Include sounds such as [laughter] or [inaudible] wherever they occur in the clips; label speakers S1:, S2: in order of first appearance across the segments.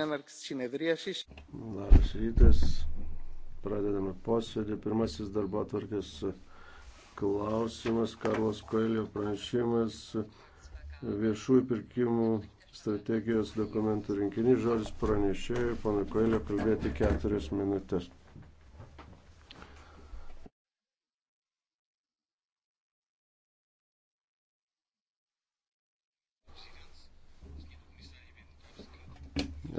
S1: Labas rytas, pradedame posėdį. Pirmasis darbo atvarkės klausimas, Karlos Koelio pranešimas, viešųjų pirkimų strategijos dokumentų rinkinys, žodis pranešėjai, pana Koelio kalbėti keturias minutės.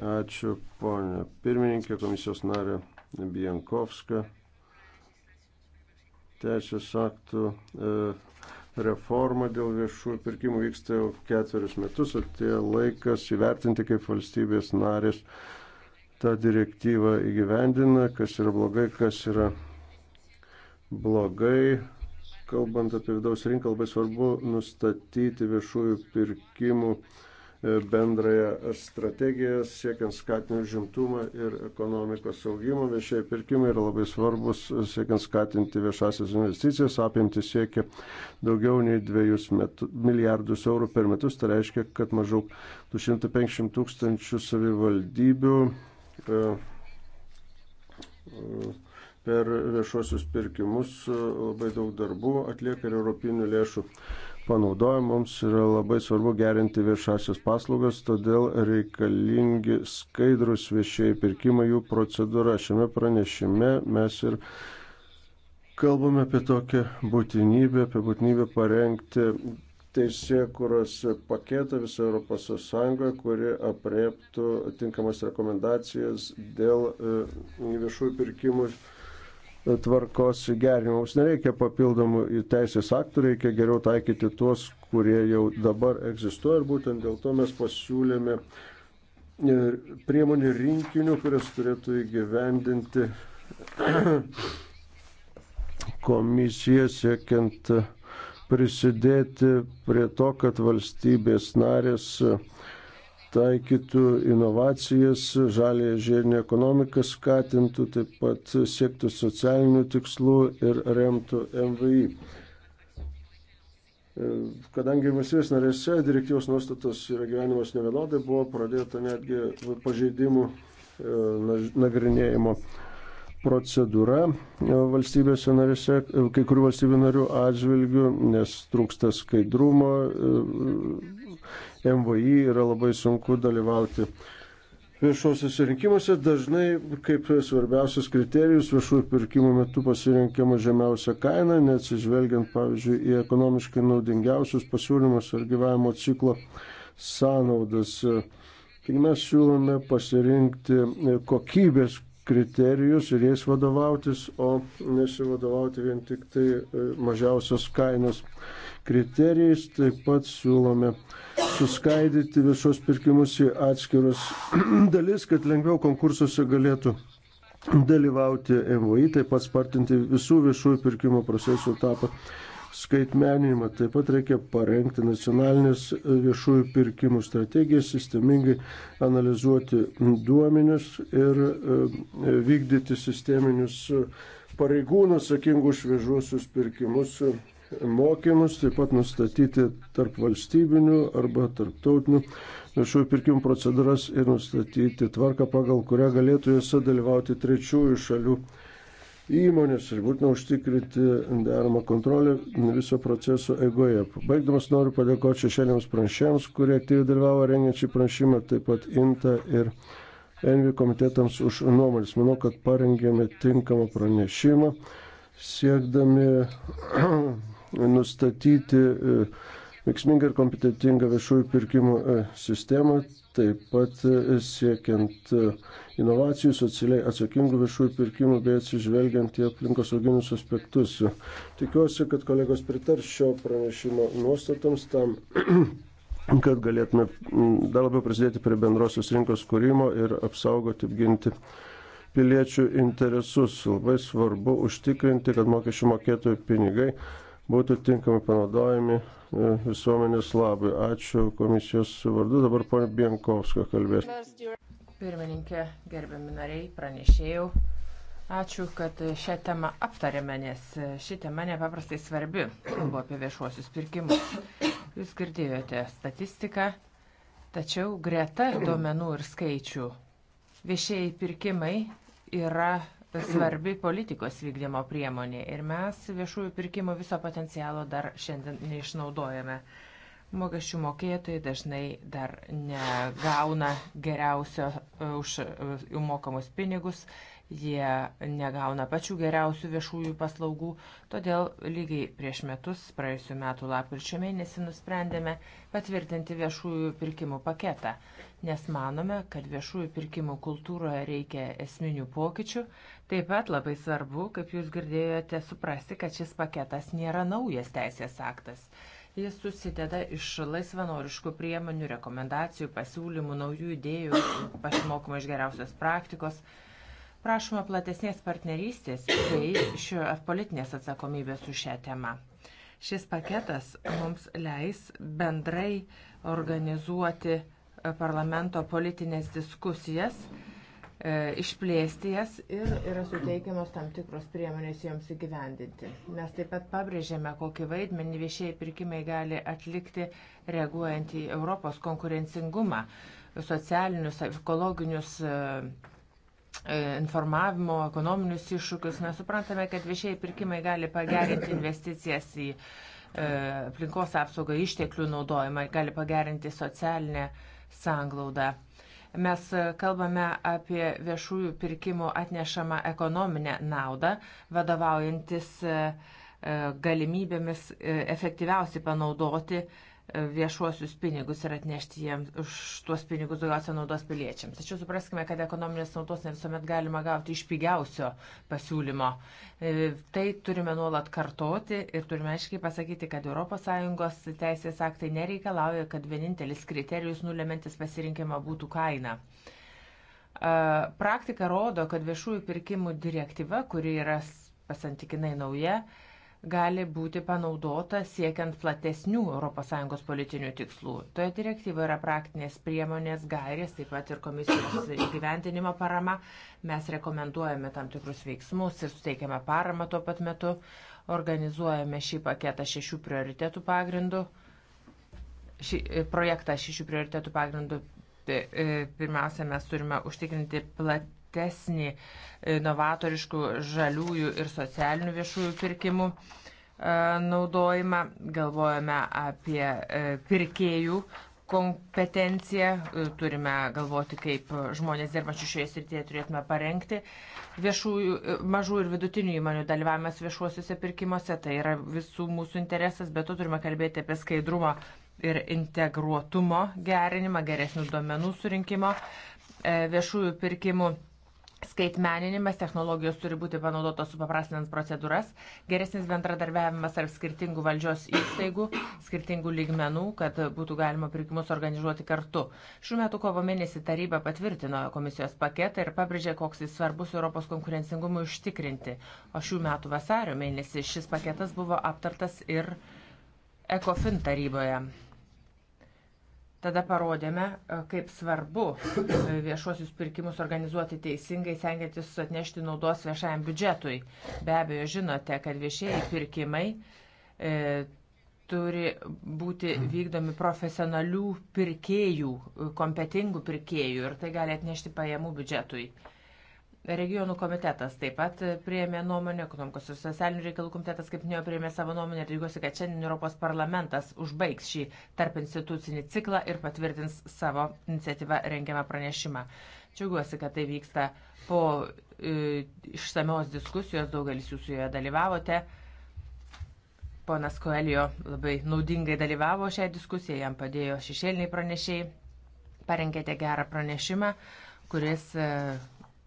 S1: Ačiū, ponė pirmininkė, komisijos narė Bienkovska. Teisės aktų e, reforma dėl viešųjų pirkimų vyksta jau ketverius metus, atėjo laikas įvertinti, kaip valstybės narės tą direktyvą įgyvendina, kas yra blogai, kas yra blogai. Kalbant apie vidaus rinką, labai svarbu nustatyti viešųjų pirkimų uh, E, bendrąją strategiją siekiant skatinti žimtumą ir ekonomikos augimą. Viešieji pirkimai yra labai svarbus e, siekiant skatinti viešasias investicijas, apimti siekia daugiau nei 2 metu, milijardus eurų per metus. Tai reiškia, kad maždaug 250 tūkstančių savivaldybių e, per viešuosius pirkimus labai daug darbų atlieka ir europinių lėšų panaudoja. Mums yra labai svarbu gerinti viešasias paslaugas, todėl reikalingi skaidrus viešieji pirkimai, jų procedūra. Šiame pranešime mes ir kalbame apie tokią būtinybę, apie būtinybę parengti teisėkuros paketą visą Europos Sąjungą, kuri apriektų tinkamas rekomendacijas dėl e, viešųjų pirkimų tvarkos gerinimo. Mums nereikia papildomų teisės aktų, reikia geriau taikyti tuos, kurie jau dabar egzistuoja ir būtent dėl to mes pasiūlėme e, priemonių rinkinių, kurias turėtų įgyvendinti [clears throat] komisija siekiant prisidėti prie to, kad valstybės narės uh, taikytų inovacijas, žalėje žiedinė ekonomika skatintų, taip pat siektų socialinių tikslų ir remtų MVI. Kadangi valstybės narėse direktyvos nuostatos yra gyvenimas nevienodai, buvo pradėta netgi pažeidimų e, nagrinėjimo procedūra valstybėse narėse, kai kurių valstybių narių atžvilgių, nes trūksta skaidrumo, e, MVI yra labai sunku dalyvauti viešuosiuose rinkimuose. Dažnai kaip svarbiausias kriterijus viešųjų pirkimų metu pasirinkiama žemiausia kaina, neatsižvelgiant, pavyzdžiui, į ekonomiškai naudingiausius pasiūlymus ar gyvavimo ciklo sąnaudas. Kai mes siūlome pasirinkti kokybės kriterijus ir jais vadovautis, o nesivadovauti vien tik tai mažiausios kainos kriterijais. Taip pat siūlome suskaidyti viešos pirkimus į atskirus [clears throat] dalis, kad lengviau konkursuose galėtų dalyvauti MVI, taip pat spartinti visų viešųjų pirkimo procesų etapą skaitmeninimą. Taip pat reikia parengti nacionalinės viešųjų pirkimų strategiją, sistemingai analizuoti duomenis ir e, vykdyti sisteminius pareigūnus, sakingus viešuosius pirkimus mokymus, taip pat nustatyti tarp valstybinių arba tarptautinių viešųjų pirkimų procedūras ir nustatyti tvarką, pagal kurią galėtų jose dalyvauti trečiųjų šalių įmonės ir būtina užtikrinti deramą kontrolę viso proceso egoje. Baigdamas noriu padėkoti šešėliams pranešėjams, kurie aktyviai dalyvavo rengiant šį pranešimą, taip pat INTA ir ENVI komitetams už nuomonės. Manau, kad parengėme tinkamą pranešimą siekdami [clears throat] nustatyti e, veiksmingą ir kompetitingą viešųjų pirkimų e, sistemą, taip pat e, siekiant inovacijų, socialiai atsakingų viešųjų pirkimų bei atsižvelgiant į aplinkos auginius aspektus. Tikiuosi, kad kolegos pritars šio pranešimo nuostatams tam [clears throat] kad galėtume dar labiau prisidėti prie bendrosios rinkos kūrimo ir apsaugoti, apginti piliečių interesus. Labai svarbu užtikrinti, kad mokesčių mokėtojų pinigai būtų tinkamai panaudojami e, visuomenės labui. Ačiū komisijos vardu. Dabar ponė Bienkovska kalbės.
S2: Pirmininkė, gerbiami nariai, pranešėjau. Ačiū, kad šią temą aptarėme, nes ši tema nepaprastai svarbi. Kalbu apie viešuosius pirkimus. Jūs girdėjote statistiką, tačiau greta duomenų ir skaičių viešieji pirkimai yra svarbi politikos vykdymo priemonė ir mes viešųjų pirkimų viso potencialo dar šiandien neišnaudojame. Mokesčių mokėtojai dažnai dar negauna geriausio e, už įmokamus e, pinigus, jie negauna pačių geriausių viešųjų paslaugų, todėl lygiai prieš metus, praėjusiu metu lapkričio mėnesį, nusprendėme patvirtinti viešųjų pirkimų paketą nes manome, kad viešųjų pirkimų kultūroje reikia esminių pokyčių. Taip pat labai svarbu, kaip jūs girdėjote, suprasti, kad šis paketas nėra naujas teisės aktas. Jis susideda iš laisvanoriškų priemonių, rekomendacijų, pasiūlymų, naujų idėjų, pasimokoma iš geriausios praktikos. Prašoma platesnės partnerystės bei šios politinės atsakomybės už šią temą. Šis paketas mums leis bendrai organizuoti parlamento politinės diskusijas, e, išplėsti jas ir yra suteikiamos tam tikros priemonės joms įgyvendinti. Mes taip pat pabrėžėme, kokį vaidmenį viešieji pirkimai gali atlikti reaguojant į Europos konkurencingumą, socialinius, ekologinius e, e, informavimo, ekonominius iššūkius. Mes suprantame, kad viešieji pirkimai gali pagerinti investicijas į aplinkos apsaugą, išteklių naudojimą, gali pagerinti socialinę uh, sanglaudą. Mes kalbame apie viešųjų pirkimų atnešamą ekonominę naudą, vadovaujantis e, e, galimybėmis e, efektyviausiai panaudoti uh, viešuosius pinigus ir atnešti jiems už tuos pinigus daugiausia naudos piliečiams. Tačiau supraskime, kad ekonominės naudos ne visuomet galima gauti iš pigiausio pasiūlymo. E, tai turime nuolat kartoti ir turime aiškiai pasakyti, kad ES teisės aktai nereikalauja, kad vienintelis kriterijus nulemantis pasirinkimą būtų kaina. E, praktika rodo, kad viešųjų pirkimų direktyva, kuri yra pasantykinai nauja, gali būti panaudota siekiant platesnių ES politinių tikslų. Toje direktyvoje yra praktinės priemonės, gairės, taip pat ir komisijos įgyvendinimo parama. Mes rekomenduojame tam tikrus veiksmus ir suteikiame paramą tuo pat metu. Organizuojame šį paketą šešių prioritetų pagrindų. Šį e, projektą šešių prioritetų pagrindų tai, e, pirmiausia, mes turime užtikrinti plat platesnį e, novatoriškų žaliųjų ir socialinių viešųjų pirkimų e, naudojimą, galvojame apie e, pirkėjų kompetenciją, turime galvoti, kaip žmonės dirbančių šioje srityje turėtume parengti viešųjų, mažų ir vidutinių įmonių dalyvavimas viešuosiuose pirkimuose, tai yra visų mūsų interesas, bet to turime kalbėti apie skaidrumą ir integruotumo gerinimą, geresnių duomenų surinkimo viešųjų pirkimų Skaitmeninimas technologijos turi būti panaudotos supaprastinant procedūras, geresnis bendradarbiavimas tarp skirtingų valdžios įstaigų, skirtingų lygmenų, kad būtų galima pirkimus organizuoti kartu. Šių metų kovo mėnesį taryba patvirtino komisijos paketą ir pabrėžė, koks jis svarbus Europos konkurencingumui užtikrinti. O šių metų vasario mėnesį šis paketas buvo aptartas ir ECOFIN taryboje. Tada parodėme, e, kaip svarbu e, viešuosius pirkimus organizuoti teisingai, sengiantis atnešti naudos viešajam biudžetui. Be abejo, žinote, kad viešieji pirkimai e, turi būti vykdomi profesionalių pirkėjų, e, kompetingų pirkėjų ir tai gali atnešti pajamų biudžetui. E, Regionų komitetas taip pat prieėmė nuomonę, ekonomikos ir socialinių reikalų komitetas, kaip minėjau, prieėmė savo nuomonę ir tikiuosi, kad šiandien Europos parlamentas užbaigs šį tarp institucinį ciklą ir patvirtins savo iniciatyvą rengiamą pranešimą. Džiaugiuosi, kad tai vyksta po e, išsamios diskusijos, daugelis jūsų joje dalyvavote. Ponas Koelio labai naudingai dalyvavo šią diskusiją, jam padėjo šešėliniai pranešiai, parengėte gerą pranešimą, kuris e,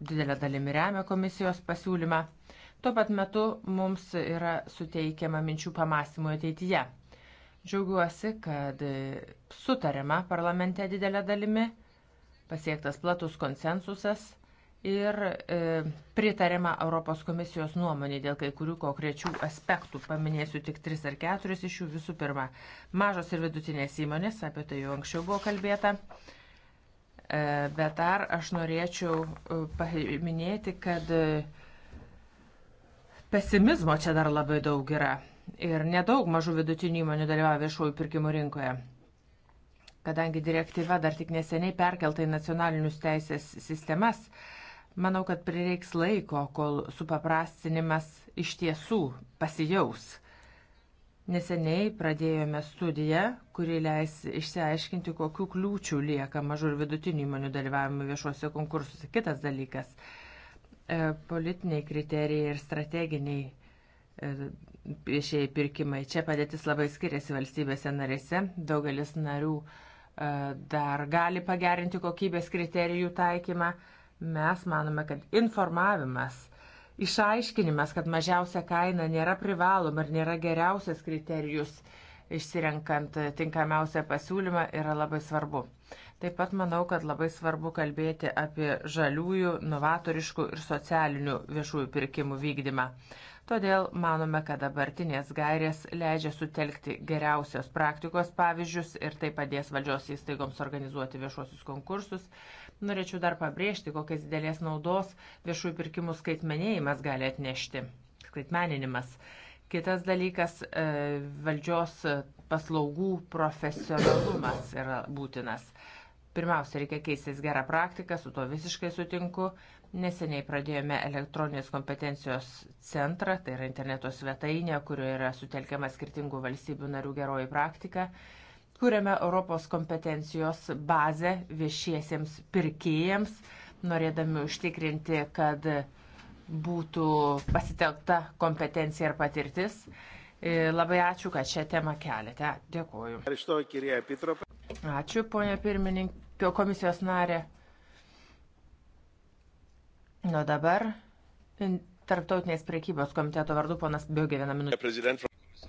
S2: didelę dalimi remia komisijos pasiūlymą. Tuo pat metu mums yra suteikiama minčių pamastymui ateityje. Džiaugiuosi, kad sutarėma parlamente didelę dalimi, pasiektas platus konsensusas ir e, pritarėma Europos komisijos nuomonė dėl kai kurių konkrečių aspektų. Paminėsiu tik tris ar keturis iš jų. Visų pirma, mažos ir vidutinės įmonės, apie tai jau anksčiau buvo kalbėta. E, bet dar aš norėčiau e, paminėti, kad e, pesimizmo čia dar labai daug yra. Ir nedaug mažų vidutinių įmonių dalyvauja viešųjų pirkimų rinkoje. Kadangi direktyva dar tik neseniai perkelta į nacionalinius teisės sistemas, manau, kad prireiks laiko, kol supaprastinimas iš tiesų pasijaus Neseniai pradėjome studiją, kuri leis išsiaiškinti, kokiu kliūčių lieka mažų ir vidutinių įmonių dalyvavimui viešuose konkursuose. Kitas dalykas e, - politiniai kriterijai ir strateginiai e, viešieji pirkimai. Čia padėtis labai skiriasi valstybėse narėse. Daugelis narių e, dar gali pagerinti kokybės kriterijų taikymą. Mes manome, kad informavimas Išaiškinimas, kad mažiausia kaina nėra privaloma ir nėra geriausias kriterijus išsirenkant tinkamiausią pasiūlymą yra labai svarbu. Taip pat manau, kad labai svarbu kalbėti apie žaliųjų, novatoriškų ir socialinių viešųjų pirkimų vykdymą. Todėl manome, kad dabartinės gairės leidžia sutelkti geriausios praktikos pavyzdžius ir tai padės valdžios įstaigoms organizuoti viešuosius konkursus Norėčiau dar pabrėžti, kokias didelės naudos viešųjų pirkimų skaitmenėjimas gali atnešti. Skaitmeninimas. Kitas dalykas e, - valdžios paslaugų profesionalumas yra būtinas. Pirmiausia, reikia keistis gerą praktiką, su tuo visiškai sutinku. Neseniai pradėjome elektroninės kompetencijos centrą, tai yra interneto svetainė, kurioje yra sutelkiama skirtingų valstybių narių geroji praktika. Uh, Kūrėme Europos kompetencijos bazę viešiesiems pirkėjams, norėdami užtikrinti, kad būtų pasitelkta kompetencija ir patirtis. Labai ačiū, kad šią temą keliate.
S1: Dėkuoju.
S3: Ačiū,
S2: ponia pirmininkio komisijos narė. Nuo dabar Tarptautinės priekybos komiteto vardu ponas Biogė vieną minutę.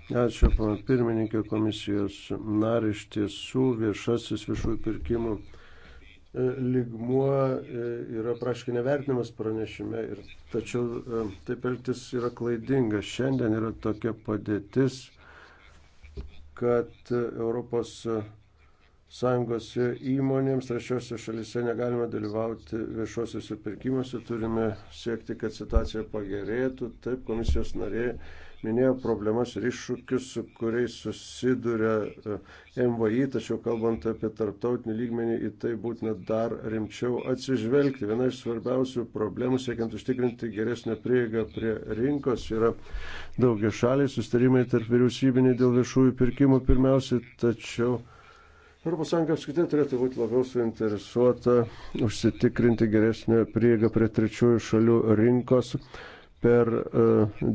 S1: Ačiū, pana pirmininkė, komisijos nariai, iš tiesų viešasis viešųjų pirkimų e, lygmuo e, yra praškai nevertinimas pranešime, ir, tačiau e, taip elgtis yra klaidinga. Šiandien yra tokia padėtis, kad Europos Sąjungos įmonėms trečiosios šalise negalime dalyvauti viešuosiuose pirkimuose, turime siekti, kad situacija pagerėtų. Taip, komisijos nariai minėjo problemas ir iššūkius, su kuriais susiduria e, MVI, tačiau kalbant apie tarptautinį lygmenį, į tai būtina dar rimčiau atsižvelgti. Viena iš svarbiausių problemų, siekiant užtikrinti geresnę prieigą prie rinkos, yra daugia šaliai sustarimai tarp vyriausybiniai dėl viešųjų pirkimų pirmiausiai, tačiau Europos Sąjunga apskritai turėtų būti labiau suinteresuota užsitikrinti geresnę prieigą prie trečiųjų šalių rinkos, per e,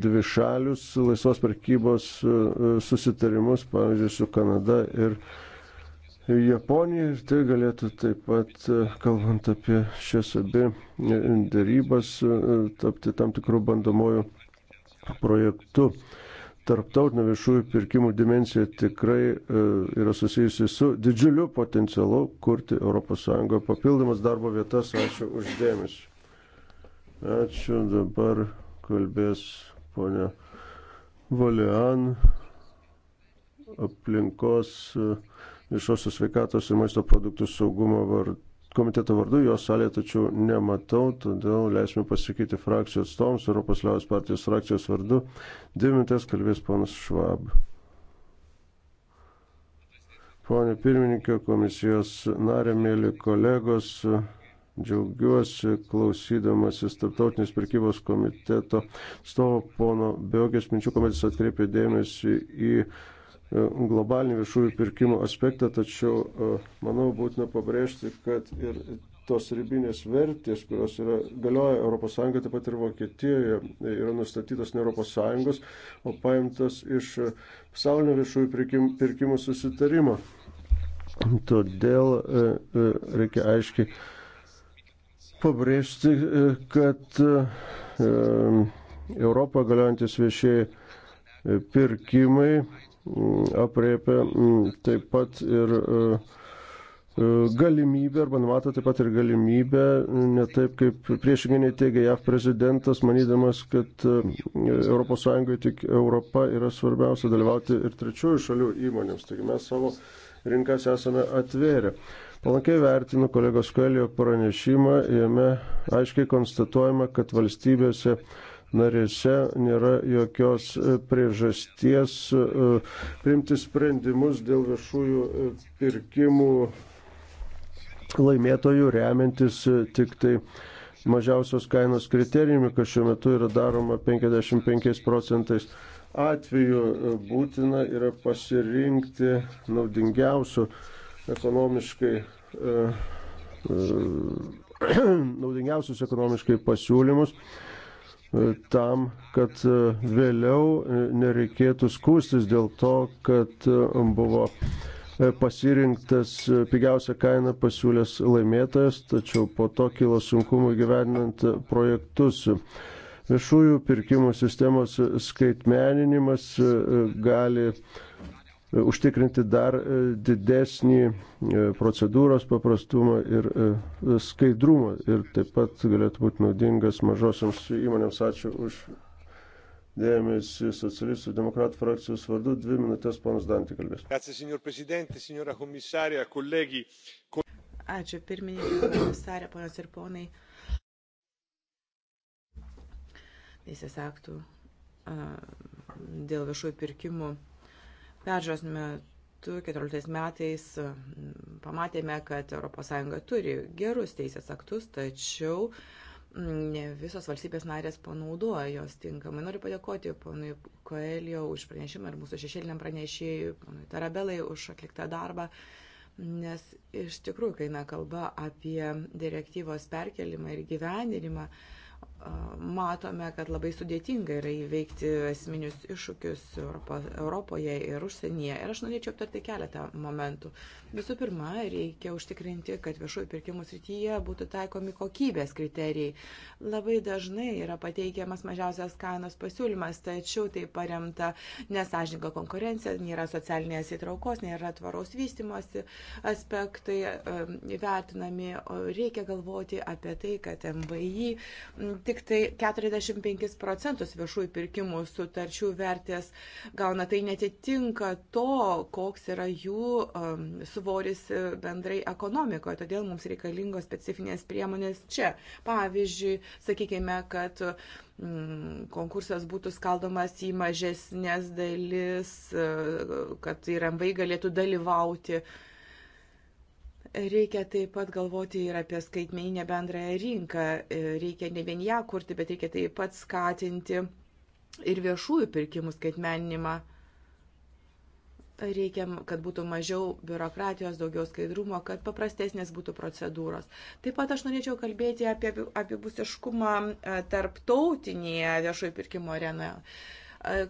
S1: dvi šalius laisvos prekybos e, e, susitarimus, pavyzdžiui, su Kanada ir Japonija. Ir tai galėtų taip pat, kalbant apie šias abi darybas, tapti tam tikrų bandomojų projektų. Tarptautinio viešųjų pirkimų dimensija tikrai yra susijusi su didžiuliu potencialu kurti ES papildomas darbo vietas. Ačiū uždėmesi. Ačiū dabar kalbės ponia Valian, aplinkos e, viešosios sveikatos ir maisto produktų saugumo vard, komiteto vardu, jos salėje tačiau nematau, todėl leisime pasakyti frakcijų atstovams, Europos liaudės partijos frakcijos vardu. Dvi minutės kalbės ponas Švab. Pone pirmininkė, komisijos narė, mėly kolegos, Džiaugiuosi klausydamasis Tarptautinės prekybos komiteto stovo pono Biogės minčių, kuomet jis atkreipė dėmesį į e, globalinį viešųjų pirkimų aspektą, tačiau e, manau būtina pabrėžti, kad ir tos ribinės vertės, kurios yra, galioja ES, taip pat ir Vokietijoje, e, yra nustatytos ne ES, o paimtas iš pasaulinio viešųjų pirkimų susitarimo. Todėl reikia aiškiai pabrėžti, e, kad e, Europą galiojantis viešieji pirkimai apriepia taip pat ir e, galimybę arba numato taip pat ir galimybę, ne taip kaip priešingai neteigia JAV prezidentas, manydamas, kad ES tik Europa yra svarbiausia dalyvauti ir trečiųjų šalių įmonėms. Taigi mes savo rinkas esame atvėrę. Palankiai vertinu kolegos Koelio pranešimą, jame aiškiai konstatuojama, kad valstybėse narėse nėra jokios e, priežasties e, priimti sprendimus dėl viešųjų e, pirkimų laimėtojų remiantis tik tai mažiausios kainos kriterijumi, kas šiuo metu yra daroma 55 procentais atveju būtina yra pasirinkti naudingiausių ekonomiškai e, e, [clears throat] naudingiausius ekonomiškai pasiūlymus e, tam, kad vėliau nereikėtų skūstis dėl to, kad buvo pasirinktas pigiausią kainą pasiūlęs laimėtojas, tačiau po to kilo sunkumų gyvenant projektus. Viešųjų pirkimų sistemos skaitmeninimas gali uh, E, užtikrinti dar e, didesnį e, procedūros paprastumą ir skaidrumą. Ir taip pat galėtų būti naudingas mažosiams įmonėms. Ačiū už dėmesį socialistų demokratų frakcijos vardu. Dvi minutės ponas Dantį kalbės.
S4: Ačiū pirmininkai, komisarė, ponas ir ponai. Teisės aktų dėl viešųjų pirkimų peržiūros metu, 14 metais, pamatėme, kad ES turi gerus teisės aktus, tačiau mm, ne visos valstybės narės panaudoja jos tinkamai. Noriu padėkoti ponui Koelio už pranešimą ir mūsų šešėliniam pranešėjui, ponui Tarabelai už atliktą darbą. Nes iš tikrųjų, kai eina kalba apie direktyvos perkelimą ir gyvenimą, matome, kad labai sudėtinga yra įveikti esminius iššūkius Europo, Europoje ir užsienyje. Ir aš norėčiau aptarti keletą momentų. Visų pirma, reikia užtikrinti, kad viešųjų pirkimų srityje būtų taikomi kokybės kriterijai. Labai dažnai yra pateikiamas mažiausias kainos pasiūlymas, tačiau tai paremta nesažininga konkurencija, nėra socialinės įtraukos, nėra tvaraus vystimosi aspektai um, vertinami. Reikia galvoti apie tai, kad MVI tik tai 45 procentus viešųjų pirkimų sutarčių vertės gauna. Tai netitinka to, koks yra jų um, svoris e, bendrai ekonomikoje. Todėl mums reikalingos specifinės priemonės čia. Pavyzdžiui, sakykime, kad mm, konkursas būtų skaldomas į mažesnės dalis, e, kad ir MVI galėtų dalyvauti uh, Reikia taip pat galvoti ir apie skaitmeninę bendrąją rinką. E, reikia ne vien ją kurti, bet reikia taip pat skatinti ir viešųjų pirkimų skaitmeninimą reikia, kad būtų mažiau biurokratijos, daugiau skaidrumo, kad paprastesnės būtų procedūros. Taip pat aš norėčiau kalbėti apie abipusiškumą e, tarptautinėje viešojo pirkimo arenoje. E,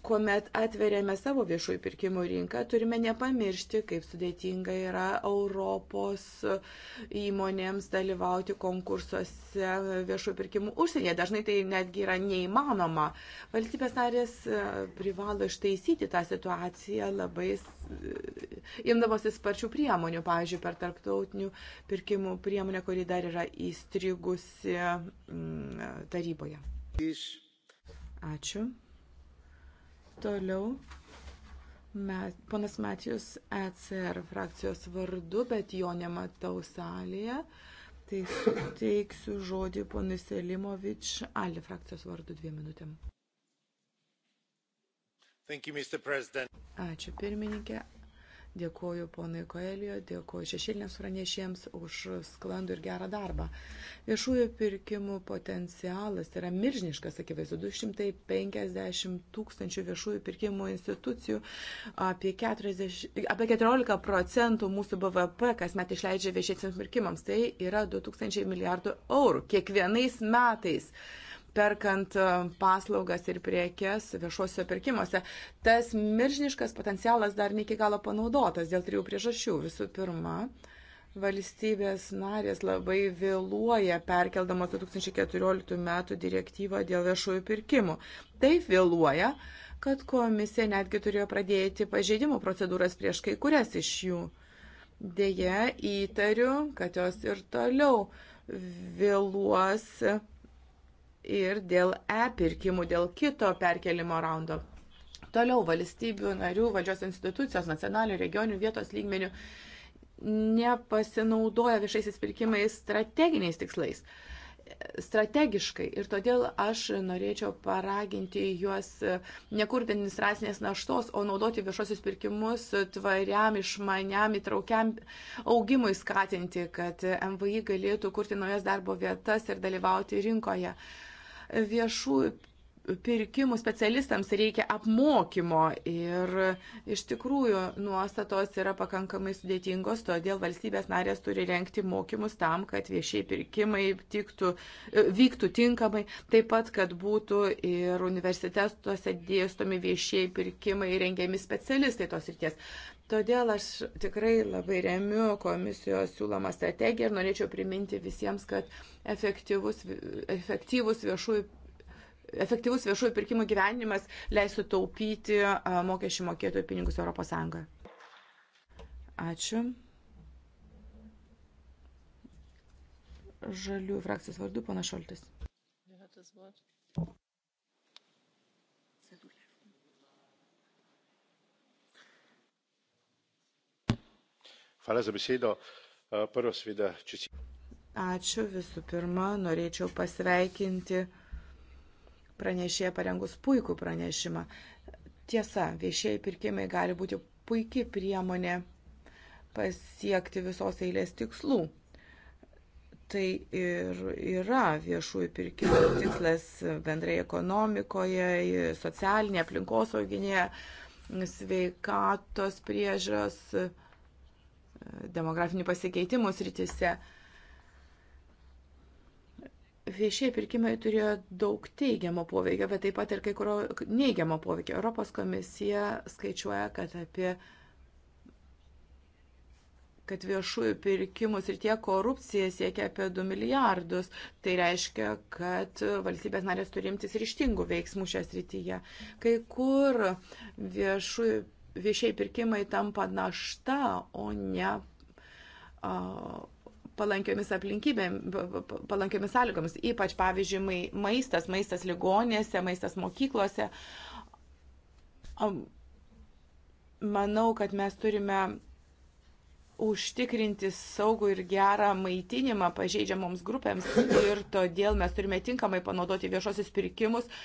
S4: kuomet atveriame savo viešųjų pirkimų rinką, turime nepamiršti, kaip sudėtinga yra Europos įmonėms dalyvauti konkursuose viešųjų pirkimų užsienyje. Dažnai tai netgi yra neįmanoma. Valstybės narės e, privalo ištaisyti tą situaciją labai e, imdavosi sparčių priemonių, pavyzdžiui, per tarptautinių pirkimų priemonę, kuri dar yra įstrigusi taryboje. Ačiū. Toliau met, ponas Matijus ECR frakcijos vardu, bet jo nematau salėje. Tai teiksiu žodį ponui Selimovič Ali frakcijos vardu dviem minutėm.
S5: You,
S4: Ačiū pirmininkė, Dėkuoju ponui Koelio, dėkuoju šešėlinės pranešėjams už sklandų ir gerą darbą. Viešųjų pirkimų potencialas yra miržniškas, akivaizdu, 250 tūkstančių viešųjų pirkimų institucijų, apie, 40, apie 14 procentų mūsų BVP kasmet išleidžia viešiesiams pirkimams. Tai yra 2000 milijardų eurų kiekvienais metais perkant e, paslaugas ir priekes viešuosiuose pirkimuose. Tas milžiniškas potencialas dar ne iki galo panaudotas dėl trijų priežasčių. Visų pirma, valstybės narės labai vėluoja perkeldamos 2014 metų direktyvą dėl viešųjų pirkimų. Taip vėluoja, kad komisija netgi turėjo pradėti pažeidimų procedūras prieš kai kurias iš jų. Deja, įtariu, kad jos ir toliau vėluos ir dėl e-pirkimų, dėl kito perkelimo raundo. Toliau valstybių narių valdžios institucijos nacionalinių, regionių, vietos lygmenių nepasinaudoja viešaisiais pirkimais strateginiais tikslais strategiškai ir todėl aš norėčiau paraginti juos nekurti administracinės naštos, o naudoti viešosius pirkimus tvariam, išmaniam, įtraukiam augimui skatinti, kad MVI galėtų kurti naujas darbo vietas ir dalyvauti rinkoje. Uh, viešų pirkimų specialistams reikia apmokymo ir iš tikrųjų nuostatos yra pakankamai sudėtingos, todėl valstybės narės turi renkti mokymus tam, kad viešiai pirkimai tiktų, vyktų tinkamai, taip pat, kad būtų ir universitetuose dėstomi viešiai pirkimai rengiami specialistai tos ryties. Todėl aš tikrai labai remiu komisijos siūlomą strategiją ir norėčiau priminti visiems, kad efektyvus, efektyvus viešųjų. Efektyvus viešųjų pirkimų gyvenimas leis sutaupyti mokesčių mokėtojų pinigus ES. Ačiū. Žalių frakcijos vardu, pana Šoltis.
S5: Eh,
S4: Ačiū visų pirma, norėčiau pasveikinti pranešėją parengus puikų pranešimą. Tiesa, viešieji pirkimai gali būti puikiai priemonė pasiekti visos eilės tikslų tai ir yra viešųjų pirkimų tikslas bendrai ekonomikoje, socialinėje, aplinkosauginėje, sveikatos priežios demografinių pasikeitimų sritise. Viešieji pirkimai turėjo daug teigiamo poveikio, bet taip pat ir kai kurio neigiamo poveikio. Europos komisija skaičiuoja, kad apie kad viešųjų pirkimus ir tie korupcija siekia apie 2 milijardus. Tai reiškia, kad valstybės narės turi imtis ryštingų veiksmų šią srityje. Kai kur viešųjų viešiai pirkimai tampa našta, o ne palankiomis aplinkybėmis, palankiomis sąlygomis. Ypač, pavyzdžiui, maistas, maistas ligonėse, maistas mokyklose. Manau, kad mes turime užtikrinti saugų ir gerą maitinimą pažeidžiamoms grupėms ir todėl mes turime tinkamai panaudoti viešosius pirkimus, uh,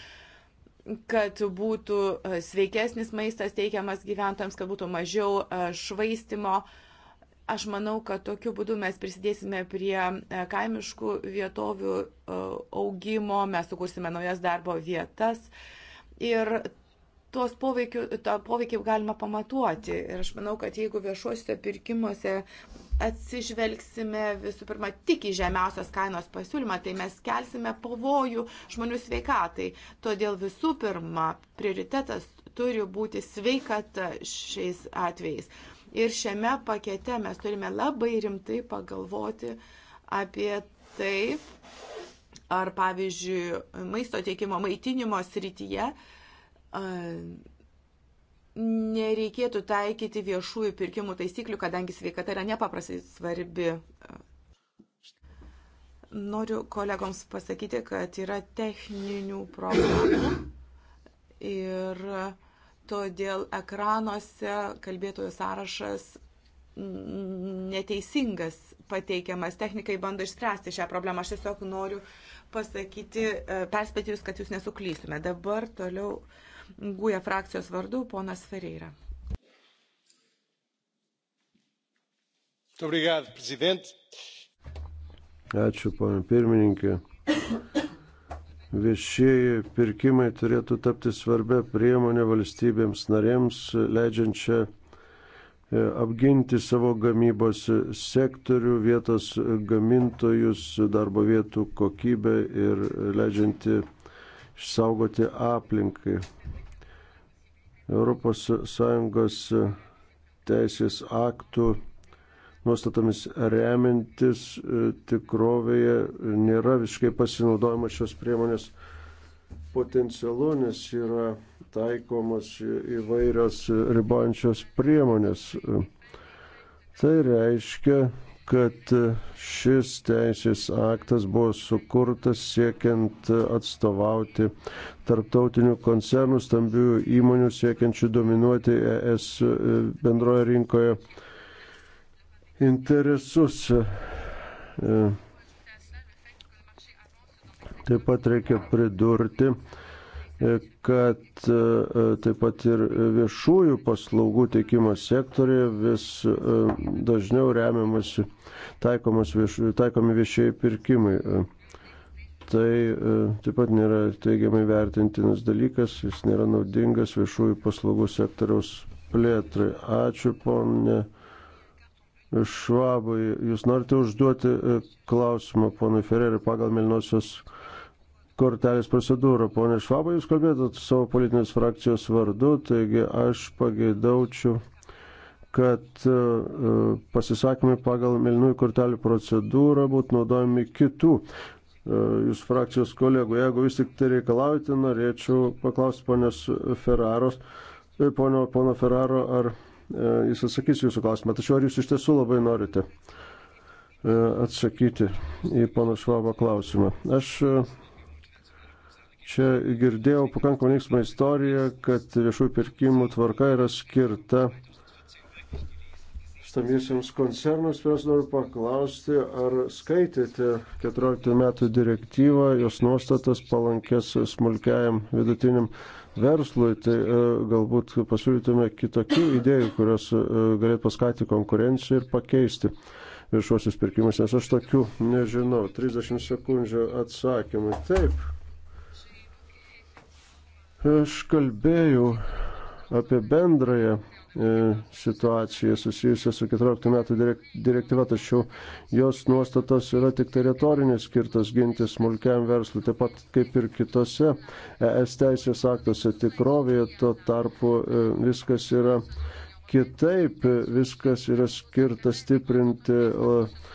S4: kad būtų e, sveikesnis maistas teikiamas gyventojams, kad būtų mažiau e, švaistimo. Aš manau, kad tokiu būdu mes prisidėsime prie e, kaimiškų vietovių augimo, mes sukursime naujas darbo vietas. Ir tuos poveikiu, tą poveikį galima pamatuoti. Ir aš manau, kad jeigu viešuosiuose pirkimuose atsižvelgsime visų pirma tik į žemiausios kainos pasiūlymą, tai mes kelsime pavojų žmonių sveikatai. Todėl visų pirma prioritetas turi būti sveikata šiais atvejais. Ir šiame pakete mes turime labai rimtai pagalvoti apie tai, ar pavyzdžiui maisto tiekimo maitinimo srityje uh, nereikėtų taikyti viešųjų pirkimų taisyklių, kadangi sveikata yra nepaprastai svarbi. Noriu kolegoms pasakyti, kad yra techninių problemų ir todėl ekranuose kalbėtojų sąrašas neteisingas pateikiamas. Technikai bando išspręsti šią problemą. Aš tiesiog noriu pasakyti, e, perspėti jūs, kad jūs nesuklysime. Dabar toliau uh, Guja frakcijos vardu ponas Ferreira.
S5: Obrigado, prezident.
S1: Ačiū, ponė pirmininkė. Viešieji pirkimai turėtų tapti svarbia priemonė valstybėms narėms, leidžiančia e, apginti savo gamybos sektorių, vietos gamintojus, darbo vietų kokybę ir leidžianti išsaugoti aplinkai. ES teisės aktų nuostatomis remintis e, tikrovėje nėra visiškai pasinaudojama šios priemonės potencialu, nes yra taikomas įvairios ribojančios priemonės. E, tai reiškia, kad šis teisės aktas buvo sukurtas siekiant atstovauti tarptautinių koncernų, stambių įmonių siekiančių dominuoti ES bendroje rinkoje interesus. Taip pat reikia pridurti, kad e, taip pat ir viešųjų paslaugų teikimo sektorėje vis e, dažniau remiamasi vieš, taikomi viešieji pirkimai. Tai e, taip pat nėra teigiamai vertintinas dalykas, jis nėra naudingas viešųjų paslaugų sektoriaus plėtrai. Ačiū, ponė Švabai. Jūs norite užduoti klausimą, ponai Ferreri, pagal Milnosios kortelės procedūrą. Pone Švabai, jūs kalbėjote savo politinės frakcijos vardu, taigi aš pageidaučiu, kad e, e, pasisakymai pagal mėlynųjų kortelių procedūrą būtų naudojami kitų e, jūs frakcijos kolegų. Jeigu vis tik tai reikalaujate, norėčiau paklausti ponios Ferraros, pono, pono Ferraro, ar jis atsakys jūsų klausimą. Tačiau ar jūs iš tiesų labai norite atsakyti į pono Švabo klausimą? Aš Čia girdėjau pakankamai linksmą istoriją, kad viešųjų pirkimų tvarka yra skirta stambiesiams koncernams. Mes noriu paklausti, ar skaitėte 14 metų direktyvą, jos nuostatas palankės smulkiajam vidutiniam verslui, tai e, galbūt pasiūlytume kitokių idėjų, kurios e, galėtų paskatinti konkurenciją ir pakeisti viešuosius pirkimus, nes aš tokių nežinau. 30 sekundžių atsakymai. Taip, Aš kalbėjau apie bendrąją e, situaciją susijusią su 14 metų direktyva, tačiau jos nuostatos yra tik teritorinės tai skirtos ginti smulkiam verslui, taip pat kaip ir kitose ES teisės aktuose tikrovėje, tuo tarpu e, viskas yra kitaip, viskas yra skirta stiprinti. Uh,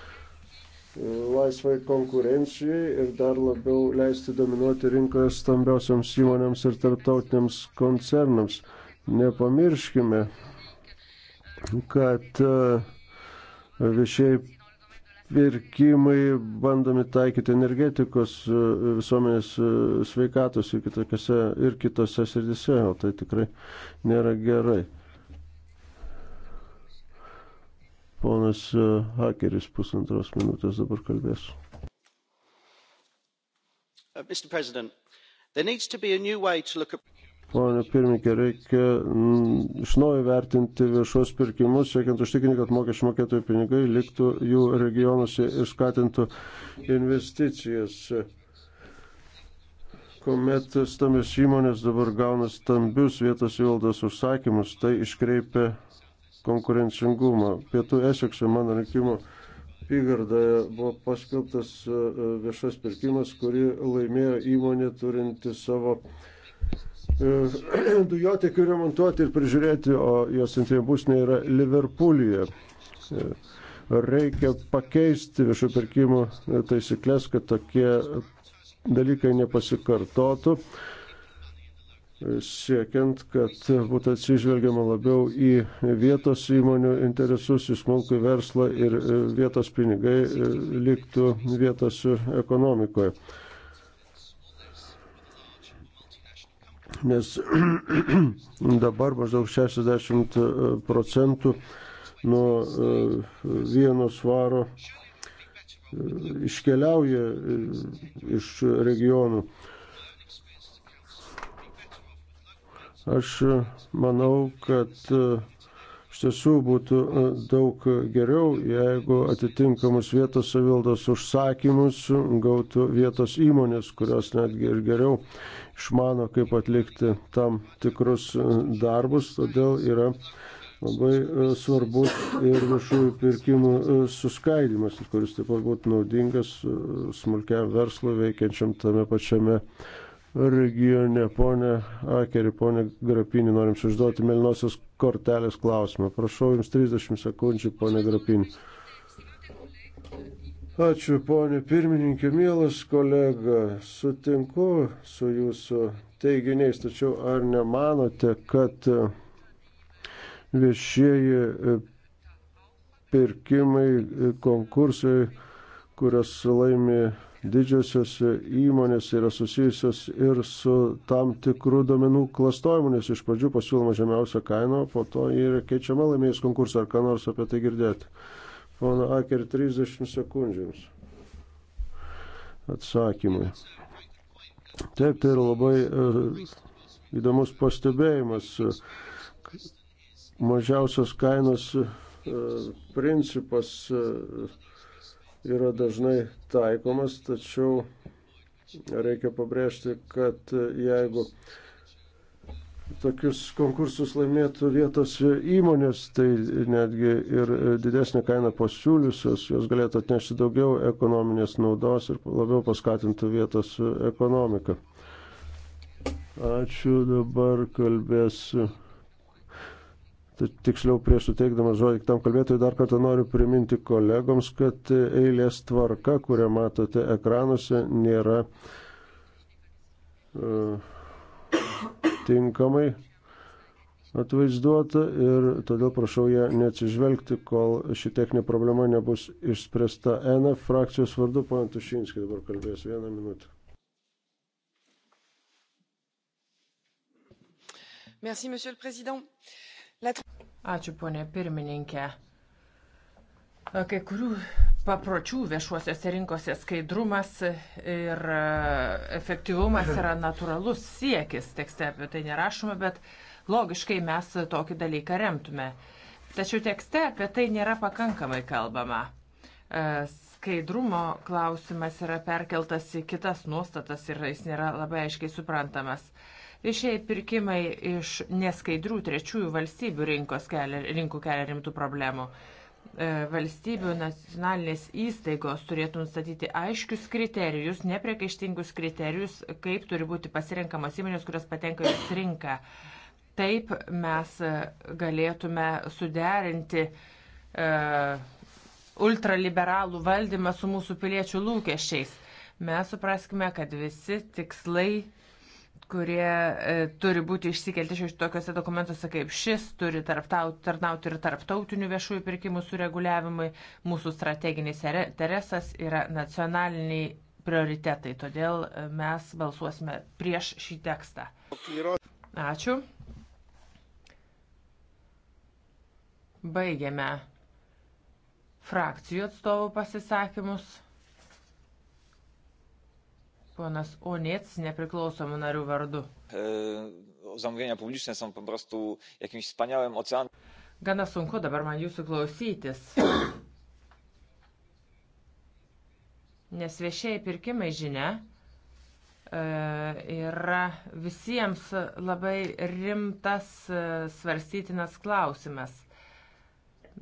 S1: laisvai konkurencijai ir dar labiau leisti dominuoti rinkoje stambiosioms įmonėms ir tarptautiniams koncernams. Nepamirškime, kad e, viešiai pirkimai bandomi taikyti energetikos e, visuomenės e, sveikatos ir kitose, ir kitose srityse, o tai tikrai nėra gerai. Ponas e, Hakeris pusantros minutės dabar kalbės. Uh, Pone pirmininkė, reikia mm, iš naujo vertinti viešos pirkimus, siekiant užtikrinti, kad mokesčių mokėtojų pinigai liktų jų regionuose ir skatintų investicijas. Komet stambios įmonės dabar gauna stambius vietos įvaldos užsakymus, tai iškreipia konkurencingumą. Pietų Esekse mano rinkimo apygardoje buvo paskelbtas e, e, viešas pirkimas, kurį laimėjo įmonė turinti savo e, [clears throat] dujotekių remontuoti ir prižiūrėti, o jos antrinė būsnė yra Liverpoolyje. Reikia pakeisti viešų pirkimų taisyklės, kad tokie dalykai nepasikartotų siekiant, kad būtų atsižvelgiama labiau į vietos įmonių interesus, į smulkų verslą ir vietos pinigai liktų vietos ekonomikoje. Nes [clears throat] dabar maždaug 60 procentų nuo e, vieno svaro e, iškeliauja e, iš regionų Aš e, manau, kad e, iš tiesų būtų e, daug geriau, jeigu atitinkamus vietos savildos užsakymus gautų vietos įmonės, kurios netgi ir geriau išmano, kaip atlikti tam tikrus darbus. Todėl yra labai svarbus ir viešųjų pirkimų suskaidimas, kuris taip pat būtų naudingas smulkiam verslui veikiančiam tame pačiame regione. Pone Akeri, pone Grapinį, norim užduoti Melinosios kortelės klausimą. Prašau Jums 30 sekundžių, pone Grapinį. Ačiū, ponė pirmininkė, mielas kolega, sutinku su jūsų teiginiais, tačiau ar nemanote, kad viešieji e, pirkimai, e, konkursai, kurios laimi didžiosios įmonės yra susijusios ir su tam tikrų domenų klastojimu, nes iš pradžių pasiūloma žemiausia kaina, po to yra keičiama laimėjus konkursą, ar ką nors apie tai girdėti. Pono Aker 30 sekundžiams. Atsakymai. Taip, tai yra labai e, įdomus pastebėjimas. Mažiausios kainos e, principas. E, yra dažnai taikomas, tačiau reikia pabrėžti, kad jeigu tokius konkursus laimėtų vietos įmonės, tai netgi ir didesnė kaina pasiūliusios, jos galėtų atnešti daugiau ekonominės naudos ir labiau paskatintų vietos ekonomiką. Ačiū, dabar kalbėsiu Tai tiksliau, prieš suteikdamas žodį tam kalbėtojui, dar kartą noriu priminti kolegoms, kad eilės tvarka, kurią matote ekranuose, nėra e, tinkamai atvaizduota ir todėl prašau ją neatsižvelgti, kol ši techninė problema nebus išspręsta. NF frakcijos vardu, pana Tušinskis dabar kalbės vieną minutę.
S4: Merci, monsieur le président. Euh,
S2: Ačiū, ponė pirmininkė. Kai kurių papročių viešuosiuose rinkose skaidrumas ir efektyvumas yra natūralus siekis, tekste apie tai nerašoma, bet logiškai mes tokį dalyką remtume. Tačiau tekste apie tai nėra pakankamai kalbama. Skaidrumo klausimas yra perkeltas į kitas nuostatas ir jis nėra labai aiškiai suprantamas. Viešieji pirkimai iš neskaidrių trečiųjų valstybių rinkos kelia, rinkų kelia rimtų problemų. E, valstybių nacionalinės įstaigos turėtų nustatyti aiškius kriterijus, nepriekaištingus kriterijus, kaip turi būti pasirenkamas įmonės, kurios patenka į rinką. Taip mes galėtume suderinti uh, ultraliberalų valdymą su mūsų piliečių lūkesčiais. Mes supraskime, kad visi tikslai kurie e, turi būti išsikelti iš tokiuose dokumentuose kaip šis, turi tarnauti ir tarptautinių viešųjų pirkimų sureguliavimui. Mūsų strateginis interesas yra nacionaliniai prioritetai, todėl e, mes balsuosime prieš šį tekstą. Ačiū. Baigiame frakcijų atstovų pasisakymus. Ponas Onėts nepriklausomų narių vardu.
S3: E, zamówienia publiczne są po prostu jakimś wspaniałym oceanem.
S2: Gana sunku dabar man jūsų klausytis. Nes viešieji pirkimai žinia e, yra visiems labai rimtas e, svarstytinas klausimas.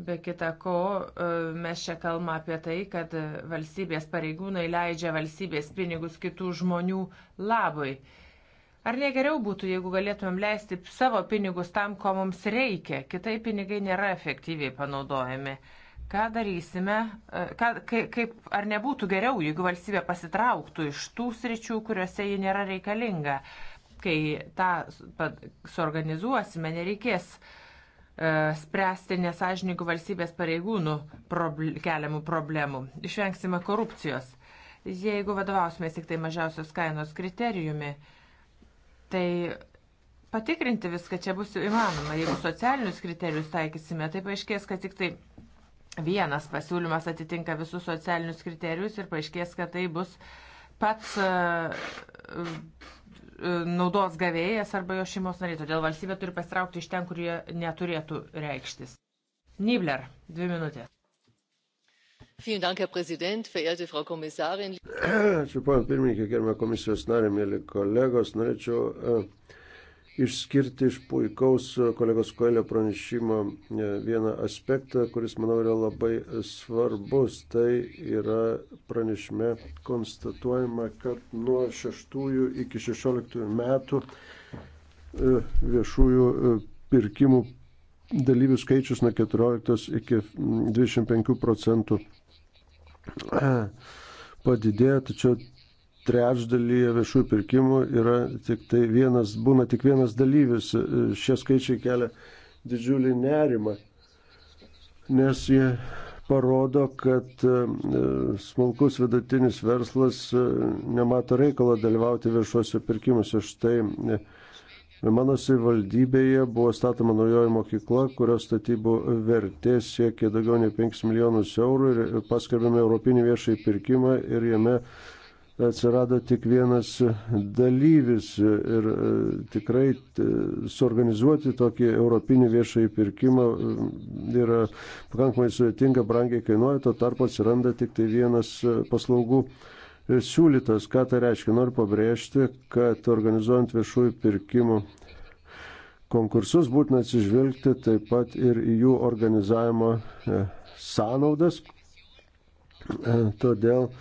S2: Be kita ko, e, mes čia kalbame apie tai, kad valstybės pareigūnai leidžia valstybės pinigus kitų žmonių labui. Ar negeriau būtų, jeigu galėtumėm leisti savo pinigus tam, ko mums reikia, kitai pinigai nėra efektyviai panaudojami. Ką darysime, e, ką, kaip, ar nebūtų geriau, jeigu valstybė pasitrauktų iš tų sričių, kuriuose ji nėra reikalinga. Kai tą suorganizuosime, nereikės uh, E, spręsti nesažininkų valstybės pareigūnų proble keliamų problemų. Išvengsime korupcijos. Jeigu vadovausime tik tai mažiausios kainos kriterijumi, tai patikrinti viską čia bus įmanoma. Jeigu socialinius kriterijus taikysime, tai paaiškės, kad tik tai vienas pasiūlymas atitinka visus socialinius kriterijus ir paaiškės, kad tai bus pats. Uh, E, naudos gavėjas arba jo šeimos nariai. Todėl valstybė turi pasitraukti iš ten, kur jie neturėtų reikštis. Nibler, dvi minutės.
S6: Dank, Herr Präsident, verehrte Frau Kommissarin.
S1: Ačiū, pan pirmininkė, gerbė komisijos narė, mėly kolegos. Norėčiau uh, išskirti iš puikaus kolegos Koelio pranešimo e, vieną aspektą, kuris, manau, yra labai svarbus. Tai yra pranešime konstatuojama, kad nuo 6 iki 16 metų e, viešųjų e, pirkimų dalyvių skaičius nuo 14 iki 25 procentų padidėjo, tačiau trečdalyje viešųjų pirkimų yra tik tai vienas, būna tik vienas dalyvis. Šie skaičiai kelia didžiulį nerimą, nes jie parodo, kad e, smulkus vidutinis verslas e, nemato reikalo dalyvauti viešuose pirkimuose. Štai e, mano savivaldybėje buvo statoma naujoji mokykla, kurios statybų vertė siekė daugiau nei 5 milijonus eurų ir paskelbėme Europinį viešąjį pirkimą ir jame atsirado tik vienas dalyvis ir e, tikrai e, suorganizuoti tokį europinį viešąjį pirkimą e, yra pakankamai sudėtinga, brangiai kainuoja, to tarpo atsiranda tik tai vienas paslaugų siūlytas. Ką tai reiškia? Noriu pabrėžti, kad organizuojant viešųjų pirkimų konkursus būtina atsižvelgti taip pat ir į jų organizavimo sąnaudas. Todėl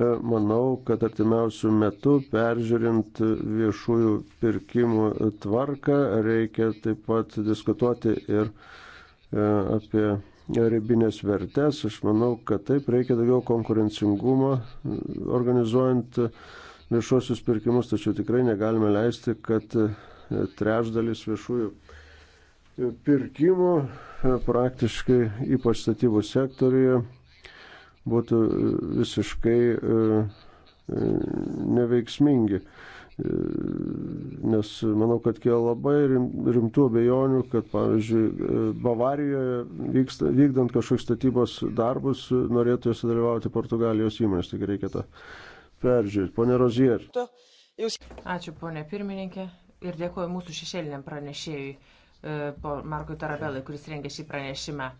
S1: E, manau, kad artimiausių metų peržiūrint viešųjų pirkimų tvarką reikia taip pat diskutuoti ir e, apie ribinės vertės. Aš manau, kad taip reikia daugiau konkurencingumo e, organizuojant viešuosius pirkimus, tačiau tikrai negalime leisti, kad trečdalis viešųjų pirkimų praktiškai, ypač statybų sektorijoje, būtų visiškai e, e, neveiksmingi. E, nes manau, kad kėlė labai rimtų abejonių, kad pavyzdžiui, Bavarijoje vyksta, vykdant kažkokius statybos darbus norėtų jose dalyvauti Portugalijos įmonės, tik reikia tą peržiūrėti. Pone Rozier.
S2: Ačiū, ponė pirmininkė, ir dėkuoju mūsų šešėliniam pranešėjui, Markui Tarabelai, kuris rengė šį pranešimą.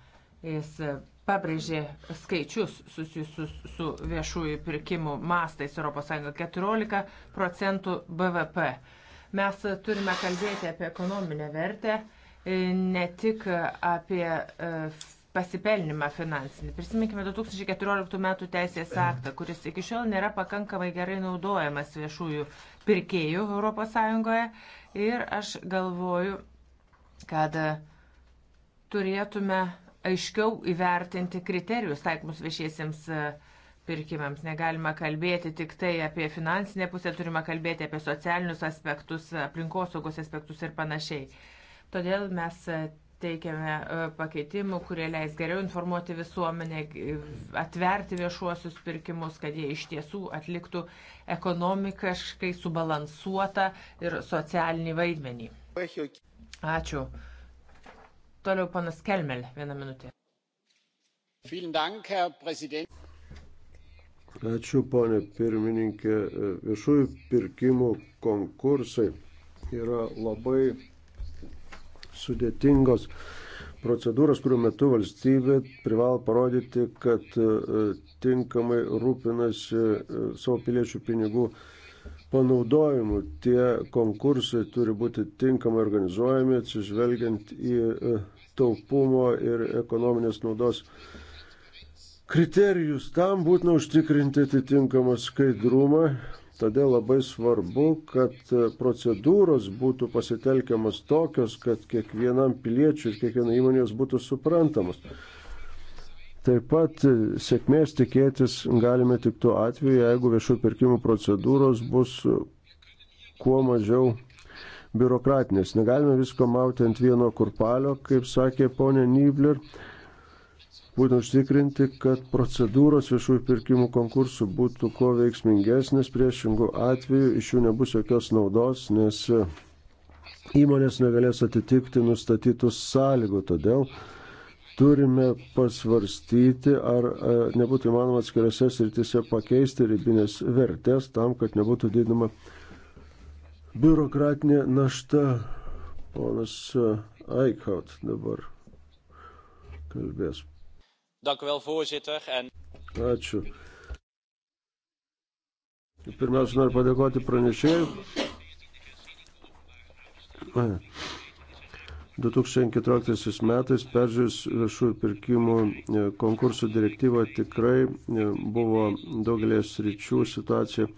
S2: Jis e, pabrėžė skaičius susijusius su viešųjų pirkimų mastais ES 14 procentų BVP. Mes turime kalbėti apie ekonominę vertę, e, ne tik apie e, pasipelnimą finansinį. Prisiminkime 2014 metų teisės aktą, kuris iki šiol nėra pakankamai gerai naudojamas viešųjų pirkėjų ES. Ir aš galvoju, kad turėtume aiškiau įvertinti kriterijus taikomus viešiesiems e, pirkimams. Negalime kalbėti tik tai apie finansinę pusę, turime kalbėti apie socialinius aspektus, aplinkosaugos aspektus ir panašiai. Todėl mes e, teikiame e, pakeitimų, kurie leis geriau informuoti visuomenę, atverti viešuosius pirkimus, kad jie iš tiesų atliktų ekonomiškai subalansuotą ir socialinį vaidmenį. Ačiū. Toliau panas Kelmel, vieną minutę.
S1: Ačiū, ponė pirmininkė. Viešųjų pirkimų konkursai yra labai sudėtingos procedūros, kurių metu valstybė privalo parodyti, kad e, tinkamai rūpinasi e, savo piliečių pinigų panaudojimu. Tie konkursai turi būti tinkamai organizuojami, atsižvelgiant į e, taupumo ir ekonominės naudos kriterijus. Tam būtina užtikrinti atitinkamą skaidrumą. Todėl labai svarbu, kad e, procedūros būtų pasitelkiamas tokios, kad kiekvienam piliečiui ir kiekvienai įmonės būtų suprantamos. Taip pat e, sėkmės tikėtis galime tik tuo atveju, jeigu viešų pirkimų procedūros bus e, kuo mažiau biurokratinės. Negalime visko mauti ant vieno kurpalio, kaip sakė ponė Nibler. Būtent užtikrinti, kad procedūros viešųjų pirkimų konkursų būtų kuo veiksmingesnės, priešingų atveju iš jų nebus jokios naudos, nes e, įmonės negalės atitikti nustatytus sąlygų. Todėl turime pasvarstyti, ar e, nebūtų įmanoma atskiriose sritise pakeisti ribinės vertės tam, kad nebūtų didinama biurokratinė našta. Ponas e, Eichhout dabar kalbės.
S3: Ačiū.
S1: Pirmiausia, noriu padėkoti pranešėjui. 2014 metais peržiūrės viešųjų pirkimų e, konkursų direktyva tikrai e, buvo daugelės ryčių situacija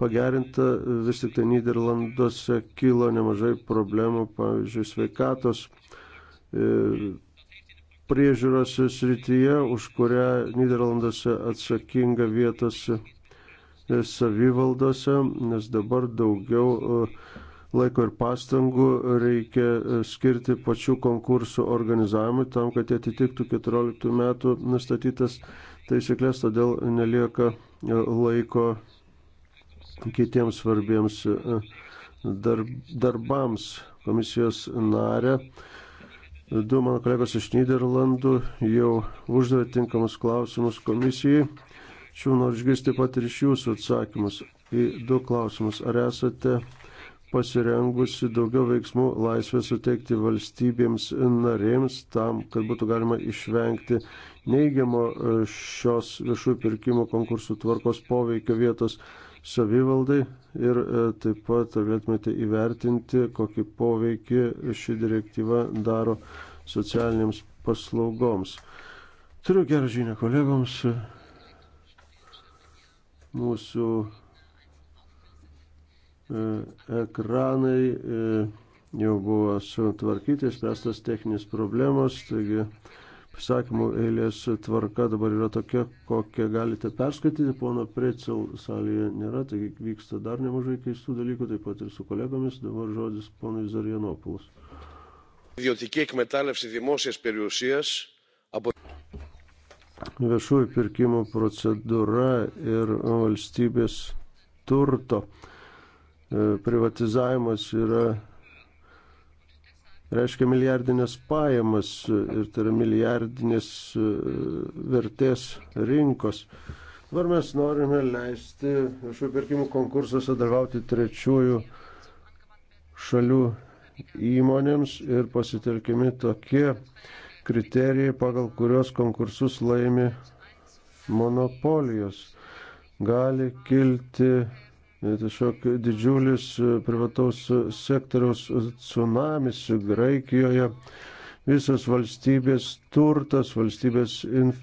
S1: pagerinta, vis tik tai Niderlanduose kilo nemažai problemų, pavyzdžiui, sveikatos e, priežiūros srityje, už kurią Niderlanduose atsakinga vietos savivaldose, nes dabar daugiau uh, laiko ir pastangų reikia skirti pačių konkursų organizavimui tam, kad jie atitiktų 14 metų nustatytas taisyklės, todėl nelieka e, laiko kitiems svarbiems e, dar, darbams komisijos narė. Du mano kolegos iš Niderlandų jau uždavė tinkamus klausimus komisijai. Šių noriu išgirsti pat ir iš jūsų atsakymus į du klausimus. Ar esate pasirengusi daugiau veiksmų laisvę suteikti valstybėms narėms tam, kad būtų galima išvengti neigiamo e, šios viešųjų pirkimų konkursų tvarkos poveikio vietos savivaldai ir e, taip pat galėtumėte įvertinti, kokį poveikį ši direktyva daro socialiniams paslaugoms. Turiu gerą žinią kolegoms. Mūsų E, ekranai e, jau buvo sutvarkyti, išspręstas techninės problemos, taigi pasakymų eilės tvarka dabar yra tokia, kokią galite perskaityti. Pono Precel salėje nėra, taigi vyksta dar nemažai keistų dalykų, taip pat ir su kolegomis. Dabar žodis ponui Zarianopulas. Viešųjų pirkimų procedūra ir valstybės turto E, privatizavimas yra reiškia milijardinės pajamas ir tai yra milijardinės e, vertės rinkos. Dabar mes norime leisti viešųjų pirkimų konkursuose dalyvauti trečiųjų šalių įmonėms ir pasitelkimi tokie kriterijai, pagal kurios konkursus laimi monopolijos. Gali kilti E, tiesiog didžiulis e, privataus sektoriaus tsunamis Graikijoje. Visas valstybės turtas, valstybės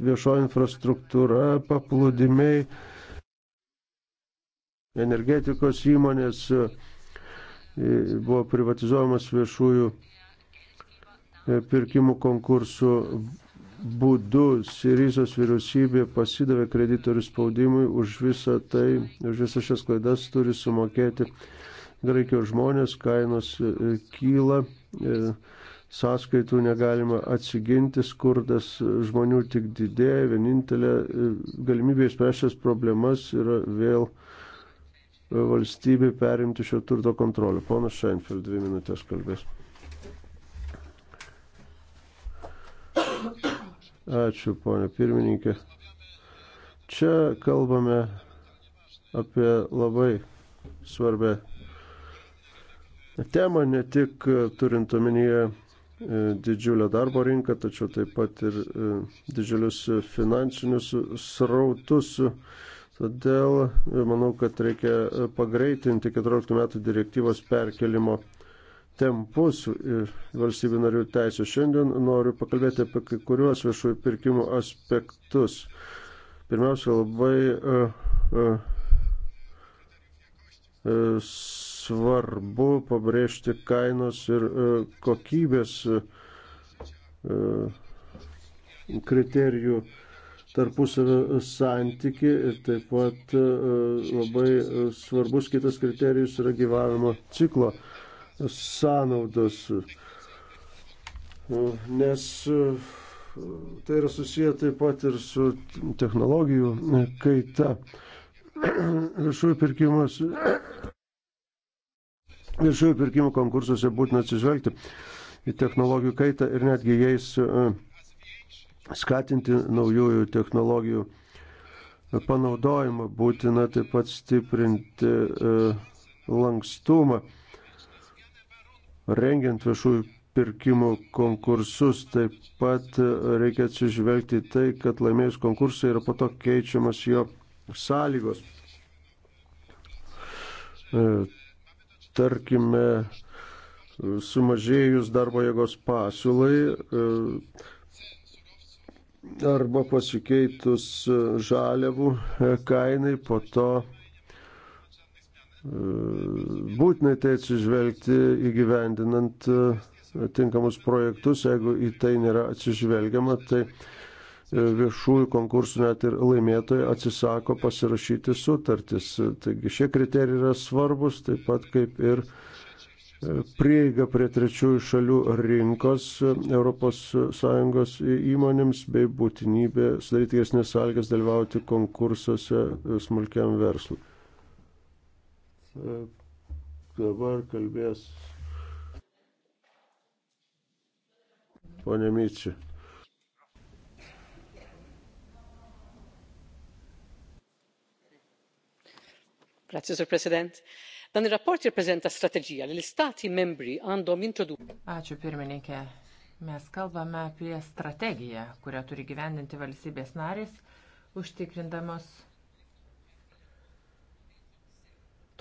S1: viešo infrastruktūra, paplūdimiai, energetikos įmonės e, buvo privatizuojamas viešųjų pirkimų konkursų būdu Sirizos vyriausybė pasidavė kreditorių spaudimui už visą tai, už visas šias klaidas turi sumokėti graikijos žmonės, kainos e, kyla, e, sąskaitų negalima atsiginti, skurdas žmonių tik didėja, vienintelė e, galimybė išspręšęs problemas yra vėl valstybė perimti šio turto kontrolę. Ponas Šeinfeld dvi minutės kalbės. Ačiū, ponė pirmininkė. Čia kalbame apie labai svarbę temą, ne tik turint omenyje e, didžiulę darbo rinką, tačiau taip pat ir e, didžiulius finansinius srautus. Todėl e, manau, kad reikia pagreitinti 14 metų direktyvos perkelimo tempus valstybių narių teisų. Šiandien noriu pakalbėti apie kai kuriuos viešųjų pirkimų aspektus. Pirmiausia, labai uh, uh, svarbu pabrėžti kainos ir uh, kokybės kriterijų tarpusavio santyki ir taip pat labai svarbus kitas kriterijus yra gyvavimo ciklo sąnaudos, nes e, tai yra susiję taip pat ir su technologijų kaita. Viešųjų pirkimas. Viešųjų pirkimų konkursuose būtina atsižvelgti į technologijų kaitą ir netgi jais e, skatinti naujųjų technologijų panaudojimą. Būtina taip pat stiprinti e, lankstumą rengiant viešųjų pirkimų konkursus. Taip pat reikia atsižvelgti tai, kad laimėjus konkursą yra po to keičiamas jo sąlygos. E, tarkime, sumažėjus darbo jėgos pasiūlai e, arba pasikeitus žaliavų e, kainai, po to E, būtinai tai atsižvelgti įgyvendinant e, tinkamus projektus, jeigu į tai nėra atsižvelgiama, tai e, viešųjų konkursų net ir laimėtojai atsisako pasirašyti sutartis. Taigi šie kriterijai yra svarbus, taip pat kaip ir prieiga prie trečiųjų šalių rinkos ES įmonėms bei būtinybė sudaryti gesnės sąlygas dalyvauti konkursuose smulkiam verslui. E, dabar kalbės ponė Myčiai.
S4: signor presidente dan ir rapport jirrappreżenta strateġija li l-istati membri għandhom jintroduċu.
S2: Ačiū pirmininkė. Mes kalbame apie strategiją, kurią turi gyvendinti valstybės narės, užtikrindamos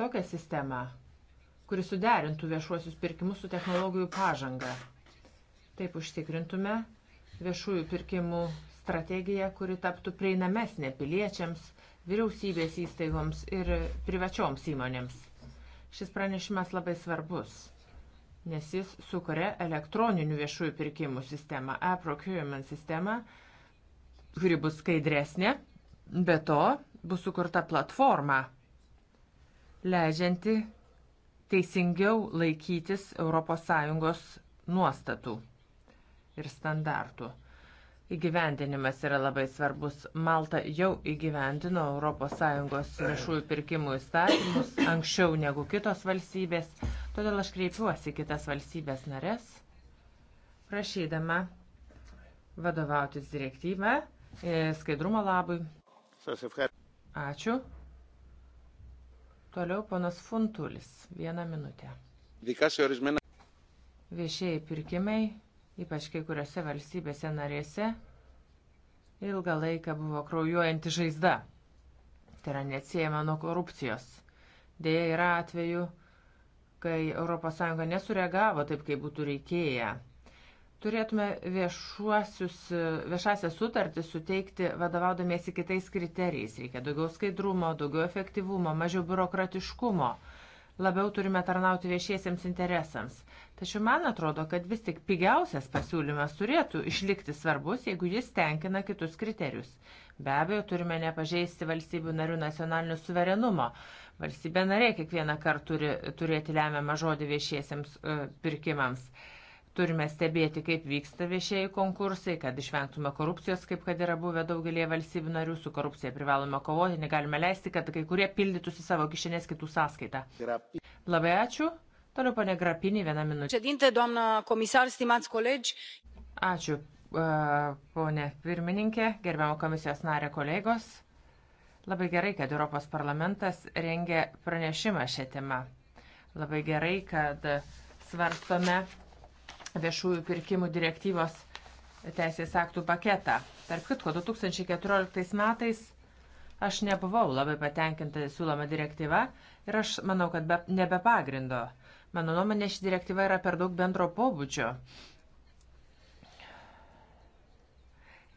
S2: tokią sistemą, kuri suderintų viešuosius pirkimus su technologijų pažanga. Taip užtikrintume viešųjų pirkimų strategiją, kuri taptų prieinamesnė piliečiams, vyriausybės įstaigoms ir privačioms įmonėms. Šis pranešimas labai svarbus, nes jis sukuria elektroninių viešųjų pirkimų sistemą, e-procurement sistemą, kuri bus skaidresnė, be to bus sukurta platforma leidžianti teisingiau laikytis ES nuostatų ir standartų. Įgyvendinimas yra labai svarbus. Malta jau įgyvendino ES viešųjų pirkimų įstatymus anksčiau negu kitos valstybės, todėl aš kreipiuosi kitas valstybės narės, prašydama vadovautis direktyvą e, skaidrumo labui. Ačiū. Toliau ponas Funtulis. Vieną minutę. Viešieji pirkimai, ypač kai kuriuose valstybėse narėse, ilgą laiką buvo kraujuojanti žaizda. Tai yra neatsiejama nuo korupcijos. Deja, yra atveju, kai ES nesureagavo taip, kaip būtų reikėję turėtume viešuosius, viešasias sutartis suteikti vadovaudamiesi kitais kriterijais. Reikia daugiau skaidrumo, daugiau efektyvumo, mažiau biurokratiškumo. Labiau turime tarnauti viešiesiems interesams. Tačiau man atrodo, kad vis tik pigiausias pasiūlymas turėtų išlikti svarbus, jeigu jis tenkina kitus kriterijus. Be abejo, turime nepažeisti valstybių narių nacionalinio suverenumo. Valstybė narė kiekvieną kartą turi turėti lemiamą žodį viešiesiems e, pirkimams. Uh, Turime stebėti, kaip vyksta viešieji konkursai, kad išvengtume korupcijos, kaip kad yra buvę daugelie valstybių narių. Su korupcija privalome kovoti, negalime leisti, kad kai kurie pildytųsi savo kišenės kitų sąskaitą. Labai ačiū. Toliau pane Grapinį vieną minutę. Šedinte, domna komisar, stimați colegi. Ačiū, e, ponė pirmininkė, gerbiamo komisijos narė kolegos. Labai gerai, kad Europos parlamentas rengia pranešimą šią temą. Labai gerai, kad svarstome viešųjų pirkimų direktyvos teisės aktų paketą. Tarp kitko, 2014 metais aš nebuvau labai patenkinta siūloma direktyva ir aš manau, kad be, nebe pagrindo. Mano nuomonė, ši direktyva yra per daug bendro pobūdžio.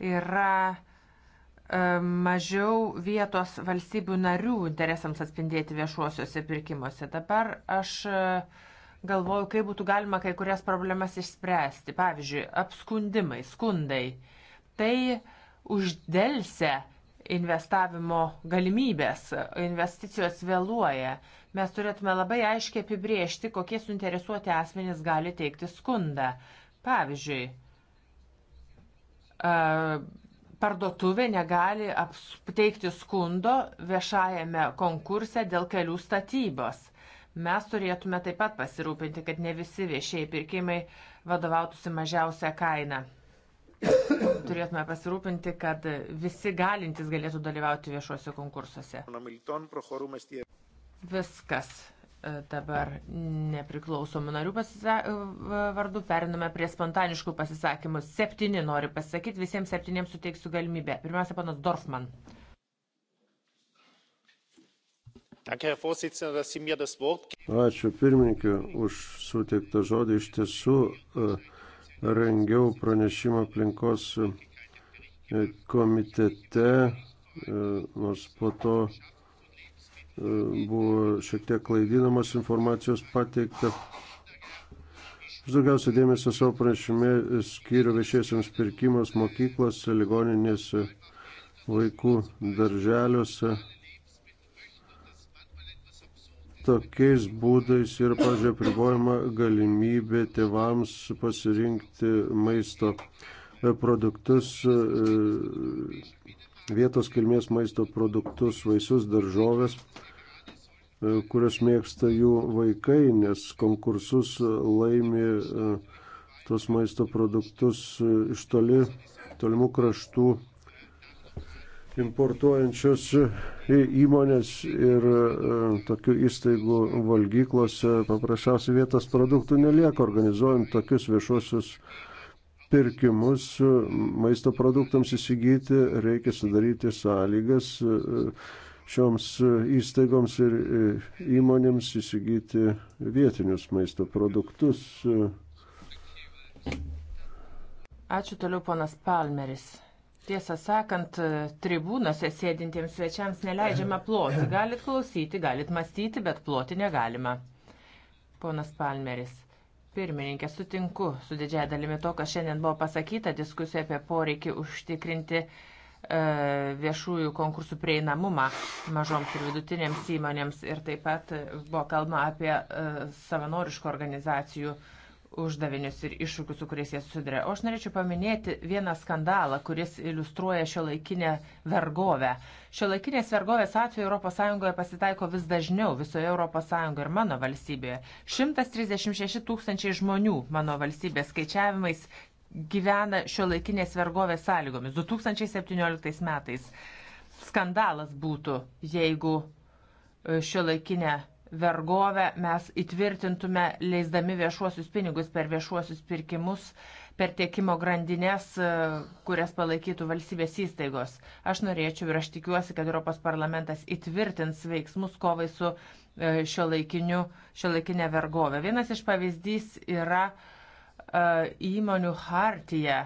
S2: Yra e, mažiau vietos valstybių narių interesams atspindėti viešuosiuose pirkimuose. Dabar aš uh, galvoju, kaip būtų galima kai kurias problemas išspręsti. Pavyzdžiui, apskundimai, skundai. Tai uždelsia investavimo galimybės, investicijos vėluoja. Mes turėtume labai aiškiai apibriežti, kokie suinteresuoti asmenys gali teikti skundą. Pavyzdžiui, parduotuvė negali teikti skundo viešajame konkurse dėl kelių statybos Mes turėtume taip pat pasirūpinti, kad ne visi viešieji pirkimai vadovautųsi mažiausią kainą. Turėtume pasirūpinti, kad visi galintys galėtų dalyvauti viešuose konkursuose. Viskas e, dabar nepriklausomų narių e, vardu periname prie spontaniškų pasisakymų. Septyni nori pasakyti, visiems septyniems suteiksiu galimybę. Pirmiausia, panas Dorfman.
S5: Ačiū
S1: pirmininkė už suteiktą žodį. Iš tiesų e, rengiau pranešimą aplinkos e, komitete, e, nors po to buvo šiek tiek klaidinamos informacijos pateikta. Aš daugiausia dėmesio savo pranešime skyriu viešiesiams pirkimas mokyklose, ligoninėse, vaikų darželiuose tokiais būdais yra, pažiūrėjau, pribojama galimybė tėvams pasirinkti maisto e, produktus, e, vietos kilmės maisto produktus, vaisius, daržovės e, kurias mėgsta jų vaikai, nes konkursus laimi tos maisto produktus iš toli, tolimų kraštų importuojančios įmonės ir e, tokių įstaigų valgyklose paprasčiausiai vietos produktų nelieka. Organizuojant tokius viešuosius pirkimus e, maisto produktams įsigyti, reikia sudaryti sąlygas e, šioms įstaigoms ir įmonėms įsigyti vietinius maisto produktus.
S2: Ačiū toliau, ponas Palmeris. Tiesą sakant, tribūnose sėdintiems svečiams neleidžiama ploti. Galit klausyti, galit mąstyti, bet ploti negalima. Ponas Palmeris. Pirmininkė, sutinku su didžiai dalimi to, kas šiandien buvo pasakyta, diskusija apie poreikį užtikrinti e, viešųjų konkursų prieinamumą mažoms ir vidutinėms įmonėms ir taip pat buvo kalba apie e, savanoriškų organizacijų e, uždavinius ir iššūkius, su kuriais jie susiduria. O aš norėčiau paminėti vieną skandalą, kuris iliustruoja šio laikinę vergovę. Šio laikinės vergovės atveju ES pasitaiko vis dažniau visoje ES ir mano valstybėje. 136 tūkstančiai žmonių mano valstybės skaičiavimais gyvena šio laikinės vergovės sąlygomis 2017 metais. Skandalas būtų, jeigu e, šio laikinę vergovę mes įtvirtintume, leisdami viešuosius pinigus per viešuosius pirkimus, per tiekimo grandinės, e, kurias palaikytų valstybės įstaigos. Aš norėčiau ir aš tikiuosi, kad Europos parlamentas įtvirtins veiksmus kovai su e, šio, laikiniu, šio laikinė vergovė. Vienas iš pavyzdys yra e, įmonių hartija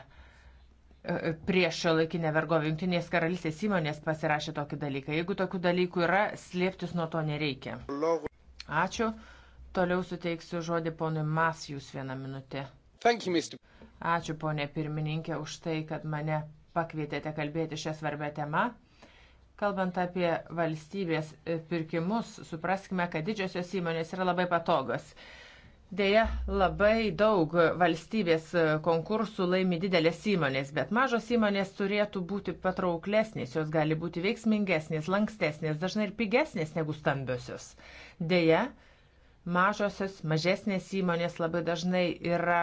S2: prieš laikinę vergovę. Junktinės karalystės įmonės pasirašė tokį dalyką. Jeigu tokių dalykų yra, slėptis nuo to nereikia. Ačiū. Toliau suteiksiu žodį ponui Masijus vieną minutę. Ačiū, ponė pirmininkė, už tai, kad mane pakvietėte kalbėti šią svarbę temą. Kalbant apie valstybės pirkimus, supraskime, kad didžiosios įmonės yra labai patogas. Deja, labai daug valstybės konkursų laimi didelės įmonės, bet mažos įmonės turėtų būti patrauklesnės, jos gali būti veiksmingesnės, lankstesnės, dažnai ir pigesnės negu stambiosios. Deja, mažosios, mažesnės įmonės labai dažnai yra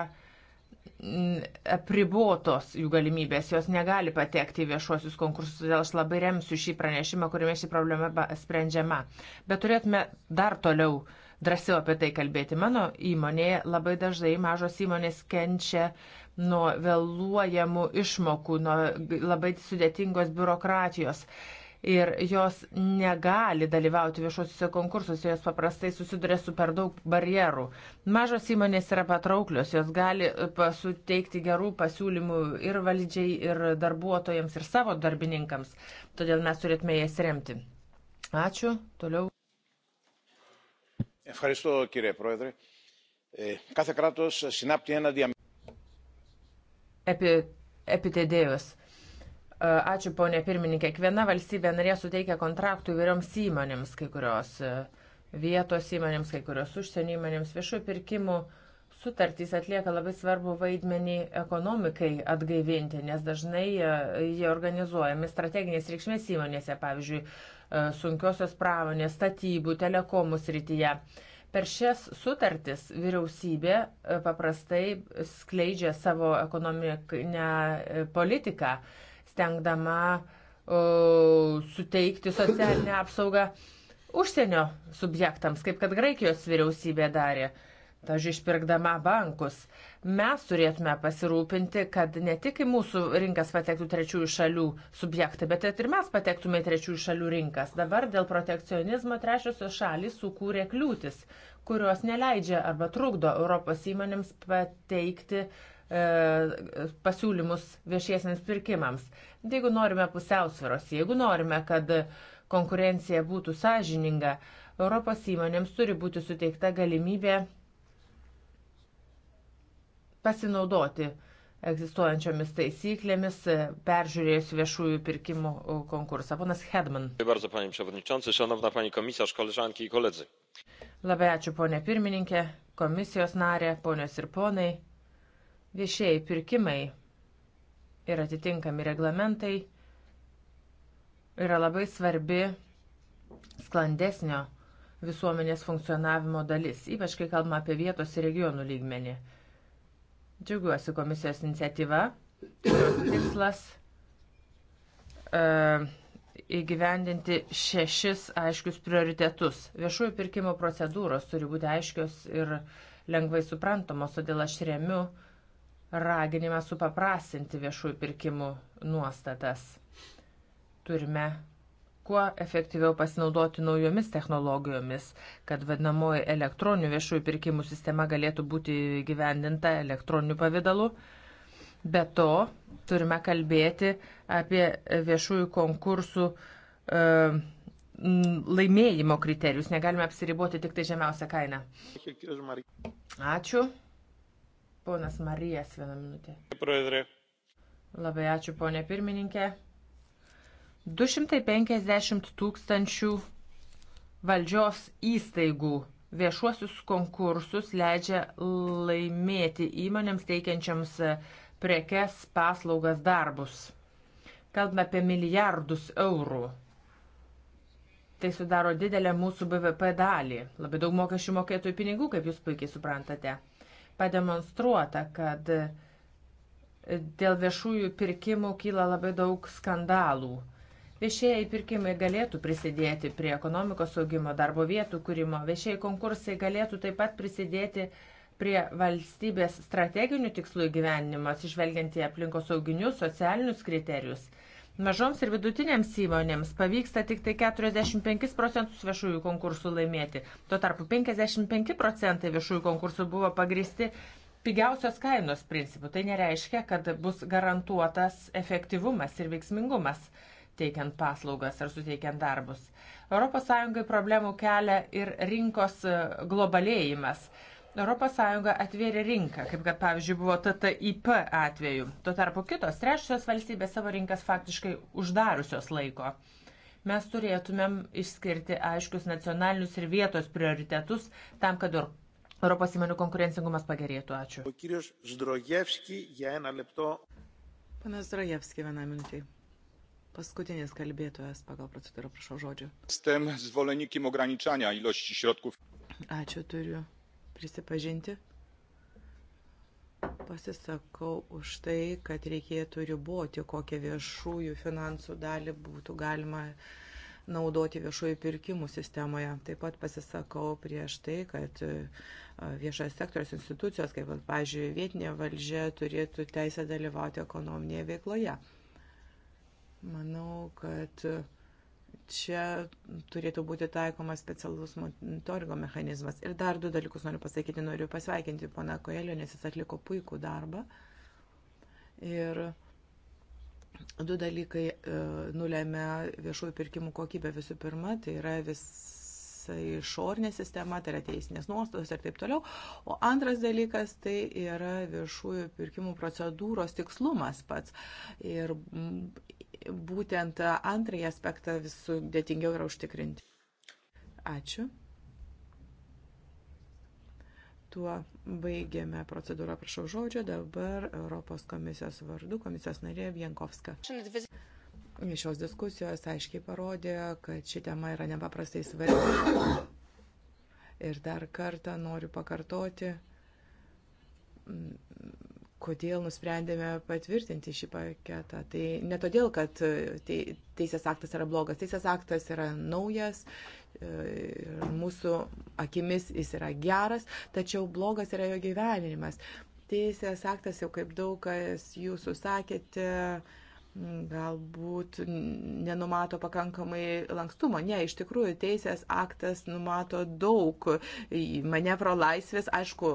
S2: mm, apribotos jų galimybės, jos negali patekti į viešuosius konkursus, todėl aš labai remsiu šį pranešimą, kuriame ši problema sprendžiama. Bet turėtume dar toliau uh, drąsiau apie tai kalbėti. Mano įmonėje labai dažnai mažos įmonės kenčia nuo vėluojamų išmokų, nuo labai sudėtingos biurokratijos. Ir jos negali dalyvauti viešuosiuose konkursuose, jos paprastai susiduria su per daug barjerų. Mažos įmonės yra patrauklios, jos gali suteikti gerų pasiūlymų ir valdžiai, ir darbuotojams, ir savo darbininkams. Todėl mes turėtume jas remti. Ačiū. Toliau.
S3: Ευχαριστώ κύριε Πρόεδρε. Κάθε κράτος συνάπτει ένα διαμέρισμα.
S2: Επιτεδėjus. Ačiū, ponė pirmininkė. Kiekviena valstybė narė suteikia kontraktų įvairioms įmonėms, kai kurios e, vietos įmonėms, kai kurios užsienio įmonėms, viešų pirkimų sutartys atlieka labai svarbu vaidmenį ekonomikai atgaivinti, nes dažnai e, jie organizuojami strateginės reikšmės įmonėse, pavyzdžiui, E, sunkiosios pramonės, statybų, telekomų srityje. Per šias sutartis vyriausybė e, paprastai skleidžia savo ekonominę e, politiką, stengdama o, suteikti socialinę apsaugą užsienio subjektams, kaip kad Graikijos vyriausybė darė pavyzdžiui, išpirkdama bankus, mes turėtume pasirūpinti, kad ne tik į mūsų rinkas patektų trečiųjų šalių subjektai, bet ir mes patektume į trečiųjų šalių rinkas. Dabar dėl protekcionizmo trečiosios šalys sukūrė kliūtis, kurios neleidžia arba trukdo Europos įmonėms pateikti e, pasiūlymus viešiesiams pirkimams. Jeigu norime pusiausvėros, jeigu norime, kad konkurencija būtų sąžininga, Europos įmonėms turi būti suteikta galimybė pasinaudoti egzistuojančiomis taisyklėmis, peržiūrėjus viešųjų pirkimų e, konkursą. Ponas Hedman. Labai ačiū, ponė pirmininkė, komisijos narė, ponios ir ponai. Viešieji pirkimai ir atitinkami reglamentai yra labai svarbi sklandesnio visuomenės funkcionavimo dalis, ypač kai kalbame apie vietos ir regionų lygmenį. Džiaugiuosi komisijos iniciatyva. Tikslas e, įgyvendinti šešis aiškius prioritetus. Viešųjų pirkimo procedūros turi būti aiškios ir lengvai suprantamos, todėl aš remiu raginimą supaprastinti viešųjų pirkimų nuostatas. Turime kuo efektyviau pasinaudoti naujomis technologijomis, kad vadinamoji elektroninių viešųjų pirkimų sistema galėtų būti gyvendinta elektroniniu pavydalu. Be to, turime kalbėti apie viešųjų konkursų e, laimėjimo kriterijus. Negalime apsiriboti tik tai žemiausią kainą. Ačiū. Ponas Marijas, vieną
S3: minutę.
S2: Labai ačiū, ponė pirmininkė. 250 tūkstančių valdžios įstaigų viešuosius konkursus leidžia laimėti įmonėms teikiančiams prekes, paslaugas, darbus. Kalbame apie milijardus eurų. Tai sudaro didelę mūsų BVP dalį. Labai daug mokesčių mokėtojų pinigų, kaip jūs puikiai suprantate. Pademonstruota, kad dėl viešųjų pirkimų kyla labai daug skandalų Viešieji pirkimai galėtų prisidėti prie ekonomikos augimo, darbo vietų kūrimo. Viešieji konkursai galėtų taip pat prisidėti prie valstybės strateginių tikslų įgyvenimo, atsižvelgiant į aplinkos sauginius, socialinius kriterijus. Mažoms ir vidutinėms įmonėms pavyksta tik tai 45 procentus viešųjų konkursų laimėti. Tuo tarpu 55 procentai viešųjų konkursų buvo pagristi pigiausios kainos principu. Tai nereiškia, kad bus garantuotas efektyvumas ir veiksmingumas teikiant paslaugas ar suteikiant darbus. ES problemų kelia ir rinkos e, globalėjimas. ES atvėrė rinką, kaip kad pavyzdžiui buvo TTIP atveju. Tuo tarpu kitos trečiosios valstybės savo rinkas faktiškai uždariusios laiko. Mes turėtumėm išskirti aiškius nacionalinius ir vietos prioritetus tam, kad Europos įmonių konkurencingumas pagerėtų. Ačiū.
S4: Panas Zdrojevski, vieną minutį. Paskutinis kalbėtojas pagal procedūrą, prašau žodžio.
S3: Stem zvolenikim ograničania ilości
S4: środków. Ačiū turiu prisipažinti. Pasisakau už tai, kad reikėtų riboti, kokią viešųjų finansų dalį būtų galima naudoti viešųjų pirkimų sistemoje. Taip pat pasisakau prieš tai, kad viešas sektoriaus institucijos, kaip, pavyzdžiui, vietinė valdžia, turėtų teisę dalyvauti ekonominėje veikloje. Manau, kad čia turėtų būti taikomas specialus monitoringo mechanizmas. Ir dar du dalykus noriu pasakyti. Noriu pasveikinti pana Koelio, nes jis atliko puikų darbą. Ir du dalykai e, nulėmė viešųjų pirkimų kokybę. Visų pirma, tai yra visa išornė sistema, tai yra teisinės nuostatos ir taip toliau. O antras dalykas, tai yra viešųjų pirkimų procedūros tikslumas pats. Ir būtent antrąjį aspektą vis sudėtingiau yra užtikrinti. Ačiū. Tuo baigėme procedūrą, prašau žodžio, dabar Europos komisijos vardu komisijos narė Vienkovska. Šios diskusijos aiškiai parodė, kad ši tema yra nepaprastai svarbi. Ir dar kartą noriu pakartoti kodėl nusprendėme patvirtinti šį paketą. Tai ne todėl, kad e, teisės aktas yra blogas, teisės aktas yra naujas, e, mūsų akimis jis yra geras, tačiau blogas yra jo gyvenimas. Teisės aktas jau kaip daug kas jūsų sakėte, galbūt nenumato pakankamai lankstumo. Ne, iš tikrųjų teisės aktas numato daug manevro laisvės. Aišku,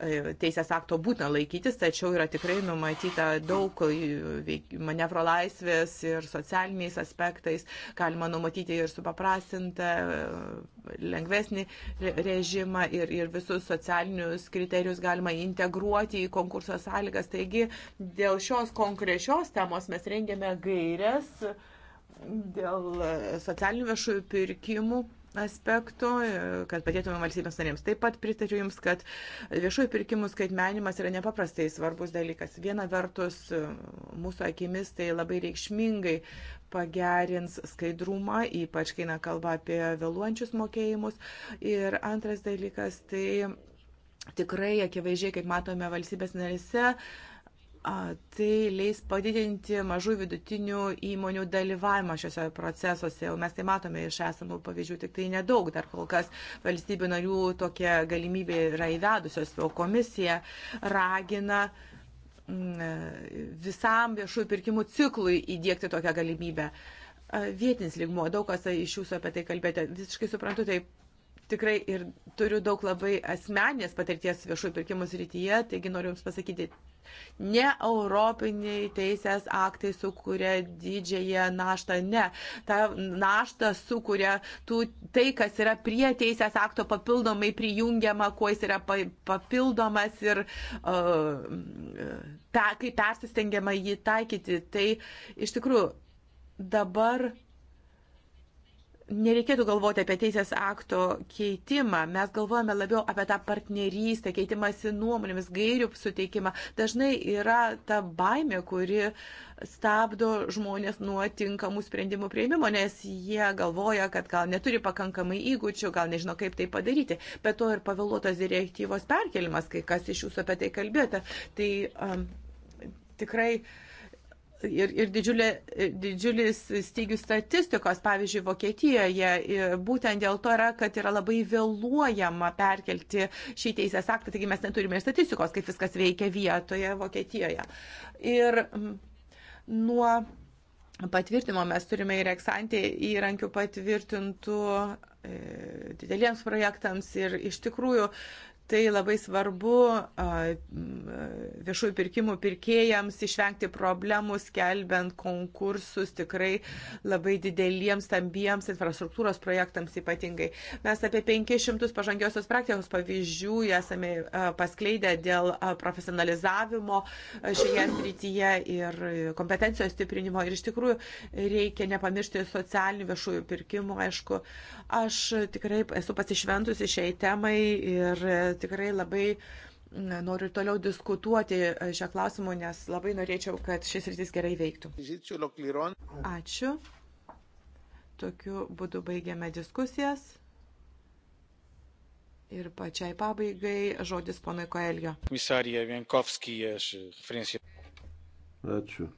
S4: e, teisės akto būtina laikytis, tačiau yra tikrai numatyta daug manevro laisvės ir socialiniais aspektais. Galima numatyti ir supaprastintą lengvesnį režimą ir, ir visus socialinius kriterijus galima integruoti į konkurso sąlygas. Taigi dėl šios konkrečios temos mes rengėme gairias dėl socialinių viešųjų pirkimų aspekto, kad padėtume valstybės narėms. Taip pat pritariu Jums, kad viešųjų pirkimų skaitmenimas yra nepaprastai svarbus dalykas. Viena vertus, mūsų akimis tai labai reikšmingai pagerins skaidrumą, ypač kai na kalba apie vėluojančius mokėjimus. Ir antras dalykas, tai tikrai akivaizdžiai, kaip matome valstybės narėse, Tai leis padidinti mažų vidutinių įmonių dalyvavimą šiuose procesuose. Jau mes tai matome iš esamų pavyzdžių, tik tai nedaug dar kol kas valstybių narių tokia galimybė yra įvedusios, o komisija ragina mm, visam viešųjų pirkimų ciklui įdėkti tokią galimybę. Vietinis lygmuo, daug kas iš jūsų apie tai kalbėjote, visiškai suprantu, tai tikrai ir turiu daug labai asmenės patirties viešųjų pirkimų srityje, taigi noriu Jums pasakyti, Ne europiniai teisės aktai sukuria didžiąją naštą, ne. Ta našta sukuria tų, tai, kas yra prie teisės akto papildomai prijungiama, kuo jis yra papildomas ir uh, ta, kaip persistengiama jį taikyti. Tai iš tikrųjų dabar nereikėtų galvoti apie teisės akto keitimą, mes galvojame labiau apie tą partnerystę, keitimąsi nuomonėmis, gairių suteikimą. Dažnai yra ta baimė, kuri stabdo žmonės nuo tinkamų sprendimų prieimimo, nes jie galvoja, kad gal neturi pakankamai įgūdžių, gal nežino, kaip tai padaryti. Bet to ir pavėluotas direktyvos perkelimas, kai kas iš jūsų apie tai kalbėjote. Tai um, tikrai uh, ir, ir didžiulė, didžiulis stygius statistikos, pavyzdžiui, Vokietijoje, būtent dėl to yra, kad yra labai vėluojama perkelti šį teisės aktą, taigi mes neturime ir statistikos, kaip viskas veikia vietoje Vokietijoje. Ir nuo patvirtimo mes turime ir eksantį įrankių patvirtintų e, dideliems projektams ir iš tikrųjų Tai labai svarbu viešųjų pirkimų pirkėjams išvengti problemų, skelbiant konkursus tikrai labai dideliems, stambiems infrastruktūros projektams ypatingai. Mes apie 500 pažangiosios praktikos pavyzdžių esame paskleidę dėl profesionalizavimo šioje srityje ir kompetencijos stiprinimo. Ir iš tikrųjų reikia nepamiršti socialinių viešųjų pirkimų. Aišku, aš tikrai esu pasišventusi šiai temai ir tikrai labai noriu toliau diskutuoti e, šią klausimą, nes labai norėčiau, kad šis rytis gerai veiktų. Ačiū. Tokiu būdu baigiame diskusijas. Ir pačiai pabaigai žodis ponui Koelio.
S5: Komisarija Vienkovskija, aš referencija.
S1: Ačiū.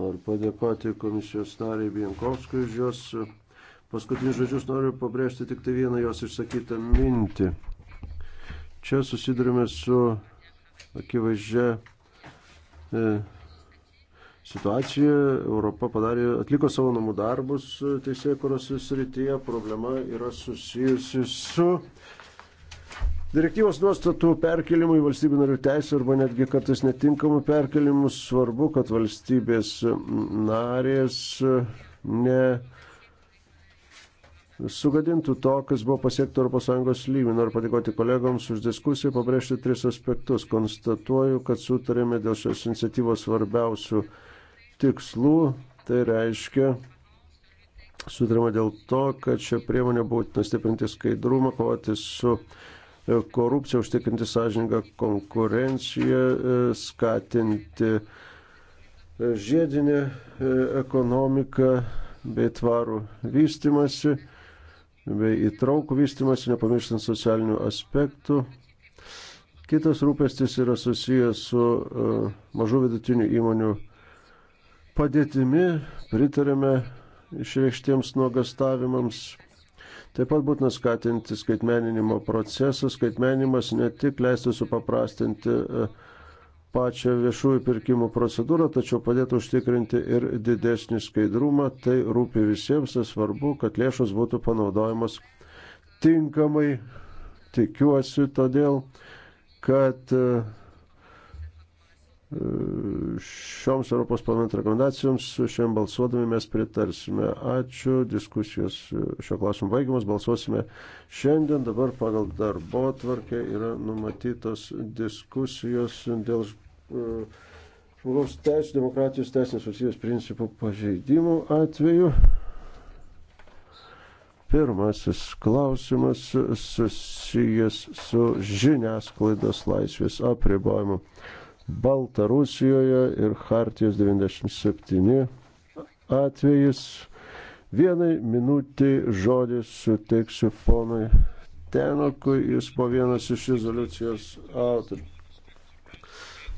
S1: Noriu padėkoti komisijos nariai Vienkovskui už jos paskutinius žodžius noriu pabrėžti tik tai vieną jos išsakytą mintį. Čia susidurime su akivaizdžia e, situacija. Europa padarė, atliko savo namų darbus e, teisėkuros srityje. Problema yra susijusi su Direktyvos nuostatų perkelimų į valstybių narių teisę arba netgi kartais netinkamų perkelimų svarbu, kad valstybės narės ne sugadintų to, kas buvo pasiekta ES lygių. Noriu padėkoti kolegoms už diskusiją, pabrėžti tris aspektus. Konstatuoju, kad sutarėme dėl šios iniciatyvos svarbiausių tikslų. Tai reiškia, sutarėme dėl to, kad šią priemonę būtina stiprinti skaidrumą, kovoti su e, korupcija, užtikrinti sąžiningą konkurenciją, e, skatinti e, žiedinę ekonomiką bei tvarų vystimasi bei įtraukų vystimas, nepamirštant socialinių aspektų. Kitas rūpestis yra susijęs su uh, mažų vidutinių įmonių padėtimi, pritarėme išreikštiems nuogastavimams. Taip pat būtina skatinti skaitmeninimo procesą. Skaitmenimas ne tik leistų supaprastinti uh, pačią viešųjų pirkimų procedūrą, tačiau padėtų užtikrinti ir didesnį skaidrumą. Tai rūpi visiems, tai svarbu, kad lėšos būtų panaudojamos tinkamai. Tikiuosi todėl, kad e, e, šioms Europos parlamento rekomendacijoms šiandien balsuodami mes pritarsime. Ačiū, diskusijos e, šio klausimo baigimas, balsuosime šiandien, dabar pagal darbo tvarkę yra numatytos diskusijos dėl E, žmogaus teisų, demokratijos teisinės valstybės principų pažeidimų atveju. Pirmasis klausimas susijęs su žiniasklaidos laisvės apribojimu Baltarusijoje ir Hartijos 97 atvejis. Vienai minutį žodį suteiksiu ponui Tenokui, jis po vienas iš rezoliucijos autorių.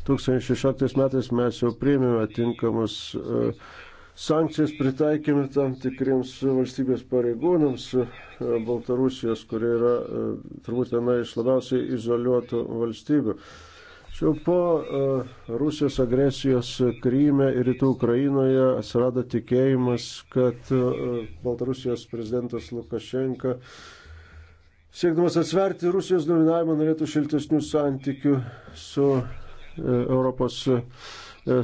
S1: 2016 metais mes jau priėmėme tinkamas e, sankcijas pritaikėme tam tikriems valstybės pareigūnams e, Baltarusijos, kurie yra e, turbūt viena iš labiausiai izoliuotų valstybių. Tačiau po Rusijos agresijos Kryme ir rytų Ukrainoje atsirado tikėjimas, kad Baltarusijos prezidentas Lukašenka siekdamas atsverti Rusijos dominavimą norėtų šiltesnių santykių su Europos e,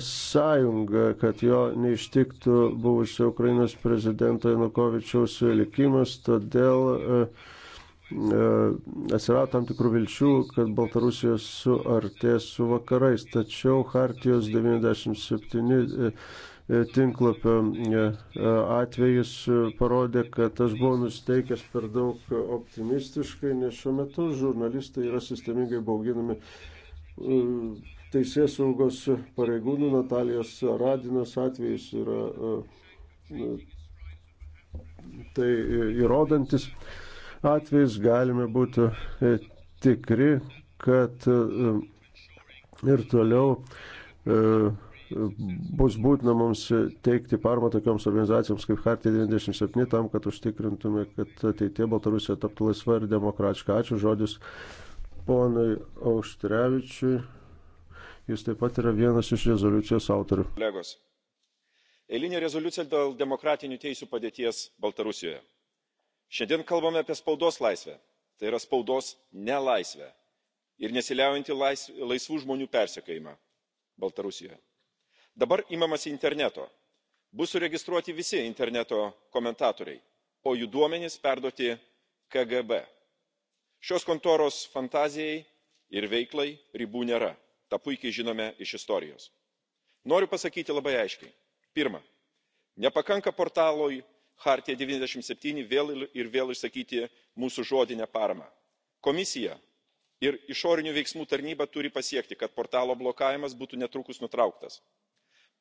S1: sąjungą, kad jo neištiktų buvusio Ukrainos prezidento Janukovičiaus likimas, todėl e, e, atsirado tam tikrų vilčių, kad Baltarusija suartės su vakarais, tačiau Hartijos 97 tinklapio atvejis parodė, kad aš buvau nusteikęs per daug optimistiškai, nes šiuo metu žurnalistai yra sistemingai bauginami teisės saugos pareigūnų Natalijos Radinas atvejis yra e, tai įrodantis atvejis, galime būti e, tikri, kad e, ir toliau bus būtina mums teikti parmą tokioms organizacijoms kaip Hartija 97 tam, kad užtikrintume, kad ateitie Baltarusija taptų laisva ir demokratiška. Ačiū žodis ponui Auštrevičiui. Jis taip pat yra vienas iš rezoliucijos autorių.
S3: Legos. Eilinė rezoliucija dėl demokratinių teisų padėties Baltarusijoje. Šiandien kalbame apie spaudos laisvę. Tai yra spaudos nelaisvę ir nesiliaujantį laisvų žmonių persekiojimą Baltarusijoje. Dabar imamasi interneto. Bus suregistruoti visi interneto komentatoriai, o jų duomenys perduoti KGB. Šios kontoros fantazijai ir veiklai ribų nėra tą puikiai žinome iš istorijos. noriu pasakyti labai aiškiai pirma nepakanka portalui chartija devyniasdešimt septyni vėl ir vėl išsakyti mūsų žodinę paramą. komisija ir išorės veiksmų tarnyba turi pasiekti kad portalo blokavimas būtų netrukus nutrauktas.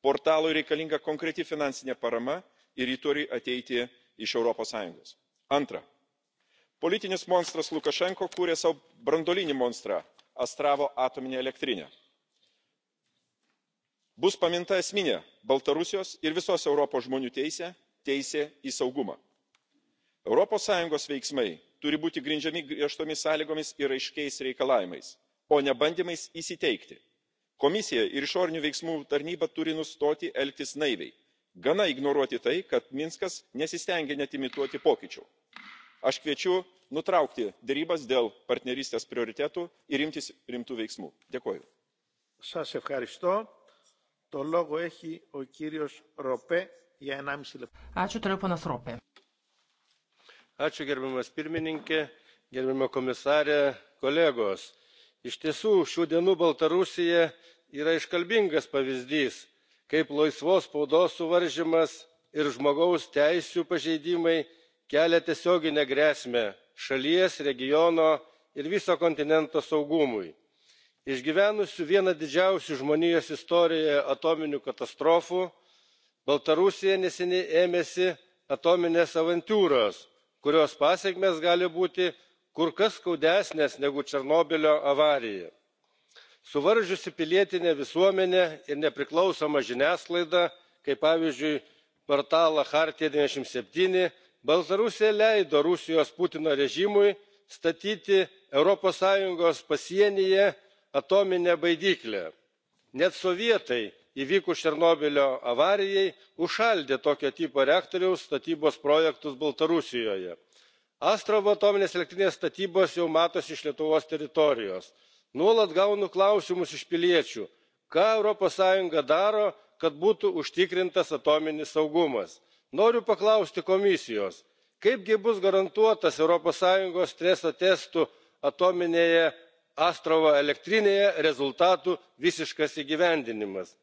S3: portalui reikalinga konkreti finansinė parama ir ji turi ateiti iš europos sąjungos. antra politinis monstras lukašenka kuria sau branduolinį monstrą astravo atominę elektrinę bus paminta esminė baltarusijos ir visos europos žmonių teisė teisė į saugumą. europos sąjungos veiksmai turi būti grindžiami griežtomis sąlygomis ir aiškiais reikalavimais o ne bandymais įsiteikti. komisija ir išorinių veiksmų tarnyba turi nustoti elgtis naiviai gana ignoruoti tai kad minskas nesistengia net imituoti pokyčių. aš kviečiu nutraukti derybas dėl partnerystės prioritetų ir imtis rimtų veiksmų. dėkoju.
S5: Το λόγο έχει ο κύριος Ροπέ για 1,5 λεπτό.
S2: Ačiū toliau, panas Ropė.
S5: Ačiū gerbiamas pirmininkė, gerbiamą komisarę, kolegos. Iš tiesų, šių dienų Baltarusija yra iškalbingas pavyzdys, kaip laisvos spaudos suvaržymas ir žmogaus teisių pažeidimai kelia tiesioginę grėsmę šalies regiono ir viso kontinento saugumui išgyvenusių vieną didžiausių žmonijos istorijoje atominių katastrofų baltarusija neseniai ėmėsi atominės avantiūros kurios pasekmės gali būti kur kas skaudesnės negu černobylio avarija. suvaržiusi pilietinę visuomenę ir nepriklausomą žiniasklaidą kaip pavyzdžiui portalą chartija devyniasdešimt septyni baltarusija leido rusijos putino režimui statyti europos sąjungos pasienyje atominę baidyklę. net sovietai įvykus černobylio avarijai užšaldė tokio tipo reaktoriaus statybos projektus baltarusijoje. astravo atominės elektrinės statybos jau matosi iš lietuvos teritorijos. nuolat gaunu klausimus iš piliečių ką europos sąjunga daro kad būtų užtikrintas atominis saugumas. noriu paklausti komisijos kaipgi bus garantuotas europos sąjungos streso testų atominėje astravo elektrinėje rezultatų visiškas įgyvendinimas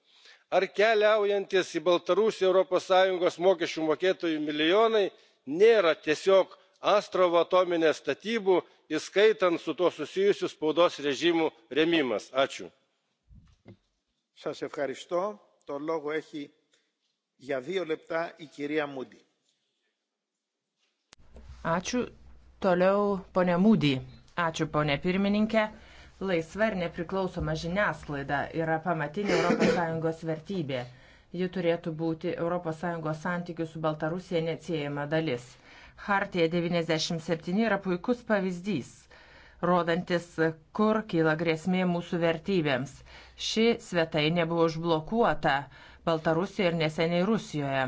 S5: ar keliaujantys į baltarusiją europos sąjungos mokesčių mokėtojų milijonai nėra tiesiog astravo atominės statybų įskaitant su tuo susijusių spaudos režimų rėmimas? ačiū.
S2: Toliau ponia Mūdy. Ačiū, ponė pirmininkė. Laisva ir nepriklausoma žiniasklaida yra pamatinė ES vertybė. Ji turėtų būti ES santykių su Baltarusija neatsiejama dalis. Hartija 97 yra puikus pavyzdys, rodantis, kur kyla grėsmė mūsų vertybėms. Ši svetainė buvo užblokuota Baltarusijoje ir neseniai Rusijoje.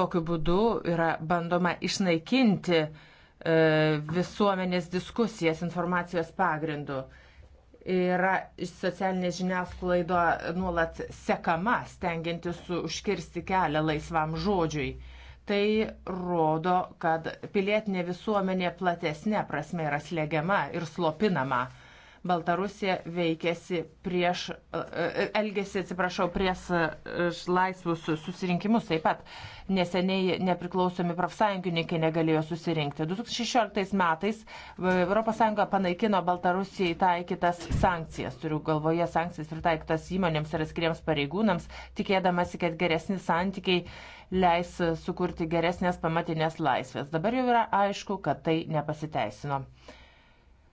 S2: Tokiu būdu yra bandoma išnaikinti E, visuomenės diskusijas informacijos pagrindu. Yra socialinė žiniasklaida nuolat sekama, stengiantis užkirsti kelią laisvam žodžiui. Tai rodo, kad pilietinė visuomenė platesnė prasme yra slegiama ir slopinama. Baltarusija veikėsi prieš, e, e, elgėsi, atsiprašau, prieš e, laisvus susirinkimus taip pat. Neseniai nepriklausomi profsąjungininkai negalėjo susirinkti. 2016 metais ES panaikino Baltarusijai taikytas sankcijas, turiu galvoje sankcijas pritaikytas įmonėms ir atskiriems pareigūnams, tikėdamasi, kad geresni santykiai leis sukurti geresnės pamatinės laisvės. Dabar jau yra aišku, kad tai nepasiteisino.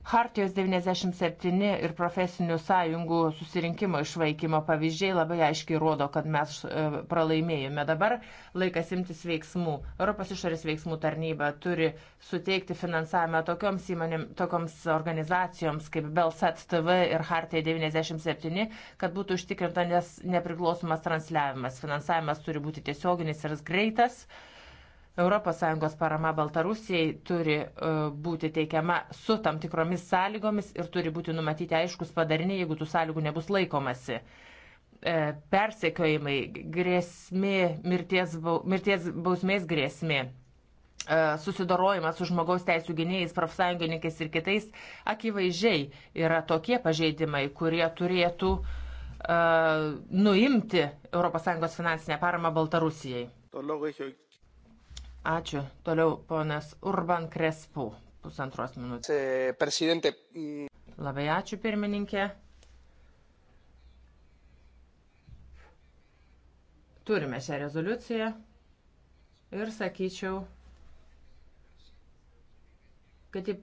S2: Hartijos 97 ir profesinių sąjungų susirinkimo išvaikymo pavyzdžiai labai aiškiai rodo, kad mes e, pralaimėjome. Dabar laikas imtis veiksmų. Europos išorės veiksmų tarnyba turi suteikti finansavimą tokioms, įmonėm, tokioms organizacijoms kaip Belsat TV ir Hartija 97, kad būtų užtikrinta nepriklausomas transliavimas. Finansavimas turi būti tiesioginis ir greitas. Uh, ES parama Baltarusijai turi e, būti teikiama su tam tikromis sąlygomis ir turi būti numatyti aiškus padariniai, jeigu tų sąlygų nebus laikomasi. E, persekiojimai, grėsmė, mirties, mirties bausmės grėsmė, e, susidorojimas su žmogaus teisų gynėjais, profsąjungininkais ir kitais akivaizdžiai yra tokie pažeidimai, kurie turėtų uh, nuimti ES finansinę paramą Baltarusijai. Toliau reikia Ačiū. Toliau ponas Urban Krespų. Pusantros minutės. E, presidente. Mm. Labai ačiū, pirmininkė. Turime šią rezoliuciją ir sakyčiau, kad ji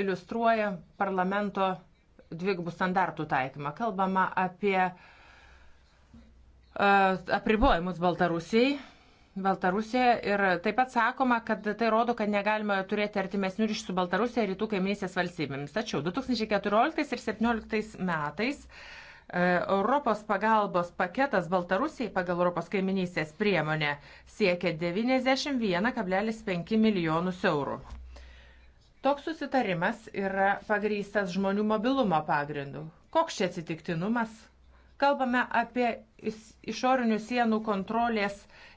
S2: iliustruoja parlamento dvigubų standartų taikymą. Kalbama apie uh, apribojimus Baltarusijai Baltarusija ir taip pat sakoma, kad tai rodo, kad negalima turėti artimesnių ryšių su Baltarusija ir rytų kaiminysės valstybėmis. Tačiau 2014 ir 2017 metais e, Europos pagalbos paketas Baltarusijai pagal Europos kaiminysės priemonę siekia 91,5 milijonus eurų. Toks susitarimas yra pagrystas žmonių mobilumo pagrindu. Koks čia atsitiktinumas? Kalbame apie išorinių sienų kontrolės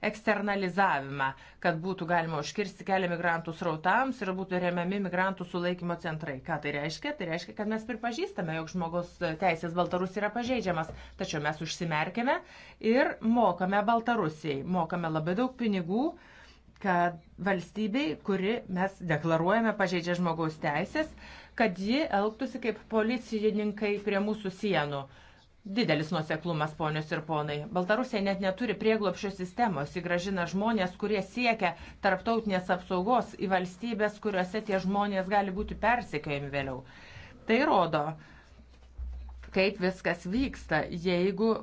S2: eksternalizavimą, kad būtų galima užkirsti kelią migrantų srautams ir būtų remiami migrantų sulaikymo centrai. Ką tai reiškia? Tai reiškia, kad mes pripažįstame, jog žmogaus teisės Baltarus yra pažeidžiamas, tačiau mes užsimerkėme ir mokame Baltarusiai, mokame labai daug pinigų kad valstybei, kuri mes deklaruojame pažeidžia žmogaus teisės, kad ji elgtųsi kaip policijininkai prie mūsų sienų. Uh, Didelis nuoseklumas, ponios ir ponai. Baltarusija net neturi prieglopšio sistemos, įgražina žmonės, kurie siekia tarptautinės apsaugos į valstybės, kuriuose tie žmonės gali būti persekiojami vėliau. Tai rodo, kaip viskas vyksta, jeigu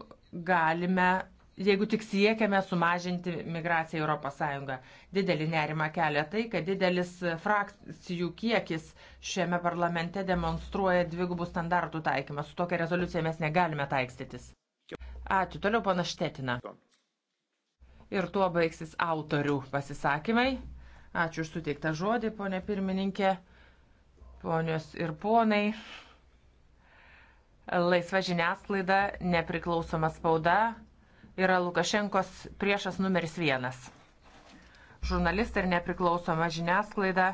S2: galime jeigu tik siekiame sumažinti migraciją į ES. Didelį nerimą kelia tai, kad didelis frakcijų kiekis šiame parlamente demonstruoja dvigubų standartų taikymą. Su tokia rezoliucija mes negalime taikstytis. Ačiū. Toliau panaštėtina. Ir tuo baigsis autorių pasisakymai. Ačiū už suteiktą žodį, ponė pirmininkė, ponios ir ponai. Laisva žiniasklaida, nepriklausoma spauda yra Lukašenkos priešas numeris vienas. Žurnalistai ir nepriklausoma žiniasklaida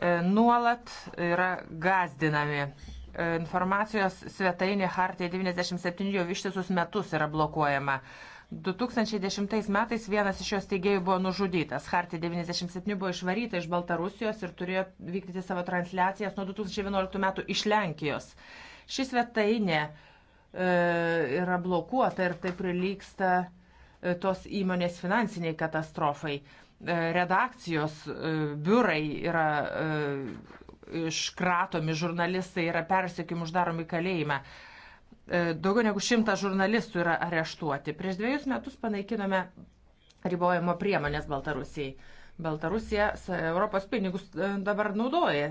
S2: E, nuolat yra gazdinami. E, informacijos svetainė Hartė 97 jau ištisus metus yra blokuojama. 2010 metais vienas iš jos teigėjų buvo nužudytas. Hartė 97 buvo išvaryta iš Baltarusijos ir turėjo vykdyti savo transliacijas nuo 2011 metų iš Lenkijos. Ši svetainė e, yra blokuota ir tai prilyksta e, tos įmonės finansiniai katastrofai. E, redakcijos e, biurai yra e, iškratomi, žurnalistai yra persiekimi, uždaromi kalėjime. Daugiau negu šimtas žurnalistų yra areštuoti. Prieš dviejus metus panaikinome ribojimo priemonės Baltarusijai. Baltarusija Europos pinigus dabar naudoja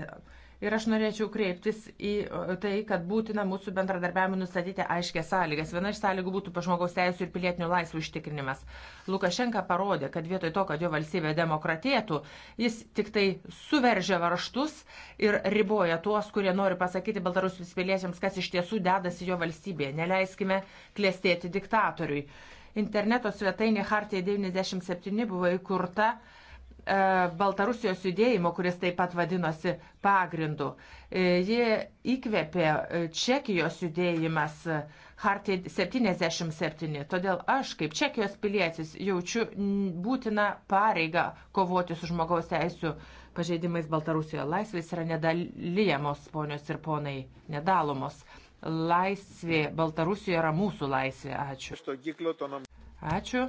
S2: Ir aš norėčiau kreiptis į tai, kad būtina mūsų bendradarbiavimui nustatyti aiškės sąlygas. Viena iš sąlygų būtų pažmogaus teisų ir pilietinių laisvų užtikrinimas. Lukašenka parodė, kad vietoj to, kad jo valstybė demokratėtų, jis tik tai suveržia varštus ir riboja tuos, kurie nori pasakyti baltarusius piliečiams, kas iš tiesų dedasi jo valstybėje. Neleiskime klėstėti diktatoriui. Interneto svetainė Hartija 97 buvo įkurta E, Baltarusijos judėjimo, kuris taip pat vadinosi pagrindu. E, ji įkvėpė e, Čekijos judėjimas Hartė 77. Todėl aš, kaip Čekijos pilietis, jaučiu būtiną pareigą kovoti su žmogaus teisų pažeidimais Baltarusijoje. Laisvės yra nedalyjamos, ponios ir ponai, nedalomos. Laisvė Baltarusijoje yra mūsų laisvė. Ačiū. Ačiū.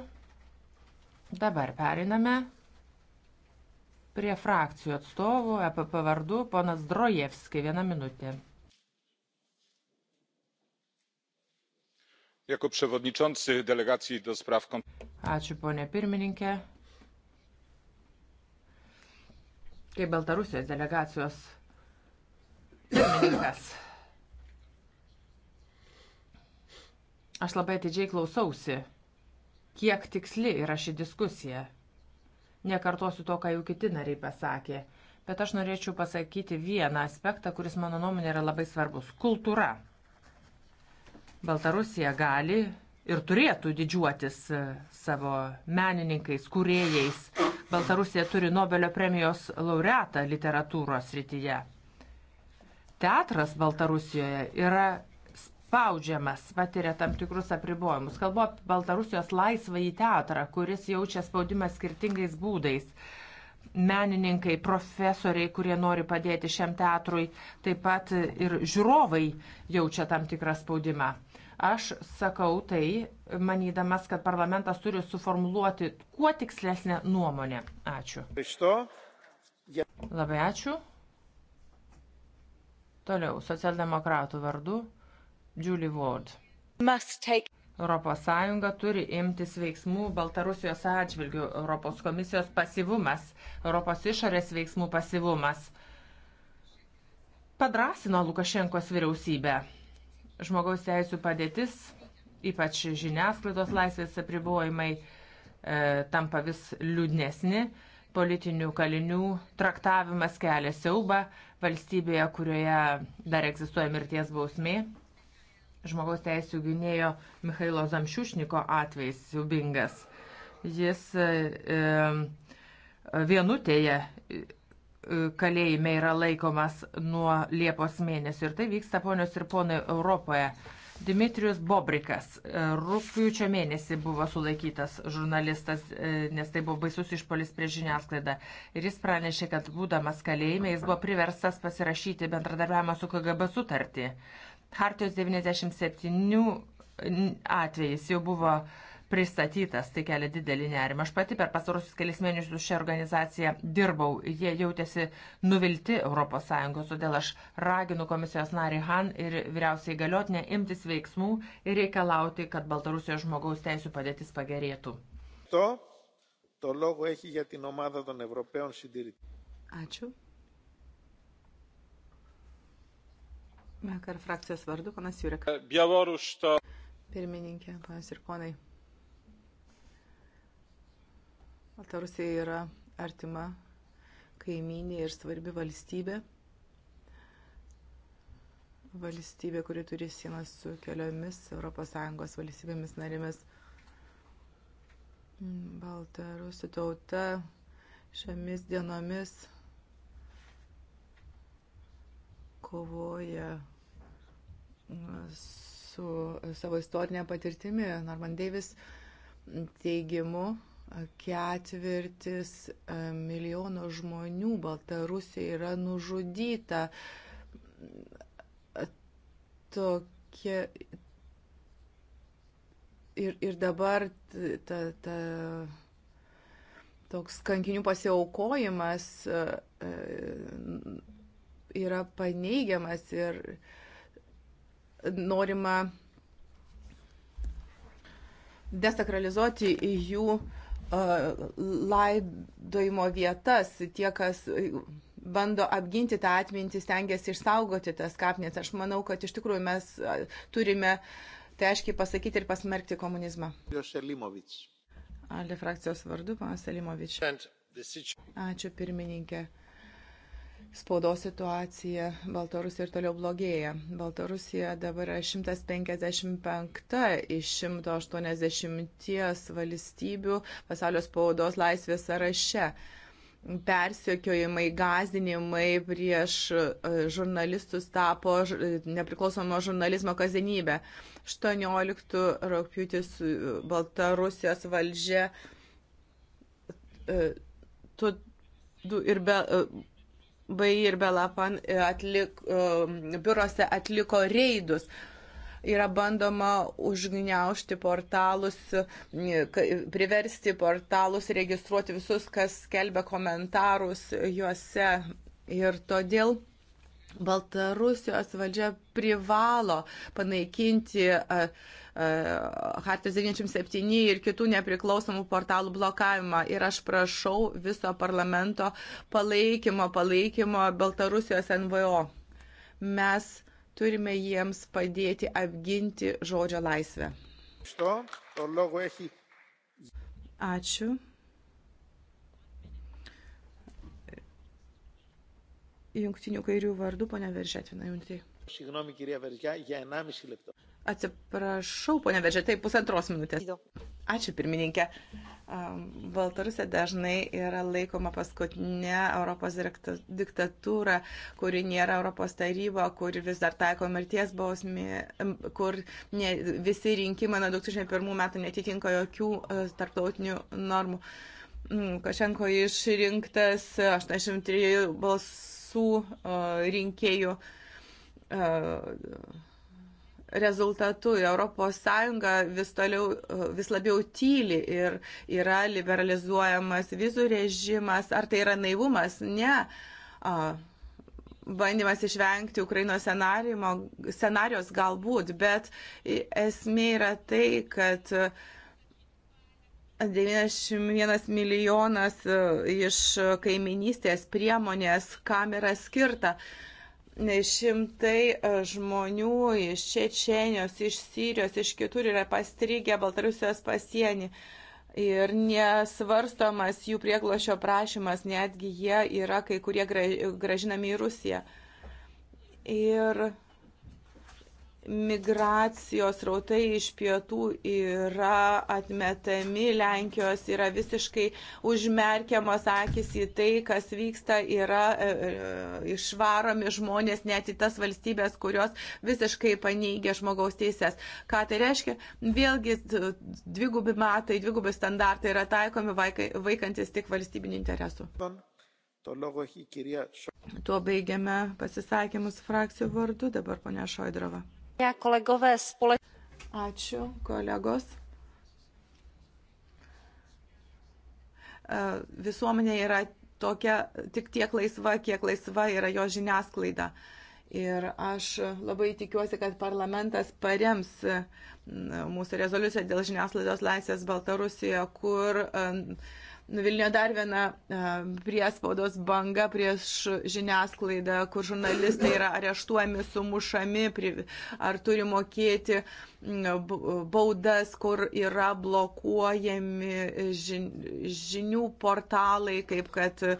S2: Dabar periname prie frakcijų atstovų, EPP vardu, ponas Drojevski, viena minutė.
S3: Jako przewodniczący delegacji do spraw
S2: Ačiū, ponė pirmininkė. Kaip Baltarusijos delegacijos pirmininkas. Aš labai atidžiai klausausi, kiek tiksli yra ši diskusija. Nekartosiu to, ką jau kiti nariai pasakė. Bet aš norėčiau pasakyti vieną aspektą, kuris mano nuomonė yra labai svarbus - kultūra. Baltarusija gali ir turėtų didžiuotis e, savo menininkais, kūrėjais. Baltarusija turi Nobelio premijos laureatą literatūros rytyje. Teatras Baltarusijoje yra spaudžiamas, patiria tam tikrus apribojimus. Kalbu apie Baltarusijos laisvąjį teatrą, kuris jaučia spaudimą skirtingais būdais. Menininkai, profesoriai, kurie nori padėti šiam teatrui, taip pat ir žiūrovai jaučia tam tikrą spaudimą. Aš sakau tai, manydamas, kad parlamentas turi suformuluoti kuo tikslesnę nuomonę. Ačiū. Labai ačiū. Toliau, socialdemokratų vardu Julie Ward. Europos Sąjunga turi imtis veiksmų Baltarusijos atžvilgių. Europos komisijos pasivumas, Europos išorės veiksmų pasivumas padrasino Lukašenkos vyriausybę. Žmogaus teisų padėtis, ypač žiniasklaidos laisvės apribojimai, e, tampa vis liūdnesni. Politinių kalinių traktavimas kelia siaubą valstybėje, kurioje dar egzistuoja mirties bausmė žmogaus teisų gynėjo Mikhailo Zamšiušniko atvejs siubingas. Jis e, e vienutėje e, e, kalėjime yra laikomas nuo Liepos mėnesio ir tai vyksta, ponios ir ponai, Europoje. Dimitrius Bobrikas rūpiučio mėnesį buvo sulaikytas žurnalistas, nes tai buvo baisus išpolis prieš žiniasklaidą. Ir jis pranešė, kad būdamas kalėjime jis buvo priverstas pasirašyti bendradarbiavimą su KGB sutartį. Hartijos 97 atvejais jau buvo pristatytas, tai kelia didelį nerimą. Aš pati per pasarosius kelias mėnesius šią organizaciją dirbau, jie jautėsi nuvilti ES, todėl aš raginu komisijos narį Han ir vyriausiai galiotinę imtis veiksmų ir reikalauti, kad Baltarusijos žmogaus teisų padėtis pagerėtų.
S3: To, to logo echi για την ομάδα των Ευρωπαίων συντηρητών.
S4: Ačiū. Mekar frakcijos vardu, panas Jurek.
S3: Bielorušto.
S4: Pirmininkė, panas ir ponai. Baltarusija yra artima kaiminė ir svarbi valstybė. Valstybė, kuri turi sieną su keliomis ES valstybėmis narėmis. Mm, Baltarusų tauta šiomis dienomis kovoja su savo istorinė patirtimi. Norman Davis teigimu ketvirtis e, milijono žmonių Baltarusijoje yra nužudyta. Tokie, ir, ir dabar ta, ta, toks kankinių pasiaukojimas e, e, yra paneigiamas ir uh, norima desakralizuoti jų laidojimo vietas, tie, kas bando apginti tą atmintį, stengiasi išsaugoti tas kapnės. Aš manau, kad iš tikrųjų mes turime tai aiškiai pasakyti ir pasmerkti komunizmą. Alde frakcijos vardu, panas Elimovič. Ačiū pirmininkė spaudos situacija Baltarusija ir toliau blogėja. Baltarusija dabar yra 155 iš 180 valstybių pasaulio spaudos laisvės sąraše. Persikiojimai, gazdinimai prieš e, žurnalistus tapo nepriklausomo žurnalizmo kasdienybė. 18 rūpjūtis Baltarusijos valdžia e, tu, du, ir be, e, BI ir Belapan e, atlik, e, biurose atliko reidus. Yra bandoma užgniaušti portalus, e, priversti portalus registruoti visus, kas skelbia komentarus juose. Ir todėl Baltarusijos valdžia privalo panaikinti uh, Hartijos 97 ir kitų nepriklausomų portalų blokavimą. Ir aš prašau viso parlamento palaikymo, palaikymo Baltarusijos NVO. Mes turime jiems padėti apginti žodžio laisvę. Ačiū. Jungtinių kairių vardu, ponia Veržetvina, jungtiniai. Atsiprašau, ponia Veržė, tai pusantros minutės. Ačiū, pirmininkė. Baltarusija dažnai yra laikoma paskutinė Europos diktatūra, kuri nėra Europos taryba, kur vis dar taiko mirties bausmė, kur ne, visi rinkimai nuo 2001 metų netitinka jokių e, tarptautinių normų. Mm, Košenko išrinktas 83 balsų e, rinkėjų. Uh, rezultatu ES vis, toliau, vis labiau tyli ir yra liberalizuojamas vizų režimas. Ar tai yra naivumas? Ne. Bandymas išvengti Ukrainos scenarijos galbūt, bet esmė yra tai, kad 91 milijonas e, iš kaiminystės priemonės, kam yra skirta. Uh, šimtai e, žmonių iš Čečenijos, iš Sirijos, iš kitur yra pastrigę Baltarusijos pasienį. Ir nesvarstomas jų prieglošio prašymas, netgi jie yra kai kurie gražinami į Rusiją. Ir migracijos rautai iš pietų yra atmetami, Lenkijos yra visiškai užmerkiamas akis į tai, kas vyksta, yra e, e, išvaromi žmonės net į tas valstybės, kurios visiškai paneigia žmogaus teisės. Ką tai reiškia? Vėlgi dvigubi metai, dvigubi standartai yra taikomi vaikai, vaikantis tik valstybinį interesų.
S1: Tuo
S4: baigiame pasisakymus frakcijų vardu, dabar ponia Šoidrova. Ačiū, kolegos. E, visuomenė yra tokia tik tiek laisva, kiek laisva yra jo žiniasklaida. Ir aš labai tikiuosi, kad parlamentas parems e, mūsų rezoliuciją dėl žiniasklaidos laisvės Baltarusijoje, kur e, Vilniuje dar viena e, priespaudos banga prieš žiniasklaidą, kur žurnalistai yra areštuojami, sumušami, ar turi mokėti baudas, kur yra blokuojami žinių portalai, kaip kad e,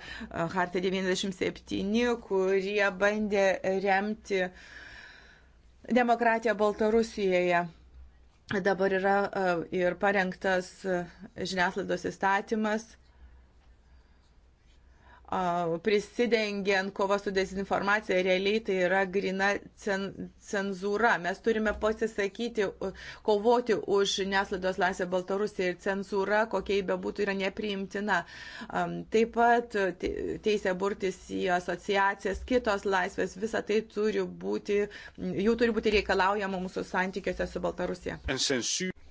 S4: Hartė 97, kurie bandė remti demokratiją Baltarusijoje. Dabar yra e, ir parengtas žiniaslaidos įstatymas, prisidengiant kova su dezinformacija, realiai tai yra grina cen, cenzūra. Mes turime pasisakyti, kovoti už žiniaslaidos laisvę Baltarusiją ir cenzūra, kokia jį bebūtų, yra nepriimtina. Taip pat teisė burtis į asociacijas, kitos laisvės, visa tai turi būti, jų turi būti reikalaujama mūsų santykiuose su Baltarusija.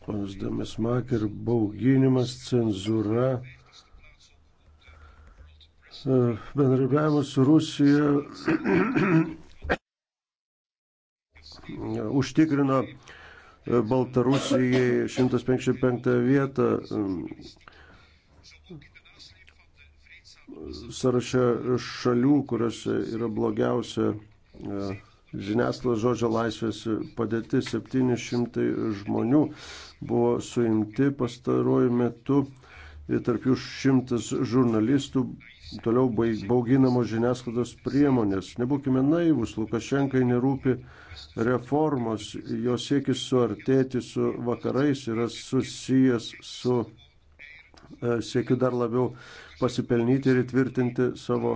S1: Panas Damas Maker, bauginimas, cenzūra bendradarbiavimas su Rusija [clears throat] užtikrino e, Baltarusijai 155 vietą e, sąraše šalių, kuriuose yra blogiausia e, žiniasklaidos žodžio laisvės padėti 700 žmonių buvo suimti pastaruoju metu, tarp jų šimtas žurnalistų toliau bauginamos žiniasklaidos priemonės. Nebūkime naivus, Lukašenkai nerūpi reformos, jo siekis suartėti su vakarais yra susijęs su e, siekiu dar labiau pasipelnyti ir įtvirtinti savo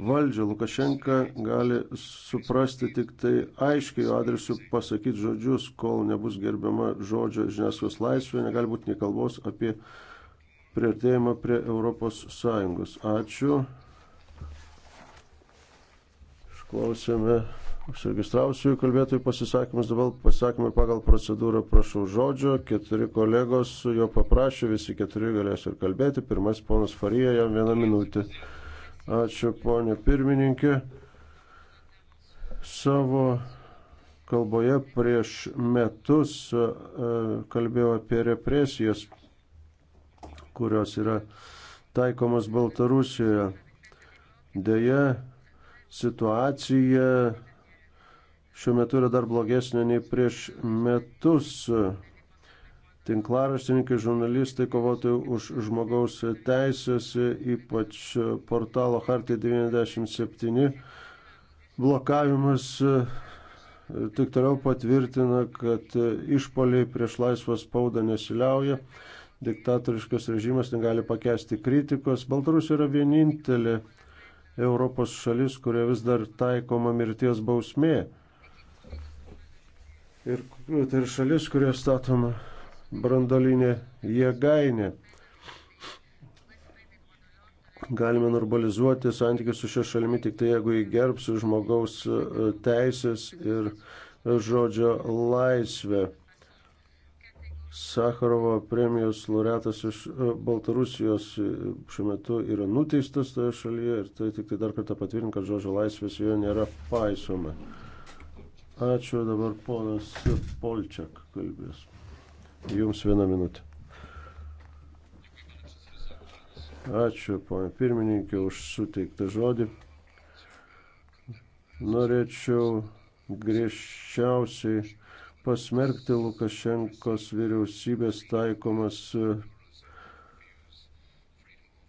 S1: valdžią. Lukašenka gali suprasti tik tai aiškiai jo adresu pasakyti žodžius, kol nebus gerbiama žodžio žiniasklaidos laisvė, negali būti nei kalbos apie prieartėjimą prie Europos Sąjungos. Ačiū. Išklausėme užsiregistravusiųjų kalbėtojų pasisakymus, dabar pasisakymai pagal procedūrą prašau žodžio, keturi kolegos jo paprašė, visi keturi galės ir kalbėti, pirmas ponas Farija, jam vieną minutę. Ačiū ponė pirmininkė. Savo kalboje prieš metus e, kalbėjau apie represijas kurios yra taikomas Baltarusijoje. Deja, situacija šiuo metu yra dar blogesnė nei prieš metus. Tinklaraštininkai, žurnalistai, kovotojai už žmogaus teisės, ypač portalo Hartė 97 blokavimas tik toliau patvirtina, kad išpoliai prieš laisvą spaudą nesiliauja diktatoriškas režimas negali pakęsti kritikos. Baltarusija yra vienintelė Europos šalis, kurioje vis dar taikoma mirties bausmė. Ir tai yra šalis, kurioje statoma brandolinė jėgainė. Galime normalizuoti santykius su šia šalimi tik tai, jeigu įgerbsiu žmogaus e, teisės ir žodžio laisvę Sakarovo premijos laureatas iš e, Baltarusijos e, šiuo metu yra nuteistas toje šalyje ir tai tik tai dar kartą patvirtina, kad žodžio laisvės joje nėra paisoma. Ačiū dabar ponas Polčiak kalbės. Jums vieną minutę. Ačiū, ponė pirmininkė, už suteiktą žodį. Norėčiau griežčiausiai pasmerkti Lukašenkos vyriausybės taikomas e,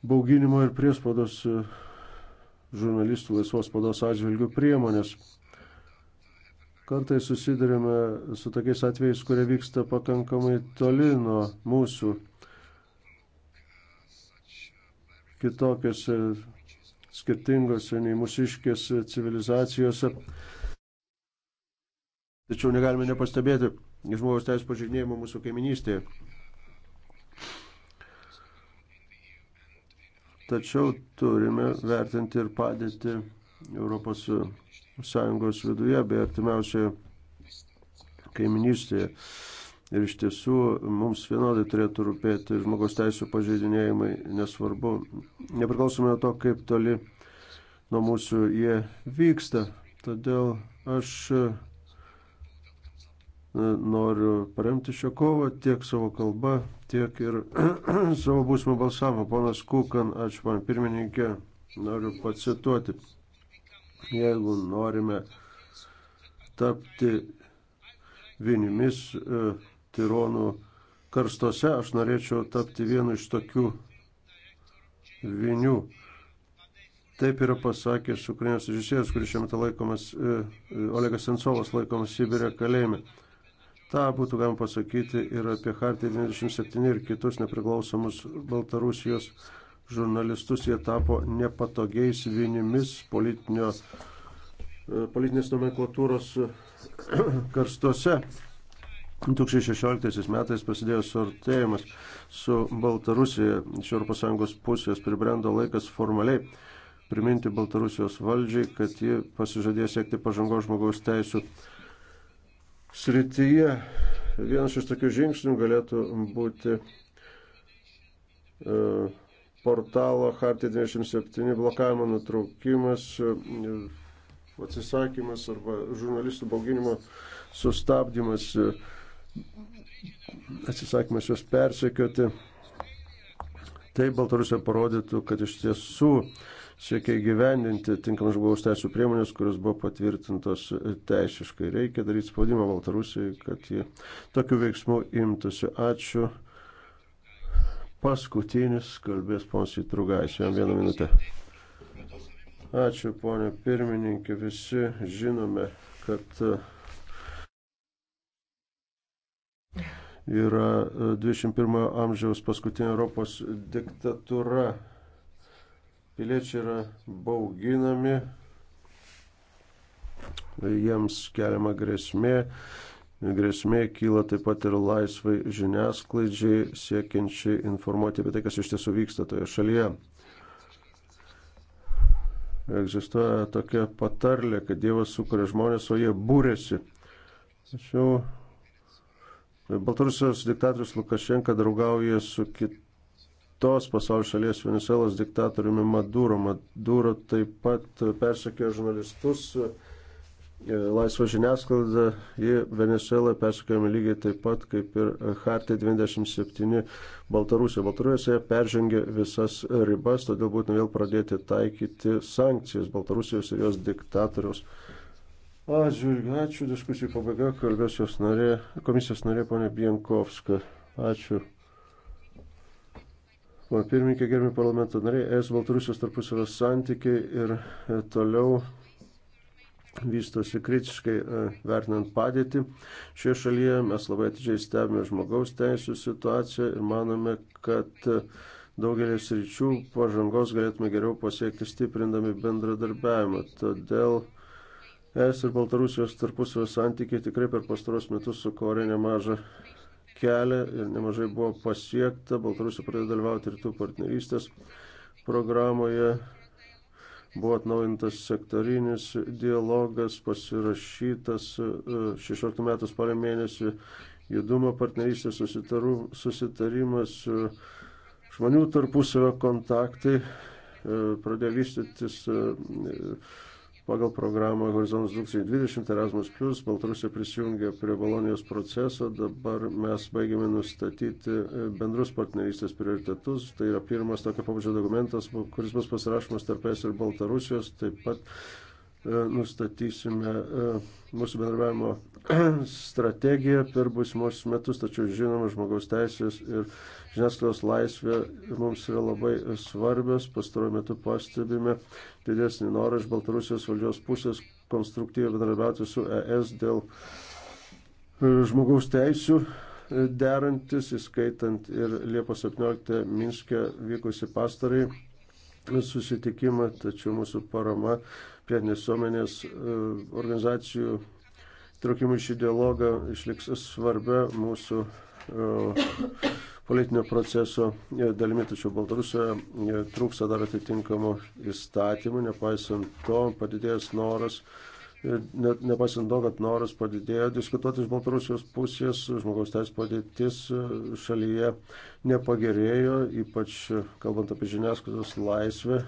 S1: bauginimo ir priespaudos e, žurnalistų laisvos spados atžvilgių priemonės. Kartais susidurime su tokiais atvejais, kurie vyksta pakankamai toli nuo mūsų kitokiose, skirtingose nei mūsiškėse civilizacijose. Tačiau negalime nepastebėti žmogaus teisų pažeidinėjimo mūsų kaiminystėje. Tačiau turime vertinti ir padėti Europos Sąjungos viduje bei artimiausioje kaiminystėje. Ir iš tiesų mums vienodai turėtų rūpėti žmogaus teisų pažeidinėjimai, nesvarbu, nepriklausomai nuo to, kaip toli nuo mūsų jie vyksta. Todėl aš E, noriu paremti šią kovą tiek savo kalba, tiek ir [clears throat] savo būsimą balsavimą. Ponas Kukan, ačiū man pirmininkė, noriu pacituoti. Jeigu norime tapti vienimis e, tironų karstose, aš norėčiau tapti vienu iš tokių vinių. Taip yra pasakęs Ukrainos režisierius, kuris šiuo metu laikomas, e, e Olegas Sensovas laikomas Sibirė kalėjime. Ta būtų galima pasakyti ir apie Hartį 97 ir kitus nepriklausomus Baltarusijos žurnalistus. Jie tapo nepatogiais vinimis e, politinės nomenklatūros [clears throat] karstuose. 2016 metais prasidėjo sortėjimas su Baltarusija iš ES pusės, pribrendo laikas formaliai priminti Baltarusijos valdžiai, kad ji pasižadėjo siekti pažangos žmogaus teisų srityje. Vienas iš tokių žingsnių galėtų būti e, portalo Hartė 27 blokavimo nutraukimas, e, atsisakymas arba žurnalistų bauginimo sustabdymas, e, atsisakymas juos persekioti. Tai Baltarusija parodytų, kad iš tiesų uh, siekia įgyvendinti tinkamas žmogaus teisų priemonės, kurios buvo patvirtintos teisiškai. Reikia daryti spaudimą Baltarusijai, kad jie tokių veiksmų imtųsi. Ačiū. Paskutinis kalbės ponas Įtrugais. Jam vieną minutę. Ačiū, ponė pirmininkė. Visi žinome, kad e, yra 21 e, amžiaus paskutinė Europos diktatūra Piliečiai yra bauginami, jiems keliama grėsmė. Grėsmė kyla taip pat ir laisvai žiniasklaidžiai siekiančiai informuoti apie tai, kas iš tiesų vyksta toje šalyje. Egzistuoja tokia patarlė, kad Dievas sukuria žmonės, o jie būrėsi. Tačiau Baltarusijos diktatorius Lukašenka draugauja su kitais kitos pasaulio šalies Venezuelos diktatoriumi Maduro. Maduro taip pat persekioja žurnalistus, e, laisvą žiniasklaidą į Venezuelą persekiojami lygiai taip pat kaip ir Hartė 27 Baltarusija. Baltarusija peržengia visas ribas, todėl būtent vėl pradėti taikyti sankcijas Baltarusijos ir jos diktatoriaus. Atžvilgiu, ačiū, diskusijų pabaiga, kalbės jos narė, komisijos narė ponė Bienkovska. Ačiū. Pana pirmininkė, gerbimi parlamento nariai, ES Baltarusijos tarpusavio santykiai ir e, toliau vystosi kritiškai e, vertinant padėtį. Šioje šalyje mes labai atidžiai stebime žmogaus teisų situaciją ir manome, kad e, daugelį sričių pažangos galėtume geriau pasiekti stiprindami bendradarbiavimą. Todėl ES ir Baltarusijos tarpusavio santykiai tikrai per pastaros metus sukorė nemažą kelią ir nemažai buvo pasiekta. Baltarusija pradėjo dalyvauti rytų partnerystės programoje. Buvo atnaujintas sektorinis dialogas, pasirašytas 16 e, metų spalio mėnesį judumo partnerystės susitarimas, e, žmonių tarpusavio kontaktai e, pradėjo vystytis Pagal programą Horizontas 2020 Erasmus Plus Baltarusija prisijungė prie Bolonijos proceso. Dabar mes baigėme nustatyti e, bendrus partnerystės prioritetus. Tai yra pirmas tokio pabudžio dokumentas, kuris bus pasirašomas tarp es ir Baltarusijos. Taip pat E, nustatysime e, mūsų bendravimo [clears throat] strategiją per būsimus metus, tačiau žinoma, žmogaus teisės ir žiniasklaidos laisvė mums yra labai svarbios. Pastaruoju metu pastebime didesnį norą iš Baltarusijos valdžios pusės konstruktyviai bendradarbiauti su ES dėl e, žmogaus teisų derantis, įskaitant ir Liepos 17 Minske vykusi pastarai susitikimą, tačiau mūsų parama pilietinės visuomenės e, organizacijų traukimų šį dialogą išliks svarbia mūsų e, politinio proceso e, dalimi, tačiau Baltarusijoje trūksta dar atitinkamų įstatymų, nepaisant to padidėjęs noras, net nepaisant to, kad noras padidėjo diskutuoti iš Baltarusijos pusės, žmogaus teisų padėtis šalyje nepagerėjo, ypač kalbant apie žiniasklaidos laisvę,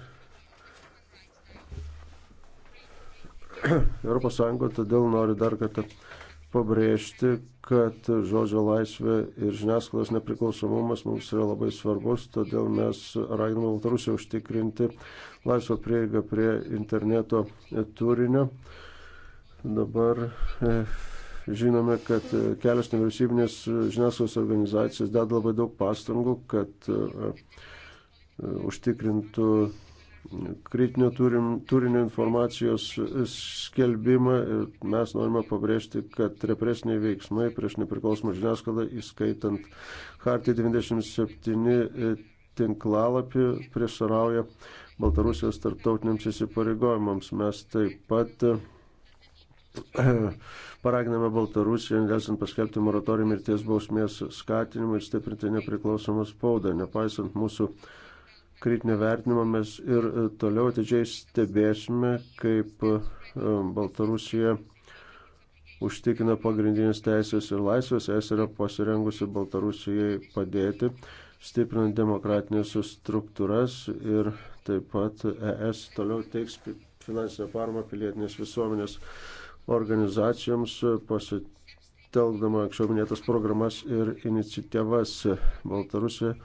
S1: ES [clears throat] todėl noriu dar kartą pabrėžti, kad žodžio laisvė ir žiniasklaidos nepriklausomumas mums yra labai svarbus, todėl mes raginame Baltarusiją užtikrinti laisvą prieigą prie interneto turinio. Dabar e, žinome, kad kelios nevyriausybinės žiniasklaidos organizacijos deda labai daug pastangų, kad e, užtikrintų kritinio turim, turinio informacijos skelbimą ir mes norime pabrėžti, kad represiniai veiksmai prieš nepriklausomą žiniasklaidą, įskaitant Hartį 97 e, tinklalapį, prieštarauja Baltarusijos tarptautiniams įsipareigojimams. Mes taip pat e, paraginame Baltarusiją, nesant paskelbti moratoriją mirties bausmės skatinimą ir stiprinti nepriklausomą spaudą, nepaisant mūsų kritinio vertinimo mes ir e, toliau atidžiai stebėsime, kaip e, Baltarusija užtikina pagrindinės teisės ir laisvės, es yra pasirengusi Baltarusijai padėti, stiprinant demokratinės struktūras ir taip pat es toliau teiks finansinę paramą pilietinės visuomenės organizacijoms e, pasitelkdama anksčiau minėtas programas ir iniciatyvas Baltarusija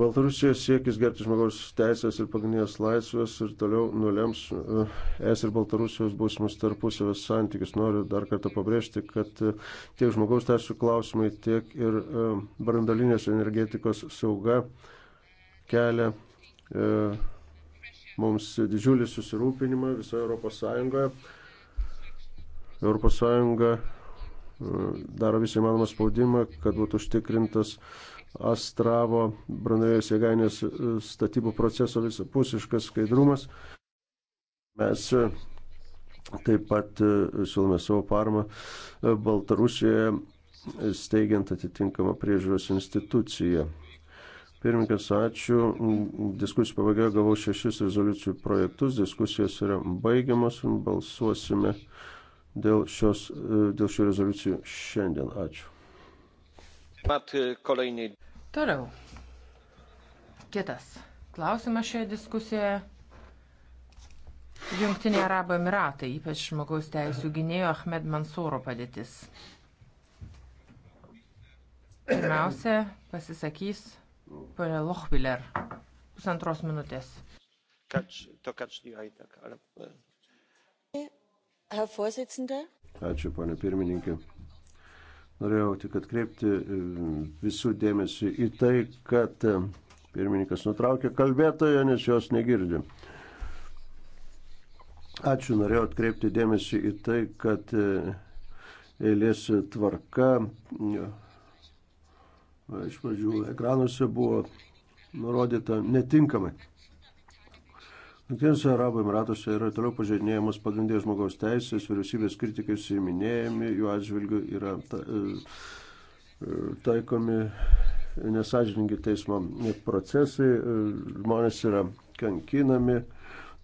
S1: Baltarusijos siekis gerti žmogaus teisės ir pagrindinės laisvės ir toliau nulems e, es ir Baltarusijos būsimus tarpusavės santykius. Noriu dar kartą pabrėžti, kad e, tiek žmogaus teisų klausimai, tiek ir e, brandalinės energetikos sauga kelia mums didžiulį susirūpinimą visoje Europos Sąjungoje. Europos Sąjunga daro visą įmanomą spaudimą, kad būtų užtikrintas uh, Astravo branduolinės jėgainės e, statybų proceso visapusiškas skaidrumas. Mes e, taip pat e, siūlome savo paramą Baltarusijoje steigiant atitinkamą priežiūros instituciją. Pirmininkas, ačiū. Diskusijų pabaigoje gavau šešis rezoliucijų projektus. Diskusijos yra baigiamas. Balsuosime dėl, šios, dėl šių rezoliucijų šiandien. Ačiū.
S5: E, Toliau.
S2: Kitas klausimas šioje diskusijoje. Jungtinė Arabų Emiratai, ypač žmogaus teisų gynėjo Ahmed Mansūro padėtis. Pirmiausia, pasisakys ponė Lochbiller. Pusantros minutės. E.
S1: Ačiū, ponė pirmininkė. Norėjau tik atkreipti e, visų dėmesį į tai, kad e, pirmininkas nutraukė kalbėtoją, nes jos negirdė. Ačiū, norėjau atkreipti dėmesį į tai, kad e, eilės tvarka iš pradžių ekranuose buvo nurodyta netinkamai. Jungtinėse Arabų Emiratuose yra toliau pažeidinėjamos pagrindinės žmogaus teisės, vyriausybės kritikai suiminėjami, jų atžvilgių yra ta, e, e, taikomi nesažiningi teismo procesai, e, žmonės yra kankinami,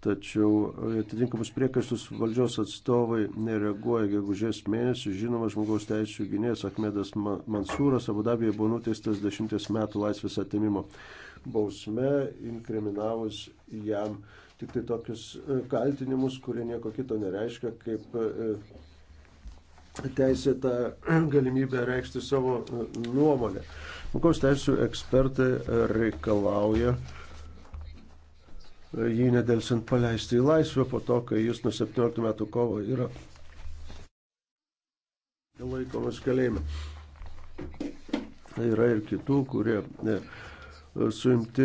S1: tačiau atitinkamus priekaištus valdžios atstovai nereaguoja. Gegužės mėnesį žinomas žmogaus teisų gynėjas Ahmedas Mansūras Abu Dabėje buvo nuteistas dešimties metų laisvės atimimo bausme, inkriminavus jam tik tai tokius e, kaltinimus, kurie nieko kito nereiškia, kaip e, teisėta [clears throat] galimybė reikšti savo e, nuomonę. Žmogaus teisų ekspertai reikalauja jį nedelsint paleisti į laisvę po to, kai jis nuo 17 metų kovo yra laikomas kalėjime. Yra ir kitų, kurie ne, suimti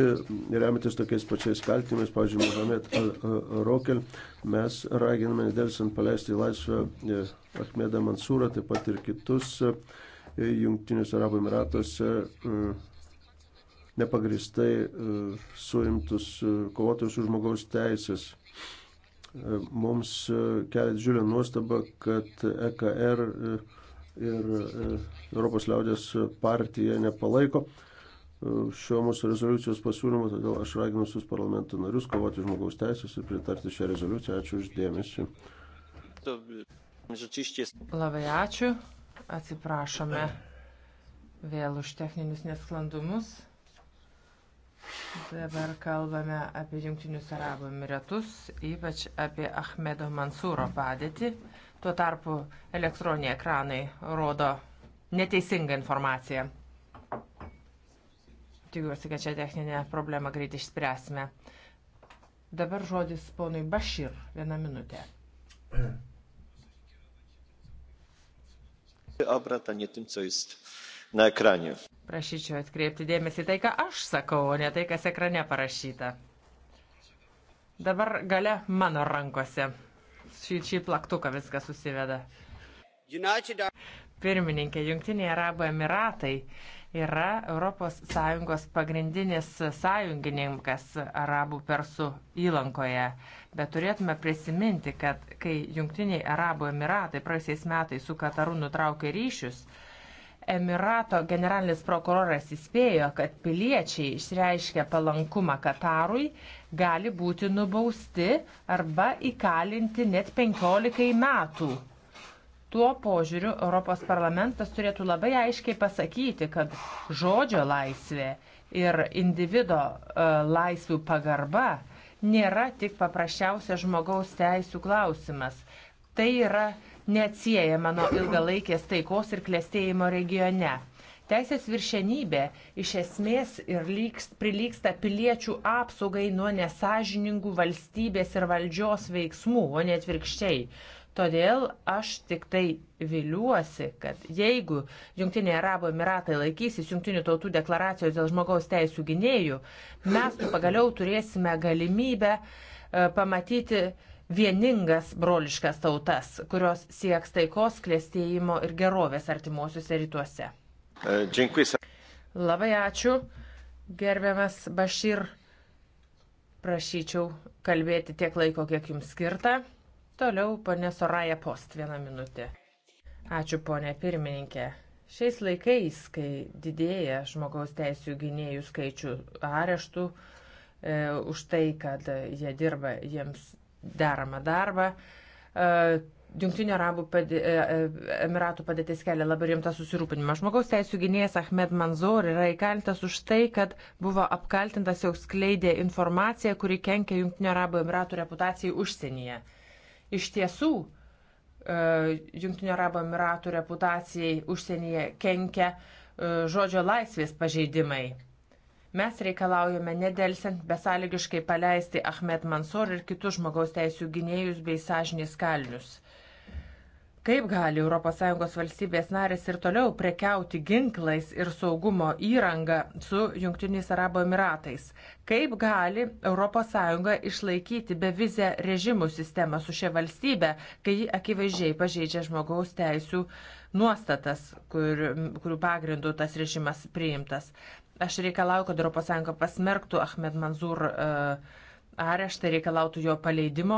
S1: remiantis tokiais pačiais kaltinimais, pavyzdžiui, Mohamed Al-Rokel. Mes raginame nedelsant paleisti į laisvę e, Ahmedą Mansūrą, taip pat ir kitus e, Junktinius Arabų Emiratuose e, nepagristai suimtus kovotojus už žmogaus teisės. Mums kelia didžiulę nuostabą, kad EKR ir Europos liaudės partija nepalaiko šio mūsų rezoliucijos pasiūlymo, todėl aš raginu visus parlamento narius kovoti žmogaus teisės ir pritarti šią rezoliuciją. Ačiū uždėmesi.
S2: Labai ačiū. Atsiprašome vėl už techninius nesklandumus. Dabar kalbame apie Junktinius Arabų Emiratus, ypač apie Ahmedo Mansūro padėtį. Tuo tarpu elektroniniai ekranai rodo neteisingą informaciją. Tikiuosi, kad čia techninę problemą greit išspręsime. Dabar žodis ponui Bašir. Vieną minutę.
S3: Obrata nie tym, co jest na ekranie.
S2: Prašyčiau atkreipti dėmesį tai, ką aš sakau, o ne tai, kas ekrane parašyta. Dabar gale mano rankose. Šį, šį plaktuką viskas susiveda. Pirmininkė, Junktiniai Arabų Emiratai yra ES pagrindinis sąjungininkas Arabų Persų įlankoje. Bet turėtume prisiminti, kad kai Junktiniai Arabų Emiratai praėjusiais metais su Kataru nutraukė ryšius, Emirato generalinis prokuroras įspėjo, kad piliečiai išreiškę palankumą Katarui gali būti nubausti arba įkalinti net 15 metų Tuo požiūriu Europos parlamentas turėtų labai aiškiai pasakyti, kad žodžio laisvė ir individo e, laisvių pagarba nėra tik paprasčiausia žmogaus teisų klausimas. Tai yra neatsiejama nuo ilgalaikės taikos ir klėstėjimo regione. Teisės viršenybė iš esmės ir lygs, prilyksta piliečių apsaugai nuo nesažiningų valstybės ir valdžios veiksmų, o ne atvirkščiai. Todėl aš tik tai viliuosi, kad jeigu Junktiniai Arabų Emiratai laikysis Junktinių tautų deklaracijos dėl žmogaus teisų gynėjų, mes pagaliau turėsime galimybę e, pamatyti vieningas broliškas tautas, kurios sieks taikos, klėstėjimo ir gerovės artimuosiuose rytuose.
S3: E, Dėkuoju.
S2: Labai ačiū, gerbiamas Bašir. Prašyčiau kalbėti tiek laiko, kiek jums skirta. Toliau ponė Soraja Post vieną minutę. Ačiū ponė pirmininkė. Šiais laikais, kai didėja žmogaus teisų gynėjų skaičių areštų e, už tai, kad jie dirba jiems deramą darbą, e, Junktinių Arabų padė, e, e, Emiratų padėtis kelia labai rimtą susirūpinimą. Žmogaus teisų gynėjas Ahmed Manzor yra įkalintas už tai, kad buvo apkaltintas jau skleidė informaciją, kuri kenkia Junktinių Arabų Emiratų reputacijai užsienyje. Iš tiesų, e, Junktinio Arabo Emiratų reputacijai užsienyje kenkia e, žodžio laisvės pažeidimai. Mes reikalaujame nedelsiant besąlygiškai paleisti Ahmed Mansor ir kitus žmogaus teisų gynėjus bei sąžinės kalnius. Kaip gali ES valstybės narės ir toliau prekiauti ginklais ir saugumo įrangą su Junktiniais Arabo Emiratais? Kaip gali ES išlaikyti bevizę režimų sistemą su šia valstybė, kai ji akivaizdžiai pažeidžia žmogaus teisų nuostatas, kur, kurių pagrindų tas režimas priimtas? Aš reikalauju, kad ES pasmerktų Ahmed Manzur. Uh, areštą reikalautų jo paleidimo.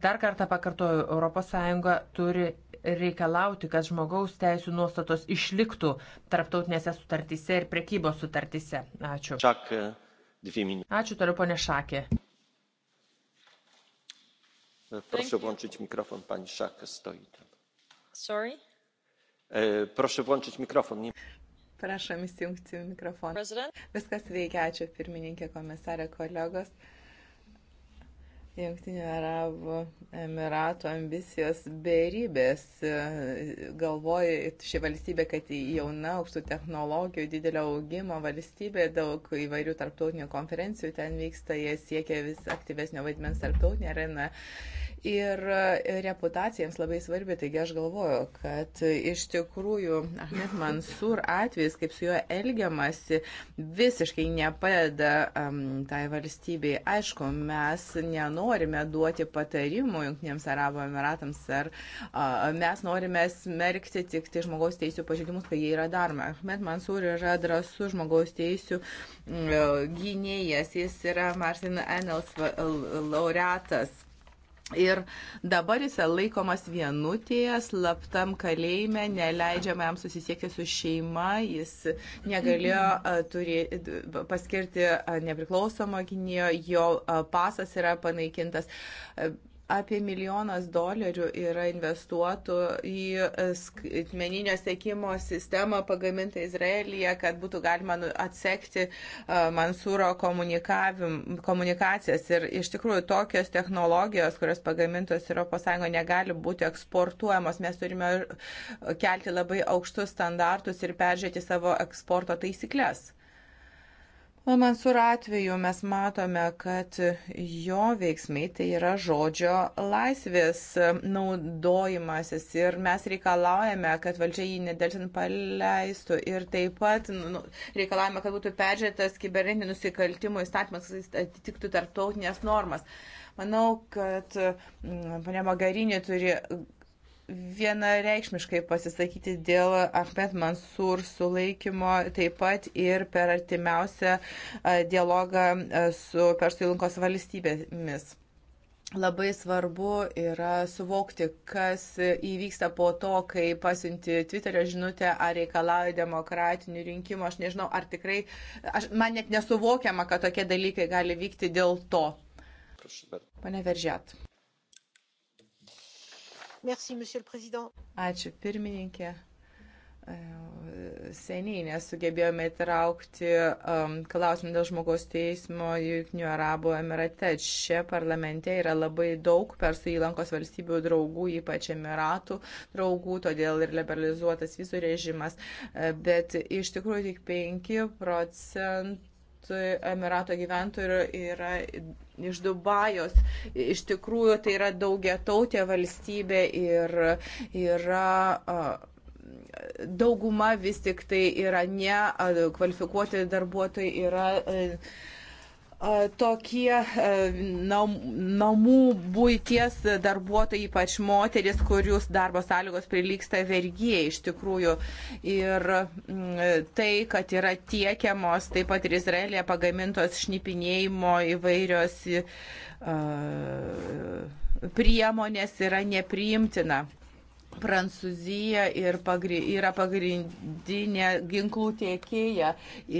S2: Dar kartą pakartoju, ES turi reikalauti, kad žmogaus teisų nuostatos išliktų tarptautinėse sutartyse ir prekybos sutartyse. Ačiū.
S5: Čak, e,
S2: Ačiū toliau, ponė Šakė.
S3: E, proszę włączyć mikrofon, pani Szak stoi tam. Sorry? E, proszę włączyć mikrofon. Nie...
S4: Prašom įsijungti mikrofoną. President? Viskas veikia, ačiū pirmininkė, komisarė, kolegos. Uh, Jungtinių Arabų Emiratų ambicijos beribės. Galvoja ši valstybė, kad jauna, aukštų technologijų, didelio augimo valstybė, daug įvairių tarptautinių konferencijų ten vyksta, jie siekia vis aktyvesnio vaidmens tarptautinė arena ir e, reputacijams labai svarbi. Taigi aš galvoju, kad e, iš tikrųjų Ahmed Mansur atvejs, kaip su juo elgiamasi, visiškai nepadeda um, tai valstybei. Aišku, mes nenorime duoti patarimų Junktinėms Arabų Emiratams, ar uh, mes norime smerkti tik tai žmogaus teisų pažeidimus, kai jie yra daromi. Ahmed Mansur yra drąsus žmogaus teisų uh, gynėjas, jis yra Martin Enels laureatas Ir dabar jis laikomas vienutėje, slaptam kalėjime, neleidžiama jam susisiekti su šeima, jis negalėjo turi, paskirti nepriklausomą gynėjo, jo pasas yra panaikintas apie milijonas dolerių yra investuotų į e, skaitmeninio sekimo sistemą pagamintą Izraelyje, kad būtų galima nu, atsekti e, Mansūro komunikacijas. Ir iš tikrųjų tokios technologijos, kurios pagamintos ES, negali būti eksportuojamos. Mes turime kelti labai aukštus standartus ir peržiūrėti savo eksporto taisyklės. Mansūro atveju mes matome, kad jo veiksmai tai yra žodžio laisvės naudojimasis ir mes reikalaujame, kad valdžia jį nedelsint paleistų ir taip pat nu, nu reikalaujame, kad būtų peržiūrėtas kibernetinių nusikaltimų įstatymas, kad jis atitiktų tarptautinės normas. Manau, kad mm, ponia Magarinė turi vienareikšmiškai pasisakyti dėl Ahmed Mansur sulaikymo, taip pat ir per artimiausią dialogą su Persų įlankos valstybėmis. Labai svarbu yra suvokti, kas įvyksta po to, kai pasiunti Twitterio žinutę, ar reikalauja demokratinių rinkimų. Aš nežinau, ar tikrai, aš, man net nesuvokiama, kad tokie dalykai gali vykti dėl to. Pane Veržėt.
S6: Merci, monsieur le président.
S4: Ačiū, pirmininkė e, seniai nesugebėjome įtraukti um, e, klausimą dėl žmogaus teismo Junktinių Arabų Emirate. Čia parlamente yra labai daug persų įlankos valstybių draugų, ypač Emiratų draugų, todėl ir liberalizuotas vizų režimas. E, bet iš tikrųjų tik 5 procentai Emirato gyventojų yra iš Dubajos. Iš tikrųjų, tai yra daugia tautė valstybė ir yra dauguma vis tik tai yra ne kvalifikuoti darbuotojai, yra tokie nam, namų būties darbuotojai, ypač moteris, kurius darbo sąlygos prilyksta vergyje iš tikrųjų. Ir tai, kad yra tiekiamos taip pat ir Izraelėje pagamintos šnipinėjimo įvairios priemonės yra nepriimtina. Prancūzija ir pagri, yra pagrindinė ginklų tiekėja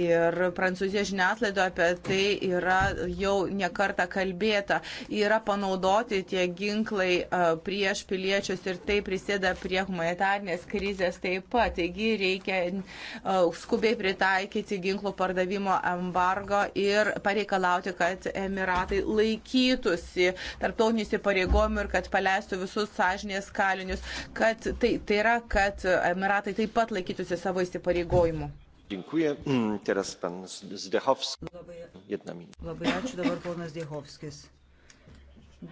S4: ir Prancūzijos žiniaslaido apie tai yra jau nekarta kalbėta. Yra panaudoti tie ginklai prieš piliečius ir tai prisėda prie humanitarnės krizės taip pat. Taigi reikia skubiai pritaikyti ginklų pardavimo embargo ir pareikalauti, kad Emiratai laikytųsi tarptautinių įsipareigojimų ir kad paleistų visus sąžinės kalinius. Kad kad tai, tai yra, kad Emiratai taip pat laikytųsi savo įsipareigojimų.
S5: Dziękuję. Mm, teraz pan Zdechowski. Labai,
S7: labai ačiū dabar ponas Zdechovskis.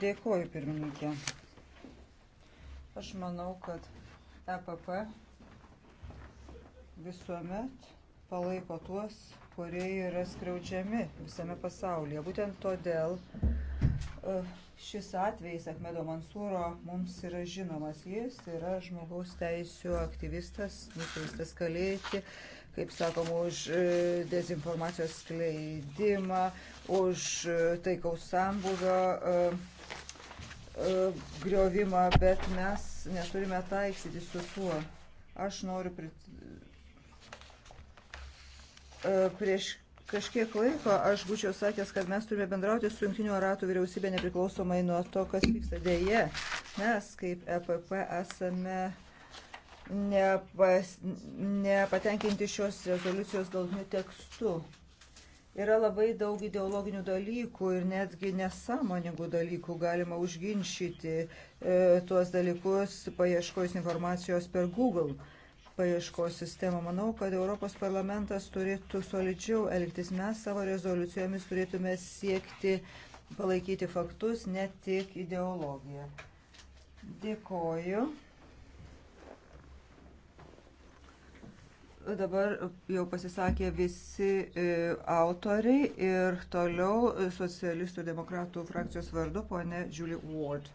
S7: Dėkuoju, pirmininkė. Aš manau, kad EPP visuomet palaiko tuos, kurie yra skriaudžiami visame pasaulyje. Būtent todėl Šis atvejis Ahmedo Mansūro mums yra žinomas. Jis yra žmogaus teisų aktyvistas, nuteistas kalėti, kaip sakom, už e, dezinformacijos skleidimą, už e, taikaus sambuvio e, griovimą, bet mes neturime taiksyti su tuo. Aš noriu prit... prieš kažkiek laiko aš būčiau sakęs, kad mes turime bendrauti su Junktinių Aratų vyriausybė nepriklausomai nuo to, kas vyksta dėje. Mes kaip EPP esame nepas, nepatenkinti šios rezoliucijos galviniu tekstu. Yra labai daug ideologinių dalykų ir netgi nesąmoningų dalykų galima užginčyti e, tuos dalykus paieškojus informacijos per Google. E, paieškos sistemą. Manau, kad Europos parlamentas turėtų solidžiau elgtis. Mes savo rezoliucijomis turėtume siekti palaikyti faktus, ne tik ideologiją. Dėkoju. Dabar jau pasisakė visi e, autoriai ir toliau socialistų demokratų frakcijos vardu ponė Julie Ward.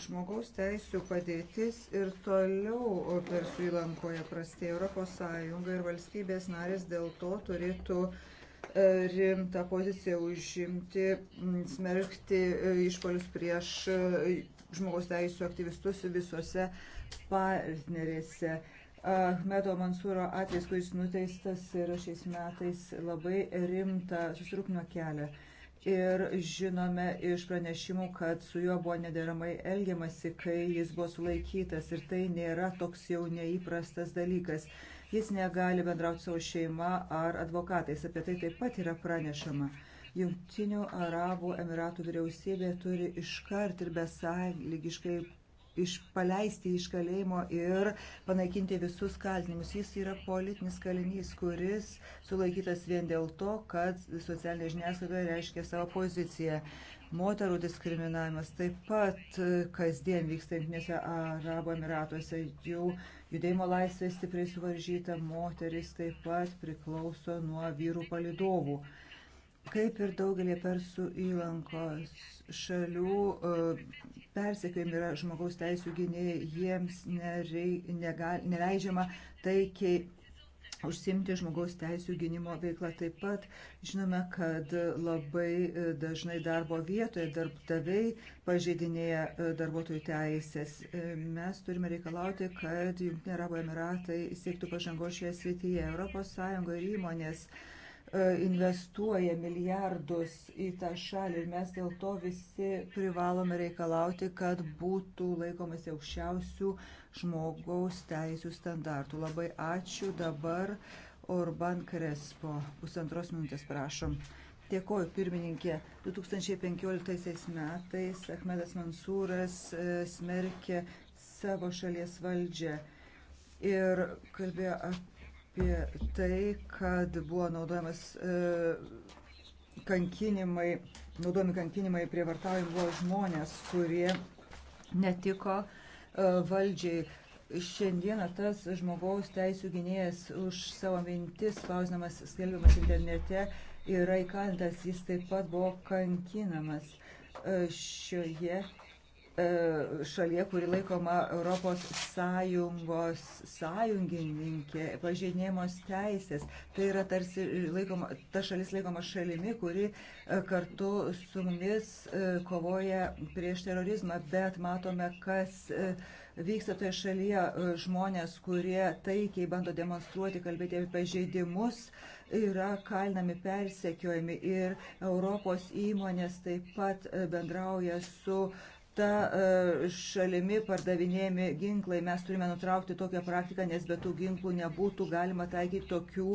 S7: Žmogaus teisų padėtis ir toliau Persų įlankoje prastė Europos Sąjunga ir valstybės narės dėl to turėtų e, rimtą poziciją užimti, smerkti e, išpolius prieš e, žmogaus teisų aktyvistus visose partnerėse. Ahmedo Mansūro atvejs, kuris nuteistas yra šiais metais labai rimta susirūpino kelią ir žinome iš pranešimų, kad su juo buvo nederamai elgiamasi, kai jis buvo sulaikytas ir tai nėra toks jau neįprastas dalykas. Jis negali bendrauti savo šeima ar advokatais, apie tai taip pat yra pranešama. Jungtinių Arabų Emiratų vyriausybė turi iškart ir besąlygiškai iš paleisti iš kalėjimo ir panaikinti visus kaltinimus. Jis yra politinis kalinys, kuris sulaikytas vien dėl to, kad socialinė žiniasklaida reiškia savo poziciją. Moterų diskriminavimas taip pat e, kasdien vyksta Junktinėse Arabo Emiratuose. Jau judėjimo laisvė stipriai suvaržyta, moteris taip pat priklauso nuo vyrų palidovų. Uh, Kaip ir daugelį persų įlankos šalių, e, persekėjami yra žmogaus teisų gynėjai, jiems nerei, negal, neleidžiama taikiai užsimti žmogaus teisų gynimo veiklą. Taip pat žinome, kad labai e, dažnai darbo vietoje darbdaviai pažeidinėja e, darbuotojų teisės. Mes turime reikalauti, kad Junktinė Arabų Emiratai siektų pažangos šioje srityje. ES ir įmonės uh, E, investuoja milijardus į tą šalį ir mes dėl to visi privalome reikalauti, kad būtų laikomasi aukščiausių žmogaus teisų standartų. Labai ačiū dabar Orban Krespo. Pusantros minutės prašom. Dėkoju, pirmininkė. 2015 metais Ahmedas Mansūras e, smerkė savo šalies valdžią ir kalbėjo apie apie tai, kad buvo naudojamas e, kankinimai, naudojami kankinimai prievartaujami buvo žmonės, kurie netiko e, valdžiai. Šiandieną tas žmogaus teisų gynėjas už savo mintis, spausdamas, skelbiamas internete, yra įkalintas, jis taip pat buvo kankinamas e, šioje E, šalyje, kuri laikoma Europos Sąjungos sąjungininkė, pažeidinėjimos teisės. Tai yra tarsi laikoma, ta šalis laikoma šalimi, kuri e, kartu su mumis e, kovoja prieš terorizmą, bet matome, kas vyksta toje šalyje. Žmonės, kurie taikiai bando demonstruoti, kalbėti apie pažeidimus, yra kalinami, persekiojami ir Europos įmonės taip pat bendrauja su uh, ta e, šalimi pardavinėjami ginklai. Mes turime nutraukti tokią praktiką, nes be tų ginklų nebūtų galima taikyti tokių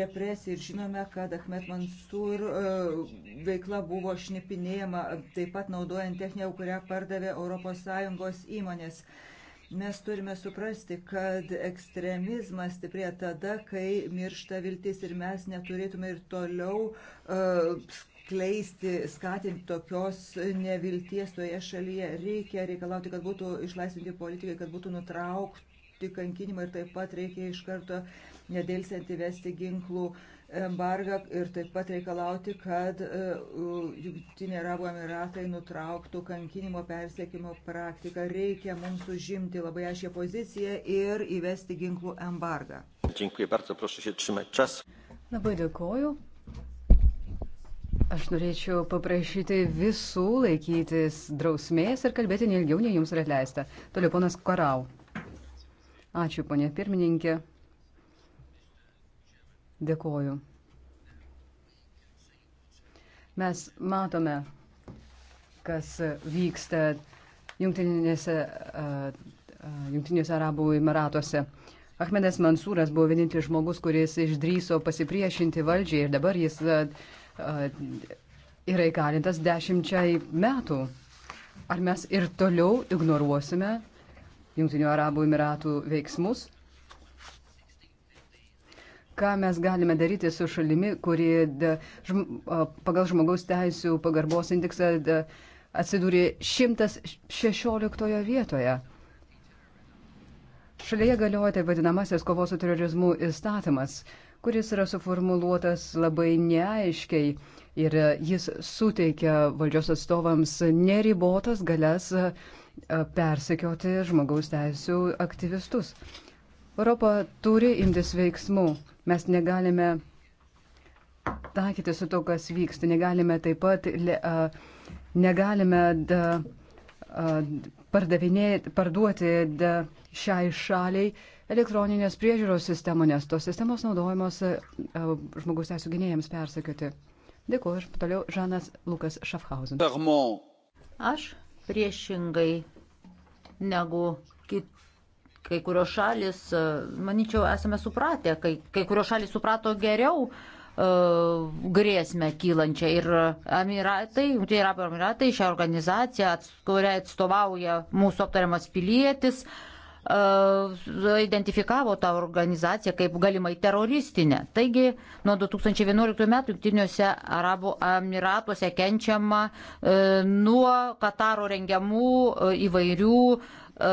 S7: represijų. Ir žinome, kad Ahmed Mansur e, veikla buvo šnipinėjama, taip pat naudojant techniką, kurią pardavė ES įmonės. Mes turime suprasti, kad ekstremizmas stiprėja tada, kai miršta viltis ir mes neturėtume ir toliau uh, skleisti, skatinti tokios nevilties toje šalyje. Reikia reikalauti, kad būtų išlaisvinti politikai, kad būtų nutraukti kankinimą ir taip pat reikia iš karto nedėlsiant įvesti ginklų embargą ir taip pat reikalauti, kad e, Junktinė Arabų Emiratai nutrauktų kankinimo persiekimo praktiką. Reikia mums užimti labai aiškę poziciją ir įvesti ginklų embargą.
S5: Dziękuję bardzo, proszę się trzymać czas.
S8: Labai dėkoju. Aš norėčiau paprašyti visų laikytis drausmės ir kalbėti neilgiau, nei jums yra leista. Toliau ponas Korau. Ačiū, ponė pirmininkė. Dėkoju. Mes matome, kas vyksta Jungtinėse, Jungtinėse Arabų Emiratuose. Ahmedas Mansūras buvo vienintelis žmogus, kuris išdryso pasipriešinti valdžiai ir dabar jis uh, yra įkalintas dešimčiai metų. Ar mes ir toliau ignoruosime Junktinių Arabų Emiratų veiksmus? Ką mes galime daryti su šalimi, kuri de, žm, pagal žmogaus teisų pagarbos indeksą de, atsidūrė 116 vietoje? Šalyje galioja taip vadinamasis kovos su terorizmu įstatymas, kuris yra suformuluotas labai neaiškiai ir jis suteikia valdžios atstovams neribotas galias e, persekioti žmogaus teisų aktyvistus. Europa turi imtis veiksmų. Mes negalime taikyti su to, kas vyksta. Negalime taip pat, le, a, negalime da, a, pardavinėti, parduoti da, šiai šaliai elektroninės priežiūros sistemų, nes tos sistemos naudojamos e, žmogus teisų gynėjams persekioti. Dėkuoju,
S6: aš toliau Žanas Lukas Šafhausen. Aš priešingai negu kit, kai kurios šalis, e, manyčiau, esame supratę, kai, kai kurios šalis suprato geriau uh, grėsmę kylančią ir Emiratai, Jungtiniai Arabų Emiratai, šią organizaciją, kurią atstovauja mūsų aptariamas pilietis, uh, E, identifikavo tą organizaciją kaip galimai teroristinę. Taigi nuo 2011 metų Junktiniuose Arabų Emiratuose kenčiama e, nuo Kataro rengiamų e, įvairių e,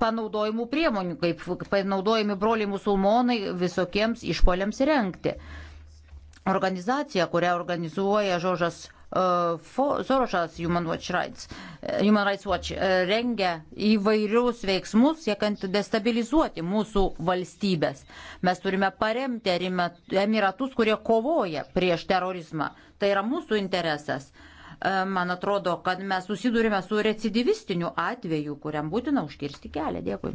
S6: panaudojimų priemonių, kaip panaudojami broliai musulmonai visokiems išpoliams rengti. Organizacija, kurią organizuoja Žožas Sorošas uh, Human Rights, Rights, uh, Human Rights Watch uh, rengia įvairius veiksmus, siekiant destabilizuoti mūsų valstybės. Mes turime paremti emiratus, kurie kovoja prieš terorizmą. Tai yra mūsų interesas. Man atrodo, kad mes susidurime su recidivistiniu atveju, kuriam būtina užkirsti kelią. Dėkui.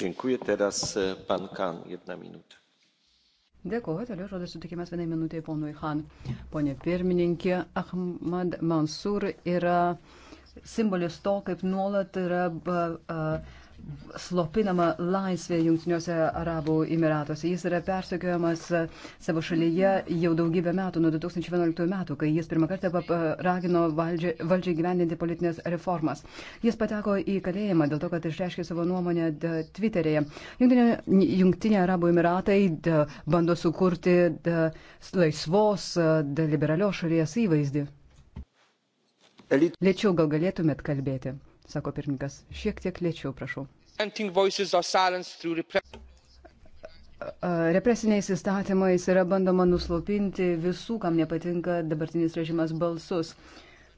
S3: Dziękuję teraz e, pan Kan, jedna minuta.
S6: Dėkuoju, toliau žodis
S8: sutikimas vienai minutėje ponui Han. Pone pirmininkė, Ahmad Mansur yra simbolis to, kaip nuolat yra. Uh, uh, slopinama laisvė Junktiniuose Arabų Emiratuose. Jis yra persekiojamas savo šalyje jau daugybę metų, nuo 2011 metų, kai jis pirmą kartą ragino valdžią, valdžią gyvendinti politinės reformas. Jis pateko į kalėjimą dėl to, kad išreiškė savo nuomonę Twitter'e. Jungtinė, Jungtinė Arabų Emiratai da, bando sukurti da, laisvos, da, liberalios šalies įvaizdį. Lėčiau gal galėtumėt kalbėti sako pirmininkas. Šiek tiek lėčiau, prašau. Represiniais įstatymais yra bandoma nuslopinti visų, kam nepatinka dabartinis režimas balsus.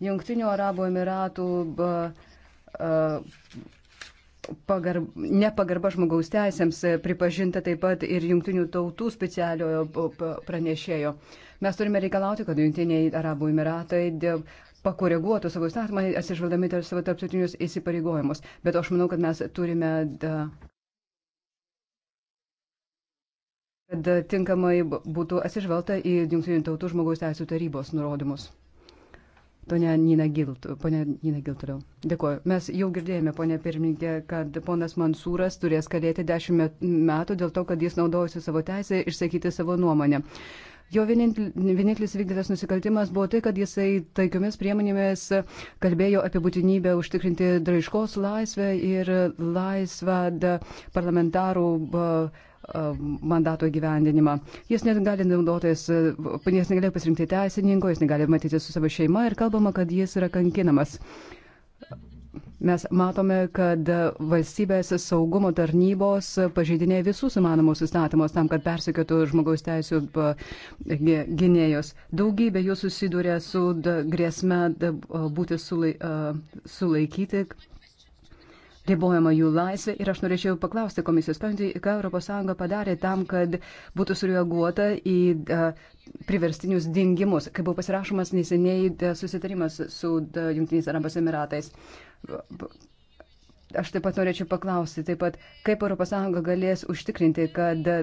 S8: Junktinių Arabų Emiratų pagarb, nepagarba žmogaus teisėms e, pripažinta taip pat ir Junktinių tautų specialiojo pranešėjo. Mes turime reikalauti, kad Junktiniai Arabų Emiratai pakoreguotų savo įstatymą, atsižvelgdami tarp savo tarptautinius įsipareigojimus. Bet aš manau, kad mes turime da, kad tinkamai būtų atsižvelgta į Junktinių tautų žmogaus teisų tarybos nurodymus. Pone Nina Gilt, ponė Nina Gilt toliau. Dėkuoju. Mes jau girdėjome, ponė pirmininkė, kad ponas Mansūras turės kalėti dešimt metų dėl to, kad jis naudojusi savo teisę išsakyti savo nuomonę. Jo vienintelis vykdytas nusikaltimas buvo tai, kad jisai taikiomis priemonėmis kalbėjo apie būtinybę užtikrinti draiškos laisvę ir laisvą parlamentarų mandato gyvendinimą. Jis net gali naudotis, jis negalėjo pasirinkti teisininko, jis negali matyti su savo šeima ir kalbama, kad jis yra kankinamas. Mes matome, kad valstybės saugumo tarnybos pažeidinėja visus įmanomus įstatymus tam, kad persikėtų žmogaus teisų gynėjus. Daugybė jų susiduria su grėsme būti sulaikyti ribojama jų laisvė ir aš norėčiau paklausti komisijos, ką ES padarė tam, kad būtų sureaguota į a, priverstinius dingimus, kai buvo pasirašomas neseniai susitarimas su Junktiniais Arabos Emiratais. Aš taip pat norėčiau paklausti, taip pat, kaip ES galės užtikrinti, kad e,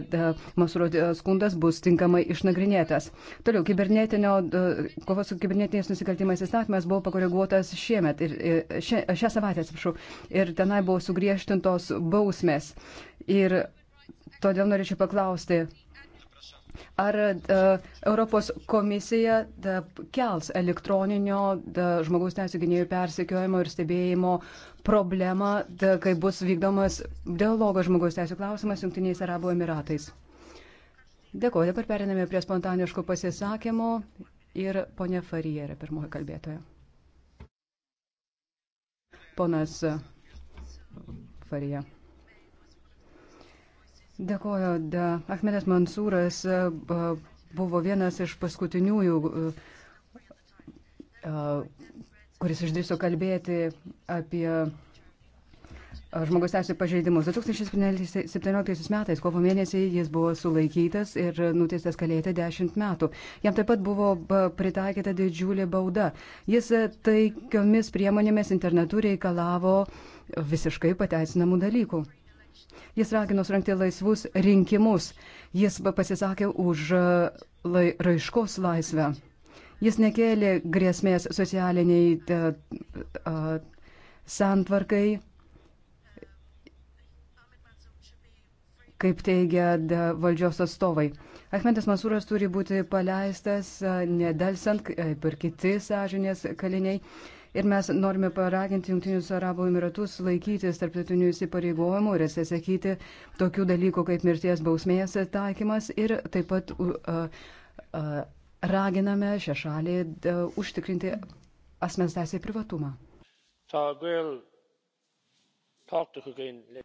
S8: Masuro skundas bus tinkamai išnagrinėtas. Toliau, e, kovos su kibernetiniais nusikaltimais įstatymas buvo pakoreguotas šiemet, ir, e, šia, šią savaitę, atsiprašau, ir tenai buvo sugriežtintos bausmės. Ir todėl norėčiau paklausti, Ar uh, Europos komisija da, e, kels elektroninio da, e, žmogaus teisų gynėjų persekiojimo ir stebėjimo problemą, da, kai bus vykdomas dialogas žmogaus teisų klausimas Junktiniais Arabų Emiratais? Dėkuoju, dabar periname prie spontaniškų pasisakymų ir ponia Farija yra pirmoji kalbėtoja. Ponas Farija. Dėkoju. Ahmedas Mansūras buvo vienas iš paskutiniųjų, kuris išdrįso kalbėti apie žmogus teisų pažeidimus. 2017 metais, kovo mėnesį, jis buvo sulaikytas ir nuteistas kalėti 10 metų. Jam taip pat buvo pritaikyta didžiulė bauda. Jis taikiomis priemonėmis internetu reikalavo visiškai pateisinamų dalykų. Jis ragino surinkti laisvus rinkimus. Jis pasisakė už e, lai, raiškos laisvę. Jis nekėlė grėsmės socialiniai te, a, santvarkai, kaip teigia de, valdžios atstovai. Ahmedas Masūras turi būti paleistas e, nedelsant, kaip ir kiti sąžinės kaliniai. Ir mes norime paraginti Junktinius Arabų Emiratus laikytis tarptautinių įsipareigojimų ir atsisakyti tokių dalykų kaip mirties bausmės taikymas ir taip pat uh, uh, raginame šią šalį uh, užtikrinti asmens teisę į privatumą.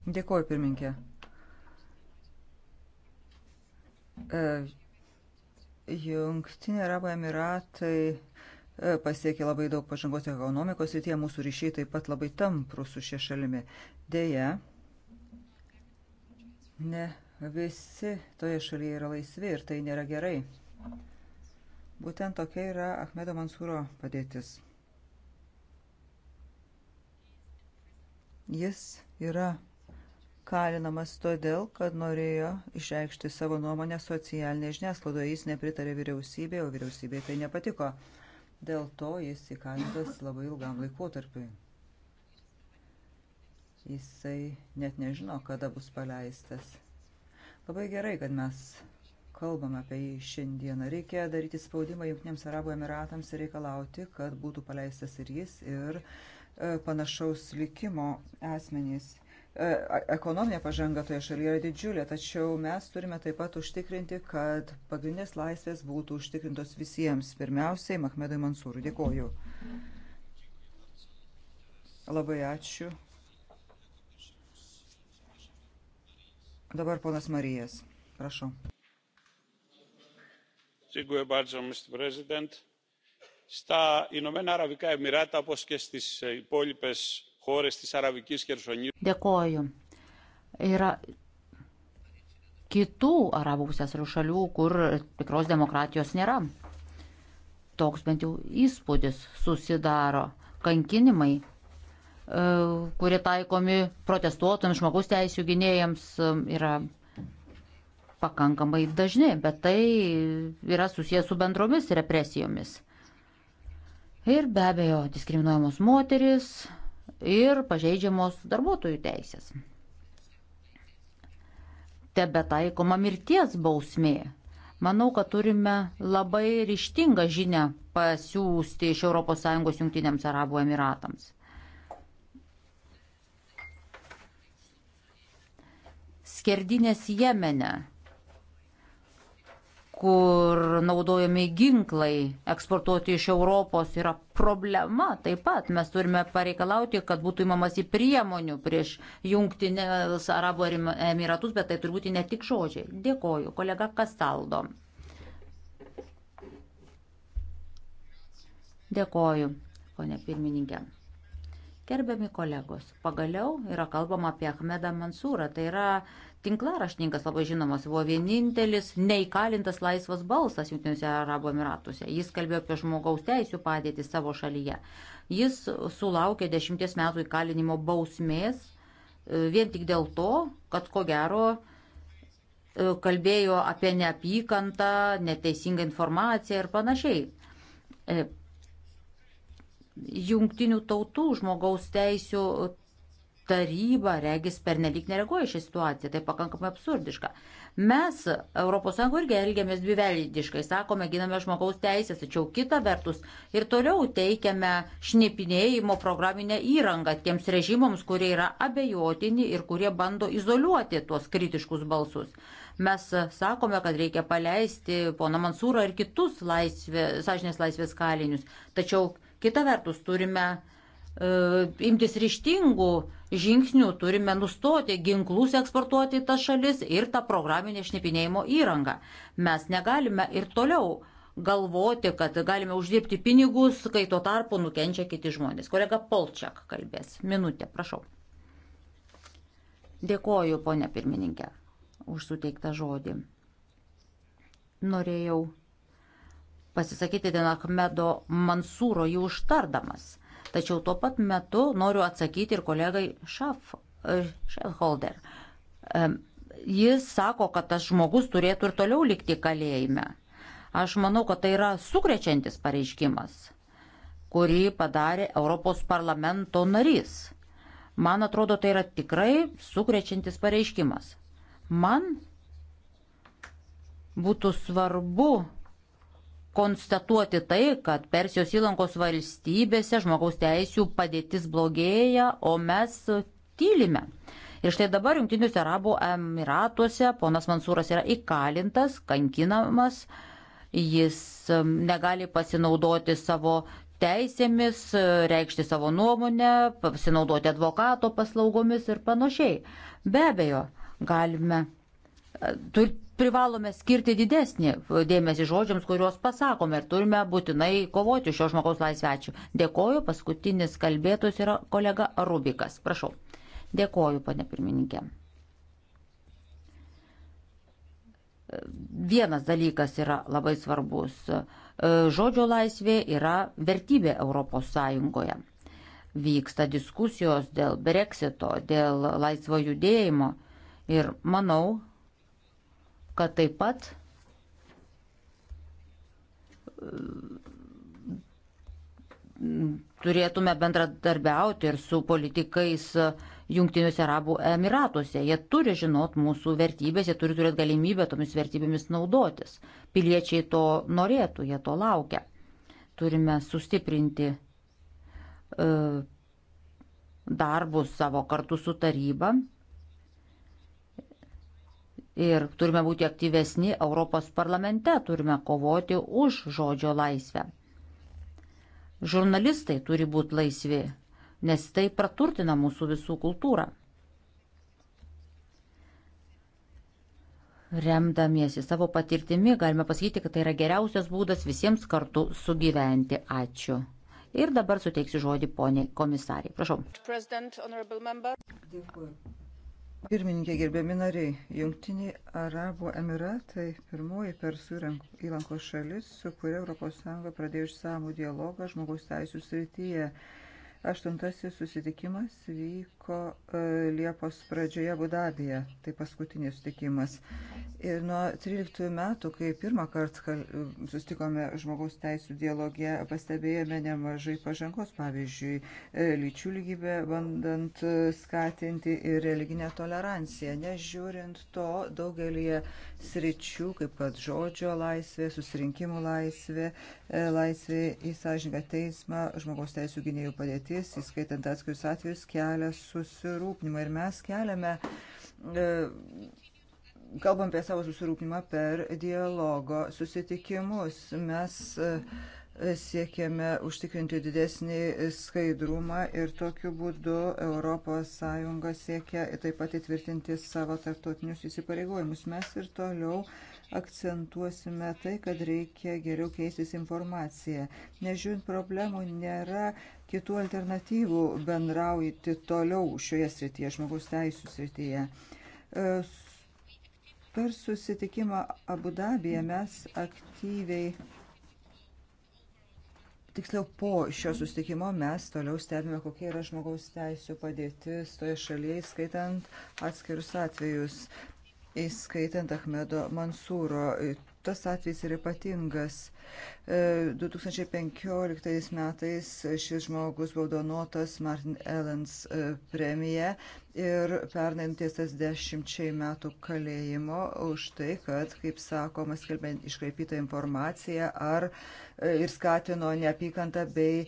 S8: Dėkuoju,
S7: pirminkė. E, Jungtinė Arabų Emiratai pasiekė labai daug pažangos ekonomikos ir tie mūsų ryšiai taip pat labai tamprų su šia šalimi. Deja, ne visi toje šalyje yra laisvi ir tai nėra gerai. Būtent tokia yra Ahmedo Mansūro padėtis. Jis yra kalinamas todėl, kad norėjo išreikšti savo nuomonę socialinėje žiniasklaidoje. Jis nepritarė vyriausybėje, o vyriausybėje tai nepatiko. Dėl to jis įkalintas labai ilgam laikotarpiui. Jisai net nežino, kada bus paleistas. Labai gerai, kad mes kalbam apie jį šiandieną. Reikia daryti spaudimą Junktiniams Arabų Emiratams ir reikalauti, kad būtų paleistas ir jis, ir e, panašaus likimo asmenys. E, ekonominė pažanga toje šalyje yra didžiulė, tačiau mes turime taip pat užtikrinti, kad pagrindinės laisvės būtų užtikrintos visiems. Pirmiausiai, Mahmedui Mansūrui dėkoju. Labai ačiū. Dabar ponas Marijas, prašau.
S3: Dziękuję bardzo, Mr. President. Στα Ηνωμένα Αραβικά Εμμυράτα, όπως και στις υπόλοιπες Dėkoju.
S6: Yra kitų arabų pusėsarių šalių, kur tikros demokratijos nėra. Toks bent jau įspūdis susidaro. Kankinimai, e, kurie taikomi protestuotojams, žmogus teisų gynėjams, e, yra pakankamai dažni, bet tai yra susijęs su bendromis represijomis. Ir be abejo, diskriminuojamos moteris, ir pažeidžiamos darbuotojų teisės. Tebe taikoma mirties bausmė. Manau, kad turime labai ryštingą žinę pasiūsti iš ES Junktiniams Arabų Emiratams. Skerdinės Jemene kur naudojami ginklai eksportuoti iš Europos yra problema taip pat. Mes turime pareikalauti, kad būtų įmamasi priemonių prieš jungtinės Arabų Emiratus, bet tai turbūt ne tik žodžiai. Dėkoju, kolega Kastaldo. Dėkoju, ponė pirmininkė. Gerbiami kolegos, pagaliau yra kalbama apie Ahmedą Mansūrą. Tai yra tinklaraštininkas labai žinomas, buvo vienintelis neįkalintas laisvas balsas Junktiniuose Arabų Emiratuose. Jis kalbėjo apie žmogaus teisų padėtį savo šalyje. Jis sulaukė dešimties metų įkalinimo bausmės e, vien tik dėl to, kad ko gero e, kalbėjo apie neapykantą, neteisingą informaciją ir panašiai. E, Jungtinių tautų žmogaus teisų taryba, regis, pernelik nereaguoja šią situaciją, tai pakankamai absurdiška. Mes ES irgi elgiamės dviveldiškai, sakome, giname žmogaus teisės, tačiau kita vertus ir toliau teikiame šnipinėjimo programinę įrangą tiems režimams, kurie yra abejotini ir kurie bando izoliuoti tuos kritiškus balsus. Mes sakome, kad reikia paleisti poną Mansūrą ir kitus laisvė, sąžinės laisvės kalinius, tačiau kita vertus turime E, imtis ryštingų žingsnių, turime nustoti ginklus eksportuoti į tas šalis ir tą programinę šnipinėjimo įrangą. Mes negalime ir toliau galvoti, kad galime uždirbti pinigus, kai tuo tarpu nukenčia kiti žmonės. Kolega Polčiak kalbės. Minutė, prašau. Dėkoju, ponia pirmininkė, už suteiktą žodį. Norėjau pasisakyti dėl Ahmedo Mansūro jų užtardamas Tačiau tuo pat metu noriu atsakyti ir kolegai Schaffholder. E, jis sako, kad tas žmogus turėtų ir toliau likti kalėjime. Aš manau, kad tai yra sukrečiantis pareiškimas, kurį padarė Europos parlamento narys. Man atrodo, tai yra tikrai sukrečiantis pareiškimas. Man būtų svarbu konstatuoti tai, kad Persijos įlankos valstybėse žmogaus teisų padėtis blogėja, o mes tylime. Ir štai dabar Junktiniuose Arabų Emiratuose ponas Mansūras yra įkalintas, kankinamas, jis um, negali pasinaudoti savo teisėmis, reikšti savo nuomonę, pasinaudoti advokato paslaugomis ir panašiai. Be abejo, galime. E, privalome skirti didesnį dėmesį žodžiams, kuriuos pasakome ir turime būtinai kovoti šio žmogaus laisvečių. Dėkoju, paskutinis kalbėtus yra kolega Rubikas. Prašau. Dėkoju, pane pirmininkė. Vienas dalykas yra labai svarbus. Žodžio laisvė yra vertybė Europos Sąjungoje. Vyksta diskusijos dėl breksito, dėl laisvo judėjimo ir manau, kad taip pat e, turėtume bendradarbiauti ir su politikais e, Junktiniuose Arabų Emiratuose. Jie turi žinot mūsų vertybės, jie turi turėti galimybę tomis vertybėmis naudotis. Piliečiai to norėtų, jie to laukia. Turime sustiprinti uh, darbus savo kartu su taryba ir turime būti aktyvesni Europos parlamente, turime kovoti už žodžio laisvę. Žurnalistai turi būti laisvi, nes tai praturtina mūsų visų kultūrą. Remdamiesi savo patirtimi, galime pasakyti, kad tai yra geriausias būdas visiems kartu sugyventi. Ačiū. Ir dabar suteiksiu žodį poniai komisariai. Prašau.
S8: Dėkui.
S6: Pirmininkė,
S7: gerbiami nariai, Jungtiniai Arabų Emiratai pirmoji persų įlankos šalis, su kuria ES pradėjo išsamų dialogą žmogaus teisų srityje. Aštuntasis susitikimas vyko e, Liepos pradžioje Budabėje, tai paskutinis susitikimas. Ir nuo 13 metų, kai pirmą kartą sustikome žmogaus teisų dialogė, pastebėjome nemažai pažangos, pavyzdžiui, e, lyčių lygybę bandant e, skatinti ir religinę toleranciją. Nežiūrint to, daugelie sričių, kaip kad žodžio laisvė, susirinkimų laisvė, laisvė į sąžininką teismą, žmogaus teisų gynėjų padėti padėtis, įskaitant atskirius atvejus, kelia susirūpinimą. Ir mes keliame, e, kalbam apie savo susirūpinimą per dialogo susitikimus. Mes e, siekiame užtikrinti didesnį skaidrumą ir tokiu būdu ES siekia taip pat įtvirtinti savo tarptautinius įsipareigojimus. Mes ir toliau akcentuosime tai, kad reikia geriau keistis informaciją. Nežiūrint problemų, nėra kitų alternatyvų bendraujyti toliau šioje srityje, žmogaus teisų srityje. E, per susitikimą Abu Dabėje mes aktyviai Tiksliau, po šio sustikimo mes toliau stebime, kokia yra žmogaus teisų padėtis toje šalyje, įskaitant atskirus atvejus, įskaitant Ahmedo Mansūro tas atvejs yra ypatingas. 2015 e, metais šis žmogus baudonuotas Martin Ellens e, premija ir pernai nutiestas dešimčiai metų kalėjimo už tai, kad, kaip sakoma, skelbiant iškreipytą informaciją ar e, ir skatino neapykantą bei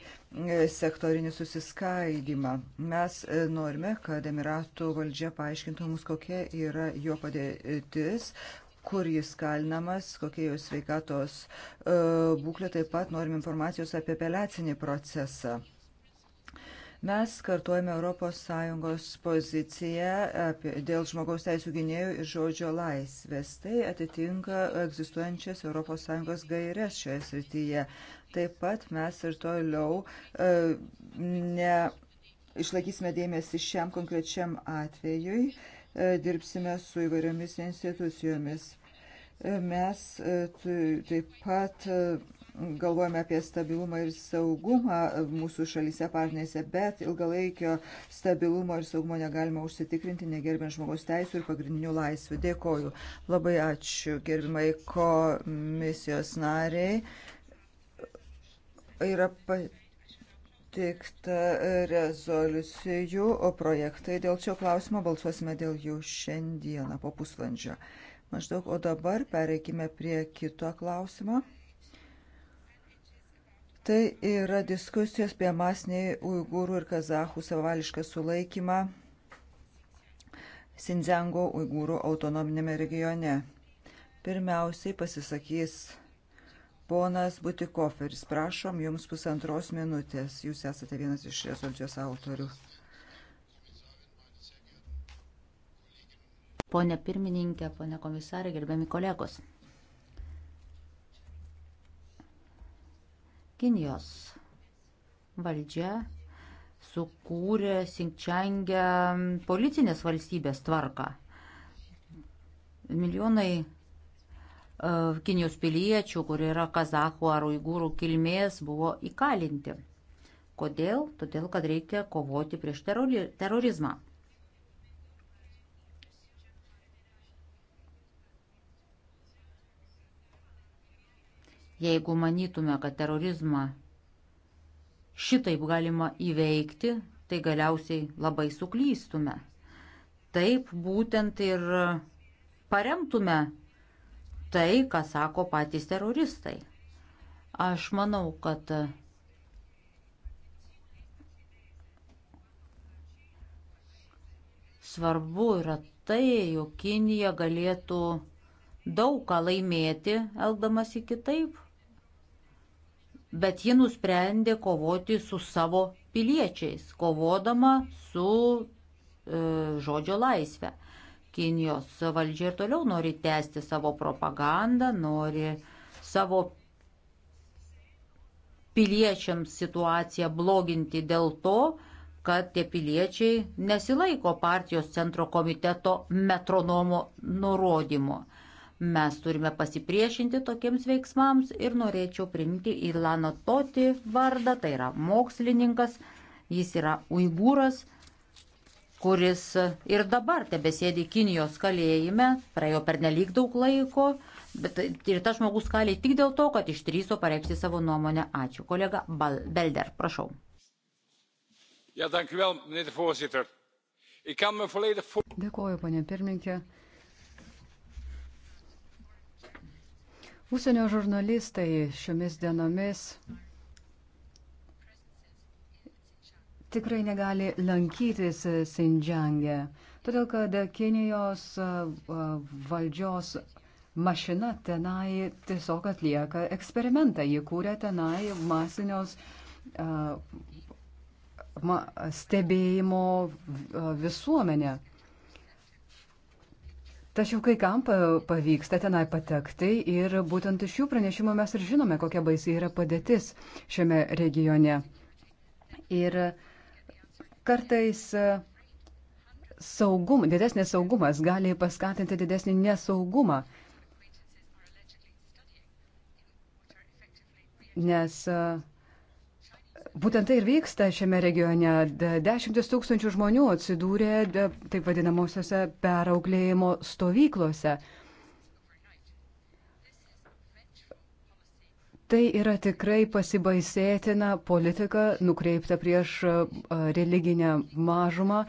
S7: sektorinį susiskaidimą. Mes norime, kad Emiratų valdžia paaiškintų mums, kokia yra jo padėtis, kur jis kalinamas, kokia jo sveikatos e, būklė, taip pat norim informacijos apie apeliacinį procesą. Mes kartuojame ES poziciją apie, dėl žmogaus teisų gynėjų ir žodžio laisvės. Tai atitinka egzistuojančias ES gairias šioje srityje. Taip pat mes ir toliau e, ne. Išlaikysime dėmesį šiam konkrečiam atvejui E, dirbsime su įvairiomis institucijomis. E, mes e, taip pat galvojame apie stabilumą ir saugumą mūsų šalyse partnerėse, bet ilgalaikio stabilumo ir saugumo negalima užsitikrinti, negerbint žmogaus teisų ir pagrindinių laisvių. Dėkoju. Labai ačiū, gerbimai komisijos nariai. Yra pat pateikta rezoliucijų, o projektai dėl šio klausimo balsuosime dėl jų šiandieną po pusvalandžio. Maždaug, o dabar pereikime prie kito klausimo. Tai yra diskusijos apie masinį uigūrų ir kazahų savališką sulaikymą Sinzengo uigūrų autonominėme regione. Pirmiausiai pasisakys Ponas Butikoferis, prašom, jums pusantros minutės. Jūs esate vienas iš
S6: rezoliucijos autorių. Pone pirmininkė, pone komisarė, gerbiami kolegos. Kinijos valdžia sukūrė Sinkčiangę policinės valstybės tvarką. Milijonai E, Kinijos piliečių, kurie yra kazakų ar uigūrų kilmės, buvo įkalinti. Kodėl? Todėl, kad reikia kovoti prieš terorizmą. Jeigu manytume, kad terorizmą šitaip galima įveikti, tai galiausiai labai suklystume. Taip būtent ir paremtume tai, ką sako patys teroristai. Aš manau, kad svarbu yra tai, jog Kinija galėtų daug ką laimėti, elgdamasi kitaip, bet ji nusprendė kovoti su savo piliečiais, kovodama su e, žodžio laisvė. Kinijos valdžia ir toliau nori tęsti savo propagandą, nori savo piliečiams situaciją bloginti dėl to, kad tie piliečiai nesilaiko partijos centro komiteto metronomo nurodymo. Mes turime pasipriešinti tokiems veiksmams ir norėčiau priimti Ilano Toti vardą, tai yra mokslininkas, jis yra uigūras, kuris ir dabar tebesėdi Kinijos kalėjime, praėjo per nelik daug laiko, bet ir tas žmogus kalė tik dėl to, kad išdryso pareikšti savo nuomonę. Ačiū. Kolega Bal Belder, prašau.
S5: Ja, dankjewel, meneer de voorzitter. Ik kan me volledig voor...
S6: Dėkuoju, ponė pirmininkė.
S8: Užsienio žurnalistai šiomis dienomis tikrai negali lankytis Sinjange, todėl kad Kinijos valdžios mašina tenai tiesiog atlieka eksperimentą. Jie kūrė tenai masinios stebėjimo visuomenę. Tačiau kai kam pavyksta tenai patekti ir būtent iš jų pranešimų mes ir žinome, kokia baisiai yra padėtis šiame regione. Ir uh, Kartais e, saugum, didesnis saugumas gali paskatinti didesnį nesaugumą, nes e, būtent tai ir vyksta šiame regione. Dešimtis tūkstančių žmonių atsidūrė taip vadinamosiose perauklėjimo stovyklose. Tai yra tikrai pasibaisėtina politika nukreipta prieš religinę mažumą.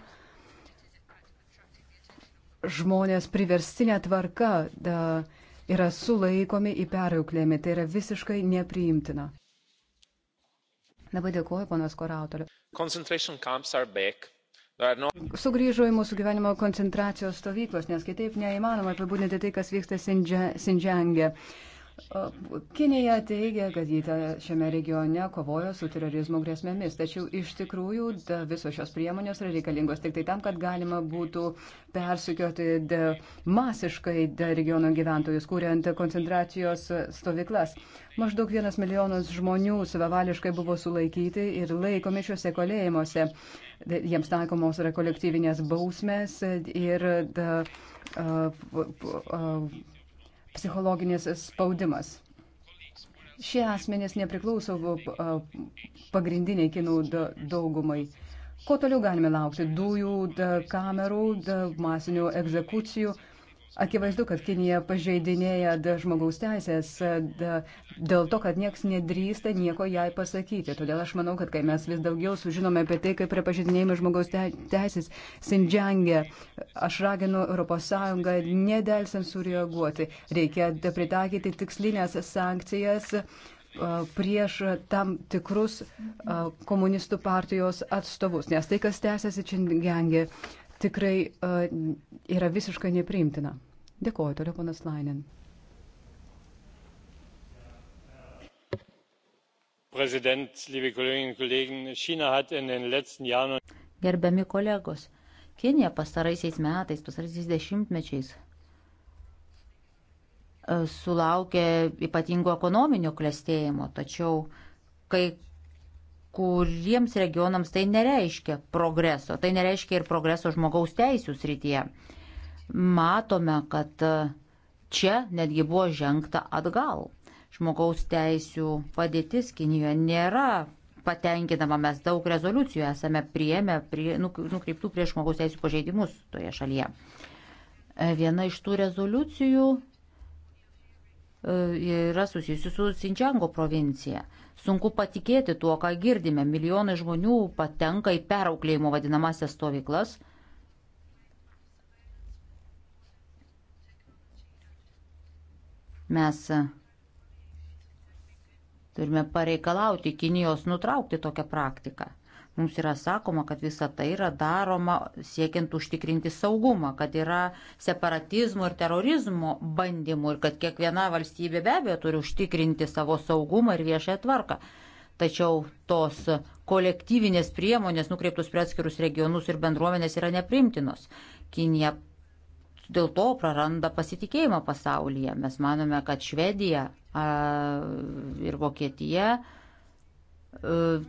S8: Žmonės priverstinė tvarka da, yra sulaikomi į perauklėmi. Tai yra visiškai nepriimtina. Labai dėkuoju, panas Korautoriu. No... Sugrįžo į mūsų gyvenimo koncentracijos stovyklos, nes kitaip neįmanoma apibūdinti tai, kas vyksta Sinžangė. Sinja, Kinija teigia, kad jį šiame regione kovojo su terorizmo grėsmėmis, tačiau iš tikrųjų da, visos šios priemonės yra reikalingos tik tai tam, kad galima būtų persikioti da, masiškai da, regiono gyventojus, kuriant koncentracijos stovyklas. Maždaug vienas milijonas žmonių savavališkai buvo sulaikyti ir laikomi šiuose kalėjimuose. Jiems taikomos yra kolektyvinės bausmės ir da, a, a, a, psichologinis spaudimas. Šie asmenys nepriklauso pagrindiniai kinų daugumai. Ko toliau galime laukti? Dujų, kamerų, masinių egzekucijų. Akivaizdu, kad Kinija pažeidinėja žmogaus teisės dėl to, kad nieks nedrįsta nieko jai pasakyti. Todėl aš manau, kad kai mes vis daugiau sužinome apie tai, kaip yra pažeidinėjami žmogaus teisės Sindžiangė, aš raginu ES nedelsiant sureaguoti. Reikia pritaikyti tikslinės sankcijas prieš tam tikrus komunistų partijos atstovus, nes tai, kas tęsiasi Čindengė, tikrai yra visiškai nepriimtina. Dėkuoju toliau, ponas Lainin.
S6: Gerbiami kolegos, Kinija pastaraisiais metais, pastaraisiais dešimtmečiais e, sulaukė ypatingo ekonominio klestėjimo, tačiau kai kuriems regionams tai nereiškia progreso, tai nereiškia ir progreso žmogaus teisų srityje matome, kad čia netgi buvo žengta atgal. Žmogaus teisų padėtis Kinijoje nėra patenkinama, mes daug rezoliucijų esame prieėmę, prie, nu, nukreiptų prieš žmogaus teisų pažeidimus toje šalyje. Viena iš tų rezoliucijų e, yra susijusi su Sinčiango provincija. Sunku patikėti tuo, ką girdime. Milijonai žmonių patenka į perauklėjimo vadinamasias stovyklas. Mes e, turime pareikalauti Kinijos nutraukti tokią praktiką. Mums yra sakoma, kad visa tai yra daroma siekiant užtikrinti saugumą, kad yra separatizmo ir terorizmo bandymų ir kad kiekviena valstybė be abejo turi užtikrinti savo saugumą ir viešąją tvarką. Tačiau tos kolektyvinės priemonės nukreiptus prie atskirus regionus ir bendruomenės yra neprimtinos. Kinija dėl to praranda pasitikėjimą pasaulyje. Mes manome, kad Švedija ir Vokietija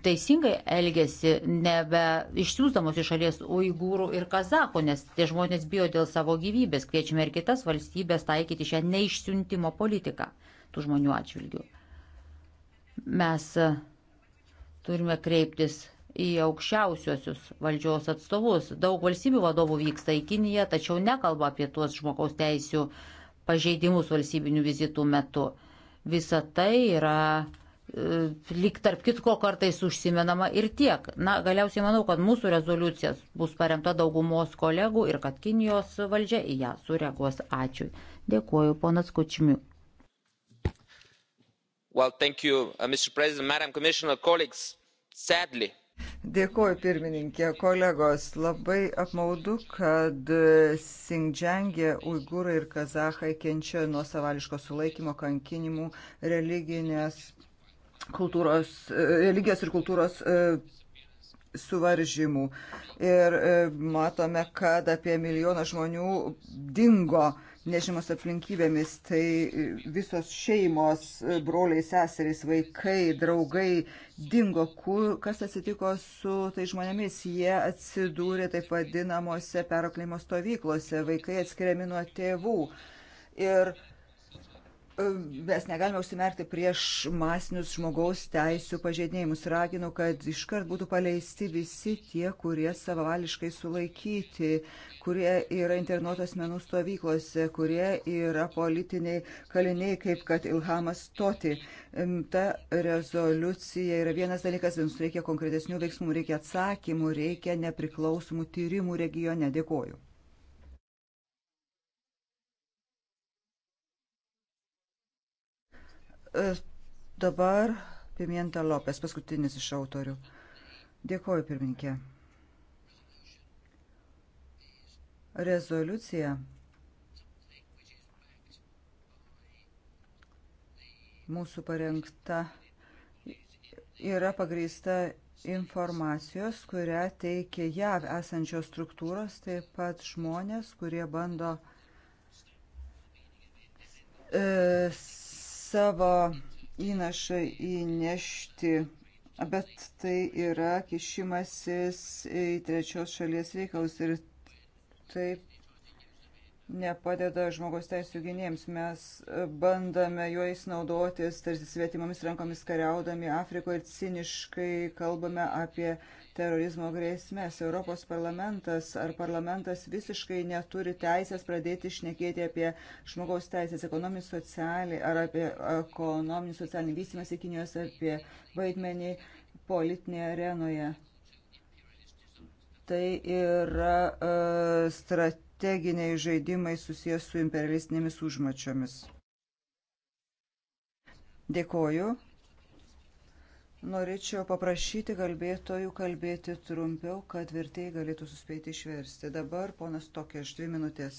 S6: teisingai elgesi, nebe išsiųsdamos iš šalies uigūrų ir kazako, nes tie žmonės bijo dėl savo gyvybės. Kviečiame ir kitas valstybės taikyti šią neišsiuntimo politiką tų žmonių atžvilgių. Mes turime kreiptis į aukščiausiosius valdžios atstovus. Daug valstybių vadovų vyksta į Kiniją, tačiau nekalba apie tuos žmogaus teisų pažeidimus valstybinių vizitų metu. Visa tai yra e, lyg tarp kitko kartais užsimenama ir tiek. Na, galiausiai manau, kad mūsų rezoliucijas bus paremta daugumos kolegų ir kad Kinijos valdžia į ją sureaguos. Ačiū. Dėkuoju, ponas Kučmiu.
S3: Well, thank you, uh, Mr. President, Madam Commissioner, colleagues. Sadly,
S6: Dėkuoju
S7: pirmininkė, kolegos. Labai apmaudu, kad Singdžiangė, Uigūrai ir Kazahai kenčia nuo savališko sulaikymo, kankinimų, religinės, kultūros, e, religijos ir kultūros e, suvaržymų. Ir e, matome, kad apie milijoną žmonių dingo nežymos aplinkybėmis, tai visos šeimos, broliai, seserys, vaikai, draugai dingo, kur, kas atsitiko su tai žmonėmis, jie atsidūrė taip vadinamosi perauklėjimo stovyklose, vaikai atskiriami nuo tėvų. Ir uh, Mes negalime užsimerkti prieš masinius žmogaus teisų pažeidėjimus. Raginu, kad iškart būtų paleisti visi tie, kurie savavališkai sulaikyti, kurie yra internuoto asmenų stovyklose, kurie yra politiniai kaliniai, kaip kad Ilhamas Toti. Ta rezoliucija yra vienas dalykas, mums reikia konkretesnių veiksmų, reikia atsakymų, reikia nepriklausomų tyrimų regione. Dėkoju. E, dabar Pimienta Lopes, paskutinis iš autorių. Dėkoju, pirminkė. Rezoliucija mūsų parengta yra pagrįsta informacijos, kurią teikia JAV esančios struktūros, taip pat žmonės, kurie bando e, savo įnašą įnešti, bet tai yra kišimasis į trečios šalies reikalus ir taip nepadeda žmogaus teisų gynėjams. Mes bandame juos naudotis tarsi svetimomis rankomis kariaudami Afrikoje ir ciniškai kalbame apie terorizmo grėsmės. Europos parlamentas ar parlamentas visiškai neturi teisės pradėti išnekėti apie žmogaus teisės, ekonominį socialinį ar apie ekonominį socialinį vystimąsi Kinijos, apie vaidmenį politinėje arenoje. Tai yra uh, strateginiai žaidimai susijęs su imperialistinėmis užmačiomis. Dėkoju. Norėčiau paprašyti kalbėtojų kalbėti trumpiau, kad vertėjai galėtų suspėti išversti. Dabar ponas Tokė, aš dvi minutės.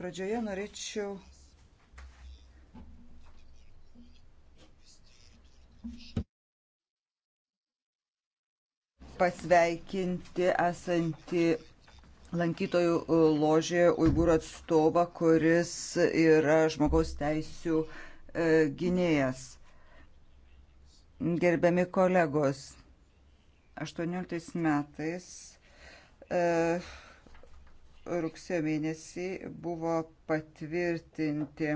S7: Pradžioje norėčiau pasveikinti esantį lankytojų ložėje uigūrų atstovą, kuris yra žmogaus teisių e, gynėjas. Gerbiami kolegos, 18 metais e, rugsėjo mėnesį buvo patvirtinti,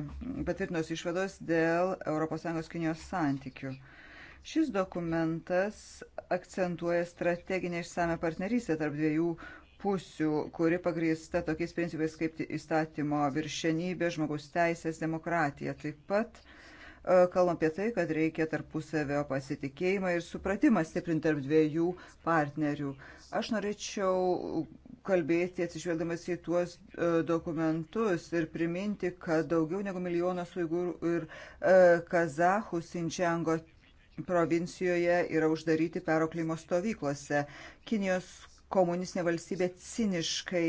S7: patvirtinos išvados dėl ES Kinijos santykių. Šis dokumentas akcentuoja strateginę išsame partnerystę tarp dviejų pusių, kuri pagrįsta tokiais principais kaip įstatymo viršenybė, žmogaus teisės, demokratija. Taip pat uh, E, kalbam apie tai, kad reikia tarpusavio pasitikėjimą ir supratimą stiprinti tarp dviejų partnerių. Aš norėčiau kalbėti atsižvelgdamas į tuos e, dokumentus ir priminti, kad daugiau negu milijonas uigūrų ir e, kazahų Sinčiango provincijoje yra uždaryti perauklimo stovyklose. Kinijos komunistinė valstybė ciniškai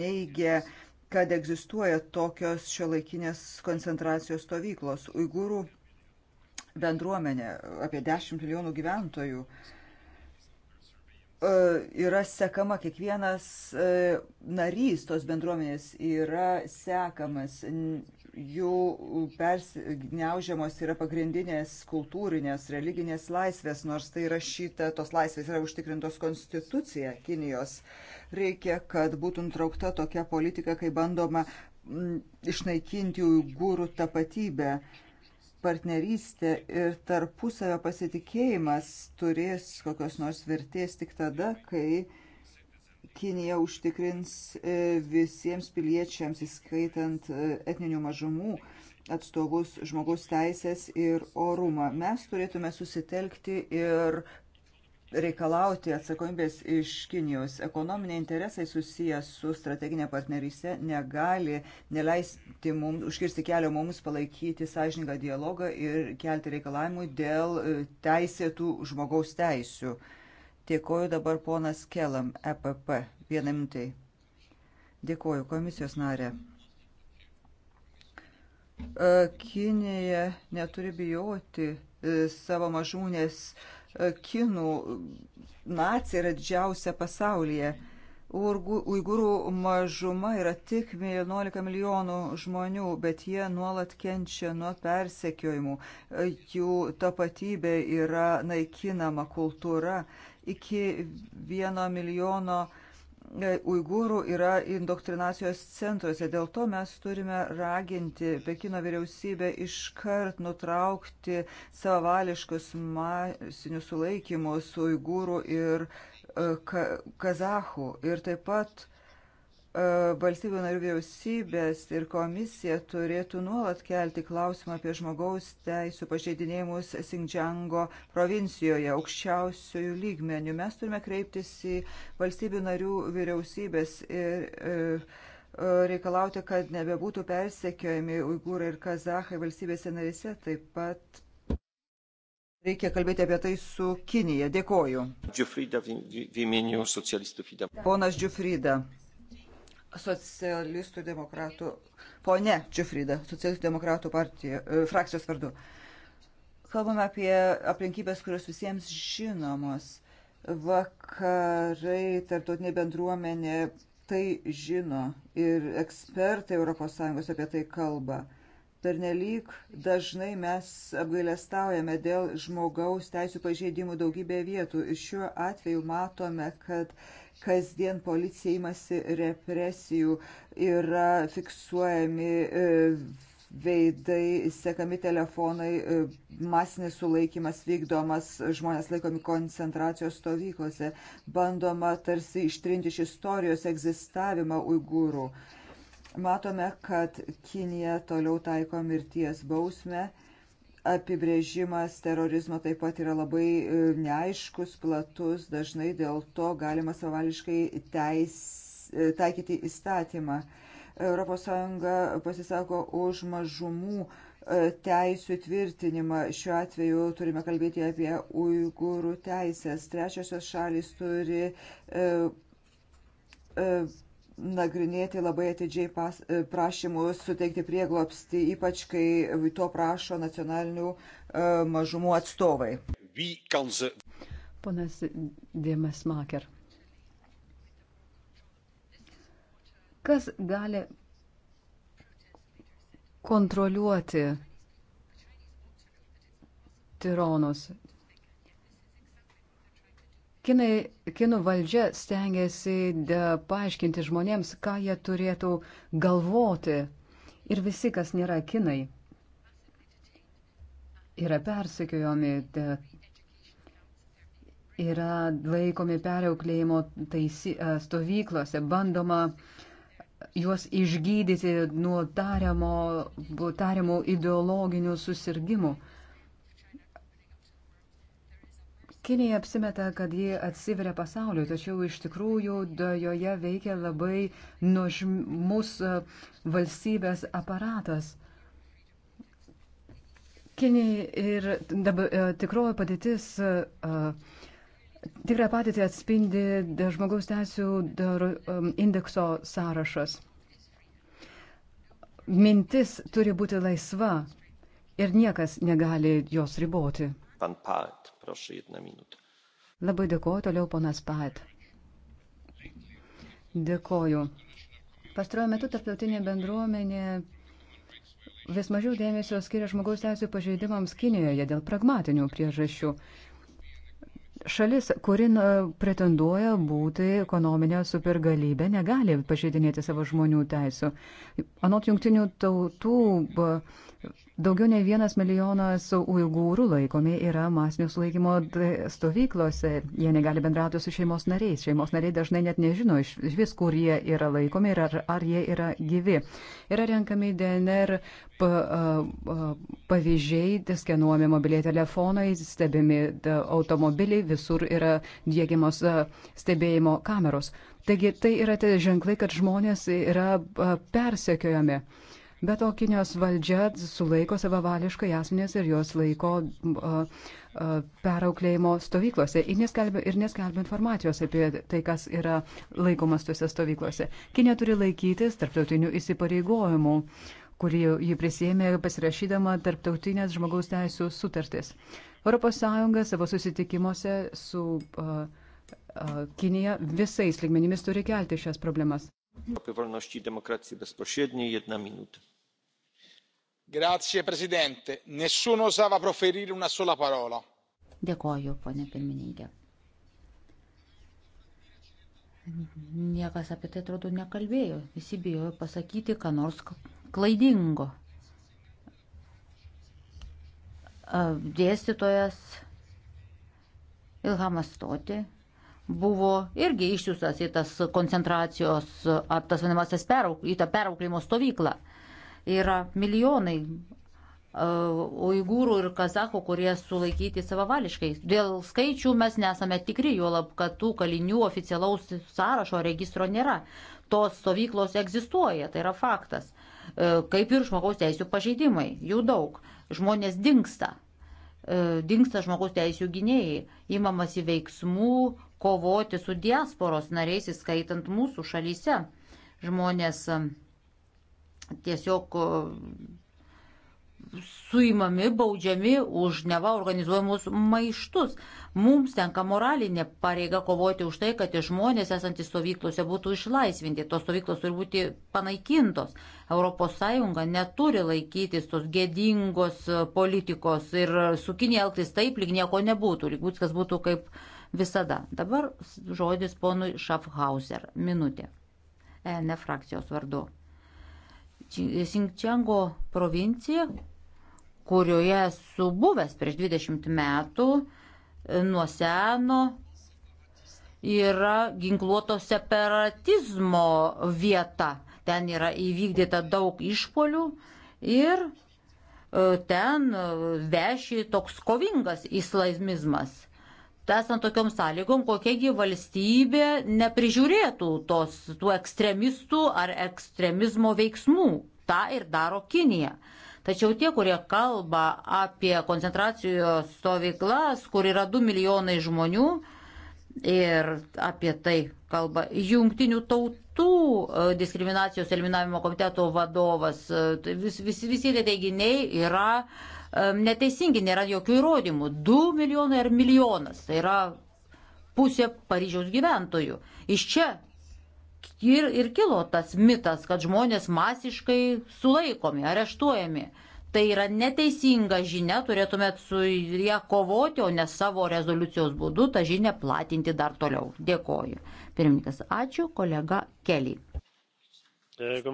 S7: neigia uh, kad egzistuoja tokios šio laikinės koncentracijos stovyklos. Uigūrų bendruomenė, apie 10 milijonų gyventojų, e, yra sekama, kiekvienas e, narys tos bendruomenės yra sekamas jų persgneužiamos yra pagrindinės kultūrinės, religinės laisvės, nors tai yra šita, tos laisvės yra užtikrintos konstitucija Kinijos. Reikia, kad būtų nutraukta tokia politika, kai bandoma m, išnaikinti uigūrų tapatybę. Partnerystė ir tarpusavio pasitikėjimas turės kokios nors vertės tik tada, kai uh, Kinija užtikrins e, visiems piliečiams, įskaitant e, etninių mažumų atstovus žmogaus teisės ir orumą. Mes turėtume susitelkti ir reikalauti atsakomybės iš Kinijos. Ekonominiai interesai susijęs su strateginė partnerystė negali neleisti mums, užkirsti kelio mums palaikyti sąžiningą dialogą ir kelti reikalavimų dėl e, teisėtų žmogaus teisių. Uh, Dėkoju dabar ponas Kelam, EPP, vieną minutę. Dėkoju komisijos narė. E, Kinėje neturi bijoti e, savo mažūnės e, kinų nacija yra didžiausia pasaulyje. Uigūrų mažuma yra tik 11 milijonų žmonių, bet jie nuolat kenčia nuo persekiojimų. Jų tapatybė yra naikinama kultūra iki vieno milijono e, uigūrų yra indoktrinacijos centruose. Dėl to mes turime raginti Pekino vyriausybę iškart nutraukti savališkus masinius sulaikymus uigūrų ir e, kazahų. Ir taip pat valstybių narių vyriausybės ir komisija turėtų nuolat kelti klausimą apie žmogaus teisų pažeidinėjimus Singdžiango provincijoje aukščiausiojų lygmenių. Mes turime kreiptis į valstybių narių vyriausybės ir, ir reikalauti, kad nebebūtų persekiojami uigūrai ir kazahai valstybėse narėse. Taip pat Reikia kalbėti apie tai su Kinija. Dėkoju.
S5: Džiufrida, v,
S3: v, v, Ponas
S7: Džiufrida socialistų demokratų, ponė Čiufrida, socialistų demokratų partija, e, frakcijos vardu. Kalbame apie aplinkybės, kurios visiems žinomos. Vakarai, tarptautinė bendruomenė tai žino ir ekspertai ES apie tai kalba. Pernelyg dažnai mes apgailestaujame dėl žmogaus teisų pažeidimų daugybėje vietų. Ir šiuo atveju matome, kad uh, kasdien policija imasi represijų, yra fiksuojami e, veidai, sekami telefonai, e, masinis sulaikimas vykdomas, žmonės laikomi koncentracijos stovyklose, bandoma tarsi ištrinti iš istorijos egzistavimą uigūrų. Matome, kad Kinija toliau taiko mirties bausmę apibrėžimas terorizmo taip pat yra labai e, neaiškus, platus, dažnai dėl to galima savališkai teis, e, taikyti įstatymą. ES pasisako už mažumų e, teisų tvirtinimą. Šiuo atveju turime kalbėti apie uigūrų teisės. Trečiosios šalis turi e, e, nagrinėti labai atidžiai pas, e, prašymus suteikti prieglopsti, ypač kai to prašo nacionalinių e, mažumų atstovai.
S8: Ponas Dėmes Maker. Kas gali kontroliuoti tironus Kinai, kinų valdžia stengiasi e, paaiškinti žmonėms, ką jie turėtų galvoti. Ir visi, kas nėra kinai, yra persekiojami, e, yra laikomi periauklėjimo taisy, e, stovyklose, bandoma juos išgydyti nuo tariamo, tariamų ideologinių susirgymų. Kinija apsimeta, kad ji atsiveria pasauliu, tačiau iš tikrųjų joje veikia labai nuožmus valstybės aparatas. Kinijai ir dabar tikroji padėtis, tikrą padėtį atspindi žmogaus teisų indekso sąrašas. Mintis turi būti laisva ir niekas negali jos riboti.
S3: Pan Pat, prašau, vieną minutę.
S8: Labai dėkuoju, toliau ponas Pat. Dėkuoju. Pastaruoju metu tarptautinė bendruomenė vis mažiau dėmesio skiria žmogaus teisų pažeidimams Kinijoje dėl pragmatinių priežasčių. Šalis, kuri pretenduoja būti ekonominė supergalybė, negali pažeidinėti savo žmonių teisų. Anot jungtinių tautų, daugiau nei vienas milijonas uigūrų laikomi yra masinio sulaikymo stovyklose. Jie negali bendrauti su šeimos nariais. Šeimos nariai dažnai net nežino iš vis, kur jie yra laikomi ir ar, ar jie yra gyvi. Yra renkami DNR pavyzdžiai, skenuojami mobiliai telefonai, stebimi automobiliai, visur yra dėgiamos stebėjimo kameros. Taigi tai yra tie ženklai, kad žmonės yra persekiojami. Bet o Kinijos valdžia sulaiko savavališkai asmenės ir jos laiko perauklėjimo stovyklose ir neskelbia, ir neskelbia informacijos apie tai, kas yra laikomas tuose stovyklose. Kinė turi laikytis tarptautinių įsipareigojimų kurį ji prisėmė pasirašydama tarptautinės žmogaus teisų sutartis. ES savo susitikimuose su uh, uh, Kinija visais ligmenimis turi kelti šias problemas.
S3: Grazie, Presidente. Nessuno osava proferire una sola parola.
S6: Dėkoju, ponė pirmininkė. Niekas apie tai atrodo nekalbėjo, visi bijojo pasakyti, ką nors klaidingo. Dėstytojas Ilhamas Stoti buvo irgi išsiųstas į tas koncentracijos, ar tas vadinamasis perauk, į tą perauklimo stovyklą. Yra milijonai uigūrų ir kazakų, kurie sulaikyti savavališkai. Dėl skaičių mes nesame tikri, juolab, kad tų kalinių oficialaus sąrašo registro nėra. Tos stovyklos egzistuoja, tai yra faktas. E, kaip ir žmogaus teisų pažeidimai. Jų daug. Žmonės dinksta. E, dinksta žmogaus teisų gynėjai. Įmamasi veiksmų kovoti su diasporos nariais, įskaitant mūsų šalyse. Žmonės e, tiesiog suimami, baudžiami už neva organizuojamus maištus. Mums tenka moralinė pareiga kovoti už tai, kad žmonės esantys stovyklose būtų išlaisvinti. Tos stovyklos turi būti panaikintos. ES neturi laikytis tos gėdingos politikos ir su Kinė elgtis taip, lyg nieko nebūtų, lyg viskas būtų kaip visada. Dabar žodis ponui Schaffhauser. Minutė. ENF frakcijos vardu. Sinkčiango provincija, kurioje esu buvęs prieš 20 metų, e, nuo seno yra ginkluoto separatizmo vieta. Ten yra įvykdyta daug išpolių ir e, ten e, veši toks kovingas islamizmas. Esant tokiom sąlygom, kokiagi valstybė neprižiūrėtų tos, tų ekstremistų ar ekstremizmo veiksmų. Ta ir daro Kinija. Tačiau tie, kurie kalba apie koncentracijos stovyklas, kur yra 2 milijonai žmonių ir apie tai kalba jungtinių tautų e, diskriminacijos eliminavimo komiteto vadovas, e, tai vis, vis, visi tie teiginiai yra e, neteisingi, nėra jokių įrodymų. 2 milijonai ar milijonas. Tai yra pusė Paryžiaus gyventojų. Iš čia ir, ir kilo tas mitas, kad žmonės masiškai sulaikomi, areštuojami. Tai yra neteisinga žinia, turėtumėt su ją kovoti, o ne savo rezoliucijos būdu tą žinią platinti dar toliau. Dėkoju. Pirmininkas, ačiū, kolega Kelly.
S5: Eh,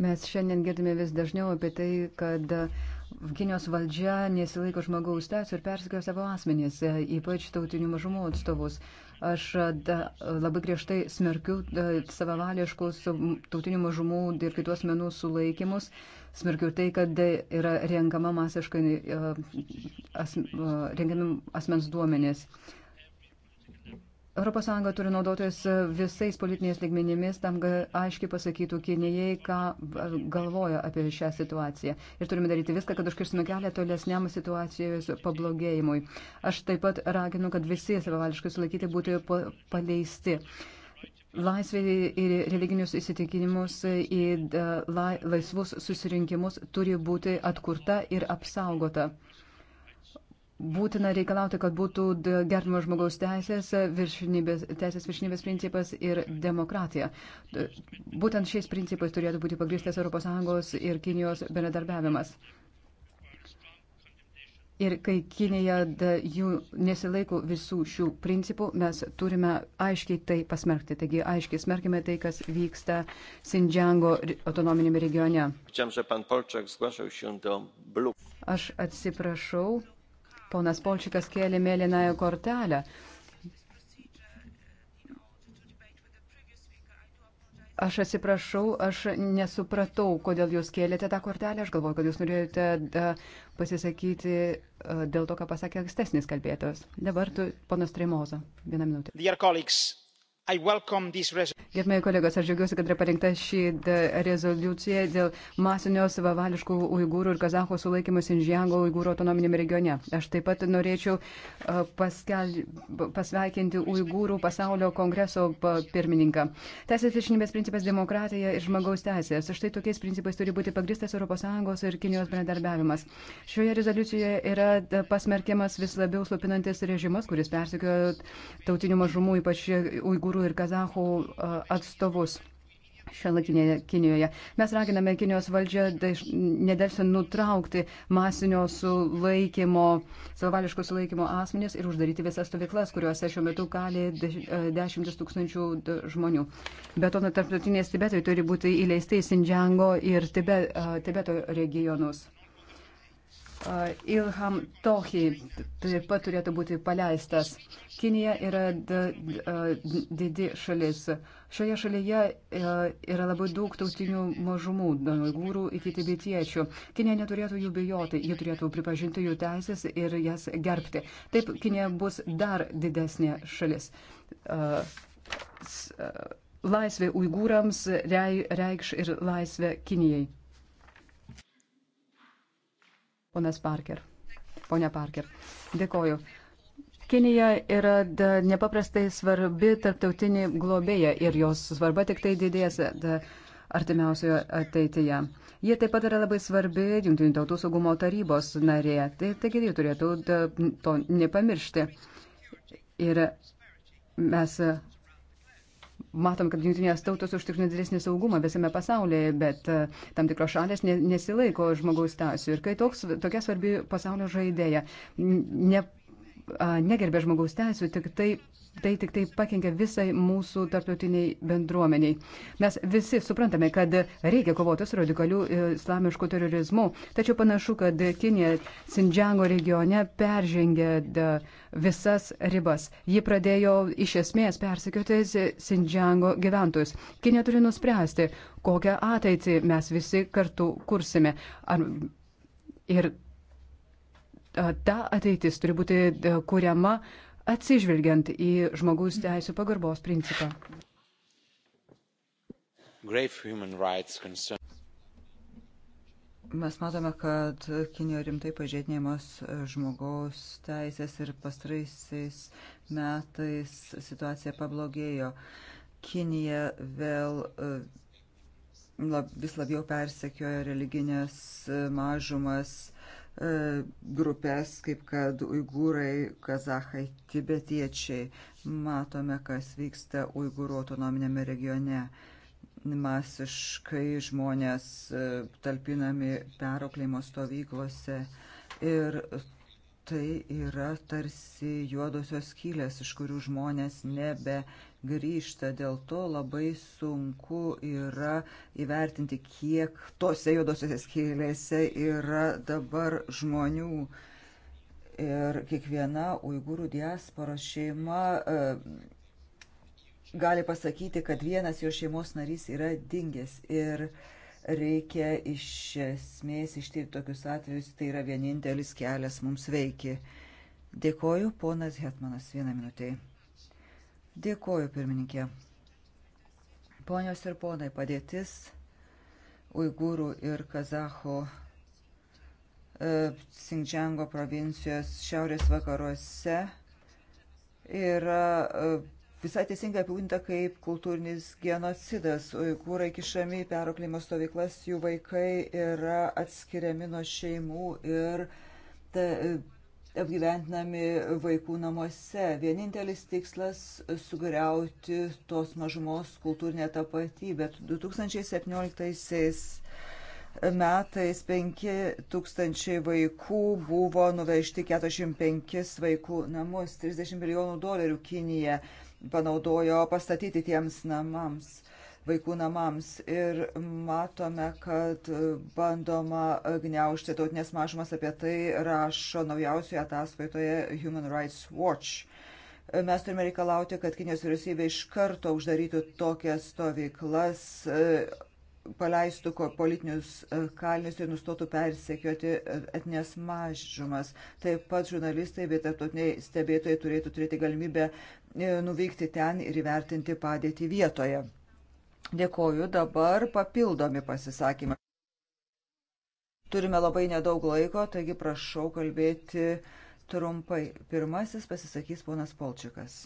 S8: Mes šiandien girdime vis dažniau apie tai, kad Kinijos valdžia nesilaiko žmogaus teisų ir persikėjo savo asmenys, ypač tautinių mažumų atstovus. Aš e, da, labai griežtai smerkiu e, savavališkus e, tautinių mažumų ir kitų asmenų sulaikymus. Smerkiu tai, kad da, yra renkama masiškai as, rengiami asmens duomenės. Uh, ES turi naudotis e, visais politiniais ligmenimis tam, kad aiškiai pasakytų Kinijai, ką e, galvoja apie šią situaciją. Ir turime daryti viską, kad užkirstume kelią tolesniam situacijos pablogėjimui. Aš taip pat raginu, kad visi savavališkai sulaikyti būtų paleisti. Laisvė ir religinius įsitikinimus į e, laisvus susirinkimus turi būti atkurta ir apsaugota būtina reikalauti, kad būtų gerbimo žmogaus teisės, viršinybės, teisės viršinybės principas ir demokratija. Būtent šiais principais turėtų būti pagristas ES ir Kinijos bendradarbiavimas. Ir kai Kinija jų nesilaiko visų šių principų, mes turime aiškiai tai pasmerkti. Taigi aiškiai smerkime tai, kas vyksta Sindžiango autonominėme regione. Aš atsiprašau. Ponas Polčikas kėlė mėlynąją kortelę. Aš atsiprašau, aš nesupratau, kodėl jūs kėlėte tą kortelę. Aš galvoju, kad jūs norėjote da, pasisakyti dėl to, ką pasakė ankstesnis kalbėtojas. Dabar tu, ponas Tremoza, vieną minutę. Gerbėjai kolegos, aš džiaugiuosi, kad yra parengta ši rezoliucija dėl masinio savavališkų uigūrų ir kazahų sulaikymo Sinžiango uigūrų autonominėme regione. Aš taip pat norėčiau paskel... pasveikinti uigūrų pasaulio kongreso pirmininką. Teisės viršinybės principas demokratija ir žmogaus teisės. Štai tokiais principais turi būti pagristas ES ir Kinijos bendradarbiavimas. Šioje rezoliucijoje yra pasmerkiamas vis labiau slopinantis režimas, kuris persikėjo tautinių mažumų, ypač uigūrų uigūrų ir kazahų atstovus šiolakinėje Kinijoje. Mes raginame Kinijos valdžią nedelsiant nutraukti masinio sulaikymo, savališko sulaikymo asmenės ir uždaryti visas stovyklas, kuriuose šiuo metu kali dešimtis tūkstančių žmonių. Be to, tarptautinės Tibetai turi būti įleisti į Sinjango ir Tibe, Tibeto regionus. Uh, Ilham Tohi taip pat turėtų būti paleistas. Kinija yra uh, didi šalis. Šioje šalyje uh, yra labai daug tautinių mažumų, uigūrų iki tibetiečių. Kinija neturėtų jų bijoti, ji turėtų pripažinti jų teisės ir jas gerbti. Taip, Kinija bus dar didesnė šalis. Laisvė uigūrams reikš ir laisvė Kinijai. Ponas Parker. Pone Parker. Dėkoju. Kinija yra nepaprastai svarbi tarptautinė globėja ir jos svarba tik tai didės artimiausioje ateityje. Jie taip pat yra labai svarbi Junktinių tautų saugumo tarybos narė. Tai, taigi jie turėtų da, to nepamiršti. Ir mes matom, kad jungtinės tautos užtikrina didesnį saugumą visame pasaulyje, bet e, tam tikros šalės nesilaiko žmogaus teisų. Ir kai toks, tokia svarbi pasaulio žaidėja ne, negerbė žmogaus teisų, tik tai tai tik tai pakenkia visai mūsų tarptautiniai bendruomeniai. Mes visi suprantame, kad reikia kovoti su radikaliu e, islamišku terorizmu, tačiau panašu, kad Kinė Sinjango regione peržengė visas ribas. Ji pradėjo iš esmės persikioti Sinjango gyventojus. Kinė turi nuspręsti, kokią ateitį mes visi kartu kursime. Ar, ir ta ateitis turi būti kuriama uh, atsižvelgiant į žmogaus teisų pagarbos principą. Mes matome, kad
S7: Kinijoje rimtai pažeidinėjamos žmogaus teisės ir pastraisiais metais situacija pablogėjo. Kinija vėl e, lab, vis labiau persekioja religinės e, mažumas, grupės, kaip kad uigūrai, kazahai, tibetiečiai. Matome, kas vyksta uigūrų autonominėme regione. Masiškai žmonės e, talpinami perauklėjimo stovyklose ir tai yra tarsi juodosios skylės, iš kurių žmonės nebe grįžta. Dėl to labai sunku yra įvertinti, kiek tose juodosiose skėlėse yra dabar žmonių. Ir kiekviena uigūrų diasporos šeima e, gali pasakyti, kad vienas jo šeimos narys yra dingęs. Ir reikia iš esmės ištirti tokius atvejus, tai yra vienintelis kelias mums veikti. Dėkoju, ponas Hetmanas, vieną minutę. Dėkoju, pirmininkė. Ponios ir ponai, padėtis Uigūrų ir Kazachų e, Singdžiango provincijos šiaurės vakaruose yra e, visai teisingai apibūdinta kaip kultūrinis genocidas. Uigūrai kišami į perauklėjimo stovyklas, jų vaikai yra atskiriami nuo šeimų ir ta, e, apgyventinami vaikų namuose. Vienintelis tikslas - sugriauti tos mažumos kultūrinę tapatybę. 2017 metais 5000 vaikų buvo nuvežti 45 vaikų namus, 30 milijonų dolerių Kinija panaudojo pastatyti tiems namams vaikų namams. Ir matome, kad bandoma gniaužti tautinės mažumas apie tai rašo naujausioje ataskaitoje Human Rights Watch mes turime reikalauti, kad Kinijos vyriausybė iš karto uždarytų tokias stovyklas, paleistų politinius kalinius ir nustotų persekioti etnės mažumas. Taip pat žurnalistai bei tarptautiniai stebėtojai turėtų turėti galimybę e, nuvykti ten ir įvertinti padėtį vietoje. Dėkoju dabar papildomi pasisakymai. Turime labai nedaug laiko, taigi prašau kalbėti trumpai. Pirmasis pasisakys ponas Polčiukas.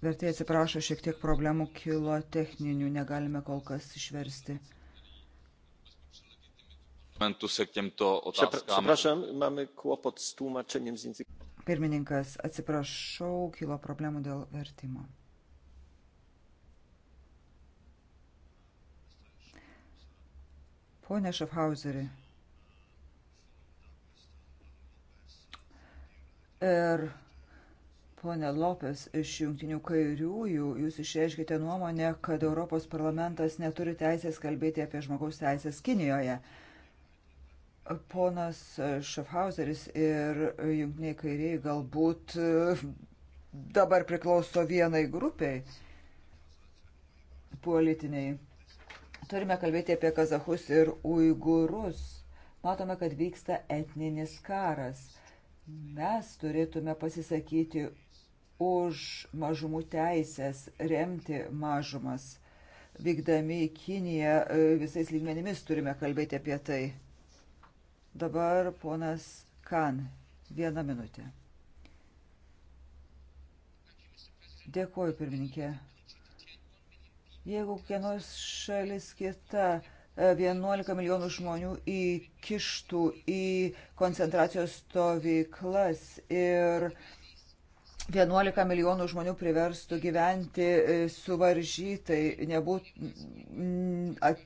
S7: Vertėjai atsiprašo, šiek tiek problemų kilo techninių, negalime kol kas išversti. Pirmininkas, atsiprašau, kilo problemų dėl vertimo. Pone Šafhauzeri. Ir er, Pone Lopes, iš jungtinių kairiųjų jūs išreiškite nuomonę, kad Europos parlamentas neturi teisės kalbėti apie žmogaus teisės Kinijoje. Ponas Schaffhauseris ir jungtiniai kairiai galbūt dabar priklauso vienai grupiai politiniai. Turime kalbėti apie kazahus ir uigurus. Matome, kad vyksta etninis karas. Mes turėtume pasisakyti už mažumų teisės, remti mažumas. Vykdami į Kiniją e, visais lygmenimis turime kalbėti apie tai. Dabar ponas Kan, vieną minutę. Dėkuoju, pirmininkė. Jeigu kienos šalis kita 11 e, milijonų žmonių įkištų į koncentracijos stovyklas ir uh, 11 milijonų žmonių priverstų gyventi e, suvaržytai, nebūt,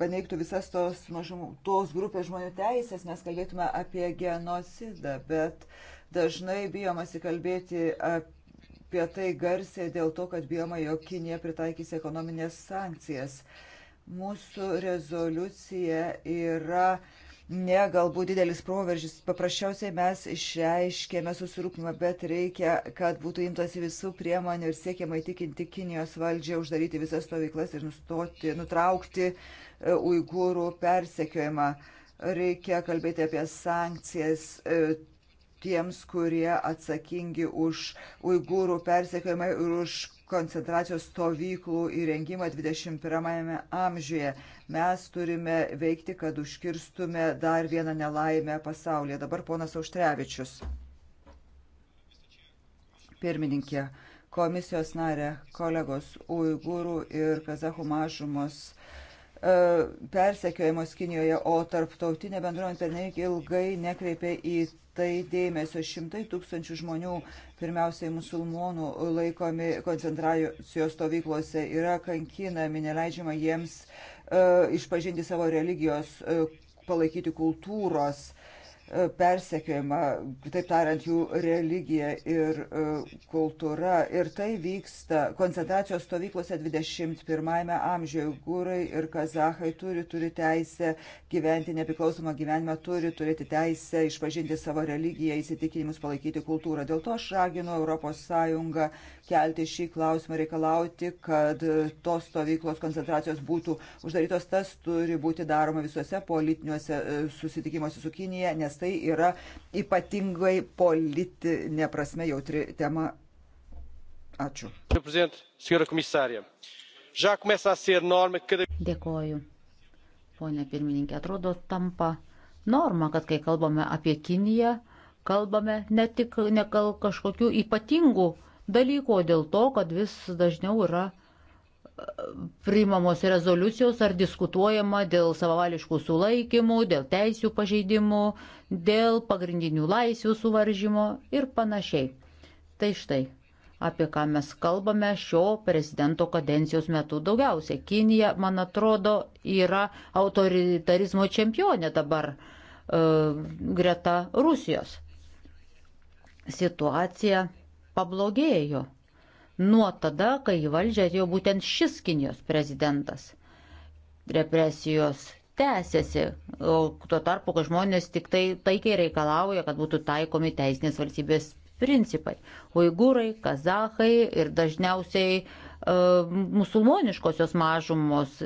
S7: paneigtų visas tos, mažumų, tos grupės žmonių teisės, mes kalbėtume apie genocidą, bet dažnai bijomasi kalbėti apie tai garsiai dėl to, kad bijoma, jog Kinė pritaikys ekonominės sankcijas. Mūsų rezoliucija yra uh, ne galbūt didelis proveržis. Paprasčiausiai mes išreiškėme susirūpinimą, bet reikia, kad būtų imtasi visų priemonių ir siekiama įtikinti Kinijos valdžią uždaryti visas stovyklas ir nustoti, nutraukti e, uigūrų persekiojimą. Reikia kalbėti apie sankcijas e, tiems, kurie atsakingi už uigūrų persekiojimą ir už koncentracijos stovyklų įrengimą 21-ame amžiuje. Mes turime veikti, kad užkirstume dar vieną nelaimę pasaulyje. Dabar ponas Auštrevičius. Pirmininkė, komisijos narė, kolegos Uigūrų ir Kazahų mažumos e, persekiojamos Kinijoje, o tarptautinė bendruomenė pernelyg ilgai nekreipė į tai dėmesio. Šimtai tūkstančių žmonių, pirmiausiai musulmonų, laikomi koncentracijos stovyklose, yra kankinami, neleidžiama jiems uh, išpažinti savo religijos, uh, palaikyti kultūros persekiojama, kitaip tariant, jų religija ir e, kultūra. Ir tai vyksta koncentracijos stovyklose 21 amžiuje. Gūrai ir kazahai turi, turi teisę gyventi nepriklausomą gyvenimą, turi turėti teisę išpažinti savo religiją, įsitikinimus, palaikyti kultūrą. Dėl to aš raginu ES kelti šį klausimą, reikalauti, kad tos stovyklos koncentracijos būtų uždarytos. Tas turi būti daroma visuose politiniuose e, susitikimuose su Kinija, nes tai yra ypatingai politinė prasme jautri tema.
S5: Ačiū. Dėkoju.
S6: Pone pirmininkė, atrodo, tampa norma, kad kai kalbame apie Kiniją, kalbame ne tik ne kažkokiu ypatingu dalyko, dėl to, kad vis dažniau yra e, priimamos rezoliucijos ar diskutuojama dėl savavališkų sulaikymų, dėl teisių pažeidimų, dėl pagrindinių laisvių suvaržymo ir panašiai. Tai štai, apie ką mes kalbame šio prezidento kadencijos metu daugiausiai. Kinija, man atrodo, yra autoritarizmo čempionė dabar e, greta Rusijos. Situacija pablogėjo nuo tada, kai į valdžią atėjo būtent šis Kinijos prezidentas. Represijos tęsiasi, o tuo tarpu, kai žmonės tik tai taikiai reikalauja, kad būtų taikomi teisinės valstybės principai. Uigūrai, kazahai ir dažniausiai e, musulmoniškosios mažumos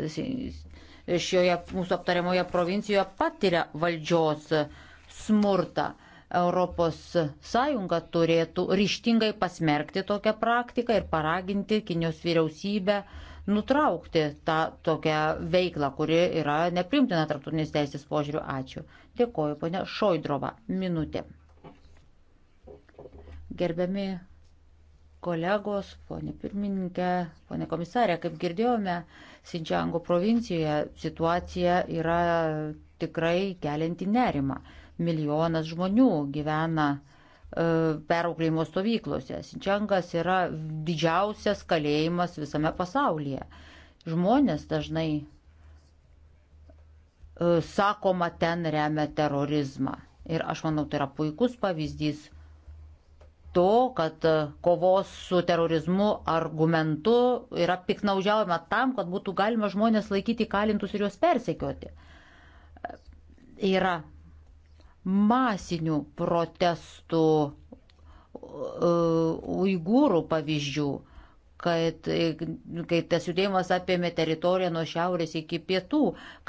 S6: šioje mūsų aptariamoje provincijoje patiria valdžios smurtą. E, ES turėtų ryštingai pasmerkti tokią praktiką ir paraginti Kinijos vyriausybę nutraukti tą tokią veiklą, kuri yra neprimtina tarptautinės teisės požiūriu. Ačiū. Dėkoju, ponia Šoidrova. Minutė. Gerbiami kolegos, ponė pirmininkė, ponė komisarė, kaip girdėjome, Sinčiango provincijoje situacija yra tikrai kelianti nerimą milijonas žmonių gyvena e, perauklėjimo stovyklose. Sinčiangas yra didžiausias kalėjimas visame pasaulyje. Žmonės dažnai, e, sakoma, ten remia terorizmą. Ir aš manau, tai yra puikus pavyzdys to, kad e, kovos su terorizmu argumentu yra piknaudžiaujama tam, kad būtų galima žmonės laikyti kalintus ir juos persekioti. Yra masinių protestų e, uigūrų pavyzdžių, kad e, kai tas judėjimas apėmė teritoriją nuo šiaurės iki pietų,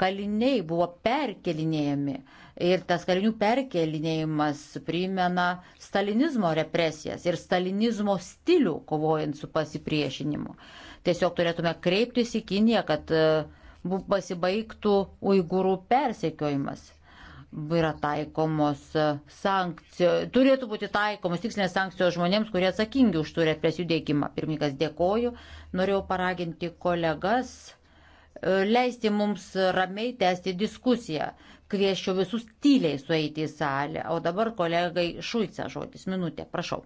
S6: kaliniai buvo perkelinėjami. Ir tas kalinių perkelinėjimas primena stalinizmo represijas ir stalinizmo stilių kovojant su pasipriešinimu. Tiesiog turėtume kreiptis į Kiniją, kad e, pasibaigtų uigūrų persekiojimas yra taikomos e, sankcijos, turėtų būti taikomos tikslinės sankcijos žmonėms, kurie atsakingi už tų represijų dėkimą. Pirmininkas dėkoju, norėjau paraginti kolegas e, leisti mums ramiai tęsti diskusiją. Kvieščiau visus tyliai sueiti į salę. O dabar kolegai Šulce žodis. Minutė, prašau.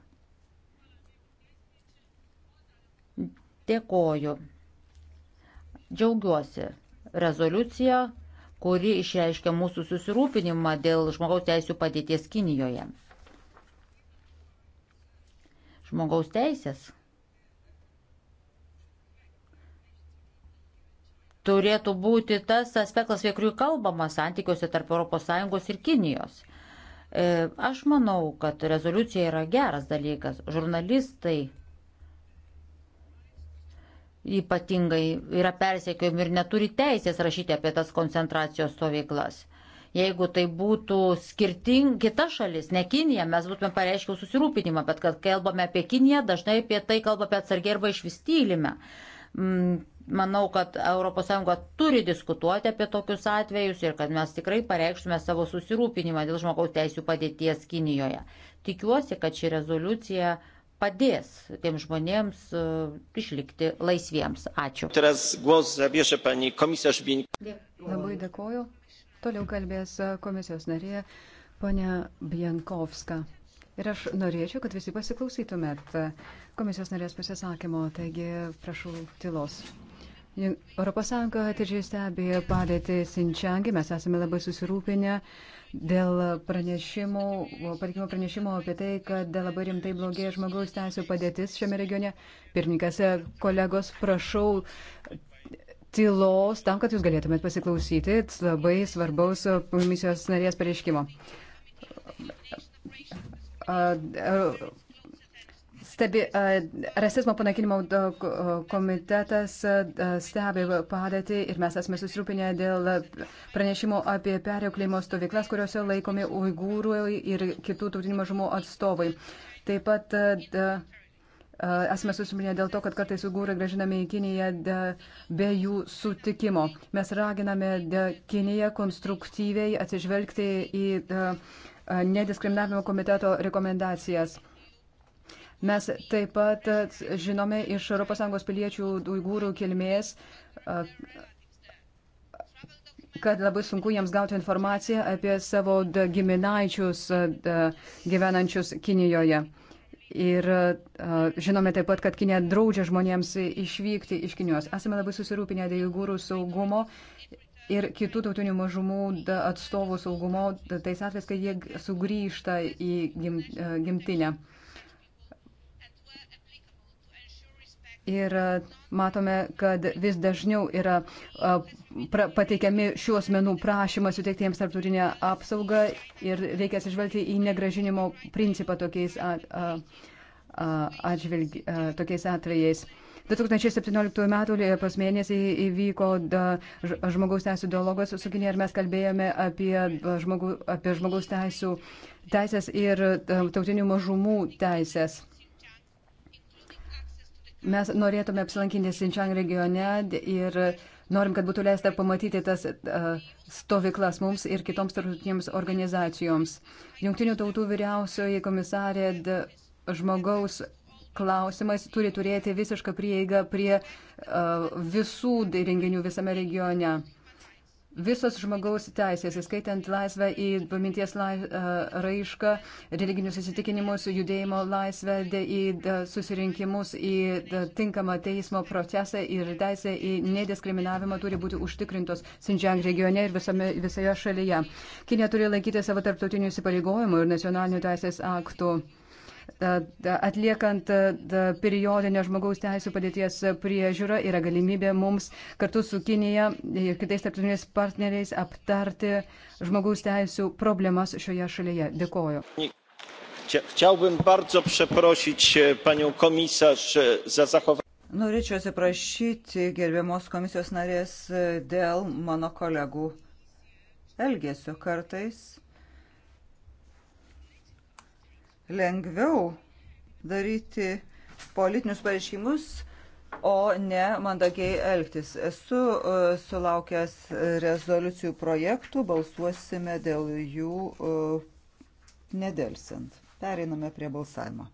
S6: Dėkoju. Džiaugiuosi rezoliucija, kuri išreiškia mūsų susirūpinimą dėl žmogaus teisų padėties Kinijoje. Žmogaus teisės turėtų būti tas aspektas, apie kurį kalbama santykiuose tarp ES ir Kinijos. E, aš manau, kad rezoliucija yra geras dalykas. Žurnalistai ypatingai yra persekiojami ir neturi teisės rašyti apie tas koncentracijos stovyklas. Jeigu tai būtų skirting, kita šalis, ne Kinija, mes būtume pareiškiau susirūpinimą, bet kad kalbame apie Kiniją, dažnai apie tai kalba apie atsargiai arba išvystylime. Mm, manau, kad ES turi diskutuoti apie tokius atvejus ir kad mes tikrai pareikštume savo susirūpinimą dėl žmogaus teisų padėties Kinijoje. Tikiuosi, kad ši rezoliucija uh, padės tiem žmonėms e, išlikti laisviems. Ačiū. Labai
S8: dėkoju. Toliau kalbės komisijos narė ponia Bienkovska. Ir aš norėčiau, kad visi pasiklausytumėt komisijos narės pasisakymo, taigi prašau tylos. ES atidžiai stebė padėtį Sinčiangi, mes esame labai susirūpinę dėl pranešimų, patikimo pranešimo apie tai, kad labai rimtai blogėja žmogaus teisų padėtis šiame regione. Pirmininkas, kolegos, prašau tylos tam, kad jūs galėtumėt pasiklausyti labai svarbaus komisijos narės pareiškimo. Stebi, rasizmo panaikinimo komitetas stebi padėtį ir mes esame susirūpinę dėl pranešimo apie perėklimo stovyklas, kuriuose laikomi uigūrų ir kitų tautinių mažumų atstovai. Taip pat esame susirūpinę dėl to, kad kartais uigūrai gražinami į Kiniją be jų sutikimo. Mes raginame Kiniją konstruktyviai atsižvelgti į nediskriminavimo komiteto rekomendacijas. Mes taip pat e, žinome iš ES piliečių uigūrų kilmės, e, kad labai sunku jiems gauti informaciją apie savo giminaičius e, gyvenančius Kinijoje. Ir žinome taip pat, kad Kinė draudžia žmonėms išvykti iš Kinijos. Esame labai susirūpinę dėl uigūrų saugumo ir kitų tautinių mažumų atstovų saugumo tais atvejais, kai jie sugrįžta į gimtinę. Ir e, matome, kad vis dažniau yra e, pra, pateikiami šių asmenų prašymas suteikti jiems tarptautinę apsaugą ir reikia atsižvelgti į negražinimo principą tokiais, at, atžvilgi, tokiais atvejais. 2017 m. Liepos mėnesį įvyko žmogaus teisų dialogas su Kinėje ir mes kalbėjome apie, žmogu, apie žmogaus teisų teisės ir tautinių mažumų teisės. Mes norėtume apsilankinti Sinčiang regione ir norim, kad būtų leista pamatyti tas stovyklas mums ir kitoms tarptautinėms organizacijoms. Junktinių tautų vyriausioji komisarė žmogaus klausimas turi turėti visišką prieigą prie visų renginių visame regione. Visos žmogaus teisės, įskaitant laisvę į paminties raišką, religinius įsitikinimus, judėjimo laisvę, į susirinkimus, į tinkamą teismo procesą ir teisę į nediskriminavimą turi būti užtikrintos Sinčiang regione ir visame, visoje šalyje. Kinė turi laikyti savo tarptautinių įsipareigojimų ir nacionalinių teisės aktų atliekant periodinę žmogaus teisų padėties priežiūrą yra galimybė mums kartu su Kinija ir kitais tarptautiniais partneriais aptarti žmogaus teisų problemas šioje šalyje. Dėkoju.
S3: Chciałbym bardzo przeprosić e, panią komisarz e, za zachowanie.
S7: Norėčiau atsiprašyti gerbiamos komisijos narės e, dėl mano kolegų elgesio kartais lengviau daryti politinius pareiškimus, o ne mandagiai elgtis. Esu e, sulaukęs rezoliucijų projektų, balsuosime dėl jų e, nedelsint. Pereiname prie balsavimo.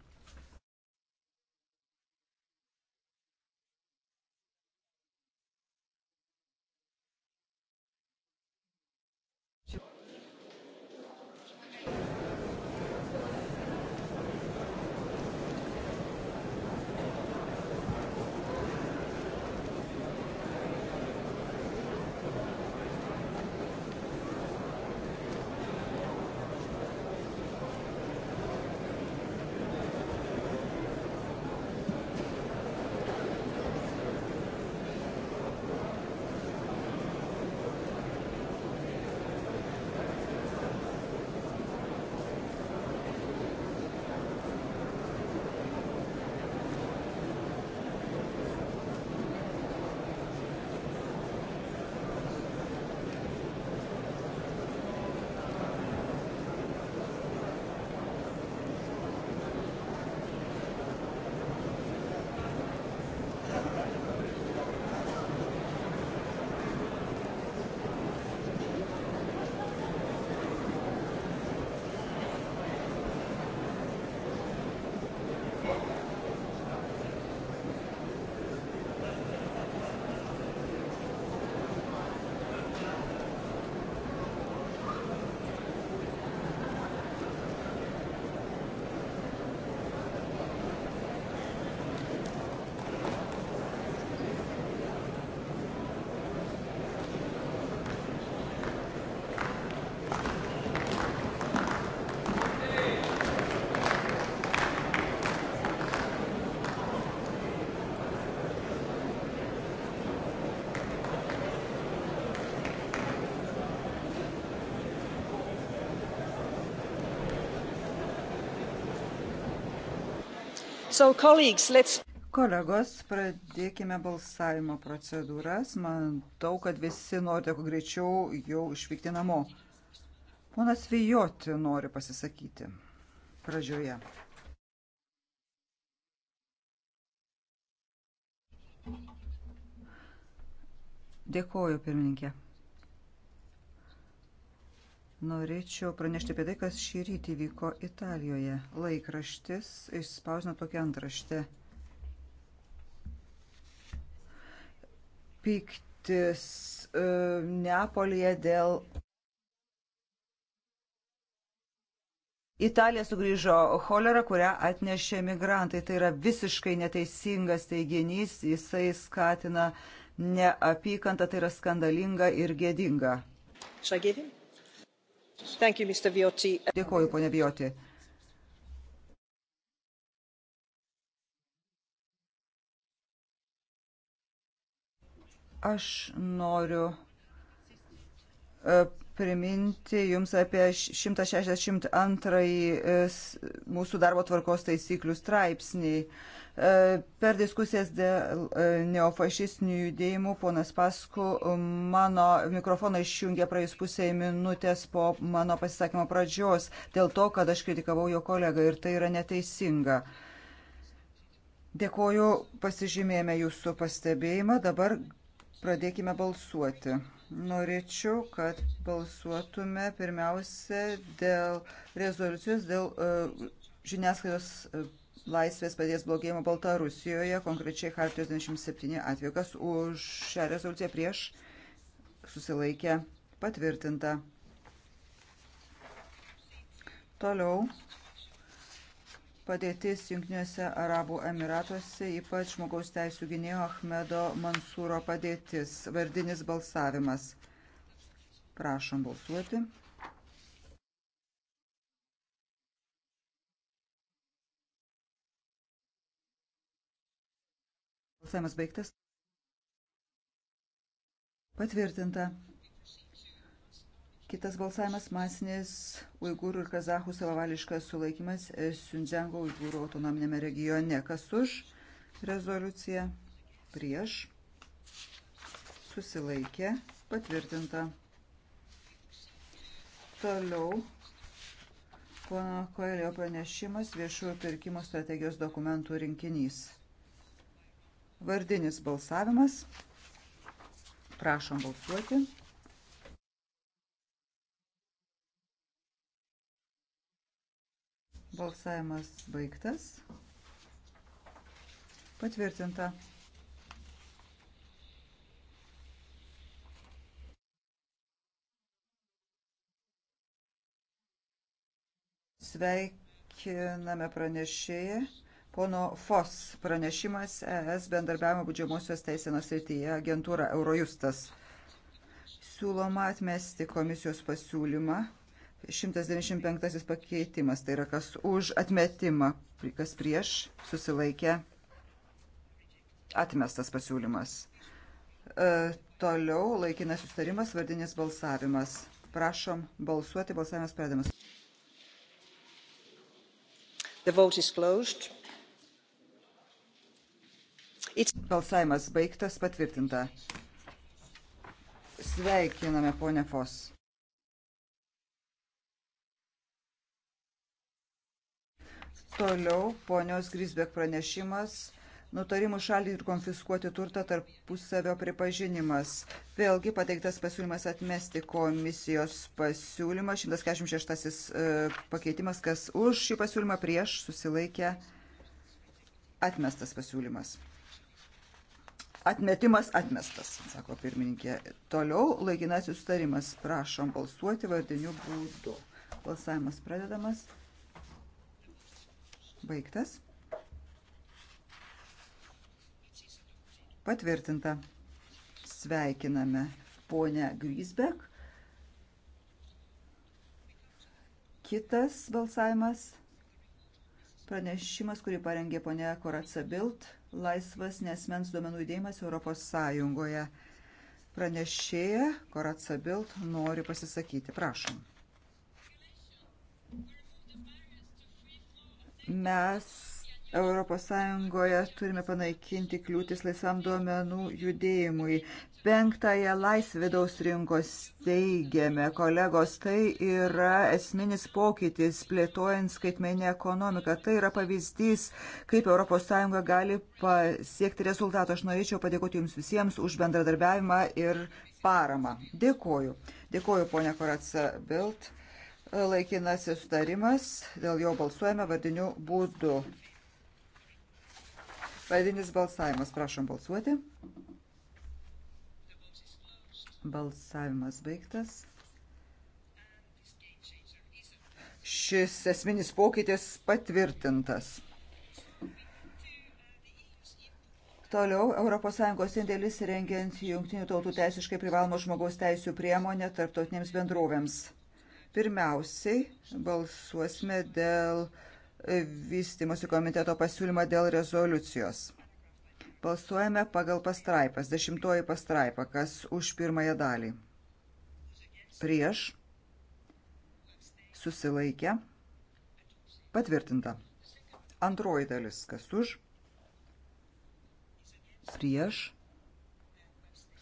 S7: So, Kolegos, pradėkime balsavimo procedūras. Matau, kad visi norite kuo greičiau jau išvykti namo. Ponas Vijoti nori pasisakyti pradžioje. Dėkoju, pirmininkė. Norėčiau pranešti apie tai, kas šį rytį vyko Italijoje. Laikraštis išspausino tokią antraštę. Piktis e, Neapolėje dėl. Italija sugrįžo cholera, kurią atnešė migrantai. Tai yra visiškai neteisingas teiginys, jisai skatina neapykantą, tai yra skandalinga ir gėdinga. Šagėdin? You, Dėkoju, ponė Bijoti. Aš noriu e, priminti Jums apie 162 e, mūsų darbo tvarkos taisyklių straipsnį. E, per diskusijas dėl e, neofašistinių judėjimų ponas Pasku mano mikrofoną išjungė praėjus pusėje minutės po mano pasisakymo pradžios dėl to, kad aš kritikavau jo kolegą ir tai yra neteisinga. Dėkoju, pasižymėjome jūsų pastebėjimą. Dabar Pradėkime balsuoti. Norėčiau, kad balsuotume pirmiausia dėl rezoliucijos, dėl uh, žiniasklaidos e, laisvės padės blogėjimo Baltarusijoje, konkrečiai Hartijos 97 atveju. Kas už šią rezoliuciją prieš susilaikė patvirtinta. Toliau padėtis Junktiniuose Arabų Emiratuose, ypač žmogaus teisų gynėjo Ahmedo Mansūro padėtis. Vardinis balsavimas. Prašom balsuoti. Balsavimas baigtas. Patvirtinta. Kitas balsavimas - masinis uigūrų ir kazahų savavališkas sulaikimas Siunzengo uigūrų autonominėme regione. Kas už rezoliuciją? Prieš. Susilaikė. Patvirtinta. Toliau. Pono Koelio pranešimas viešųjų pirkimų strategijos dokumentų rinkinys. Vardinis balsavimas. Prašom balsuoti. Balsavimas baigtas. Patvirtinta. Sveikiname pranešėją. Pono Fos pranešimas ES bendarbiavimo būdžiamosios teisenos srityje agentūra Eurojustas. Siūloma atmesti komisijos pasiūlymą 195 pakeitimas, tai yra kas už atmetimą, kas prieš susilaikė atmestas pasiūlymas. E, toliau laikinas sustarimas, vardinis balsavimas. Prašom balsuoti, balsavimas pradamas. The vote is closed. It's... Balsavimas baigtas, patvirtinta. Sveikiname, ponė Fos. Toliau ponios Grisbek pranešimas nutarimų šalį ir konfiskuoti turtą tarpusavio pripažinimas. Vėlgi pateiktas pasiūlymas atmesti komisijos pasiūlymą. 146 e, pakeitimas, kas už šį pasiūlymą prieš susilaikė atmestas pasiūlymas. Atmetimas atmestas, sako pirmininkė. Toliau laikinasis sutarimas. Prašom balsuoti vardiniu būdu. Balsavimas pradedamas. Baigtas. Patvirtinta. Sveikiname ponę Grisbek. Kitas balsavimas pranešimas, kurį parengė ponė Koratsa Bild, laisvas nesmens duomenų įdėjimas Europos Sąjungoje. Pranešėja Koratsa Bild nori pasisakyti. Prašom. Mes ES turime panaikinti kliūtis laisvam duomenų judėjimui. Penktąją laisvę vidaus rinkos teigiame, kolegos, tai yra esminis pokytis plėtojant skaitmenę ekonomiką. Tai yra pavyzdys, kaip ES gali pasiekti rezultato. Aš norėčiau padėkoti Jums visiems už bendradarbiavimą ir paramą. Dėkoju. Dėkoju, ponia Koratsa Bilt. Laikinasis sutarimas, dėl jo balsuojame vardiniu būdu. Vardinis balsavimas, prašom balsuoti. Balsavimas baigtas. Šis esminis pokytis patvirtintas. Toliau ES indėlis rengiant jungtinių tautų teisiškai privalomą žmogaus teisų priemonę tarptautinėms bendrovėms. Pirmiausiai balsuosime dėl e, vystimosi komiteto pasiūlymą dėl rezoliucijos. Balsuojame pagal pastraipas. Dešimtoji pastraipa, kas už pirmąją dalį. Prieš. Susilaikę. Patvirtinta. Antroji dalis, kas už. Prieš.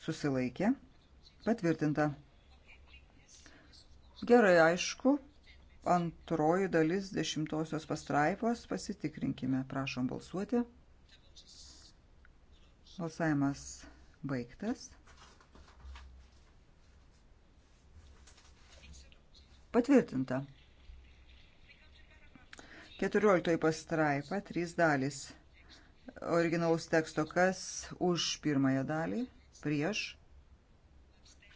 S7: Susilaikę. Patvirtinta. Gerai, aišku, antroji dalis dešimtosios pastraipos pasitikrinkime. Prašom balsuoti. Balsavimas baigtas. Patvirtinta. 14 pastraipa, 3 dalys. Originalaus teksto kas už pirmąją dalį, prieš,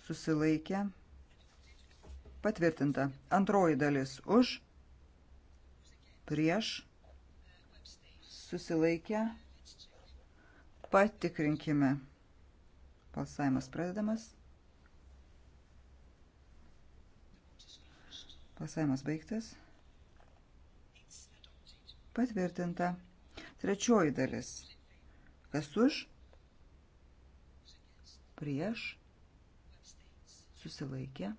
S7: susilaikę, Patvirtinta. Antroji dalis už, prieš, susilaikę, patikrinkime. Balsavimas pradedamas. Balsavimas baigtas. Patvirtinta. Trečioji dalis. Kas už, prieš, susilaikę,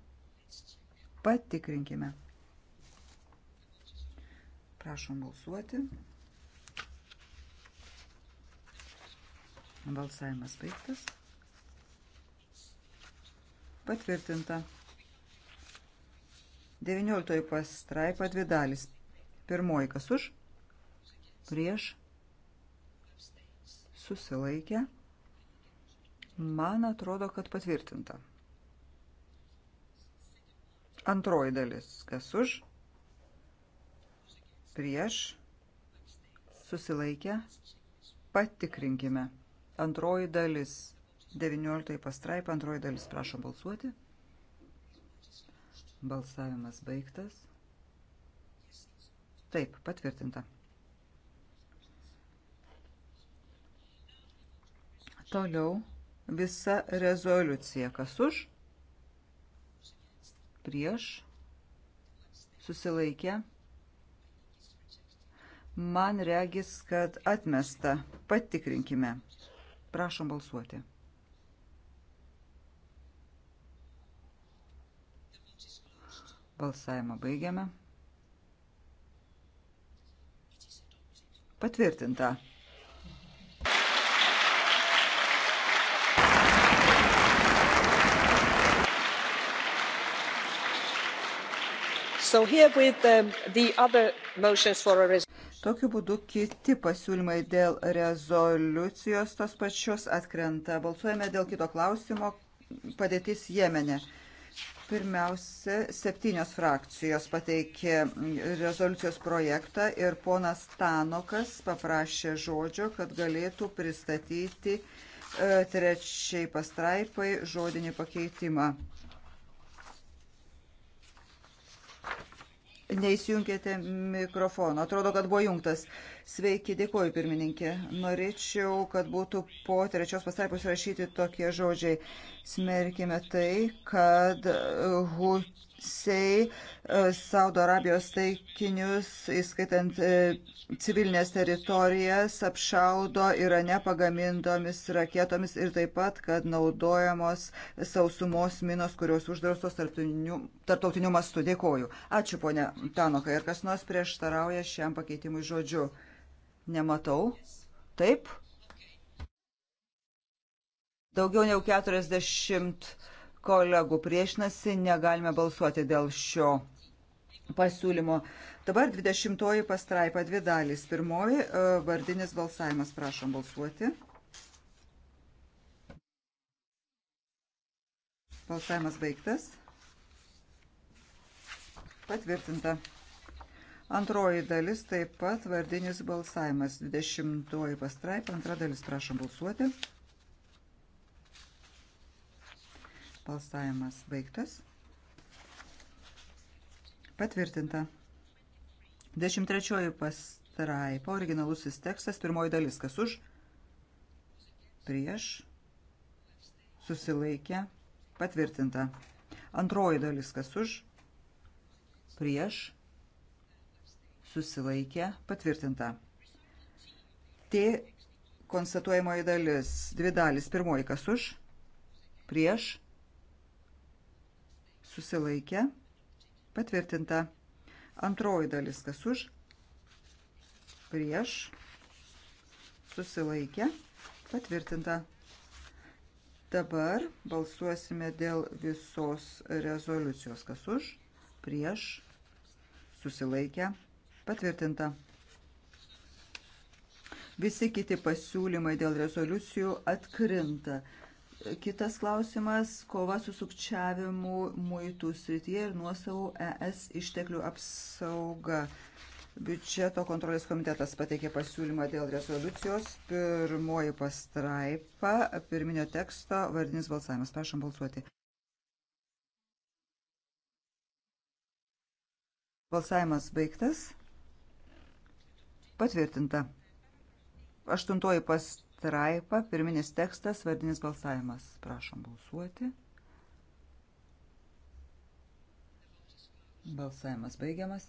S7: Patikrinkime. Prašom balsuoti. Balsavimas baigtas. Patvirtinta. 19 pastraipa dvi dalis. Pirmoji kas už, prieš, susilaikę. Man atrodo, kad patvirtinta. Antroji dalis. Kas už? Prieš. Susilaikę. Patikrinkime. Antroji dalis. 19 pastraipa, antroji dalis. Prašom balsuoti. Balsavimas baigtas. Taip, patvirtinta. Toliau visa rezoliucija. Kas už? prieš, susilaikę. Man regis, kad atmesta. Patikrinkime. Prašom balsuoti. Balsavimą baigiame. Patvirtinta. So um, Tokiu būdu kiti pasiūlymai dėl rezoliucijos tos pačios atkrenta. Balsuojame dėl kito klausimo padėtis Jemene. Pirmiausia, septynios frakcijos pateikė rezoliucijos projektą ir ponas Tanokas paprašė žodžio, kad galėtų pristatyti e, trečiai pastraipai žodinį pakeitimą. neįsijungėte mikrofono. Atrodo, kad buvo jungtas. Sveiki, dėkoju pirmininkė. Norėčiau, kad būtų po trečios pastraipos rašyti tokie žodžiai. Smerkime tai, kad Husiai e, Saudo Arabijos taikinius, įskaitant e, civilinės teritorijas, apšaudo Irane pagamintomis raketomis ir taip pat, kad naudojamos sausumos minos, kurios uždraustos tarptautiniu mastu. Dėkoju. Ačiū, ponia Tanokai. Ir kas nors prieštarauja šiam pakeitimui žodžiu? Nematau. Taip. Daugiau negu 40 kolegų priešinasi, negalime balsuoti dėl šio pasiūlymo. Dabar 20 pastraipa dvi dalys. Pirmoji e, vardinis balsavimas, prašom balsuoti. Balsavimas baigtas. Patvirtinta. Antroji dalis taip pat vardinis balsavimas. 20 pastraipa, antra dalis prašom balsuoti. Balsavimas baigtas. Patvirtinta. 13 pastraipa, originalusis tekstas, pirmoji dalis, kas už, prieš, susilaikė, patvirtinta. Antroji dalis, kas už, prieš, susilaikė, patvirtinta. T konstatuojamoji dalis, dvi dalis, pirmoji kas už, prieš, susilaikė, patvirtinta. Antroji dalis kas už, prieš, susilaikė, patvirtinta. Dabar balsuosime dėl visos rezoliucijos, kas už, prieš, susilaikė, patvirtinta Patvirtinta. Visi kiti pasiūlymai dėl rezoliucijų atkrinta. Kitas klausimas - kova su sukčiavimu muitų srityje ir nuosavų ES išteklių apsauga. Biudžeto kontrolės komitetas pateikė pasiūlymą dėl rezoliucijos. Pirmoji pastraipa, pirminio teksto, vardinis balsavimas. Prašom balsuoti. Balsavimas baigtas. Patvirtinta. Aštuntoji pastraipa, pirminis tekstas, vardinis balsavimas. Prašom balsuoti. Balsavimas baigiamas.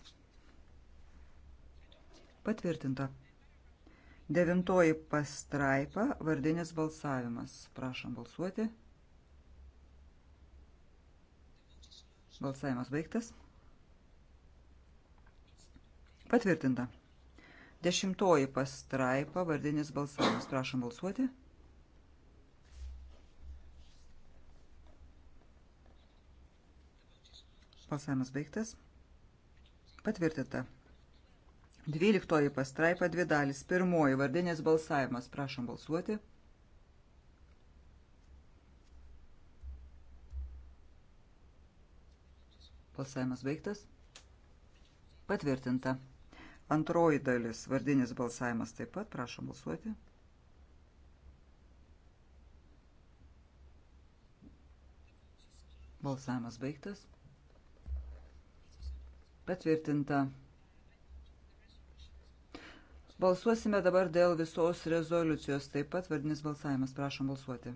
S7: Patvirtinta. Devintoji pastraipa, vardinis balsavimas. Prašom balsuoti. Balsavimas baigtas. Patvirtinta. Dešimtoji pastraipa, vardinis balsavimas. Prašom balsuoti. Balsavimas baigtas. Patvirtinta. Dvyliktoji pastraipa, dvi dalis. Pirmoji vardinės balsavimas. Prašom balsuoti. Balsavimas baigtas. Patvirtinta. Antroji dalis, vardinis balsavimas taip pat, prašom balsuoti. Balsavimas baigtas. Patvirtinta. Balsuosime dabar dėl visos rezoliucijos. Taip pat vardinis balsavimas. Prašom balsuoti.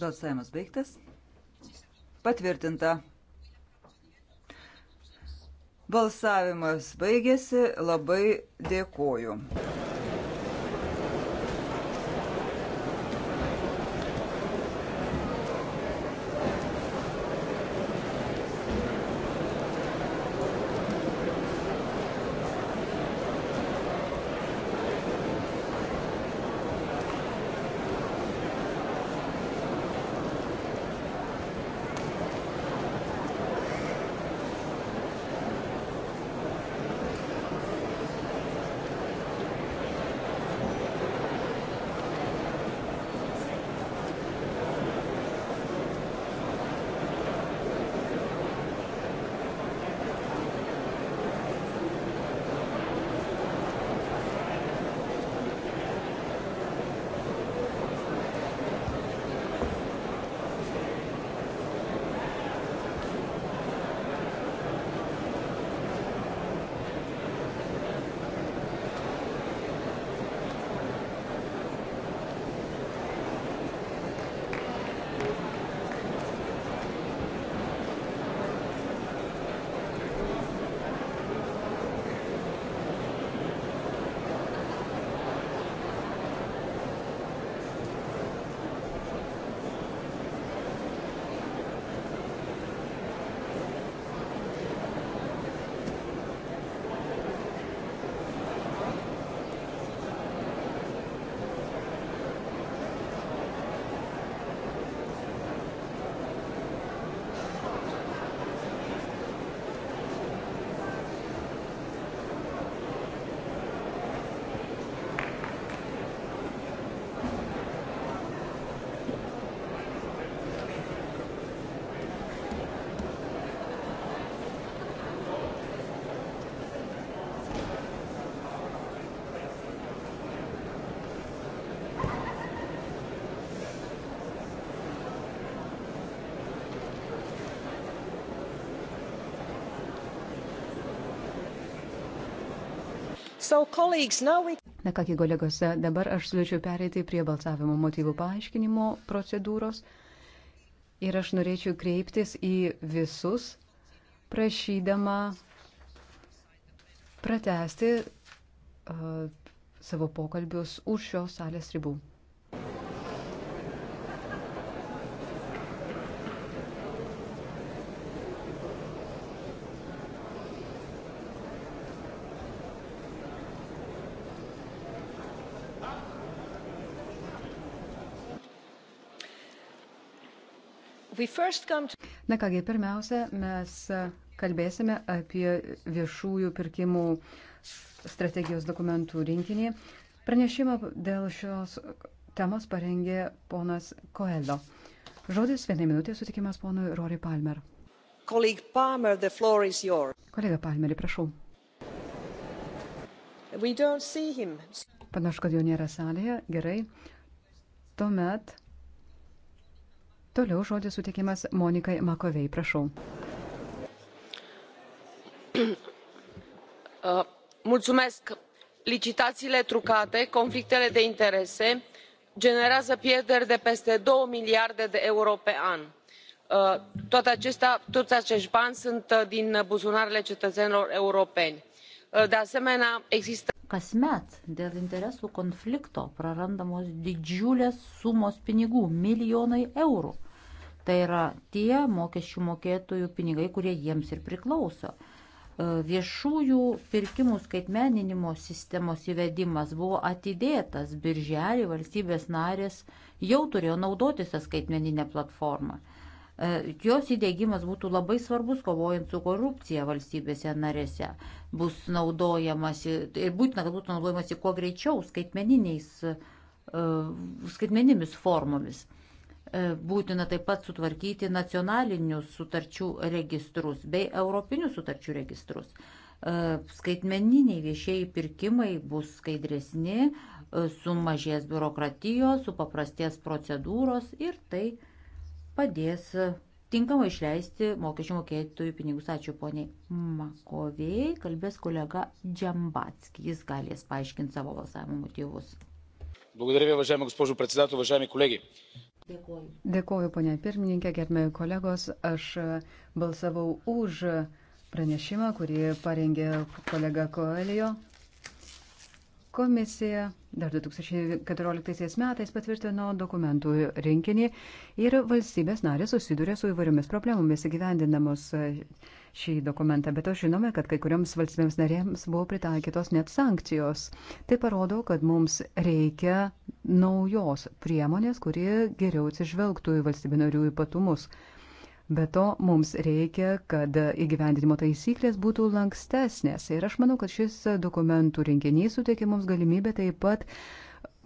S7: Balsavimas baigtas. Patvirtinta. Balsavimas baigėsi, labai dėkoju.
S8: So, colleagues, we... Na kągi kolegos, dabar aš siūlyčiau pereiti prie balsavimo motyvų paaiškinimo procedūros ir aš norėčiau kreiptis į visus, prašydama pratesti uh, savo pokalbius už šios salės ribų. Na kągi, pirmiausia, mes kalbėsime apie viešųjų pirkimų strategijos dokumentų rinkinį. Pranešimą dėl šios temos parengė ponas Koeldo. Žodis vienai minutė sutikimas ponui Rory Palmer.
S7: Kolega Palmer,
S8: Kolega Palmerį, prašau. Panašu, kad jo nėra salėje. Gerai. Tuomet Toliau žodis sutikimas Monikai Makovei. Prašau.
S4: [clears throat] Uh, mulțumesc. Licitațiile trucate, conflictele de interese generează pierderi de peste două miliarde de euro pe an. Uh, acestea, toți acești bani sunt uh, din buzunarele cetățenilor europeni. De asemenea, există.
S6: Kasmet dėl interesų konflikto prarandamos didžiulės sumos pinigų - milijonai eurų Tai yra tie mokesčių mokėtojų pinigai, kurie jiems ir priklauso. E, viešųjų pirkimų skaitmeninimo sistemos įvedimas buvo atidėtas birželį, valstybės narės jau turėjo naudotis tą skaitmeninę platformą. E, jos įdėgymas būtų labai svarbus kovojant su korupcija valstybėse narėse. Bus naudojamasi ir tai būtina, kad būtų naudojamasi kuo greičiau skaitmeniniais, e, skaitmenimis formomis. E, būtina taip pat sutvarkyti nacionalinius sutarčių registrus bei europinius sutarčių registrus. E, skaitmeniniai viešieji pirkimai bus skaidresni, e, sumažės biurokratijos, supaprastės procedūros ir tai padės tinkamai išleisti mokesčių mokėtojų pinigus. Ačiū poniai Makovėjai, kalbės kolega Džambatski, jis galės paaiškinti savo balsavimo motyvus.
S5: Благодаря ви, уважаема госпожо председател, уважаеми колеги.
S6: Dėkuoju. Dėkuoju, ponė
S8: pirmininkė, gerbėjai kolegos. Aš balsavau už pranešimą, kurį parengė kolega Koelio. Komisija dar 2014 metais patvirtino dokumentų rinkinį ir valstybės narės susiduria su įvairiomis problemomis įgyvendinamos šį dokumentą. Bet aš žinome, kad kai kurioms valstybėms narėms buvo pritaikytos net sankcijos. Tai parodo, kad mums reikia naujos priemonės, kurie geriau atsižvelgtų į valstybių narių ypatumus Be to, mums reikia, kad įgyvendinimo taisyklės būtų lankstesnės. Ir aš manau, kad šis dokumentų rinkinys suteikia mums galimybę taip pat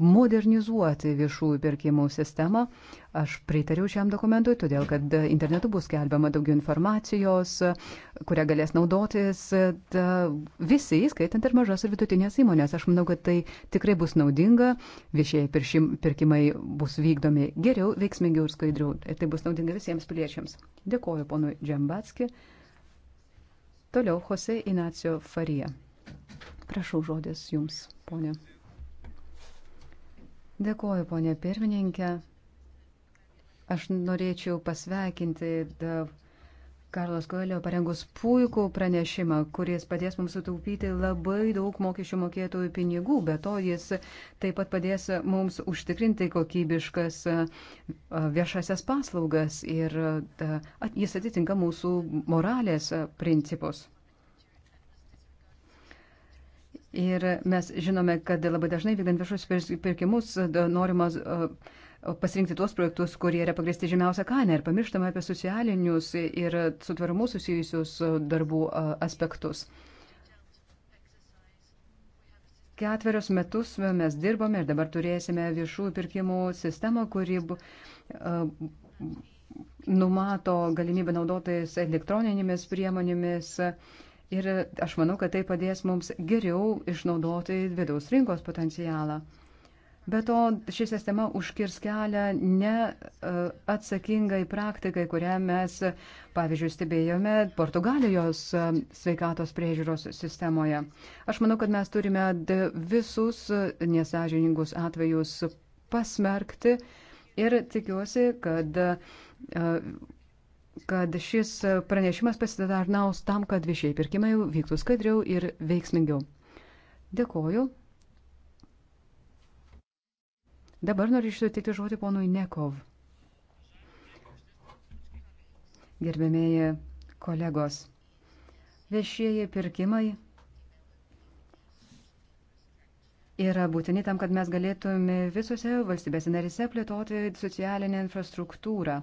S8: modernizuoti viešųjų pirkimų sistemą. Aš pritariu šiam dokumentui, todėl kad internetu bus kelbiama daugiau informacijos, kurią galės naudotis visi, skaitant ir mažas ir vidutinės įmonės. Aš manau, kad tai tikrai bus naudinga, viešieji pirkimai bus vykdomi geriau, veiksmingiau ir skaidriau. Ir tai bus naudinga visiems piliečiams. Dėkoju ponui Džembatski. Toliau Jose Inacio Farija. Prašau žodės jums, ponė. Dėkuoju, ponė pirmininkė. Aš norėčiau pasveikinti Karlos Koelio parengus puikų pranešimą, kuris padės mums sutaupyti labai daug mokesčių mokėtojų pinigų, bet to jis taip pat padės mums užtikrinti kokybiškas viešasias paslaugas ir jis atitinka mūsų moralės principus. Ir mes žinome, kad labai dažnai vykdant viešus pirkimus norima pasirinkti tuos projektus, kurie yra pagristi žemiausią kainą ir pamirštame apie socialinius ir su tvarumu susijusius darbų aspektus ketverius metus mes dirbome ir dabar turėsime viešųjų pirkimų sistemą, kuri numato galimybę naudotis elektroninėmis priemonėmis Ir aš manau, kad tai padės mums geriau išnaudoti vidaus rinkos potencialą. Be to, ši sistema užkirs kelią neatsakingai e, praktikai, kurią mes, pavyzdžiui, stebėjome Portugalijos e, sveikatos priežiūros sistemoje. Aš manau, kad mes turime visus e, nesažiningus atvejus pasmerkti ir tikiuosi, kad kad šis pranešimas pasitarnaus tam, kad viešieji pirkimai vyktų skaidriau ir veiksmingiau. Dėkoju. Dabar norėčiau sutikti žodį ponui Nekov. Gerbėmėji kolegos, viešieji pirkimai yra būtini tam, kad mes galėtume visose valstybėse narise plėtoti socialinę infrastruktūrą.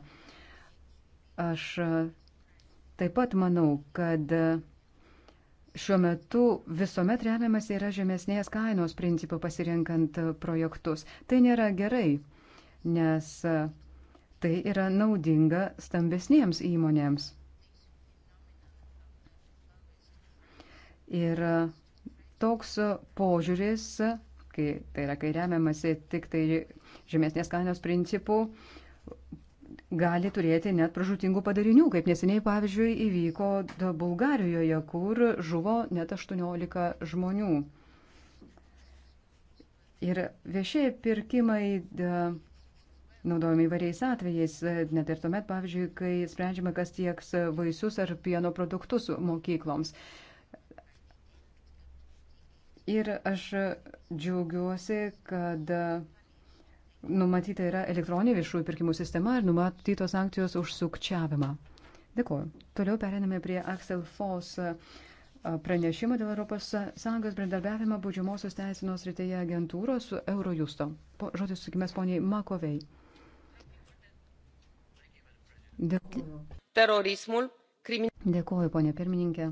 S8: Aš e, taip pat manau, kad e, šiuo metu visuomet remiamas yra žemesnės kainos principų pasirinkant e, projektus. Tai nėra gerai, nes tai yra naudinga stambesniems įmonėms. Ir toks požiūris, kai, tai yra, kai remiamasi tik tai žemesnės kainos principų, uh, gali turėti net pražutingų padarinių, kaip neseniai, pavyzdžiui, įvyko Bulgarijoje, kur žuvo net 18 žmonių. Ir viešieji pirkimai da, naudojami įvairiais atvejais, net ir tuomet, pavyzdžiui, kai sprendžiame, kas tieks vaisius ar pieno produktus mokykloms. Ir aš džiaugiuosi, kad numatyta yra elektroninė viešųjų pirkimų sistema ir numatytos sankcijos už sukčiavimą. Dėkuoju. Toliau periname prie Axel Foss pranešimą dėl ES bendradarbiavimo būdžiamosios teisinos rytėje agentūros su Eurojusto. Po, žodis sukimės poniai Makovei. Dėkuoju.
S6: Terorismul. Krimin...
S8: Dėkuoju, ponė pirmininkė.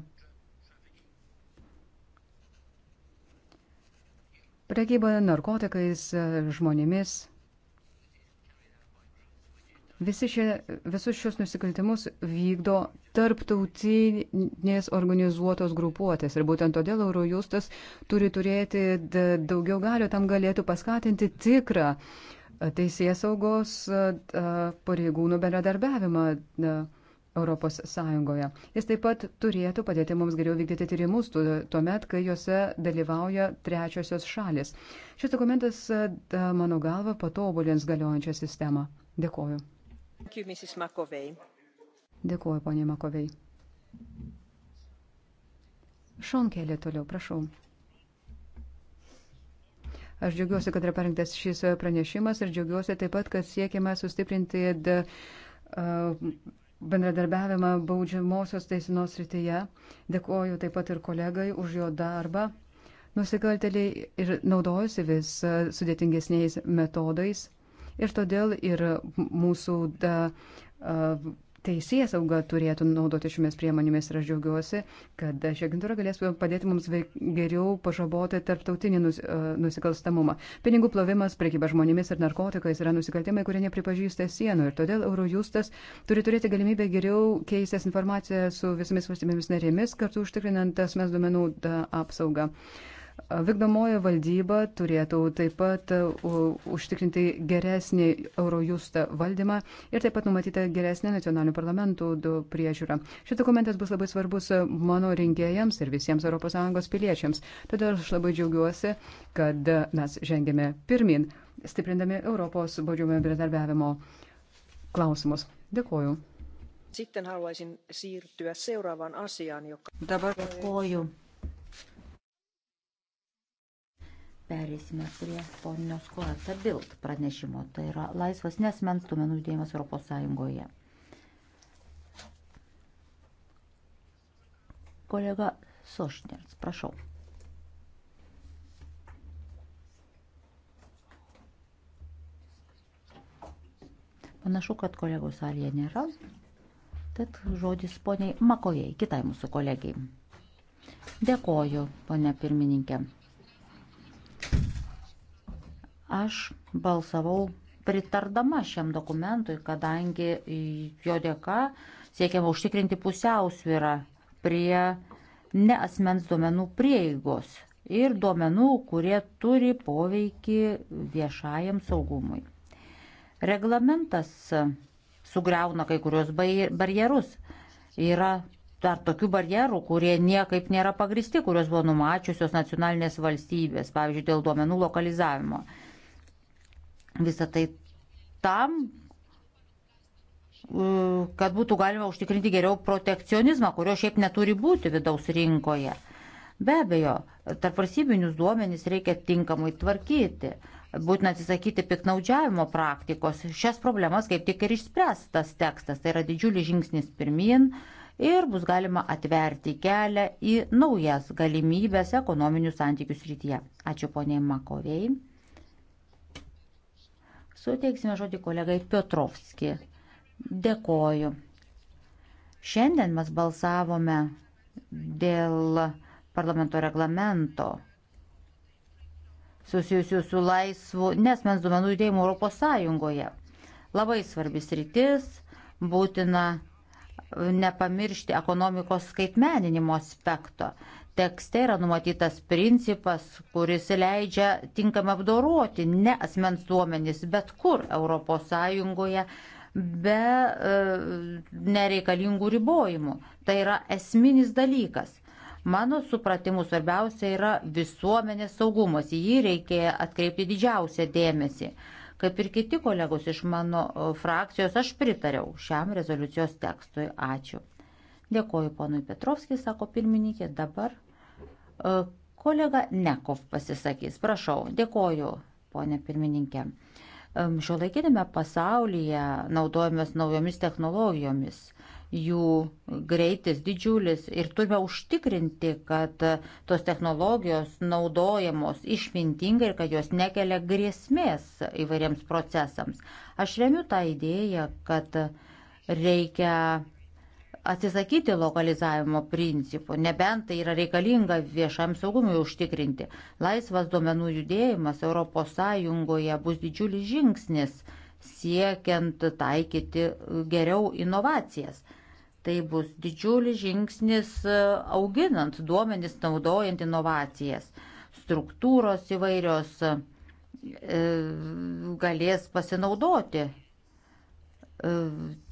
S8: Prekyba narkotikais, žmonėmis Visi šie, visus šios nusikaltimus vykdo tarptautinės organizuotos grupuotės ir būtent todėl Eurojustas turi turėti daugiau galio, tam galėtų paskatinti tikrą teisės saugos pareigūnų bendradarbiavimą. Europos Sąjungoje. Jis taip pat turėtų padėti mums geriau vykdyti tyrimus tuomet, kai juose dalyvauja trečiosios šalis. Šis dokumentas, mano galva, patobulins galiojančią sistemą. Dėkoju.
S7: Dėkuoju,
S8: ponė Makovei. Šonkelė toliau, prašau. Aš džiaugiuosi, kad yra parengtas šis pranešimas ir džiaugiuosi taip pat, kad siekiama sustiprinti bendradarbiavimą baudžiamosios teisinos rytyje. Dėkuoju taip pat ir kolegai už jo darbą. Nusikalteliai ir naudojasi vis sudėtingesniais metodais ir todėl ir mūsų da, teisėjas auga turėtų naudoti šiomis priemonėmis ir aš džiaugiuosi, kad ši agentūra galės padėti mums geriau pažaboti tarptautinį nusikalstamumą. Pinigų plovimas, priekyba žmonėmis ir narkotikais yra nusikaltimai, kurie nepripažįsta sienų ir todėl Eurojustas turi turėti galimybę geriau keistis informaciją su visomis valstybėmis narėmis, kartu užtikrinant asmens duomenų apsaugą. Uh, Vykdomoji valdyba turėtų taip pat e, užtikrinti geresnį Eurojustą valdymą ir taip pat numatyti geresnį nacionalinių parlamentų priežiūrą. Šis dokumentas bus labai svarbus mano rinkėjams ir visiems ES piliečiams. Todėl aš labai džiaugiuosi, kad mes žengėme pirmin, stiprindami Europos baudžiamojo bendradarbiavimo klausimus. Dėkoju.
S6: Dabar dėkoju. Pereisime prie ponios Koratsa Bild pranešimo. Tai yra laisvas nesmens duomenų judėjimas Europos Sąjungoje. Kolega Sošners, prašau. Panašu, kad kolegų salėje nėra. Tad žodis poniai Makovėjai, kitai mūsų kolegijai. Dėkoju, ponia pirmininkė. Aš balsavau pritardama šiam dokumentui, kadangi jo dėka siekiama užtikrinti pusiausvyrą prie neasmens duomenų prieigos ir duomenų, kurie turi poveikį viešajam saugumui. Reglamentas sugriauna kai kurios barjerus. Yra dar tokių barjerų, kurie niekaip nėra pagristi, kurios buvo numačiusios nacionalinės valstybės, pavyzdžiui, dėl duomenų lokalizavimo. Visą tai tam, e, kad būtų galima užtikrinti geriau protekcionizmą, kurio šiaip neturi būti vidaus rinkoje. Be abejo, tarp valstybinius duomenys reikia tinkamai tvarkyti būtina atsisakyti piknaudžiavimo praktikos. Šias problemas kaip tik ir išspręs tas tekstas. Tai yra didžiulis žingsnis pirmin ir bus galima atverti kelią į naujas galimybės ekonominių santykių srityje. Ačiū poniai Makovėjai. Suteiksime žodį kolegai Piotrovski. Dėkoju. Šiandien mes balsavome dėl parlamento reglamento susijusių su laisvu nesmens duomenų judėjimu Europos Sąjungoje. Labai svarbis rytis, būtina nepamiršti ekonomikos skaitmeninimo aspekto tekste yra numatytas principas, kuris leidžia tinkamai apdoroti ne asmens duomenys, bet kur ES be e, nereikalingų ribojimų. Tai yra esminis dalykas. Mano supratimu svarbiausia yra visuomenės saugumas, į jį reikia atkreipti didžiausią dėmesį. Kaip ir kiti kolegos iš mano e, frakcijos, aš pritariau šiam rezoliucijos tekstui. Ačiū. Dėkoju ponui Petrovskijai, sako pirmininkė. Dabar E, kolega Nekov pasisakys. Prašau, dėkoju, ponė pirmininkė. E, šiuolaikinėme pasaulyje naudojamės naujomis technologijomis, jų greitis didžiulis ir turime užtikrinti, kad tos technologijos naudojamos išmintingai ir kad jos nekelia grėsmės įvairiems procesams. Aš remiu tą idėją, kad reikia atsisakyti lokalizavimo principų, nebent tai yra reikalinga viešam saugumui užtikrinti. Laisvas duomenų judėjimas ES bus didžiulis žingsnis siekiant taikyti geriau inovacijas. Tai bus didžiulis žingsnis e, auginant duomenis, naudojant inovacijas. Struktūros įvairios e, galės pasinaudoti E,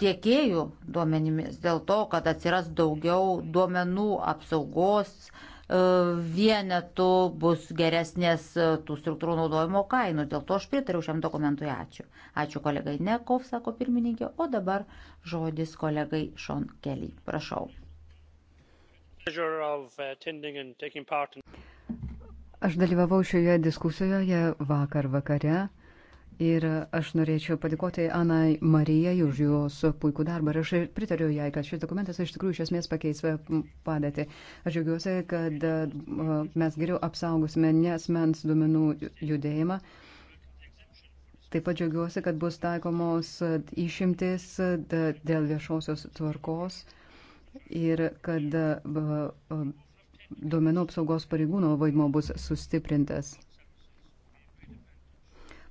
S6: tiekėjų duomenimis, dėl to, kad atsiras daugiau duomenų apsaugos e, vienetų, bus geresnės e, tų struktūrų naudojimo kainų. Dėl to aš pritariu šiam dokumentui. Ačiū. Ačiū kolegai Nekov, sako pirmininkė, o dabar žodis kolegai Šon Kelly. Prašau.
S5: Uh,
S8: aš dalyvavau šioje diskusijoje vakar vakare Ir aš norėčiau padėkoti Anai Marijai už jos puikų darbą. Ir aš pritariu jai, kad šis dokumentas iš tikrųjų iš esmės pakeis padėtį. Aš džiaugiuosi, kad uh, mes geriau apsaugosime nesmens duomenų judėjimą. Taip pat džiaugiuosi, kad bus taikomos išimtis dėl viešosios tvarkos ir kad uh, duomenų apsaugos pareigūno vaidmo bus sustiprintas.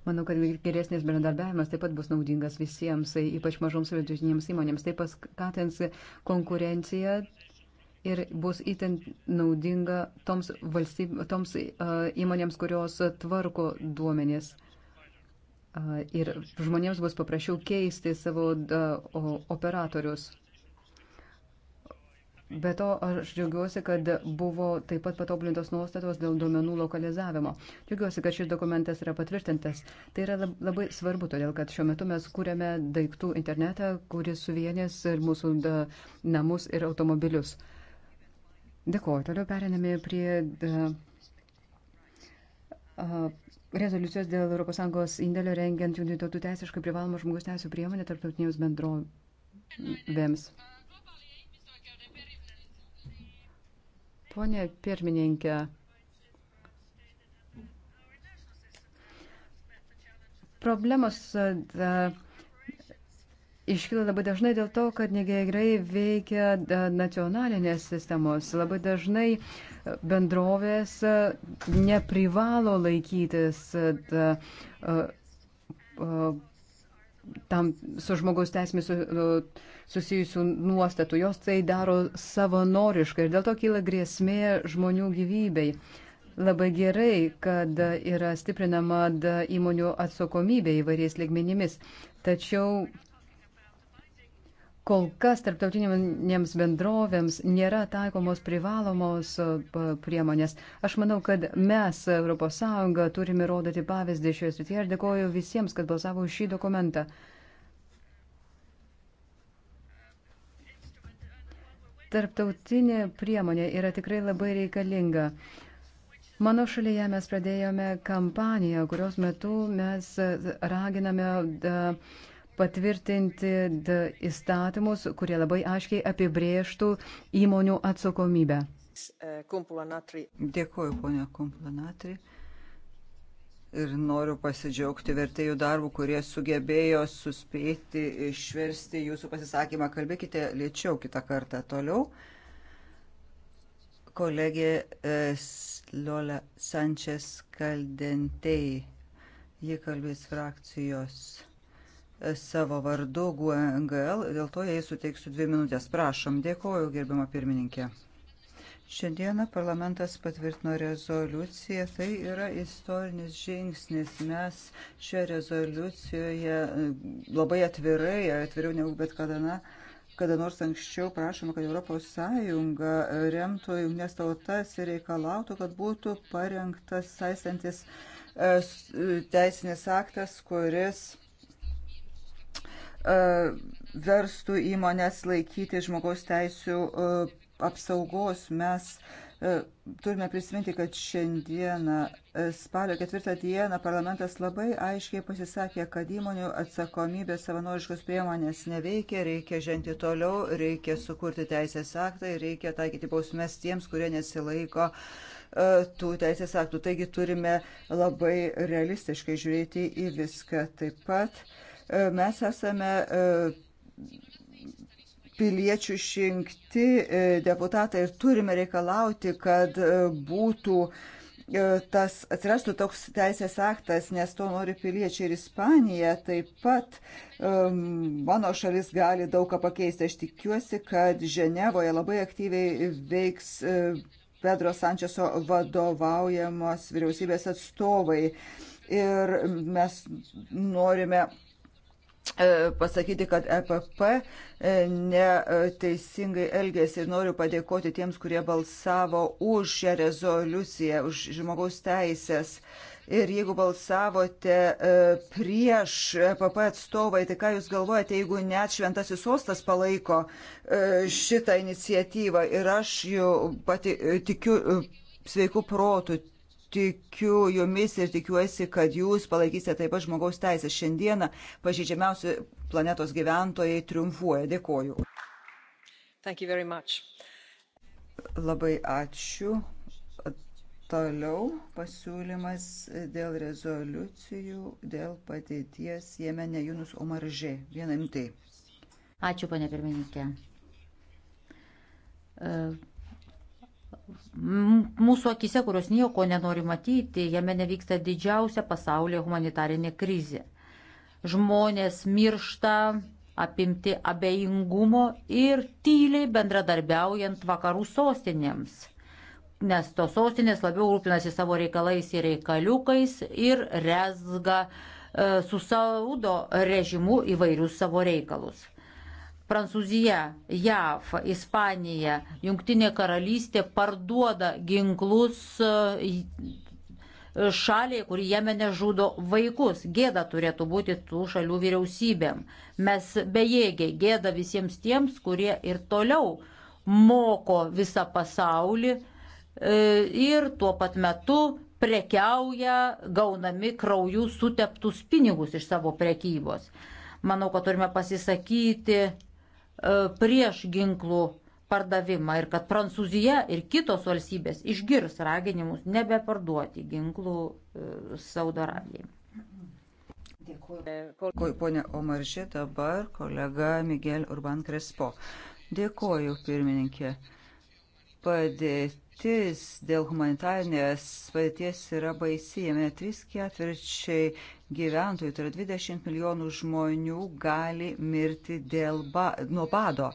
S8: Manau, kad geresnis bendradarbiavimas taip pat bus naudingas visiems, ypač mažoms ir vidutinėms įmonėms. Tai paskatins konkurenciją ir bus itin naudinga toms, valstyb, toms uh, įmonėms, kurios tvarko duomenis. Uh, ir žmonėms bus paprasčiau keisti savo uh, operatorius. Be to, aš džiaugiuosi, kad buvo taip pat patobulintos nuostatos dėl duomenų lokalizavimo. Džiaugiuosi, kad šis dokumentas yra patvirtintas. Tai yra labai svarbu, todėl kad šiuo metu mes kūrėme daiktų internetą, kuris suvienės ir mūsų da, namus ir automobilius. Dėkuoju. Toliau periname prie da, a, rezoliucijos dėl ES indėlio rengiant jungtinių tautų teisiškai privalomą žmogus teisų priemonę tarptautinėms bendrovėms. Mm -hmm. Pone pirmininkė, problemos da, e, iškyla labai dažnai dėl to, kad negerai veikia da, e, nacionalinės sistemos. Labai dažnai bendrovės e, neprivalo laikytis da, a, a, tam su žmogaus teisėmis su, susijusių nuostatų. Jos tai daro savanoriškai ir dėl to kyla grėsmė žmonių gyvybei. Labai gerai, kad yra stiprinama įmonių atsakomybė įvairiais ligmenimis. Tačiau Kol kas tarptautinėms bendrovėms nėra taikomos privalomos e, priemonės. Aš manau, kad mes, ES, turime rodyti pavyzdį šioje srityje ir dėkoju visiems, kad balsavo už šį dokumentą. Tarptautinė priemonė yra tikrai labai reikalinga. Mano šalyje mes pradėjome kampaniją, kurios metu mes raginame. Uh, patvirtinti įstatymus, kurie labai aiškiai apibrėžtų įmonių atsakomybę.
S7: Dėkuoju, ponia Kumpulanatri. Ir noriu pasidžiaugti vertėjų darbų, kurie sugebėjo suspėti išversti jūsų pasisakymą. Kalbėkite lėčiau kitą kartą. Toliau kolegė e, Lola Sančias Kaldentei. Ji kalbės frakcijos savo vardu GUNGL, dėl to jai suteiksiu dvi minutės. Prašom, dėkoju, gerbimo pirmininkė. Šiandieną parlamentas patvirtino rezoliuciją, tai yra istorinis žingsnis. Mes šioje rezoliucijoje e, labai atvirai, atviriau negu bet kada, na, kada nors anksčiau prašoma, kad ES remtų jungtinės tautas ir reikalautų, kad būtų parengtas saisantis e, e, teisinės aktas, kuris E, verstų įmonės laikyti žmogaus teisų e, apsaugos. Mes e, turime prisiminti, kad šiandieną, spalio ketvirtą dieną, parlamentas labai aiškiai pasisakė, kad įmonių atsakomybė savanoriškos priemonės neveikia, reikia žengti toliau, reikia sukurti teisės aktą ir reikia taikyti bausmes tiems, kurie nesilaiko tų teisės aktų. Taigi turime labai realistiškai žiūrėti į viską. Taip pat uh, E, mes esame e, piliečių išrinkti e, deputatai ir turime reikalauti, kad būtų tas atsirastų toks teisės aktas, nes to nori piliečiai ir Ispanija taip pat mano šalis gali daug ką pakeisti. Aš tikiuosi, kad Ženevoje labai aktyviai veiks Pedro Sančeso vadovaujamos vyriausybės atstovai. Ir mes norime E, pasakyti, kad EPP e, neteisingai elgėsi ir noriu padėkoti tiems, kurie balsavo už šią rezoliuciją, už žmogaus teisės. Ir jeigu balsavote e, prieš PP atstovai, tai ką Jūs galvojate, jeigu net Šventasis Sostas palaiko šitą iniciatyvą ir aš jau pati tikiu sveikų protų, tikiu jumis ir tikiuosi, kad jūs palaikysite taip pat žmogaus teisės. Šiandieną pažydžiamiausi planetos gyventojai triumfuoja. Dėkoju. Labai ačiū. Toliau pasiūlymas dėl rezoliucijų, dėl pateities Jemene Junus Omaržė. Vieną minutį. Ačiū, ponė
S6: pirmininkė. Uh mūsų akise, kurios nieko nenori matyti, jame nevyksta didžiausia pasaulyje humanitarinė krizė. Žmonės miršta apimti abejingumo ir tyliai bendradarbiaujant vakarų sostinėms, nes tos sostinės labiau rūpinasi savo reikalais ir reikaliukais ir rezga e, su Saudo režimu įvairius savo reikalus. Prancūzija, JAV, Ispanija, Junktinė karalystė parduoda ginklus e, šaliai, kuri jame nežudo vaikus. Gėda turėtų būti tų šalių vyriausybėm. Mes bejėgiai gėda visiems tiems, kurie ir toliau moko visą pasaulį e, ir tuo pat metu prekiauja gaunami kraujų suteptus pinigus iš savo prekybos. Manau, kad turime pasisakyti E, prieš ginklų pardavimą ir kad Prancūzija ir kitos valstybės išgirs raginimus nebeparduoti ginklų e, Saudo Arabijai.
S7: Dėkuoju, e,
S6: ponė Omaržė, dabar kolega Miguel Urban
S7: Krespo. Dėkuoju, pirmininkė. Padėti padėtis dėl humanitarnės padėties yra baisi. Jame 3 ketvirčiai gyventojų, tai yra 20 milijonų žmonių, gali mirti ba, nuo bado.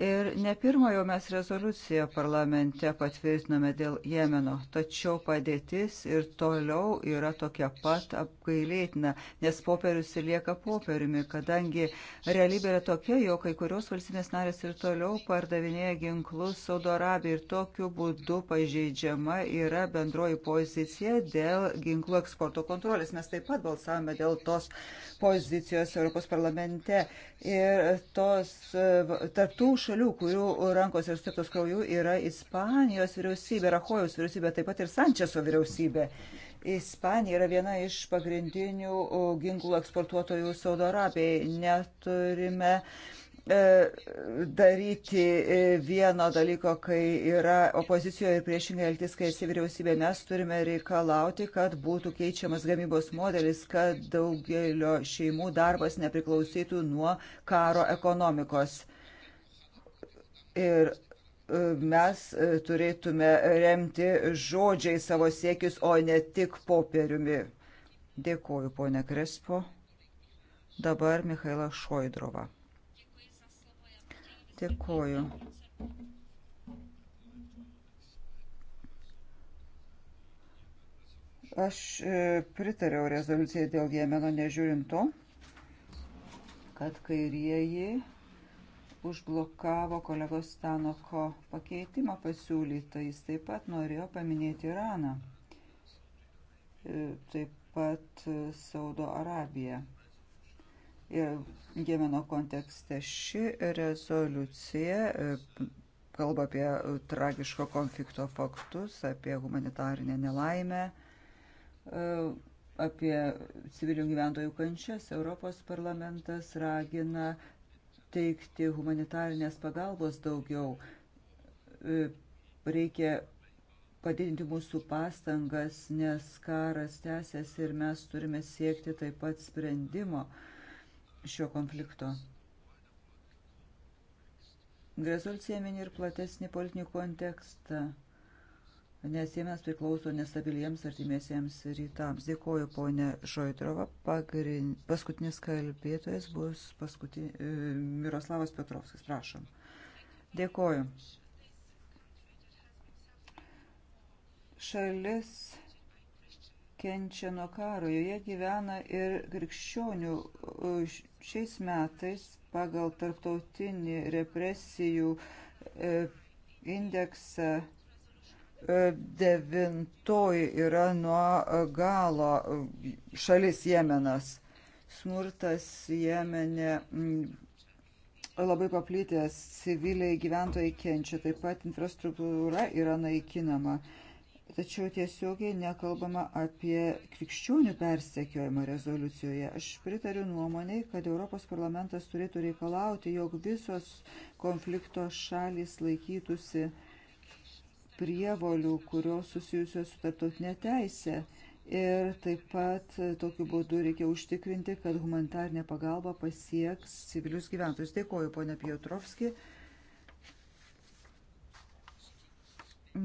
S7: Ir ne pirmojo mes rezoliuciją parlamente patvirtiname dėl Jemeno, tačiau padėtis ir toliau yra tokia pat apgailėtina, nes popierius lieka popieriumi, kadangi realybė yra tokia, jog kai kurios valstybės narės ir toliau pardavinėja ginklus Saudo Arabijai ir tokiu būdu pažeidžiama yra bendroji pozicija dėl ginklų eksporto kontrolės. Mes taip pat balsavome dėl tos pozicijos Europos parlamente ir tos tarptų šalių šalių, kurių rankos ir sutiktos krauju, yra Ispanijos vyriausybė, Rahojaus vyriausybė, taip pat ir Sančeso vyriausybė. Ispanija yra viena iš pagrindinių ginklų eksportuotojų Saudo Arabijai. Neturime e, daryti e, vieno dalyko, kai yra opozicijoje ir priešingai elgtis, kai esi vyriausybė. Mes turime reikalauti, kad būtų keičiamas gamybos modelis, kad daugelio šeimų darbas nepriklausytų nuo karo ekonomikos. Ir e, mes e, turėtume remti žodžiai savo siekius, o ne tik popieriumi. Dėkoju, ponė Krespo. Dabar Mikhaila Šoidrova. Dėkoju. Aš e, pritariau rezoliucijai dėl Jemeno, nežiūrint to, kad kairieji užblokavo kolegos Tanoko pakeitimą pasiūlytą. Jis taip pat norėjo paminėti Iraną, e, taip pat e, Saudo Arabiją. Ir Jemeno kontekste ši rezoliucija e, kalba apie tragiško konflikto faktus, apie humanitarinę nelaimę, apie civilių gyventojų kančias. Europos parlamentas ragina teikti humanitarinės pagalbos daugiau. E, reikia padidinti mūsų pastangas, nes karas tęsiasi ir mes turime siekti taip pat sprendimo šio konflikto. Rezoliucija mini ir platesnį politinį kontekstą nes Jemenas priklauso nestabiliems artimiesiems rytams. Dėkoju, ponė Šoitrova. Pagrin... Paskutinis kalbėtojas bus paskutin... E, Miroslavas Petrovskis. Prašom. Dėkoju. Šalis kenčia nuo karo, joje gyvena ir krikščionių. E, šiais metais pagal tarptautinį represijų e, indeksą E, devintoji yra nuo galo e, šalis Jemenas. Smurtas Jemene mm, labai paplytęs, civiliai gyventojai kenčia, taip pat infrastruktūra yra naikinama. Tačiau tiesiogiai nekalbama apie krikščionių persekiojimą rezoliucijoje. Aš pritariu nuomoniai, kad Europos parlamentas turėtų reikalauti, jog visos konflikto šalys laikytųsi uh, prievolių, kurios susijusios su tarptautinė teisė. Ir taip pat e, tokiu būdu reikia užtikrinti, kad humanitarnė pagalba pasieks civilius gyventojus. Dėkoju, ponia Piotrovski.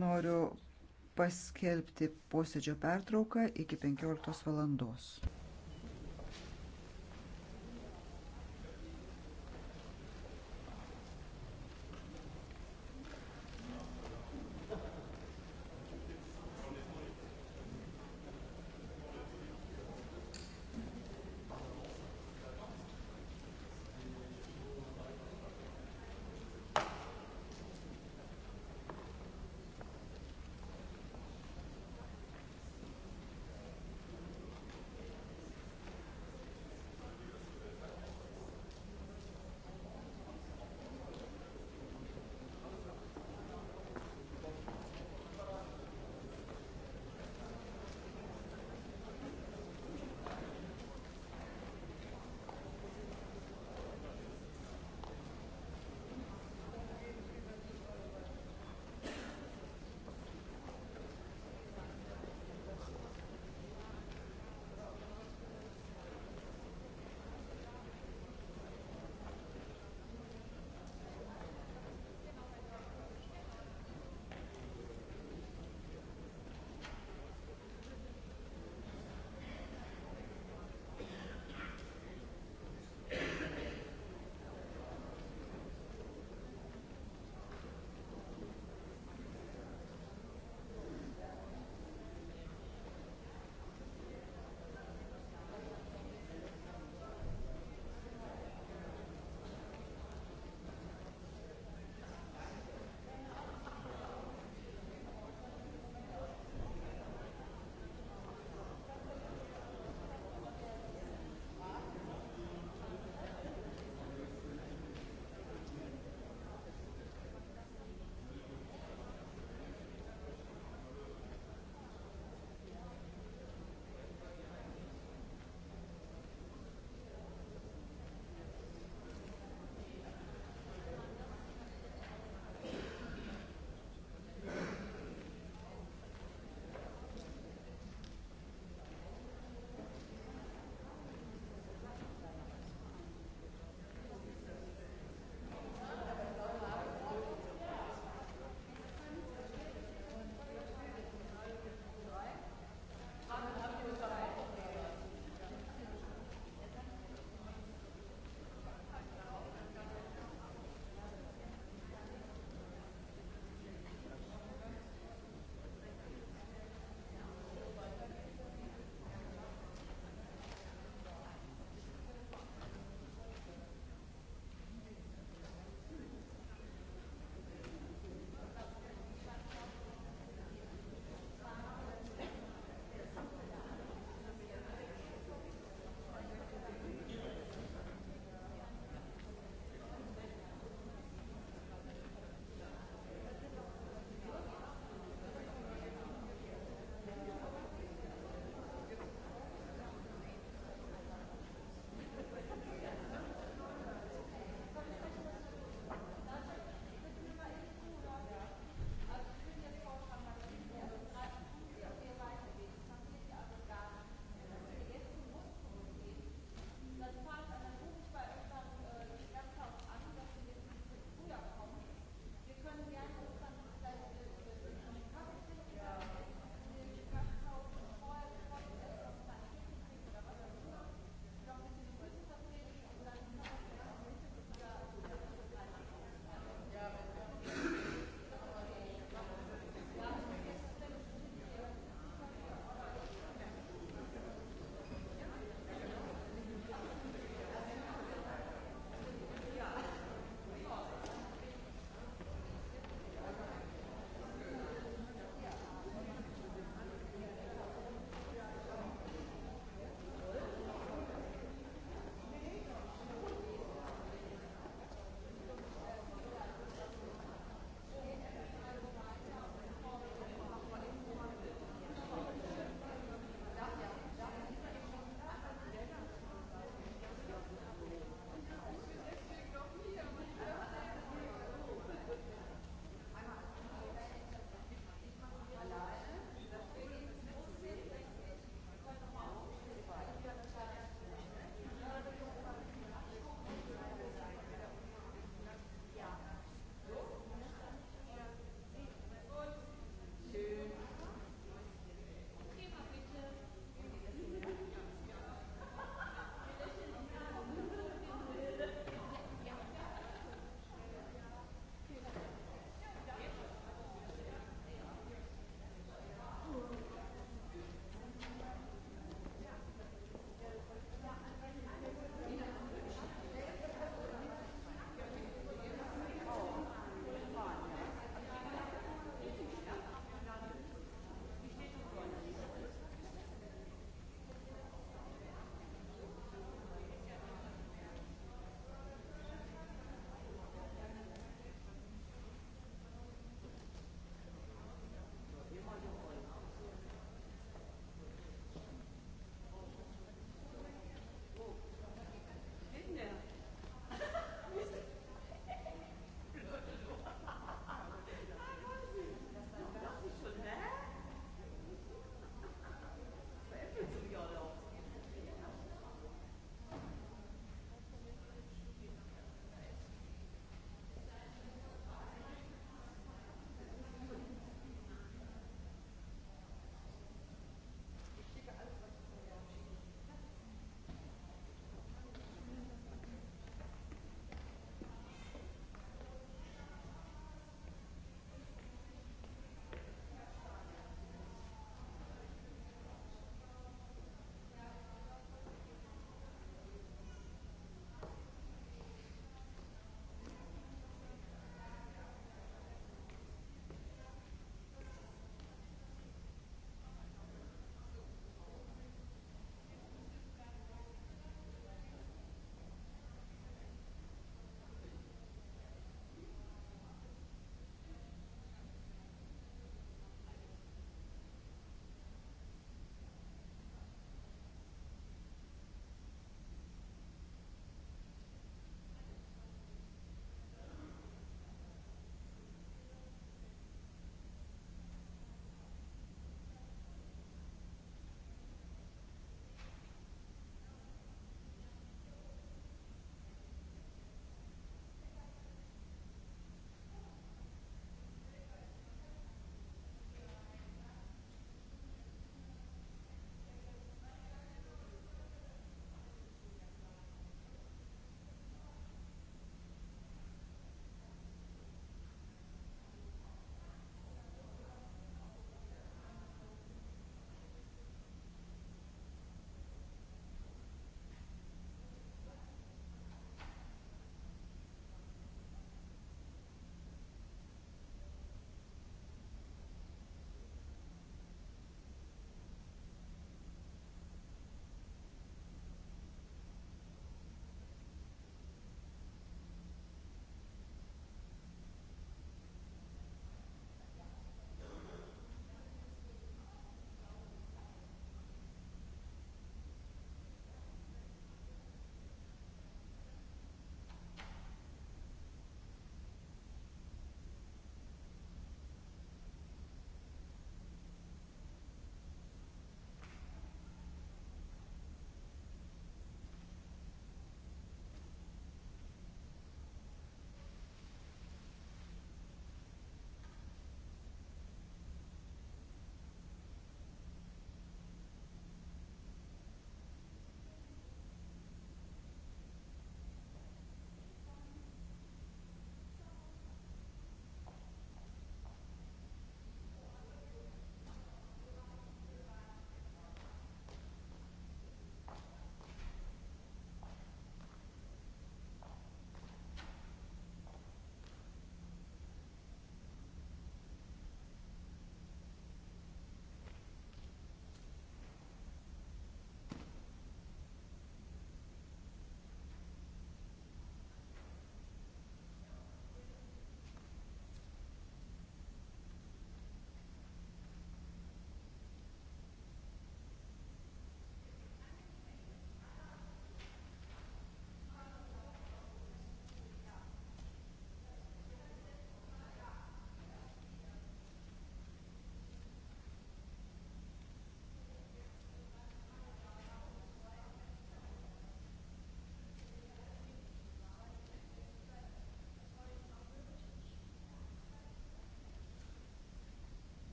S7: Noriu paskelbti posėdžio pertrauką iki 15 valandos.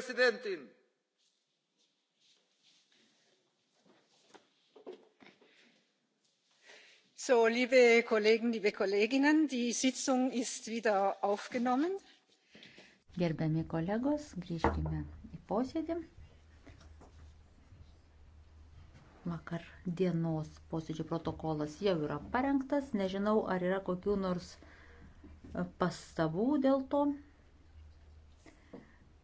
S5: präsidentin!
S8: So, liebe Kollegen, liebe Kolleginnen, die Sitzung ist wieder aufgenommen.
S6: Gerbiami kolegos, grįžkime į posėdį. Vakar dienos posėdžio protokolas jau yra parengtas, nežinau, ar yra kokių nors pastabų dėl to.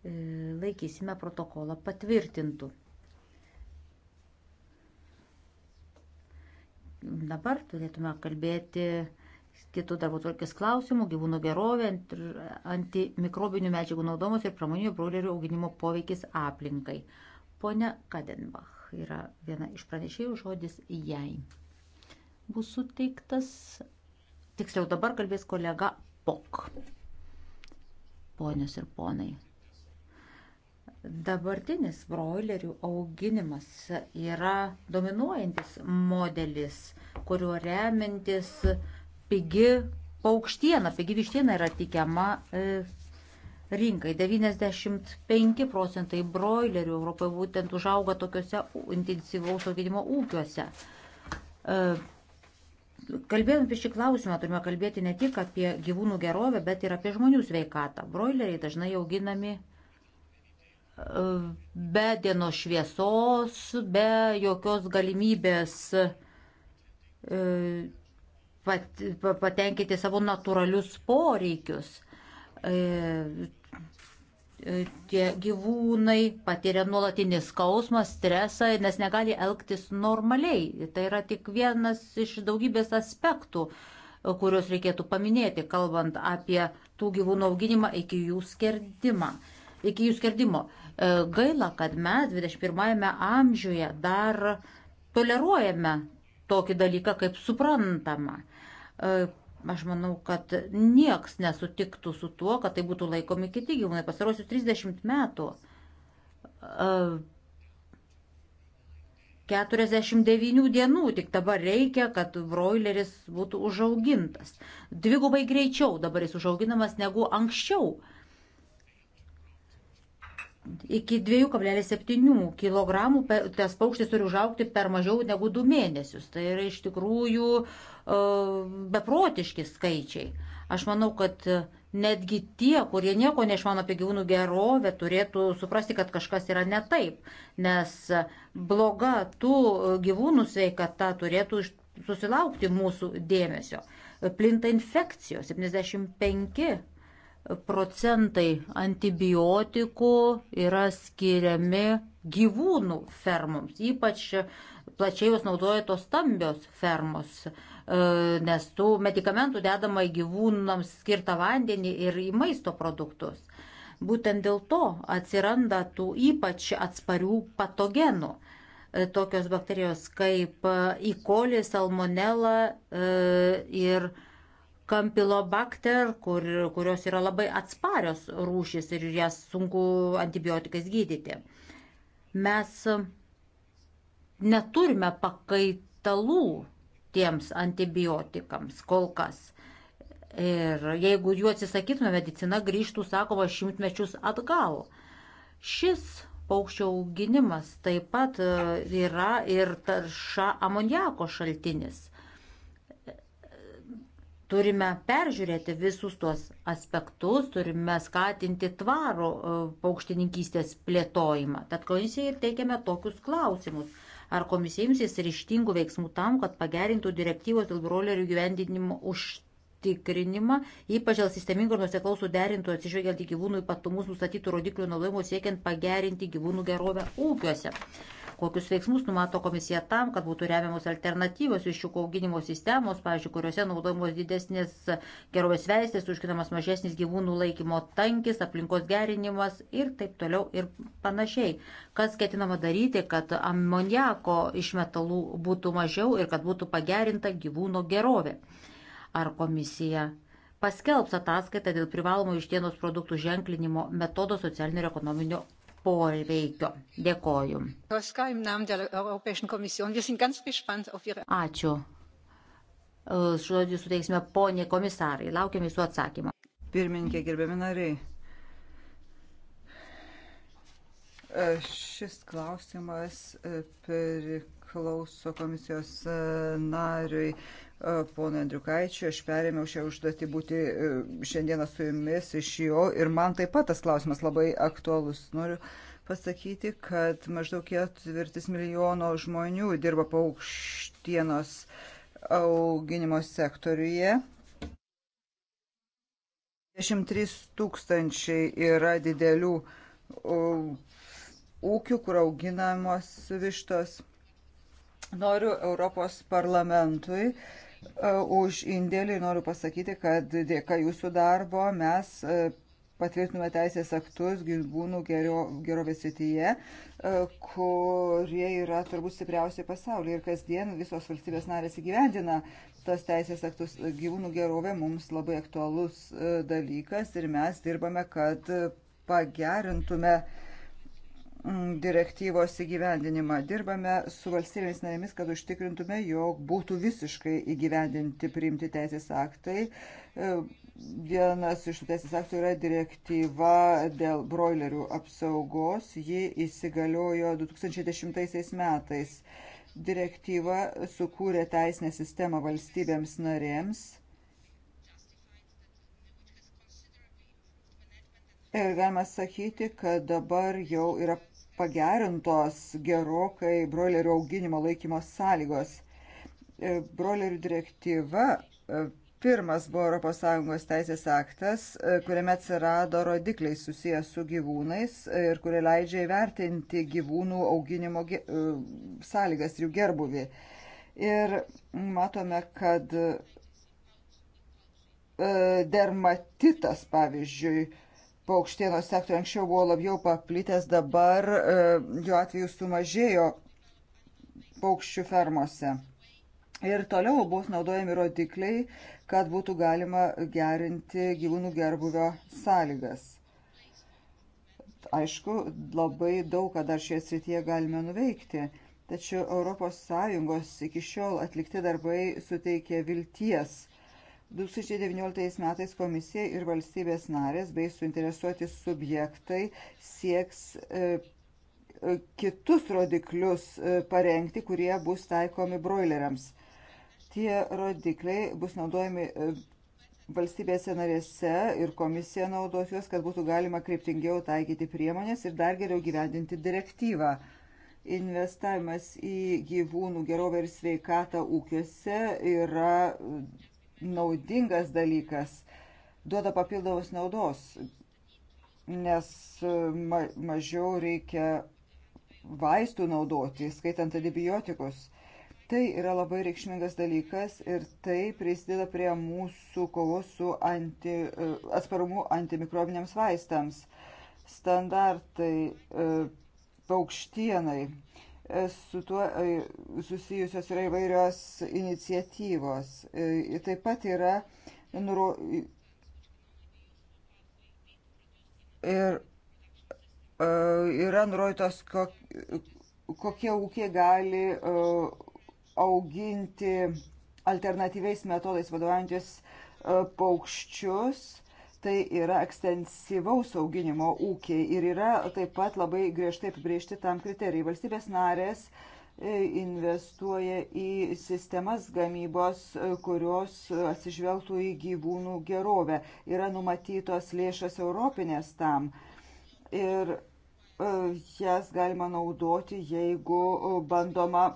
S6: E, laikysime protokolą patvirtintų. Dabar turėtume kalbėti kitų darbo tvarkės klausimų, gyvūnų gerovė, antimikrobinių medžiagų naudomos ir pramoninių braulerių auginimo poveikis aplinkai. Pone Kadenbach yra viena iš pranešėjų žodis jai. Bus suteiktas, tiksliau dabar kalbės kolega Pok. Ponios ir ponai, Dabartinis broilerių auginimas yra dominuojantis modelis, kuriuo remintis pigi paukštiena, pigi vištiena yra tikiama e, rinkai. 95 procentai broilerių Europoje būtent užauga tokiuose intensyvaus auginimo ūkiuose. E, Kalbėdami apie šį klausimą turime kalbėti ne tik apie gyvūnų gerovę, bet ir apie žmonių sveikatą. Broileriai dažnai auginami uh, be dienos šviesos, be jokios galimybės e, pat, patenkinti savo natūralius poreikius. E, e, tie gyvūnai patiria nuolatinį skausmą, stresą, nes negali elgtis normaliai. Tai yra tik vienas iš daugybės aspektų, kuriuos reikėtų paminėti, kalbant apie tų gyvūnų auginimą iki jų skerdimą. Iki jų skerdimo. E, gaila, kad mes 21-ame amžiuje dar toleruojame tokį dalyką kaip suprantama. E, aš manau, kad nieks nesutiktų su tuo, kad tai būtų laikomi kiti gyvūnai. Pasarosiu 30 metų. 49 e, dienų tik dabar reikia, kad broileris būtų užaugintas. Dvigubai greičiau dabar jis užauginamas negu anksčiau iki 2,7 kg tas paukštis turi užaukti per mažiau negu 2 mėnesius. Tai yra iš tikrųjų e, beprotiški skaičiai. Aš manau, kad e, netgi tie, kurie nieko neišmano apie gyvūnų gerovę, turėtų suprasti, kad kažkas yra ne taip, nes e, bloga tų gyvūnų sveikata turėtų susilaukti mūsų dėmesio. Plinta infekcijos 75 procentai antibiotikų yra skiriami gyvūnų fermoms, ypač plačiai jos naudoja tos stambios fermos, e, nes tų medikamentų dedama į gyvūnams skirtą vandenį ir į maisto produktus. Būtent dėl to atsiranda tų ypač atsparių patogenų. E, tokios bakterijos kaip E. coli, salmonella e, ir e, kampilobakter, kur, kurios yra labai atsparios rūšis ir jas sunku antibiotikais gydyti. Mes neturime pakaitalų tiems antibiotikams kol kas. Ir jeigu jų atsisakytume, medicina grįžtų, sakoma, šimtmečius atgal. Šis paukščio auginimas taip pat e, yra ir tarša amoniako šaltinis. Turime peržiūrėti visus tuos aspektus, turime skatinti tvarų e, paukštininkystės plėtojimą. Tad komisijai ir teikiame tokius klausimus. Ar komisija imsis ryštingų veiksmų tam, kad pagerintų direktyvos dėl brolerių gyvendinimo užtikrinimą, ypač dėl sistemingo ir nuseklaus suderintų atsižvelgiant į gyvūnų ypatumus nustatytų rodiklių naudojimo siekiant pagerinti gyvūnų gerovę ūkiuose? Kokius veiksmus numato komisija tam, kad būtų remiamos alternatyvos iš šių auginimo sistemos, pavyzdžiui, kuriuose naudojamos didesnės gerovės veistės, užkinamas mažesnis gyvūnų laikymo tankis, aplinkos gerinimas ir taip toliau ir panašiai. Kas ketinama daryti, kad amoniako išmetalų būtų mažiau ir kad būtų pagerinta gyvūno gerovė. Ar komisija paskelbs ataskaitą dėl privalomo ištienos produktų ženklinimo metodo socialinio ir ekonominio poveikio. Dėkoju. Ačiū. E, žodžiu suteiksime poniai komisarai. Laukiam jūsų atsakymą. Pirmininkė, gerbiami nariai.
S7: E, šis klausimas e, priklauso komisijos nariui pono Andriukaičio, aš perėmiau šią užduotį būti e, šiandieną su jumis iš jo ir man taip pat tas klausimas labai aktualus. Noriu pasakyti, kad maždaug ketvirtis milijono žmonių dirba paukštienos auginimo sektoriuje. 23 tūkstančiai yra didelių ūkių, kur auginamos vištos. Noriu Europos parlamentui uh, E, už indėlį ir noriu pasakyti, kad dėka jūsų darbo mes e, patvirtinome teisės aktus gyvūnų gerovės srityje, e, kurie yra turbūt stipriausiai pasaulyje ir kasdien visos valstybės narės įgyvendina tas teisės aktus. Gyvūnų gerovė mums labai aktualus dalykas ir mes dirbame, kad pagerintume uh, Mm, direktyvos įgyvendinimą. Dirbame su valstybėmis narėmis, kad užtikrintume, jog būtų visiškai įgyvendinti priimti teisės aktai. E, vienas iš tų teisės aktų yra direktyva dėl broilerių apsaugos. Ji įsigaliojo 2010 metais. Direktyva sukūrė teisinę sistemą valstybėms narėms Ir galima sakyti, kad dabar jau yra pagerintos gerokai broilerių auginimo laikymo sąlygos. E, broilerių direktyva e, pirmas buvo ES teisės aktas, e, kuriame atsirado rodikliai susijęs su gyvūnais ir kurie leidžia įvertinti gyvūnų auginimo ge... sąlygas ir jų gerbuvį. Ir matome, kad dermatitas, pavyzdžiui, paukštienos sektorių anksčiau buvo labiau paplitęs, dabar e, jo atveju sumažėjo paukščių fermose. Ir toliau bus naudojami rodikliai, kad būtų galima gerinti gyvūnų gerbuvio sąlygas. Aišku, labai daug ką dar šioje srityje galime nuveikti, tačiau ES iki šiol atlikti darbai suteikė vilties 2019 metais komisija ir valstybės narės bei suinteresuoti subjektai sieks e, e, kitus rodiklius e, parengti, kurie bus taikomi broileriams. Tie rodikliai bus naudojami valstybėse narėse ir komisija naudos juos, kad būtų galima kryptingiau taikyti priemonės ir dar geriau gyvendinti direktyvą investavimas į gyvūnų gerovę ir sveikatą ūkiuose yra naudingas dalykas, duoda papildomos naudos, nes e, ma mažiau reikia vaistų naudoti, skaitant antibiotikus. Tai yra labai reikšmingas dalykas ir tai prisideda prie mūsų kovos su anti, e, atsparumu antimikrobiniams vaistams. Standartai e, paukštienai E, su tuo e, susijusios yra įvairios iniciatyvos. E, taip pat yra nuro... ir yra nurodytos, kokie ūkiai gali auginti alternatyviais metodais vadovaujantis paukščius tai yra ekstensyvaus auginimo ūkiai ir yra taip pat labai griežtai apibriežti tam kriterijai. Valstybės narės e, investuoja į sistemas gamybos, e, kurios atsižvelgtų į gyvūnų gerovę. Yra numatytos lėšas europinės tam. Ir e, jas galima naudoti, jeigu bandoma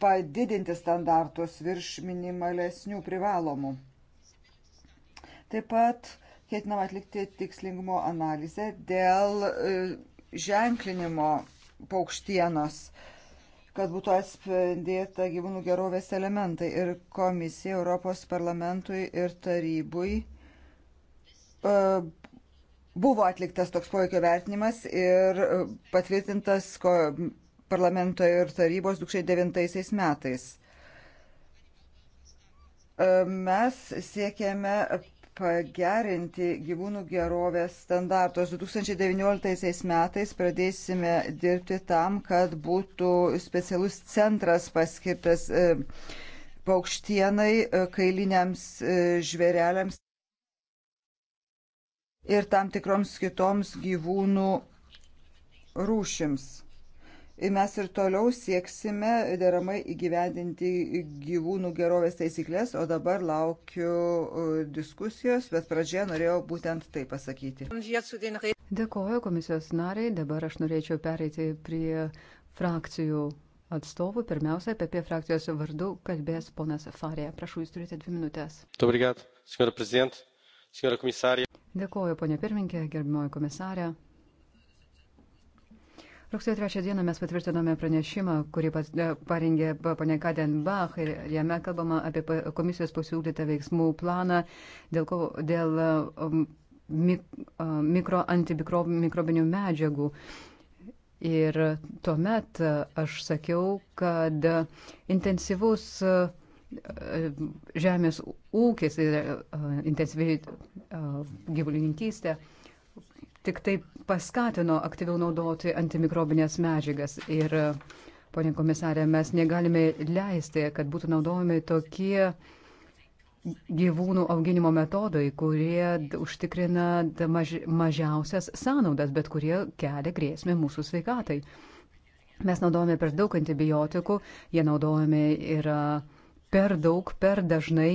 S7: padidinti standartus virš minimalesnių privalomų. Taip pat ketinam atlikti tikslingumo analizę dėl e, ženklinimo paukštienos, kad būtų atspindėta gyvūnų gerovės elementai. Ir komisija Europos parlamentui ir tarybui e, buvo atliktas toks poveikio vertinimas ir e, patvirtintas parlamento ir tarybos 2009 metais. Mes siekėme pagerinti gyvūnų gerovės standartus. 2019 metais pradėsime dirbti tam, kad būtų specialus centras paskirtas e, paukštienai, e, kailiniams e, žvėreliams ir tam tikroms kitoms gyvūnų rūšims. Mes ir toliau sieksime deramai įgyvendinti gyvūnų gerovės taisyklės, o dabar laukiu e, diskusijos, bet pradžioje norėjau būtent tai pasakyti.
S8: Dėkoju komisijos nariai, dabar aš norėčiau pereiti prie frakcijų atstovų. Pirmiausia, apie frakcijos vardu kalbės ponas Farė. Prašau, jūs turite dvi minutės.
S5: Dobrigat, senjora prezident, senjora komisarė.
S8: Dėkoju, ponė pirmininkė, gerbimoji komisarė. Rugsėjo trečią dieną mes patvirtinome pranešimą, kurį e, parengė ponė Kadenbach ir jame kalbama apie komisijos pasiūlytą veiksmų planą dėl, ko, dėl um, mikro, antimikrobinių medžiagų. Ir tuomet aš sakiau, kad intensyvus žemės ūkis ir intensyvi gyvulininkystė uh, tik tai paskatino aktyviau naudoti antimikrobinės medžiagas. Ir, ponė komisarė, mes negalime leisti, kad būtų naudojami tokie gyvūnų auginimo metodai, kurie užtikrina maž, mažiausias sąnaudas, bet kurie kelia grėsmę mūsų sveikatai. Mes naudojame per daug antibiotikų, jie naudojami yra per daug, per dažnai.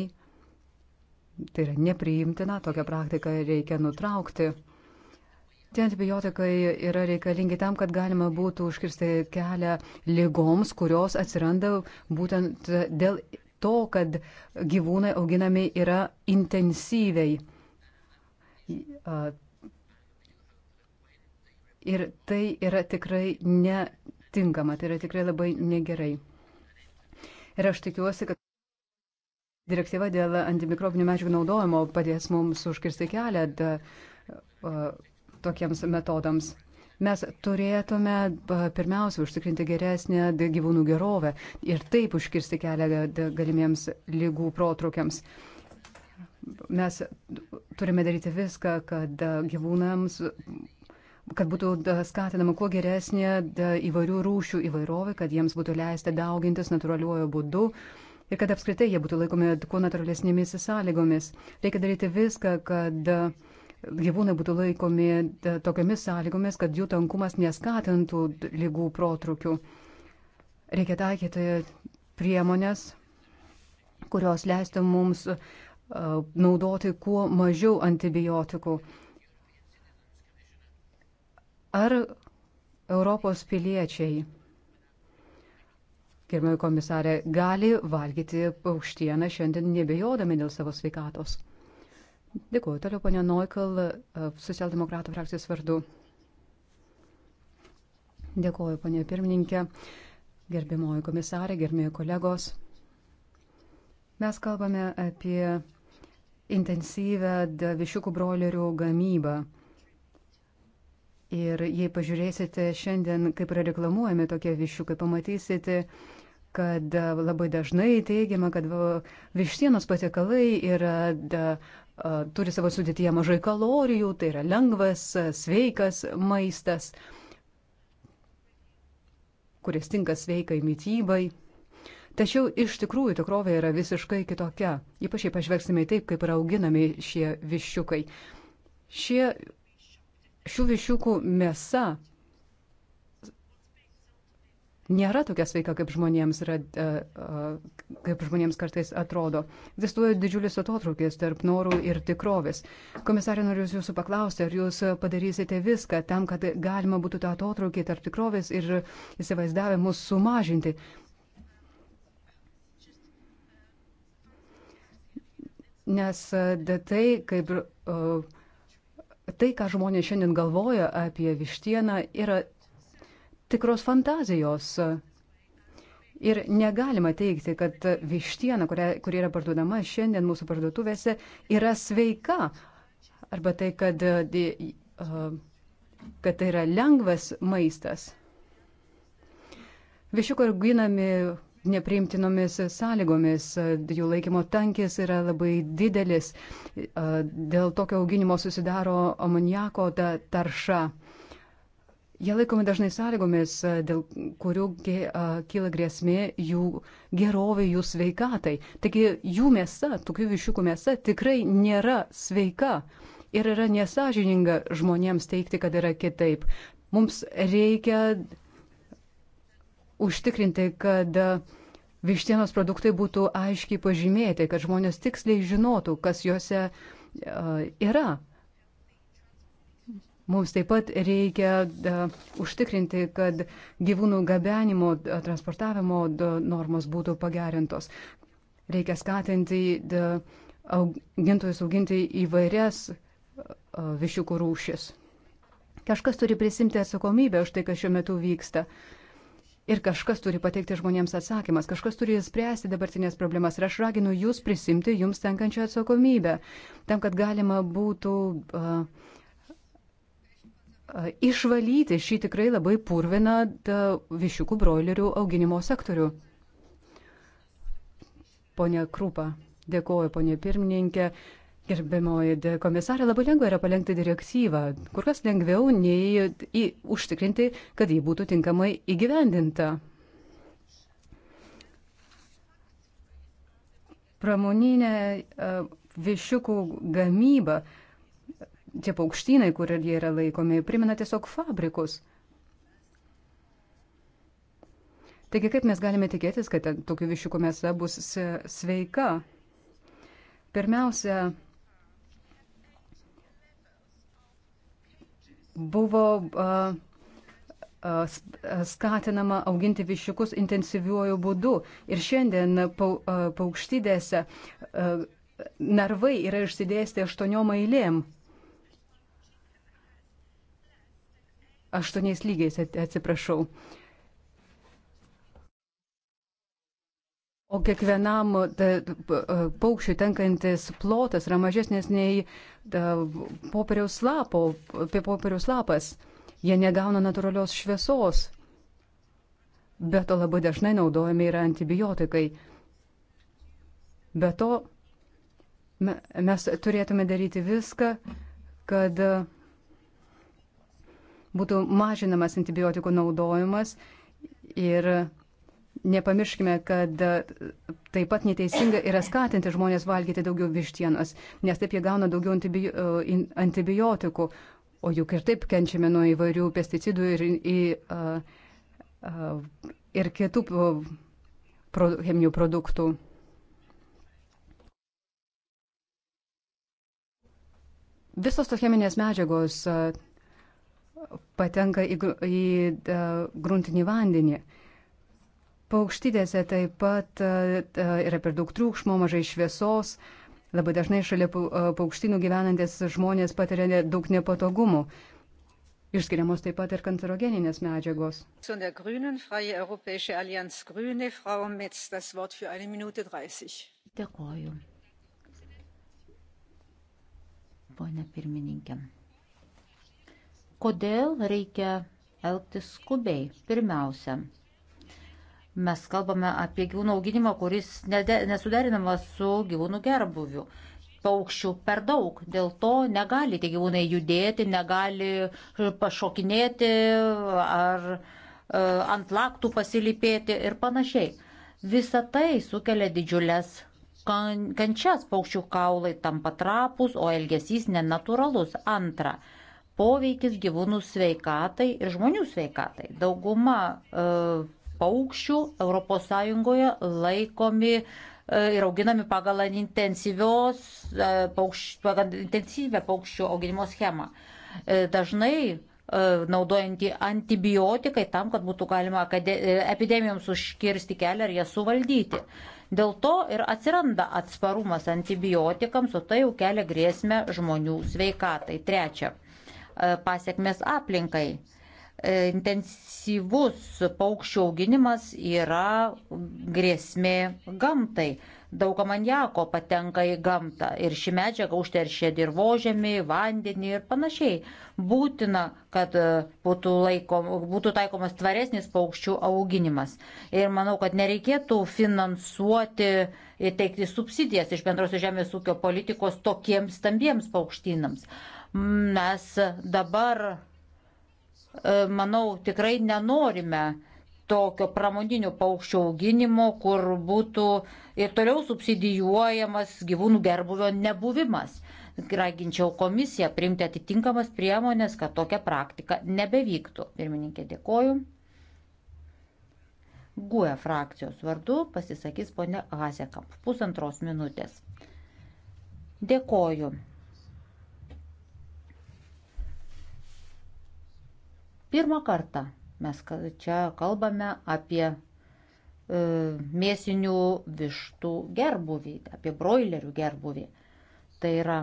S8: Tai yra nepriimtina, tokią praktiką reikia nutraukti. Tie antibiotikai yra reikalingi tam, kad galima būtų užkirsti kelią lygoms, kurios atsiranda būtent dėl to, kad gyvūnai auginami yra intensyviai. Ir tai yra tikrai netinkama, tai yra tikrai labai negerai. Ir aš tikiuosi, kad direktyva dėl antimikrobinių medžiagų naudojimo padės mums užkirsti kelią tokiems metodams. Mes turėtume pirmiausia užtikrinti geresnę gyvūnų gerovę ir taip užkirsti kelią galimiems lygų protrukiams. Mes turime daryti viską, kad gyvūnams kad būtų skatinama kuo geresnė įvairių rūšių įvairovė, kad jiems būtų leista daugintis natūraliuoju būdu ir kad apskritai jie būtų laikomi kuo natūralesnėmis sąlygomis. Reikia daryti viską, kad uh, gyvūnai būtų laikomi e, tokiamis sąlygomis, kad jų tankumas neskatintų lygų protrukių. Reikia taikyti priemonės, kurios leistų mums e, naudoti kuo mažiau antibiotikų. Ar Europos piliečiai, gerbiami komisarė, gali valgyti paukštieną šiandien nebejodami dėl savo sveikatos? Dėkuoju. Toliau ponia Noikal, e, socialdemokratų frakcijos vardu. Dėkuoju, ponia pirmininkė, gerbimoji komisarė, gerbimi kolegos. Mes kalbame apie intensyvę višiukų broilerių gamybą. Ir jei pažiūrėsite šiandien, kaip yra reklamuojami tokie viščiukai, pamatysite, kad labai dažnai teigiama, kad vištienos patiekalai yra turi savo sudėtyje mažai kalorijų, tai yra lengvas, sveikas maistas, kuris tinka sveikai mytybai. Tačiau iš tikrųjų tikrovė yra visiškai kitokia. Ypač jei pažvelgsime į taip, kaip yra auginami šie viščiukai. Šie, šių viščiukų mėsa nėra tokia sveika, kaip žmonėms, yra, e, e, kaip žmonėms kartais atrodo. Egzistuoja didžiulis atotrukis tarp norų ir tikrovės. Komisarė, noriu jūsų paklausti, ar jūs padarysite viską tam, kad galima būtų tą atotrukį tarp tikrovės ir įsivaizdavimus sumažinti. Nes e, tai, kaip tai, ką žmonės šiandien galvoja apie vištieną, yra tikros fantazijos. Ir negalima teikti, kad vištiena, kuri yra parduodama šiandien mūsų parduotuvėse, yra sveika. Arba tai, kad, kad tai yra lengvas maistas. Višiukai auginami nepriimtinomis sąlygomis, jų laikymo tankis yra labai didelis, dėl tokio auginimo susidaro amoniako ta tarša. Jie laikomi dažnai sąlygomis, e, dėl kurių kyla grėsmė jų gerovė, jų sveikatai. Taigi jų mėsa, tokių višiukų mėsa tikrai nėra sveika ir yra nesažininga žmonėms teikti, kad yra kitaip. Mums reikia užtikrinti, kad vištienos produktai būtų aiškiai pažymėti, kad žmonės tiksliai žinotų, kas juose yra. Mums taip pat reikia da, užtikrinti, kad gyvūnų gabenimo, da, transportavimo da, normos būtų pagerintos. Reikia skatinti da, augintojus auginti įvairias višiukų rūšis. Kažkas turi prisimti atsakomybę už tai, kas šiuo metu vyksta. Ir kažkas turi pateikti žmonėms atsakymas, kažkas turi spręsti dabartinės problemas. Ir aš raginu jūs prisimti jums tenkančią atsakomybę, tam, kad galima būtų uh, išvalyti šį tikrai labai purviną višiukų broilerių auginimo sektorių. Pone Krūpa, dėkoju, ponė pirmininkė. Gerbimoji komisarė, labai lengva yra palengti direktyvą, kur kas lengviau nei į, užtikrinti, kad ji būtų tinkamai įgyvendinta. Pramoninė višiukų gamyba uh, tie paukštynai, kur jie yra laikomi, primena tiesiog fabrikus. Taigi kaip mes galime tikėtis, kad tokių viščiukų mėsa bus sveika? Pirmiausia, buvo uh, skatinama auginti viščiukus intensyviuoju būdu. Ir šiandien paukštydėse narvai yra išsidėstę aštuoniom eilėm. aštuoniais lygiais, atsiprašau. O kiekvienam paukščiui tenkantis plotas yra mažesnis nei popieriaus, lapo, popieriaus lapas. Jie negauna natūralios šviesos. Be to labai dažnai naudojami yra antibiotikai. Be to mes turėtume daryti viską, kad būtų mažinamas antibiotikų naudojimas ir nepamirškime, kad taip pat neteisinga yra skatinti žmonės valgyti daugiau vištienos, nes taip jie gauna daugiau e, antibiotikų, o juk ir taip kenčiame nuo įvairių pesticidų ir, ir, e, e, ir kitų cheminių produktų. Visos tos cheminės medžiagos patenka į, į da, e, gruntinį vandenį. Paukštidėse taip pat da, e, yra per daug triukšmo, mažai šviesos. Labai dažnai šalia e, paukštynų gyvenantis žmonės patiria daug nepatogumų. Išskiriamos taip pat ir kancerogeninės medžiagos.
S6: Dėkoju. Pone pirmininkė. Kodėl reikia elgtis skubiai? Pirmiausia, mes kalbame apie gyvūnų auginimą, kuris nesuderinamas su gyvūnų gerbuviu. Paukščių per daug, dėl to negali tie gyvūnai judėti, negali pašokinėti ar e, ant laktų pasilipėti ir panašiai. Visa tai sukelia didžiulės kančias, paukščių kaulai tampa trapus, o elgesys nenatūralus. Antra, poveikis gyvūnų sveikatai ir žmonių sveikatai. Dauguma e, paukščių ES laikomi e, ir auginami pagal intensyvios, e, paukš, pagal intensyvę paukščių auginimo schemą. Dažnai naudojantį antibiotikai tam, kad būtų galima epidemijoms užkirsti kelią ir jas suvaldyti. Dėl to ir atsiranda atsparumas antibiotikams, o tai jau kelia grėsmę žmonių sveikatai. Trečia, E, pasiekmes aplinkai. E, intensyvus paukščių auginimas yra grėsmė gamtai. Daug amanjako patenka į gamtą ir ši medžiaga užteršia dirbožemį, vandenį ir panašiai. Būtina, kad e, būtų, laikom, būtų taikomas tvaresnis paukščių auginimas. Ir manau, kad nereikėtų finansuoti ir teikti subsidijas iš bendrosios žemės ūkio politikos tokiems stambiems paukštynams. Mes dabar, e, manau, tikrai nenorime tokio pramoninių paukščių auginimo, kur būtų ir toliau subsidijuojamas gyvūnų gerbuvio nebuvimas. Raginčiau komisiją priimti atitinkamas priemonės, kad tokia praktika nebevyktų. Pirmininkė, dėkoju. GUE frakcijos vardu pasisakys ponė Hasekamp. Pusantros minutės. Dėkoju, Pirmą kartą mes čia kalbame apie e, mėsinių vištų gerbuvį, apie broilerių gerbuvį. Tai yra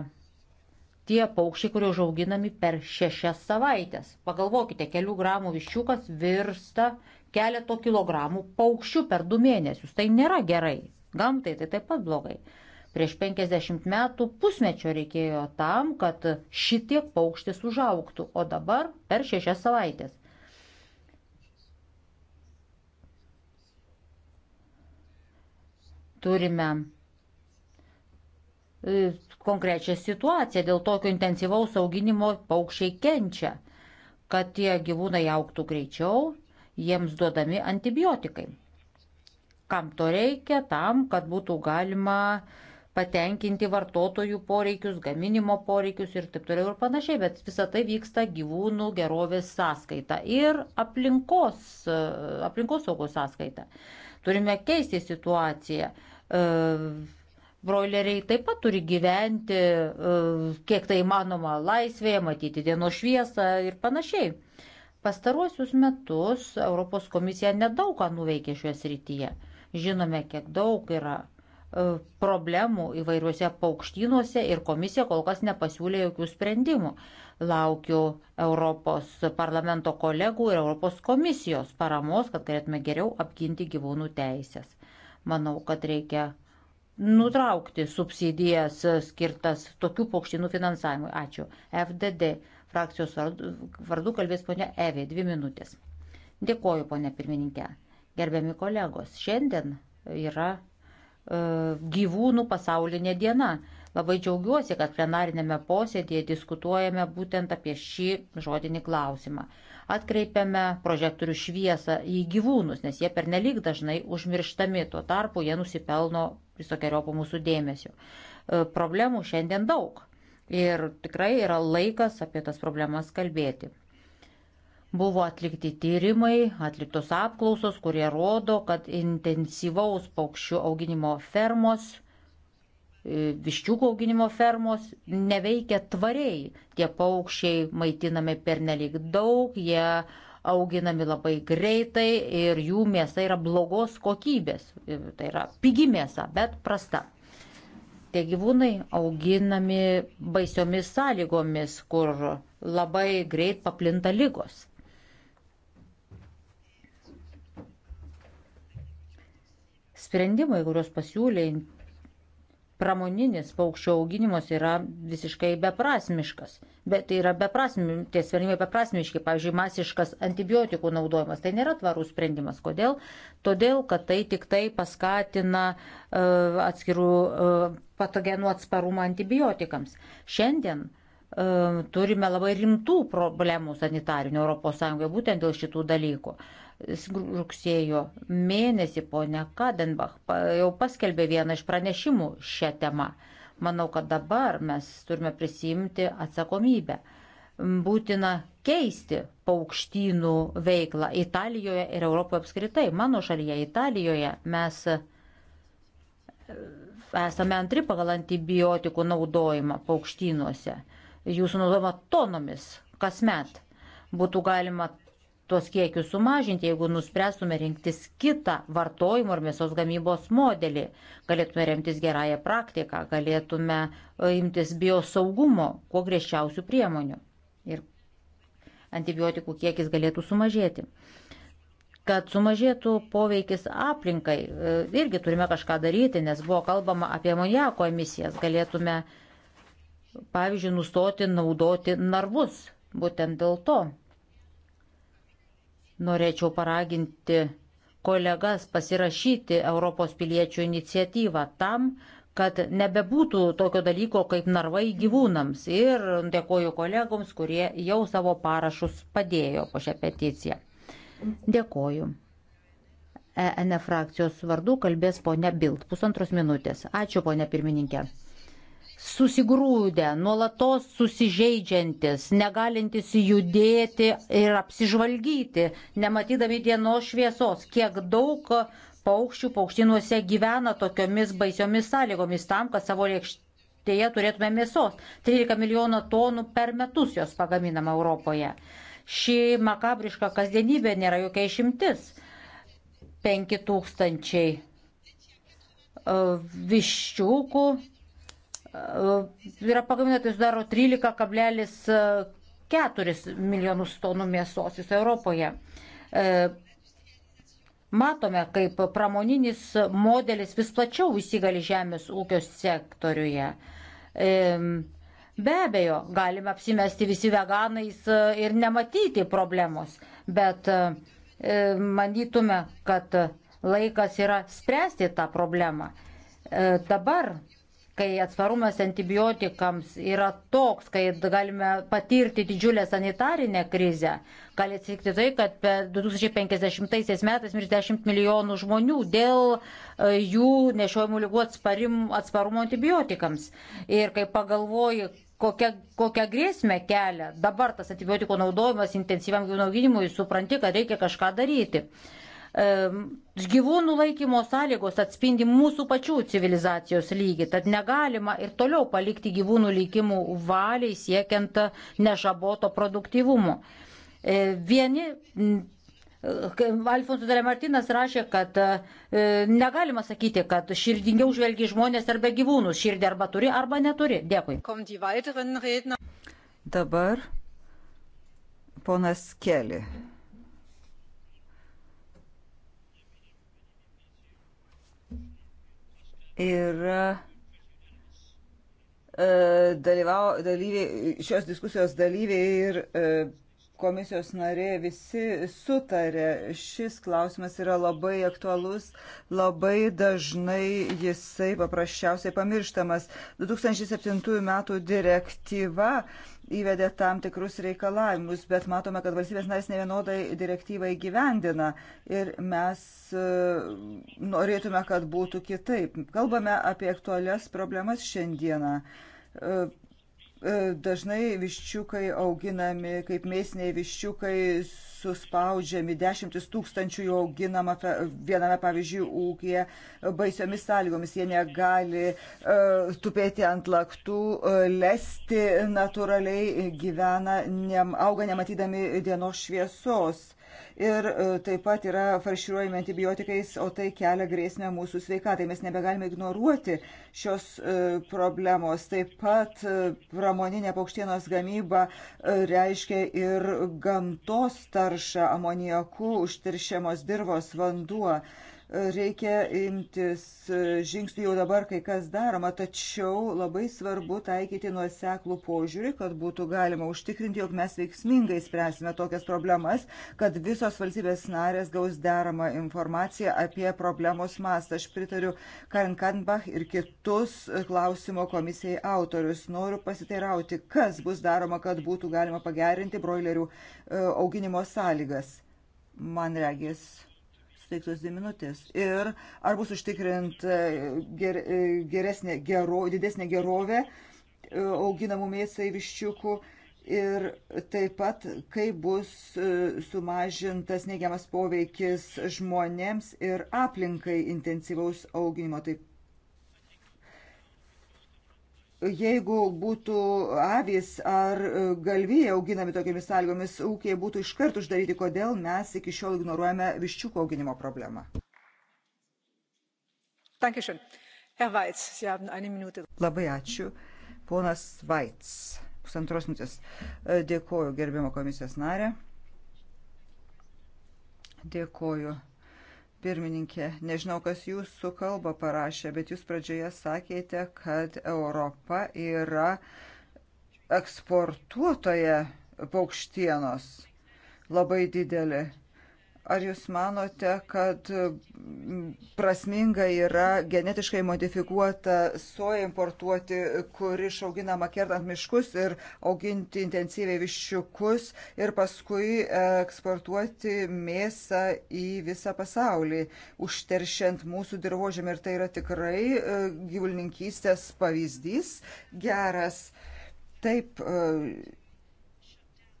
S6: tie paukščiai, kurie užauginami per šešias savaitės. Pagalvokite, kelių gramų viščiukas virsta keleto kilogramų paukščių per du mėnesius. Tai nėra gerai. Gamtai tai taip pat blogai. Prieš 50 metų pusmečio reikėjo tam, kad šitiek paukštis užauktų, o dabar per šešias savaitės. Turime e, konkrečią situaciją, dėl tokio intensyvaus auginimo paukščiai kenčia, kad tie gyvūnai auktų greičiau, jiems duodami antibiotikai. Kam to reikia? Tam, kad būtų galima uh, patenkinti vartotojų poreikius, gaminimo poreikius ir taip toliau ir panašiai, bet visa tai vyksta gyvūnų gerovės sąskaita ir aplinkos, aplinkos saugos sąskaita. Turime keisti situaciją. E, broileriai taip pat turi gyventi, e, kiek tai manoma, laisvėje, matyti dienos šviesą ir panašiai. Pastaruosius metus Europos komisija nedaug ką nuveikė šioje srityje. Žinome, kiek daug yra E, problemų įvairiuose paukštynuose ir komisija kol kas nepasiūlė jokių sprendimų. Laukiu Europos parlamento kolegų ir Europos komisijos paramos, kad galėtume geriau apginti gyvūnų teisės. Manau, kad reikia nutraukti subsidijas skirtas tokių paukštynų finansavimui. Ačiū. FDD frakcijos vardu, vardu kalbės ponia Evi, dvi minutės. Dėkoju, ponia pirmininkė. Gerbiami kolegos, šiandien yra E, gyvūnų pasaulinė diena. Labai džiaugiuosi, kad plenarinėme posėdėje diskutuojame būtent apie šį žodinį klausimą. Atkreipiame prožektorių šviesą į gyvūnus, nes jie pernelyg dažnai užmirštami, tuo tarpu jie nusipelno visokiojo mūsų dėmesio. E, problemų šiandien daug ir tikrai yra laikas apie tas problemas kalbėti. Buvo atlikti tyrimai, atliktos apklausos, kurie rodo, kad intensyvaus paukščių auginimo fermos, e, viščiukų auginimo fermos neveikia tvariai. Tie paukščiai maitinami pernelik daug, jie auginami labai greitai ir jų mėsa yra blogos kokybės. E, tai yra pigi mėsa, bet prasta. Tie gyvūnai auginami baisiomis sąlygomis, kur labai greit paplinta lygos. Sprendimai, kuriuos pasiūlė pramoninis paukščio auginimas yra visiškai beprasmiškas. Bet tai yra beprasmi, tie sprendimai beprasmiški, pavyzdžiui, masiškas antibiotikų naudojimas. Tai nėra tvarus sprendimas. Kodėl? Todėl, kad tai tik tai paskatina uh, atskirų uh, patogenų atsparumą antibiotikams. Šiandien uh, turime labai rimtų problemų sanitarinių ES būtent dėl šitų dalykų. Uh, Rugsėjo mėnesį ponia Kadenbach jau paskelbė vieną iš pranešimų šią temą. Manau, kad dabar mes turime prisimti atsakomybę. Būtina keisti paukštynų veiklą Italijoje ir Europoje apskritai. Mano šalyje, Italijoje, mes e, esame antri pagal antibiotikų naudojimą paukštynuose. Jūsų naudojama tonomis kasmet. Būtų galima tuos kiekius sumažinti, jeigu nuspręstume rinktis kitą vartojimo ar mėsos gamybos modelį. Galėtume remtis gerąją praktiką, galėtume e, imtis biosaugumo, kuo griežčiausių priemonių. Ir antibiotikų kiekis galėtų sumažėti. Kad sumažėtų poveikis aplinkai, e, irgi turime kažką daryti, nes buvo kalbama apie amoniako emisijas. Galėtume, pavyzdžiui, nustoti naudoti narvus. Būtent dėl to Norėčiau paraginti kolegas pasirašyti Europos piliečių iniciatyvą tam, kad nebebūtų tokio dalyko kaip narvai gyvūnams. Ir dėkoju kolegoms, kurie jau savo parašus padėjo po šią peticiją. Dėkoju. ENF frakcijos vardu kalbės ponia Bild. Pusantros minutės. Ačiū ponia pirmininkė susigrūdę, nuolatos susižeidžiantis, negalintis judėti ir apsižvalgyti, nematydami dienos šviesos, kiek daug paukščių paukštinuose gyvena tokiomis baisiomis sąlygomis tam, kad savo lėkštėje turėtume mėsos. 13 milijono tonų per metus jos pagaminama Europoje. Ši makabriška kasdienybė nėra jokia išimtis. 5000 e, viščiukų yra pagaminta, tai sudaro 13,4 milijonus tonų mėsos visoje Europoje. Matome, kaip pramoninis modelis vis plačiau įsigali žemės ūkio sektoriuje. Be abejo, galime apsimesti visi veganais e, ir nematyti problemos, bet e, e, manytume, kad laikas yra spręsti tą problemą. Dabar kai atsparumas antibiotikams yra toks, kai galime patirti didžiulę sanitarinę krizę, gali atsitikti tai, kad 2050 metais mirs 10 milijonų žmonių dėl e, jų nešiojimų lygų atsparumo antibiotikams. Ir kai pagalvoji, kokią, kokią grėsmę kelia dabar tas antibiotikų naudojimas intensyviam gyvūnų auginimui, supranti, kad reikia kažką daryti. Uh, Gyvūnų laikymo sąlygos atspindi mūsų pačių civilizacijos lygį, tad negalima ir toliau palikti gyvūnų likimų valiai siekiant nežaboto produktyvumo. E, vieni e, Alfonsas Delemartinas rašė, kad e, negalima sakyti, kad širdingiau žvelgi žmonės arba gyvūnus, širdį arba turi, arba neturi. Dėkui. Dabar ponas Keli.
S7: yra e, dalyvau, dalyviai, šios diskusijos dalyviai ir e, komisijos narė visi sutarė. Šis klausimas yra labai aktualus, labai dažnai jisai paprasčiausiai pamirštamas. 2007 metų direktyva įvedė tam tikrus reikalavimus, bet matome, kad valstybės narės nevienodai direktyvą įgyvendina ir mes e, norėtume, kad būtų kitaip. Kalbame apie aktualias problemas šiandieną e, E, dažnai viščiukai auginami kaip mėsiniai viščiukai suspaudžiami, dešimtis tūkstančių jų auginama viename, pavyzdžiui, ūkija baisiomis sąlygomis. Jie negali uh, tupėti ant laktų, uh, lesti natūraliai, gyvena, ne, auga nematydami dienos šviesos ir e, taip pat yra farširuojami antibiotikais, o tai kelia grėsmę mūsų sveikatai. Mes nebegalime ignoruoti šios e, problemos. Taip pat e, pramoninė paukštienos gamyba reiškia ir gamtos taršą amoniaku užteršiamos dirvos vanduo. Reikia imtis žingsnių jau dabar, kai kas daroma, tačiau labai svarbu taikyti nuoseklų požiūrį, kad būtų galima užtikrinti, jog mes veiksmingai spręsime tokias problemas, kad visos valstybės narės gaus deramą informaciją apie problemos mastą. Aš pritariu Karin Kanbach ir kitus klausimo komisijai autorius. Noriu pasiteirauti, kas bus daroma, kad būtų galima pagerinti broilerių e, auginimo sąlygas. Man regis suteiktos dvi minutės. Ir ar bus užtikrint e, ger, e, geresnė, gero, didesnė gerovė e, auginamų mėsai viščiukų ir taip pat, kaip bus sumažintas neigiamas poveikis žmonėms ir aplinkai intensyvaus auginimo. Taip Jeigu būtų avys ar e, galvijai auginami tokiamis sąlygomis, ūkiai būtų iškart uždaryti, kodėl mes iki šiol ignoruojame viščiukų auginimo problemą. Labai ačiū. Ponas Vaits, pusantros minutės. E, dėkoju gerbimo komisijos narė. Dėkoju pirmininkė, nežinau, kas jūsų kalbą parašė, bet jūs pradžioje sakėte, kad Europa yra eksportuotoja paukštienos labai didelė. Ar jūs manote, kad prasminga yra genetiškai modifikuota soja importuoti, kuri išauginama kertant miškus ir auginti intensyviai viščiukus ir paskui e, eksportuoti mėsą į visą pasaulį, užteršiant mūsų dirbožėmį? Ir tai yra tikrai e, gyvulininkystės pavyzdys geras. Taip, e,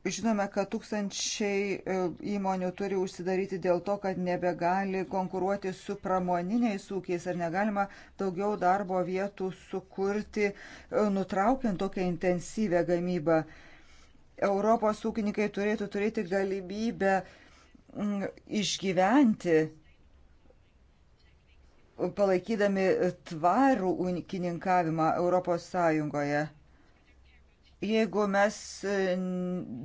S7: Žinome, kad tūkstančiai e, įmonių turi užsidaryti dėl to, kad nebegali konkuruoti su pramoniniais ūkiais ar negalima daugiau darbo vietų sukurti, e, nutraukiant tokią intensyvę gamybą. Europos ūkininkai turėtų turėti galimybę išgyventi, palaikydami tvarų ūkininkavimą Europos Sąjungoje Jeigu mes e,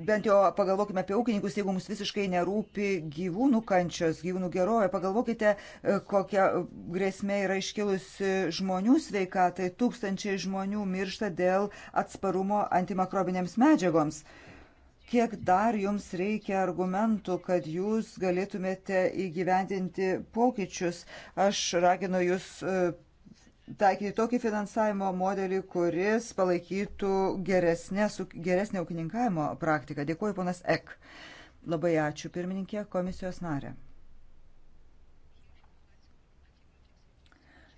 S7: bent jau pagalvokime apie ūkininkus, jeigu mums visiškai nerūpi gyvūnų kančios, gyvūnų gerovė, pagalvokite, e, kokia grėsmė yra iškilusi žmonių sveikatai. Tūkstančiai žmonių miršta dėl atsparumo antimakrobinėms medžiagoms. Kiek dar jums reikia argumentų, kad jūs galėtumėte įgyvendinti pokyčius? Aš raginu jūs e, taikyti tokį finansavimo modelį, kuris palaikytų geresnę, geresnę ūkininkavimo praktiką. Dėkuoju, ponas Ek. Labai ačiū, pirmininkė, komisijos narė.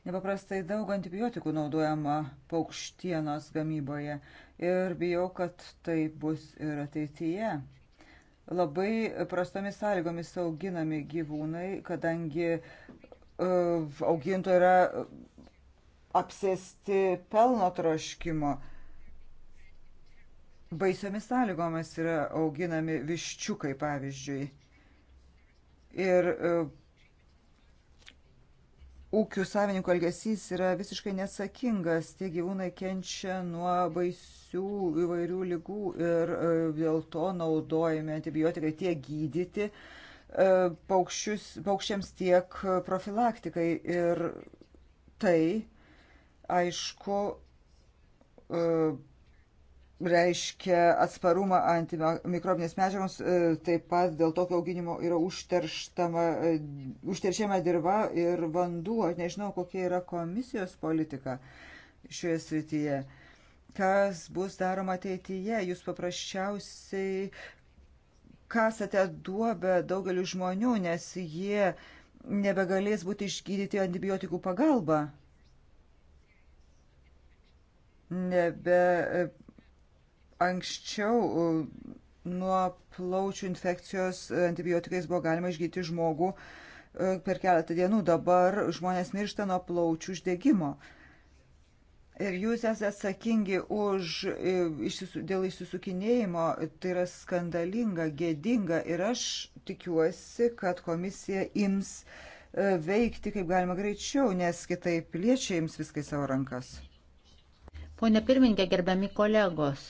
S7: Nepaprastai daug antibiotikų naudojama paukštienos gamyboje ir bijau, kad tai bus ir ateityje labai prastomis sąlygomis auginami gyvūnai, kadangi uh, augintojai yra apsėsti pelno troškimo. Baisiomis sąlygomis yra auginami viščiukai, pavyzdžiui. Ir e, ūkių savininkų elgesys yra visiškai neatsakingas, tie gyvūnai kenčia nuo baisių įvairių lygų ir e, dėl to naudojami antibiotikai tiek gydyti e, paukščius, paukščiams tiek profilaktikai. Ir tai aišku, e, reiškia atsparumą antimikrobinės medžiagoms, e, taip pat dėl tokio auginimo yra e, užteršiama dirba ir vanduo. Aš nežinau, kokia yra komisijos politika šioje srityje. Kas bus daroma ateityje? Jūs paprasčiausiai kasate duobę daugeliu žmonių, nes jie nebegalės būti išgydyti antibiotikų pagalba nebe e, anksčiau e, nuo plaučių infekcijos antibiotikais buvo galima išgyti žmogų e, per keletą dienų. Dabar žmonės miršta nuo plaučių uždegimo. Ir jūs esate atsakingi už, dėl įsisukinėjimo, tai yra skandalinga, gėdinga ir aš tikiuosi, kad komisija ims veikti kaip galima greičiau, nes kitaip piliečiai ims viską į savo rankas.
S6: Pone pirmininkė, gerbiami kolegos,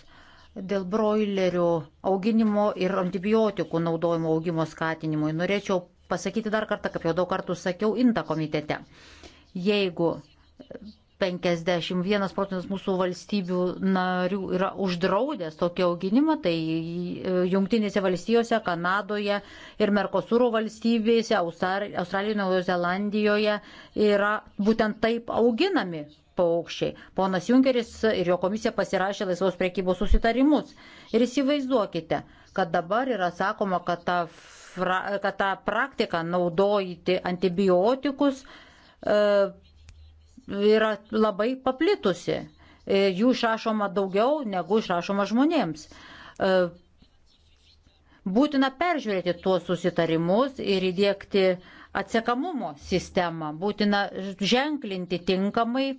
S6: dėl broilerių auginimo ir antibiotikų naudojimo augimo skatinimui norėčiau pasakyti dar kartą, kaip jau daug kartų sakiau, INTA komitete. Jeigu 51 procentas mūsų valstybių narių yra uždraudęs tokį auginimą, tai Junktinėse valstijose, Kanadoje ir Merkosūro valstybėse, Australijoje, Naujojo Zelandijoje yra būtent taip auginami paukščiai. Ponas Junkeris ir jo komisija pasirašė laisvos priekybos susitarimus. Ir įsivaizduokite, kad dabar yra sakoma, kad tą, fra, kad tą praktiką naudojti antibiotikus e, yra labai paplitusi. E, jų išrašoma daugiau negu išrašoma žmonėms. E, būtina peržiūrėti tuos susitarimus ir įdėkti atsekamumo sistemą, būtina ženklinti tinkamai e,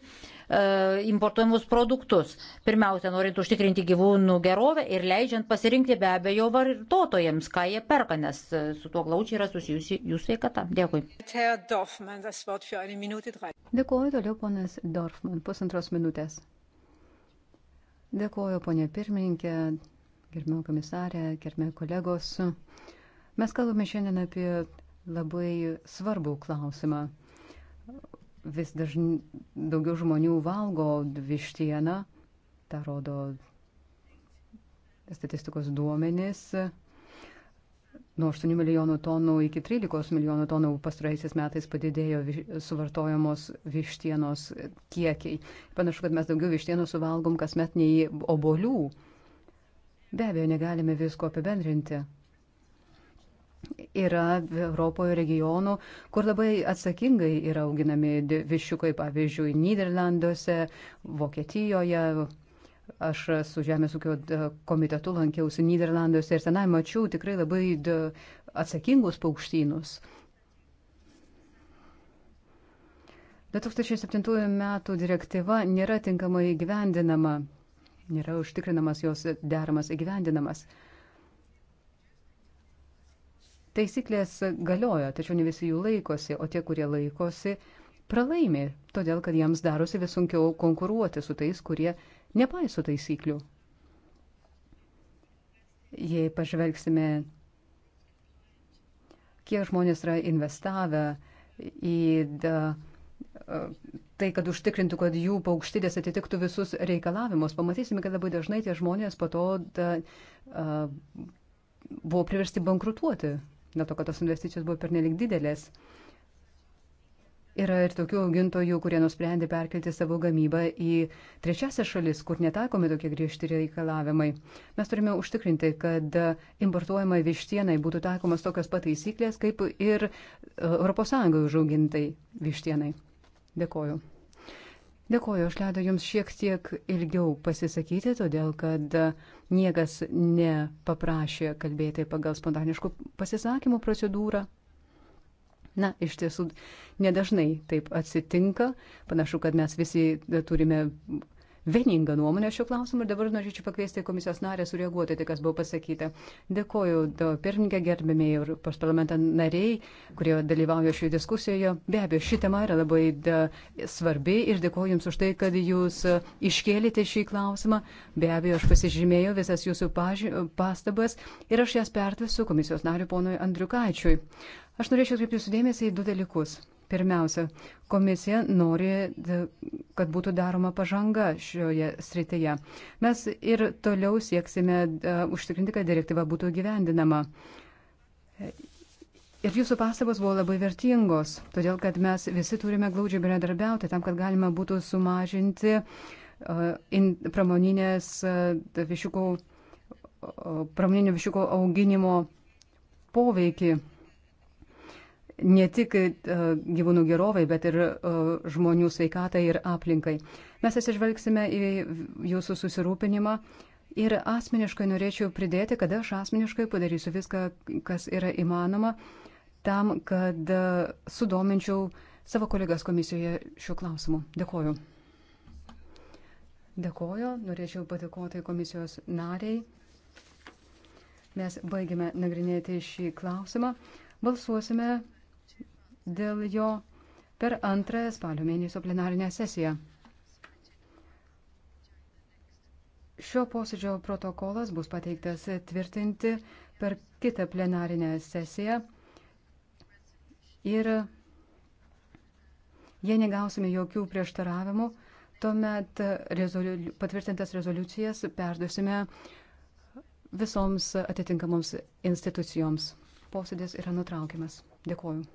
S6: importuojamus produktus. Pirmiausia, norint užtikrinti gyvūnų gerovę ir leidžiant pasirinkti be abejo vartotojams, ką jie perka, nes e, su tuo glaučiai yra susijusi jų sveikata. Dėkui. Dėkuoju toliau, ponas Dorfman,
S8: pusantros minutės. Dėkuoju, ponė pirmininkė, gerbėjau komisarė, gerbėjau kolegos. Mes kalbame šiandien apie labai svarbų klausimą. Vis dažn, daugiau žmonių valgo vištieną, tą rodo statistikos duomenys. Nuo 8 milijonų tonų iki 13 milijonų tonų pastaraisiais metais padidėjo viš, suvartojamos vištienos kiekiai. Panašu, kad mes daugiau vištienos suvalgom kasmet nei obolių. Be abejo, negalime visko apibendrinti, Yra Europoje regionų, kur labai atsakingai yra auginami viščiukai, pavyzdžiui, Niderlanduose, Vokietijoje. Aš su Žemės ūkio e, komitetu lankiausi Niderlanduose ir tenai mačiau tikrai labai atsakingus paukštynus. 2007 metų direktyva nėra tinkamai įgyvendinama, nėra užtikrinamas jos deramas įgyvendinamas. Taisyklės galioja, tačiau ne visi jų laikosi, o tie, kurie laikosi, pralaimi, todėl kad jiems darosi vis sunkiau konkuruoti su tais, kurie nepaiso taisyklių. Jei pažvelgsime, kiek žmonės yra investavę į da, tai, kad užtikrintų, kad jų paukštidės atitiktų visus reikalavimus, pamatysime, kad labai dažnai tie žmonės po to da, a, buvo priversti bankrutuoti dėl to, kad tos investicijos buvo pernelik didelės. Yra ir tokių augintojų, kurie nusprendė perkelti savo gamybą į trečiasias šalis, kur netaikomi tokie griežti reikalavimai. Mes turime užtikrinti, kad importuojama vištienai būtų taikomas tokios pataisyklės, kaip ir ES užaugintai vištienai. Dėkoju. Dėkuoju, aš leido jums šiek tiek ilgiau pasisakyti, todėl kad niekas nepaprašė kalbėti pagal spontaniškų pasisakymų procedūrą. Na, iš tiesų, nedažnai taip atsitinka. Panašu, kad mes visi turime vieningą nuomonę šiuo klausimu ir dabar norėčiau pakviesti komisijos narę sureaguoti tai, kas buvo pasakyta. Dėkoju pirmininkė gerbėmiai ir parlamentą nariai, kurie dalyvauja šioje diskusijoje. Be abejo, ši tema yra labai da, svarbi ir dėkoju Jums už tai, kad Jūs iškėlėte šį klausimą. Be abejo, aš pasižymėjau visas Jūsų paži... pastabas ir aš jas pertvesiu komisijos nariu ponui Andriukaičiui. Aš norėčiau kreipti jūsų dėmesį į du dalykus. Pirmiausia, komisija nori, kad būtų daroma pažanga šioje srityje. Mes ir toliau sieksime užtikrinti, kad direktyva būtų gyvendinama. Ir jūsų pastabos buvo labai vertingos, todėl kad mes visi turime glaudžiai bendradarbiauti tam, kad galima būtų sumažinti pramoninės višiukų, pramoninio višiukų auginimo poveikį ne tik e, gyvūnų gerovai, bet ir e, žmonių sveikatai ir aplinkai. Mes atsižvelgsime į jūsų susirūpinimą ir asmeniškai norėčiau pridėti, kad aš asmeniškai padarysiu viską, kas yra įmanoma, tam, kad e, sudominčiau savo kolegas komisijoje šiuo klausimu. Dėkoju. Dėkoju, norėčiau padėkoti komisijos nariai. Mes baigėme nagrinėti šį klausimą. Balsuosime dėl jo per antrąją spalio mėnesio plenarinę sesiją. Šio posėdžio protokolas bus pateiktas tvirtinti per kitą plenarinę sesiją ir jei negausime jokių prieštaravimų, tuomet rezoliu, patvirtintas rezoliucijas perduosime visoms atitinkamoms institucijoms. Posėdis yra nutraukiamas. Dėkuoju.